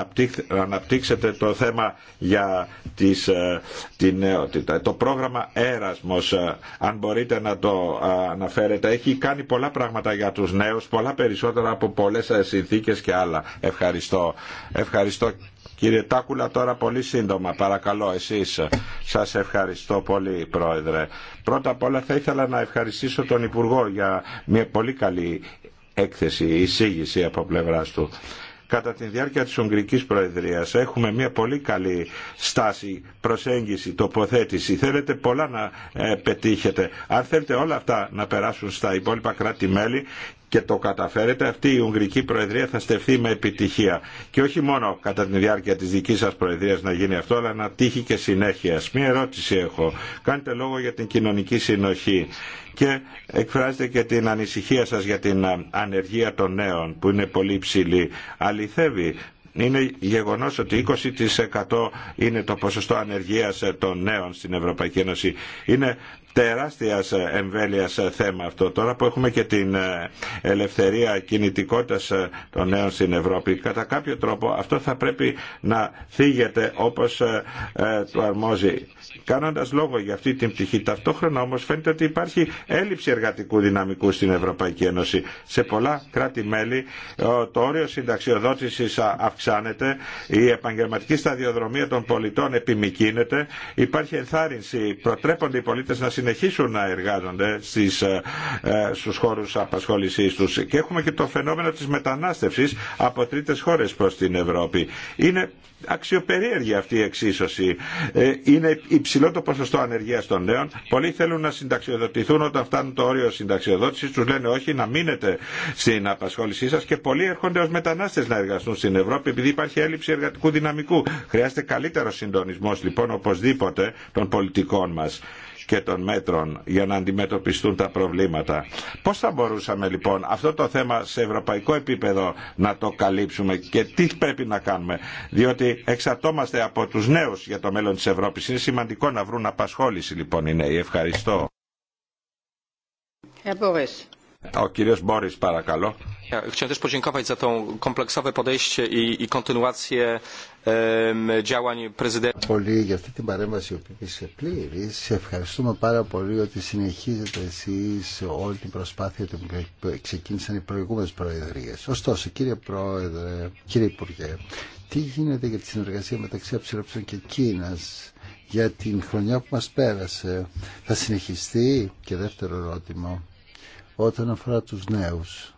Speaker 2: αναπτύξετε το θέμα για τις, ε, τη νεότητα. Το πρόγραμμα Έρασμος, ε, αν μπορείτε να το ε, αναφέρετε, έχει κάνει πολλά πράγματα για τους νέους, πολλά περισσότερα από πολλές συνθήκες και άλλα. Ευχαριστώ. Ευχαριστώ Κύριε Τάκουλα, τώρα πολύ σύντομα, παρακαλώ εσείς. Σας ευχαριστώ πολύ, Πρόεδρε. Πρώτα απ' όλα θα ήθελα να ευχαριστήσω τον Υπουργό για μια πολύ καλή έκθεση, εισήγηση από πλευρά του. Κατά τη διάρκεια της Ουγγρικής Προεδρίας έχουμε μια πολύ καλή στάση, προσέγγιση, τοποθέτηση. Θέλετε πολλά να ε, πετύχετε. Αν θέλετε όλα αυτά να περάσουν στα υπόλοιπα κράτη-μέλη και το καταφέρετε, αυτή η Ουγγρική Προεδρία θα στεφθεί με επιτυχία. Και όχι μόνο κατά τη διάρκεια της δικής σας Προεδρίας να γίνει αυτό, αλλά να τύχει και συνέχεια. Μία ερώτηση έχω. Κάνετε λόγο για την κοινωνική συνοχή και εκφράζετε και την ανησυχία σας για την ε, ανεργία των νέων που είναι πολύ υψηλή. Αληθεύει είναι γεγονός ότι 20% είναι το ποσοστό ανεργίας των νέων στην Ευρωπαϊκή Ένωση. Είναι τεράστιας εμβέλειας θέμα αυτό. Τώρα που έχουμε και την ελευθερία κινητικότητας των νέων στην Ευρώπη, κατά κάποιο τρόπο αυτό θα πρέπει να θίγεται όπως ε, του αρμόζει κάνοντας λόγο για αυτή την πτυχή. Ταυτόχρονα όμως φαίνεται ότι υπάρχει έλλειψη εργατικού δυναμικού στην Ευρωπαϊκή Ένωση. Σε πολλά κράτη-μέλη το όριο συνταξιοδότησης αυξάνεται, η επαγγελματική σταδιοδρομία των πολιτών επιμηκύνεται, υπάρχει ενθάρρυνση, προτρέπονται οι πολίτες να συνεχίσουν να εργάζονται στις, ε, ε, στους χώρους απασχόλησής τους. Και έχουμε και το φαινόμενο της μετανάστευσης από τρίτες χώρες προς την Ευρώπη. Είναι αξιοπερίεργη αυτή η εξίσωση. Ε, είναι υψηλό το ποσοστό ανεργία των νέων. Πολλοί θέλουν να συνταξιοδοτηθούν όταν φτάνουν το όριο συνταξιοδότηση. Του λένε όχι, να μείνετε στην απασχόλησή σα και πολλοί έρχονται ω μετανάστε να εργαστούν στην Ευρώπη επειδή υπάρχει έλλειψη εργατικού δυναμικού. Χρειάζεται καλύτερο συντονισμό λοιπόν οπωσδήποτε των πολιτικών μα και των μέτρων για να αντιμετωπιστούν τα προβλήματα. Πώς θα μπορούσαμε λοιπόν αυτό το θέμα σε ευρωπαϊκό επίπεδο να το καλύψουμε και τι πρέπει να κάνουμε. Διότι εξαρτόμαστε από τους νέους για το μέλλον της Ευρώπης. Είναι σημαντικό να βρουν απασχόληση λοιπόν οι νέοι. Ευχαριστώ.
Speaker 6: Ευχαριστώ.
Speaker 2: Ο κύριος Μπόρις παρακαλώ.
Speaker 5: Ε, chciałem też podziękować za to kompleksowe podejście i, i kontynuację działań prezydenta.
Speaker 1: Πολύ για αυτή την παρέμβαση που είσαι πλήρη. Σε ευχαριστούμε πάρα πολύ ότι συνεχίζετε εσεί όλη την προσπάθεια που ξεκίνησαν οι προηγούμενε προεδρίε. Ωστόσο, κύριε Πρόεδρε, κύριε Υπουργέ, τι γίνεται για τη συνεργασία μεταξύ ΕΕ και Κίνα για την χρονιά που μα πέρασε, θα συνεχιστεί και δεύτερο ερώτημα όταν αφορά τους νέους.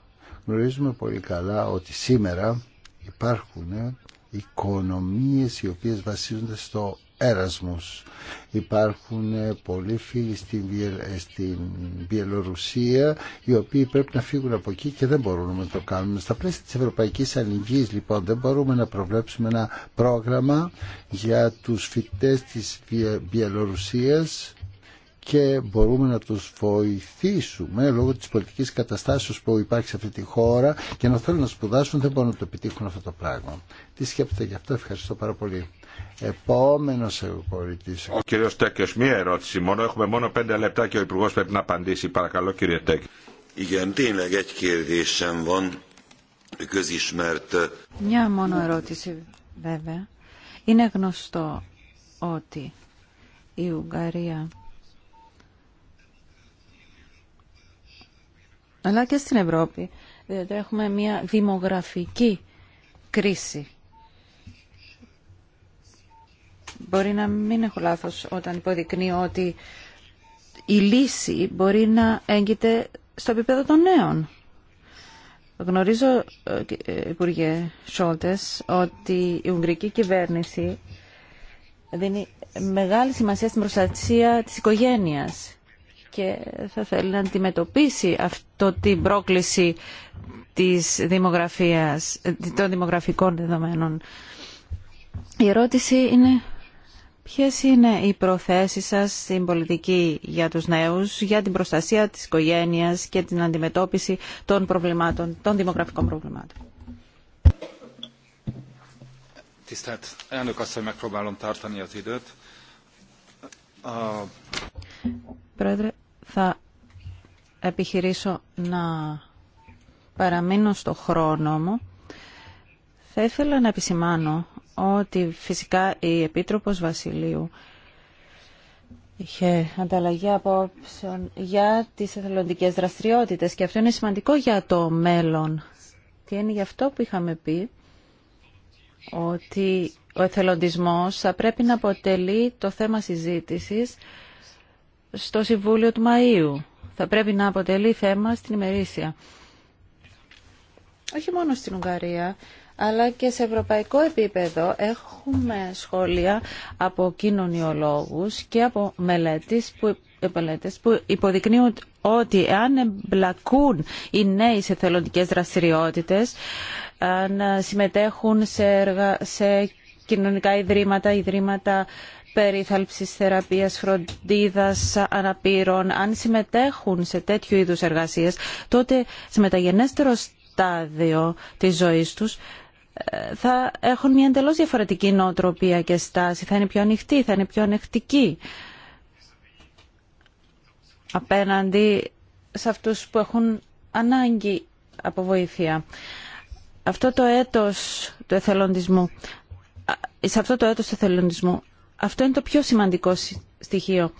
Speaker 1: Γνωρίζουμε πολύ καλά ότι σήμερα υπάρχουν οικονομίες οι οποίες βασίζονται στο έρασμος. Υπάρχουν πολλοί φίλοι στην, στην οι οποίοι πρέπει να φύγουν από εκεί και δεν μπορούμε να το κάνουμε. Στα πλαίσια της Ευρωπαϊκής Αλληλεγγύης λοιπόν δεν μπορούμε να προβλέψουμε ένα πρόγραμμα για τους φοιτές της Βιελορουσίας και μπορούμε να τους βοηθήσουμε λόγω της πολιτικής καταστάσεως που υπάρχει σε αυτή τη χώρα και να θέλουν να σπουδάσουν δεν μπορούν να το επιτύχουν αυτό το πράγμα. Τι σκέφτεται γι' αυτό, ευχαριστώ πάρα πολύ. Επόμενο ε, πολιτή. Ο
Speaker 2: κύριο Τέκιο, μία ερώτηση. Μόνο έχουμε μόνο πέντε λεπτά και ο Υπουργό πρέπει να απαντήσει. Παρακαλώ, κύριε Τέκιο.
Speaker 4: Μια μόνο ερώτηση, βέβαια. Είναι γνωστό ότι η Ουγγαρία αλλά και στην Ευρώπη, διότι έχουμε μια δημογραφική κρίση. Μπορεί να μην έχω λάθος όταν υποδεικνύω ότι η λύση μπορεί να έγκυται στο επίπεδο των νέων. Γνωρίζω, ε, Υπουργέ Σόλτες, ότι η Ουγγρική κυβέρνηση δίνει μεγάλη σημασία στην προστασία της οικογένειας και θα θέλει να αντιμετωπίσει αυτό την πρόκληση της δημογραφίας, των δημογραφικών δεδομένων. Η ερώτηση είναι ποιες είναι οι προθέσεις σας στην πολιτική για τους νέους, για την προστασία της οικογένειας και την αντιμετώπιση των προβλημάτων, των δημογραφικών προβλημάτων. Πρόεδρε, θα επιχειρήσω να παραμείνω στο χρόνο μου. Θα ήθελα να επισημάνω ότι φυσικά η Επίτροπος Βασιλείου είχε ανταλλαγή απόψεων για τις εθελοντικές δραστηριότητες και αυτό είναι σημαντικό για το μέλλον. Και είναι γι' αυτό που είχαμε πει ότι ο εθελοντισμός θα πρέπει να αποτελεί το θέμα συζήτησης στο Συμβούλιο του Μαΐου. Θα πρέπει να αποτελεί θέμα στην ημερήσια. Όχι μόνο στην Ουγγαρία, αλλά και σε ευρωπαϊκό επίπεδο έχουμε σχόλια από κοινωνιολόγους και από μελέτες που, υποδεικνύουν ότι αν εμπλακούν οι νέοι σε θελοντικές δραστηριότητες, αν συμμετέχουν σε κοινωνικά ιδρύματα, ιδρύματα περίθαλψης, θεραπείας, φροντίδας αναπήρων, αν συμμετέχουν σε τέτοιου είδους εργασίες, τότε σε μεταγενέστερο στάδιο της ζωής τους ε, θα έχουν μια εντελώς διαφορετική νοοτροπία και στάση, θα είναι πιο ανοιχτή, θα είναι πιο ανεκτική απέναντι σε αυτούς που έχουν ανάγκη από βοήθεια. Αυτό το έτος του εθελοντισμού, σε αυτό το έτος του εθελοντισμού αυτό είναι το πιο σημαντικό στοιχείο.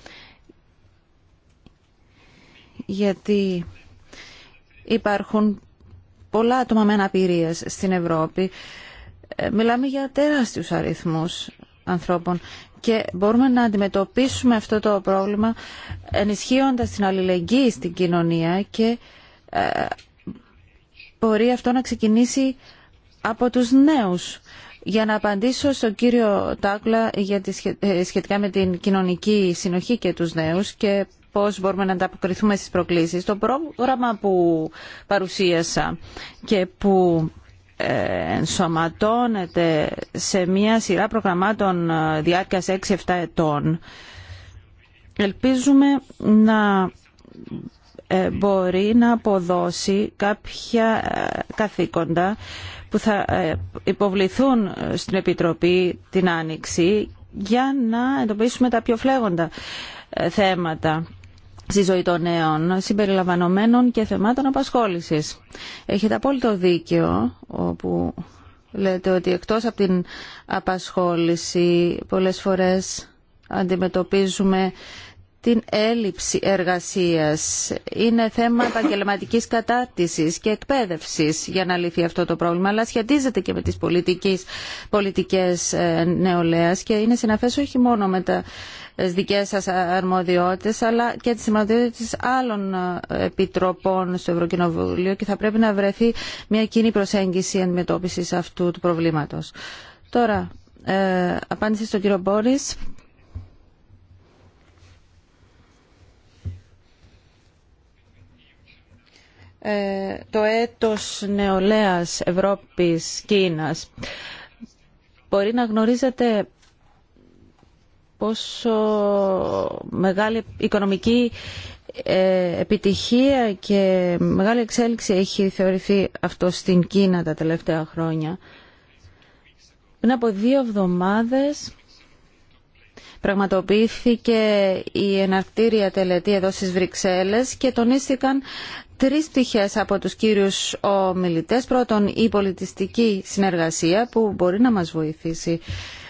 Speaker 4: Γιατί υπάρχουν πολλά άτομα με στην Ευρώπη. Ε, μιλάμε για τεράστιους αριθμούς ανθρώπων και μπορούμε να αντιμετωπίσουμε αυτό το πρόβλημα ενισχύοντας την αλληλεγγύη στην κοινωνία και ε, μπορεί αυτό να ξεκινήσει από τους νέους. Για να απαντήσω στον κύριο Τάκλα για τη ε, σχετικά με την κοινωνική συνοχή και τους νέους και πώς μπορούμε να ανταποκριθούμε στις προκλήσεις. Το πρόγραμμα που παρουσίασα και που ε, ενσωματώνεται σε μια σειρά προγραμμάτων ε, διάρκειας 6-7 ετών ελπίζουμε να μπορεί να αποδώσει κάποια καθήκοντα που θα ε, υποβληθούν ε, στην Επιτροπή την Άνοιξη για να εντοπίσουμε τα πιο φλέγοντα ε, θέματα στη ζωή των νέων, συμπεριλαμβανομένων και θεμάτων απασχόλησης. Έχετε απόλυτο δίκαιο όπου λέτε ότι εκτός από την απασχόληση πολλές φορές αντιμετωπίζουμε την έλλειψη εργασίας. Είναι θέμα επαγγελματική κατάρτισης και εκπαίδευσης για να λυθεί αυτό το πρόβλημα, αλλά σχετίζεται και με τις πολιτικές, πολιτικές ε, νεολαίας και είναι συναφές όχι μόνο με τα ε, δικές σας αρμοδιότητες αλλά και τις αρμοδιότητες άλλων ε, επιτροπών στο Ευρωκοινοβούλιο και θα πρέπει να βρεθεί μια κοινή προσέγγιση αντιμετώπισης αυτού του προβλήματος. Τώρα, απάντηση στον κύριο Μπόρις. Ε, το έτος νεολαίας Ευρώπης Κίνας. Μπορεί να γνωρίζετε πόσο μεγάλη οικονομική ε, επιτυχία και μεγάλη εξέλιξη έχει θεωρηθεί αυτό στην Κίνα τα τελευταία χρόνια. Πριν από δύο εβδομάδες πραγματοποιήθηκε η εναρκτήρια τελετή εδώ στις Βρυξέλλες και τονίστηκαν τρεις πτυχέ από τους κύριους ομιλητές. Πρώτον, η πολιτιστική συνεργασία που μπορεί να μας βοηθήσει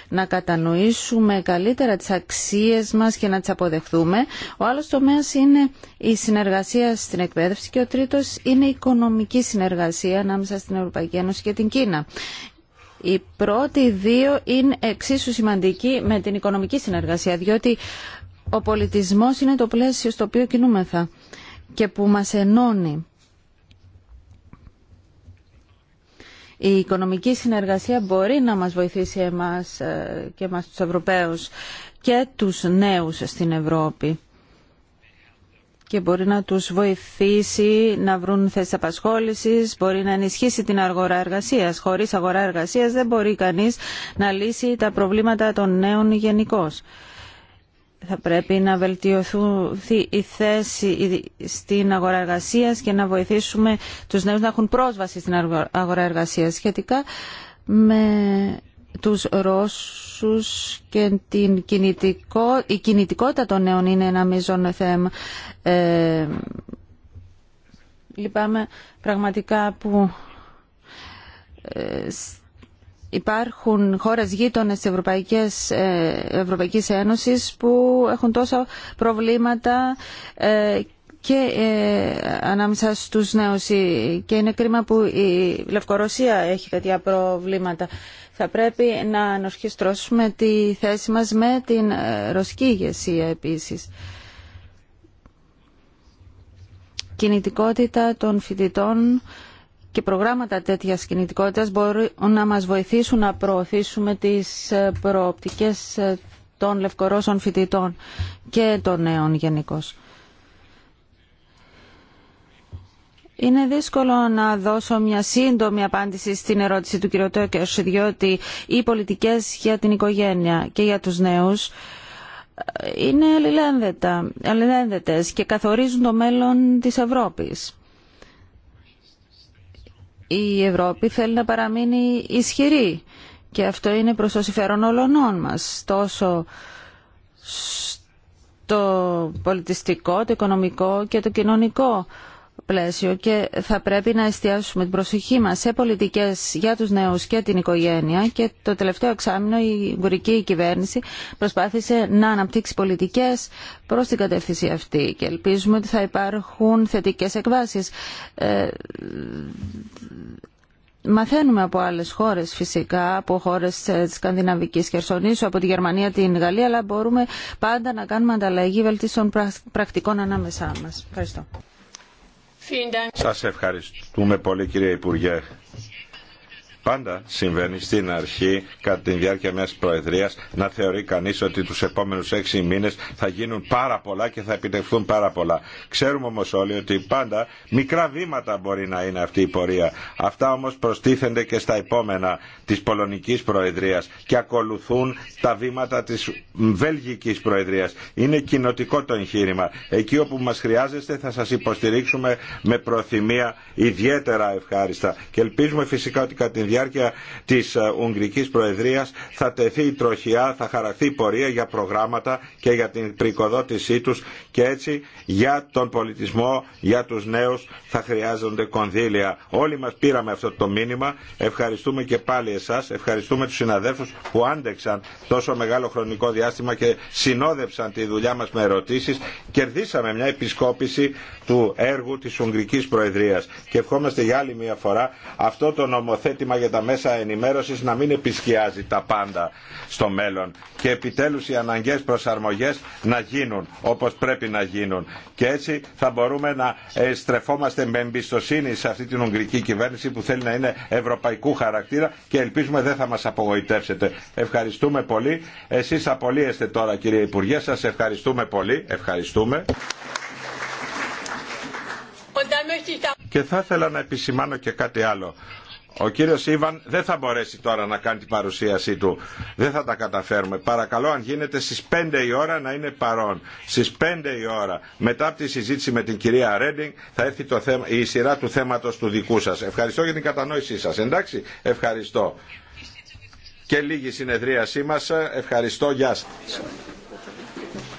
Speaker 4: να κατανοήσουμε καλύτερα τις αξίες μας και να τις αποδεχθούμε. Ο άλλος τομέας είναι η συνεργασία στην εκπαίδευση και ο τρίτος είναι η οικονομική συνεργασία ανάμεσα στην Ευρωπαϊκή Ένωση και την Κίνα. Οι πρώτοι δύο είναι εξίσου σημαντικοί με την οικονομική συνεργασία, διότι ο πολιτισμός είναι το πλαίσιο στο οποίο κινούμεθα και που μας ενώνει. Η οικονομική συνεργασία μπορεί να μας βοηθήσει εμάς ε, και μας τους Ευρωπαίους και τους νέους στην Ευρώπη και μπορεί να τους βοηθήσει να βρουν θέσεις απασχόλησης, μπορεί να ενισχύσει την αγορά εργασίας. Χωρίς αγορά εργασίας δεν μπορεί κανείς να λύσει τα προβλήματα των νέων γενικώς θα πρέπει να βελτιωθούν η θέση στην αγορά εργασία και να βοηθήσουμε τους νέους να έχουν πρόσβαση στην αγορά εργασία. σχετικά με τους Ρώσους και την κινητικό, η κινητικότητα των νέων είναι ένα μείζον θέμα. Ε, λυπάμαι πραγματικά που ε, υπάρχουν χώρες γείτονες Ευρωπαϊκής, ε, Ευρωπαϊκής Ένωσης που έχουν τόσα προβλήματα ε, και ε, ανάμεσα στους νέους και είναι κρίμα που η Λευκορωσία έχει τέτοια προβλήματα. Θα πρέπει να ανορχιστρώσουμε τη θέση μας με την ρωσική ηγεσία επίσης. Κινητικότητα των φοιτητών και προγράμματα τέτοια κινητικότητα μπορούν να μας βοηθήσουν να προωθήσουμε τις ε, προοπτικές ε, των λευκορώσων φοιτητών και των νέων γενικώ. Είναι δύσκολο να δώσω μια σύντομη απάντηση στην ερώτηση του κ. Τόκερς, διότι οι πολιτικές για την οικογένεια και για τους νέους ε, είναι αλληλένδετες και καθορίζουν το μέλλον της Ευρώπης η Ευρώπη θέλει να παραμείνει ισχυρή και αυτό είναι προς το συμφέρον όλων μας, τόσο το πολιτιστικό, το οικονομικό και το κοινωνικό πλαίσιο και θα πρέπει να εστιάσουμε την προσοχή μας σε πολιτικές για τους νέους και την οικογένεια και το τελευταίο εξάμεινο η γουρική κυβέρνηση προσπάθησε να αναπτύξει πολιτικές προς την κατεύθυνση αυτή και ελπίζουμε ότι θα υπάρχουν θετικές εκβάσεις. Ε, Μαθαίνουμε από άλλες χώρες φυσικά, από χώρες της Σκανδιναβικής Χερσονήσου, από τη Γερμανία, την Γαλλία, αλλά μπορούμε πάντα να κάνουμε ανταλλαγή βελτίστων πρακτικών ανάμεσά μας. Ευχαριστώ.
Speaker 2: Σας
Speaker 6: ευχαριστούμε
Speaker 2: πολύ κύριε Υπουργέ. Πάντα συμβαίνει στην αρχή, κατά τη διάρκεια μια προεδρία, να θεωρεί κανεί ότι του επόμενου έξι μήνε θα γίνουν πάρα πολλά και θα επιτευχθούν πάρα πολλά. Ξέρουμε όμω όλοι ότι πάντα μικρά βήματα μπορεί να είναι αυτή η πορεία. Αυτά όμω προστίθενται και στα επόμενα τη Πολωνική Προεδρία και ακολουθούν τα βήματα τη Βέλγικη Προεδρία. Είναι κοινοτικό το εγχείρημα. Εκεί όπου μα χρειάζεστε θα σα υποστηρίξουμε με προθυμία ιδιαίτερα ευχάριστα. Και ελπίζουμε φυσικά ότι κατά διάρκεια της ε, Ουγγρικής Προεδρίας θα τεθεί η τροχιά, θα χαραχθεί πορεία για προγράμματα και για την πρικοδότησή τους και έτσι για τον πολιτισμό, για τους νέους θα χρειάζονται κονδύλια. Όλοι μας πήραμε αυτό το μήνυμα. Ευχαριστούμε και πάλι εσά. ευχαριστούμε τους συναδέλφους που άντεξαν τόσο μεγάλο χρονικό διάστημα και συνόδευσαν τη δουλειά μα με ερωτήσει. Κερδίσαμε μια επισκόπηση του έργου της Ουγγρικής Προεδρίας και ευχόμαστε για άλλη μια φορά αυτό το νομοθέτημα για τα μέσα ενημέρωσης να μην επισκιάζει τα πάντα στο μέλλον και επιτέλους οι αναγκαίες προσαρμογές να γίνουν όπως πρέπει να γίνουν και έτσι θα μπορούμε να ε, στρεφόμαστε με εμπιστοσύνη σε αυτή την Ουγγρική κυβέρνηση που θέλει να είναι ευρωπαϊκού χαρακτήρα και ελπίζουμε δεν θα μας απογοητεύσετε. Ευχαριστούμε πολύ. Εσείς απολύεστε τώρα κύριε Υπουργέ. Σας ευχαριστούμε πολύ. Ευχαριστούμε. Και θα ήθελα να επισημάνω και κάτι άλλο. Ο κύριος Ιβαν δεν θα μπορέσει τώρα να κάνει την παρουσίασή του. Δεν θα τα καταφέρουμε. Παρακαλώ αν γίνεται στις 5 η ώρα να είναι παρόν. Στις 5 η ώρα μετά από τη συζήτηση με την κυρία Ρέντινγκ θα έρθει το θέμα, η σειρά του θέματος του δικού σας. Ευχαριστώ για την κατανόησή σας. Εντάξει. Ευχαριστώ. Και λίγη συνεδρίασή μας. Ευχαριστώ. Γεια σας.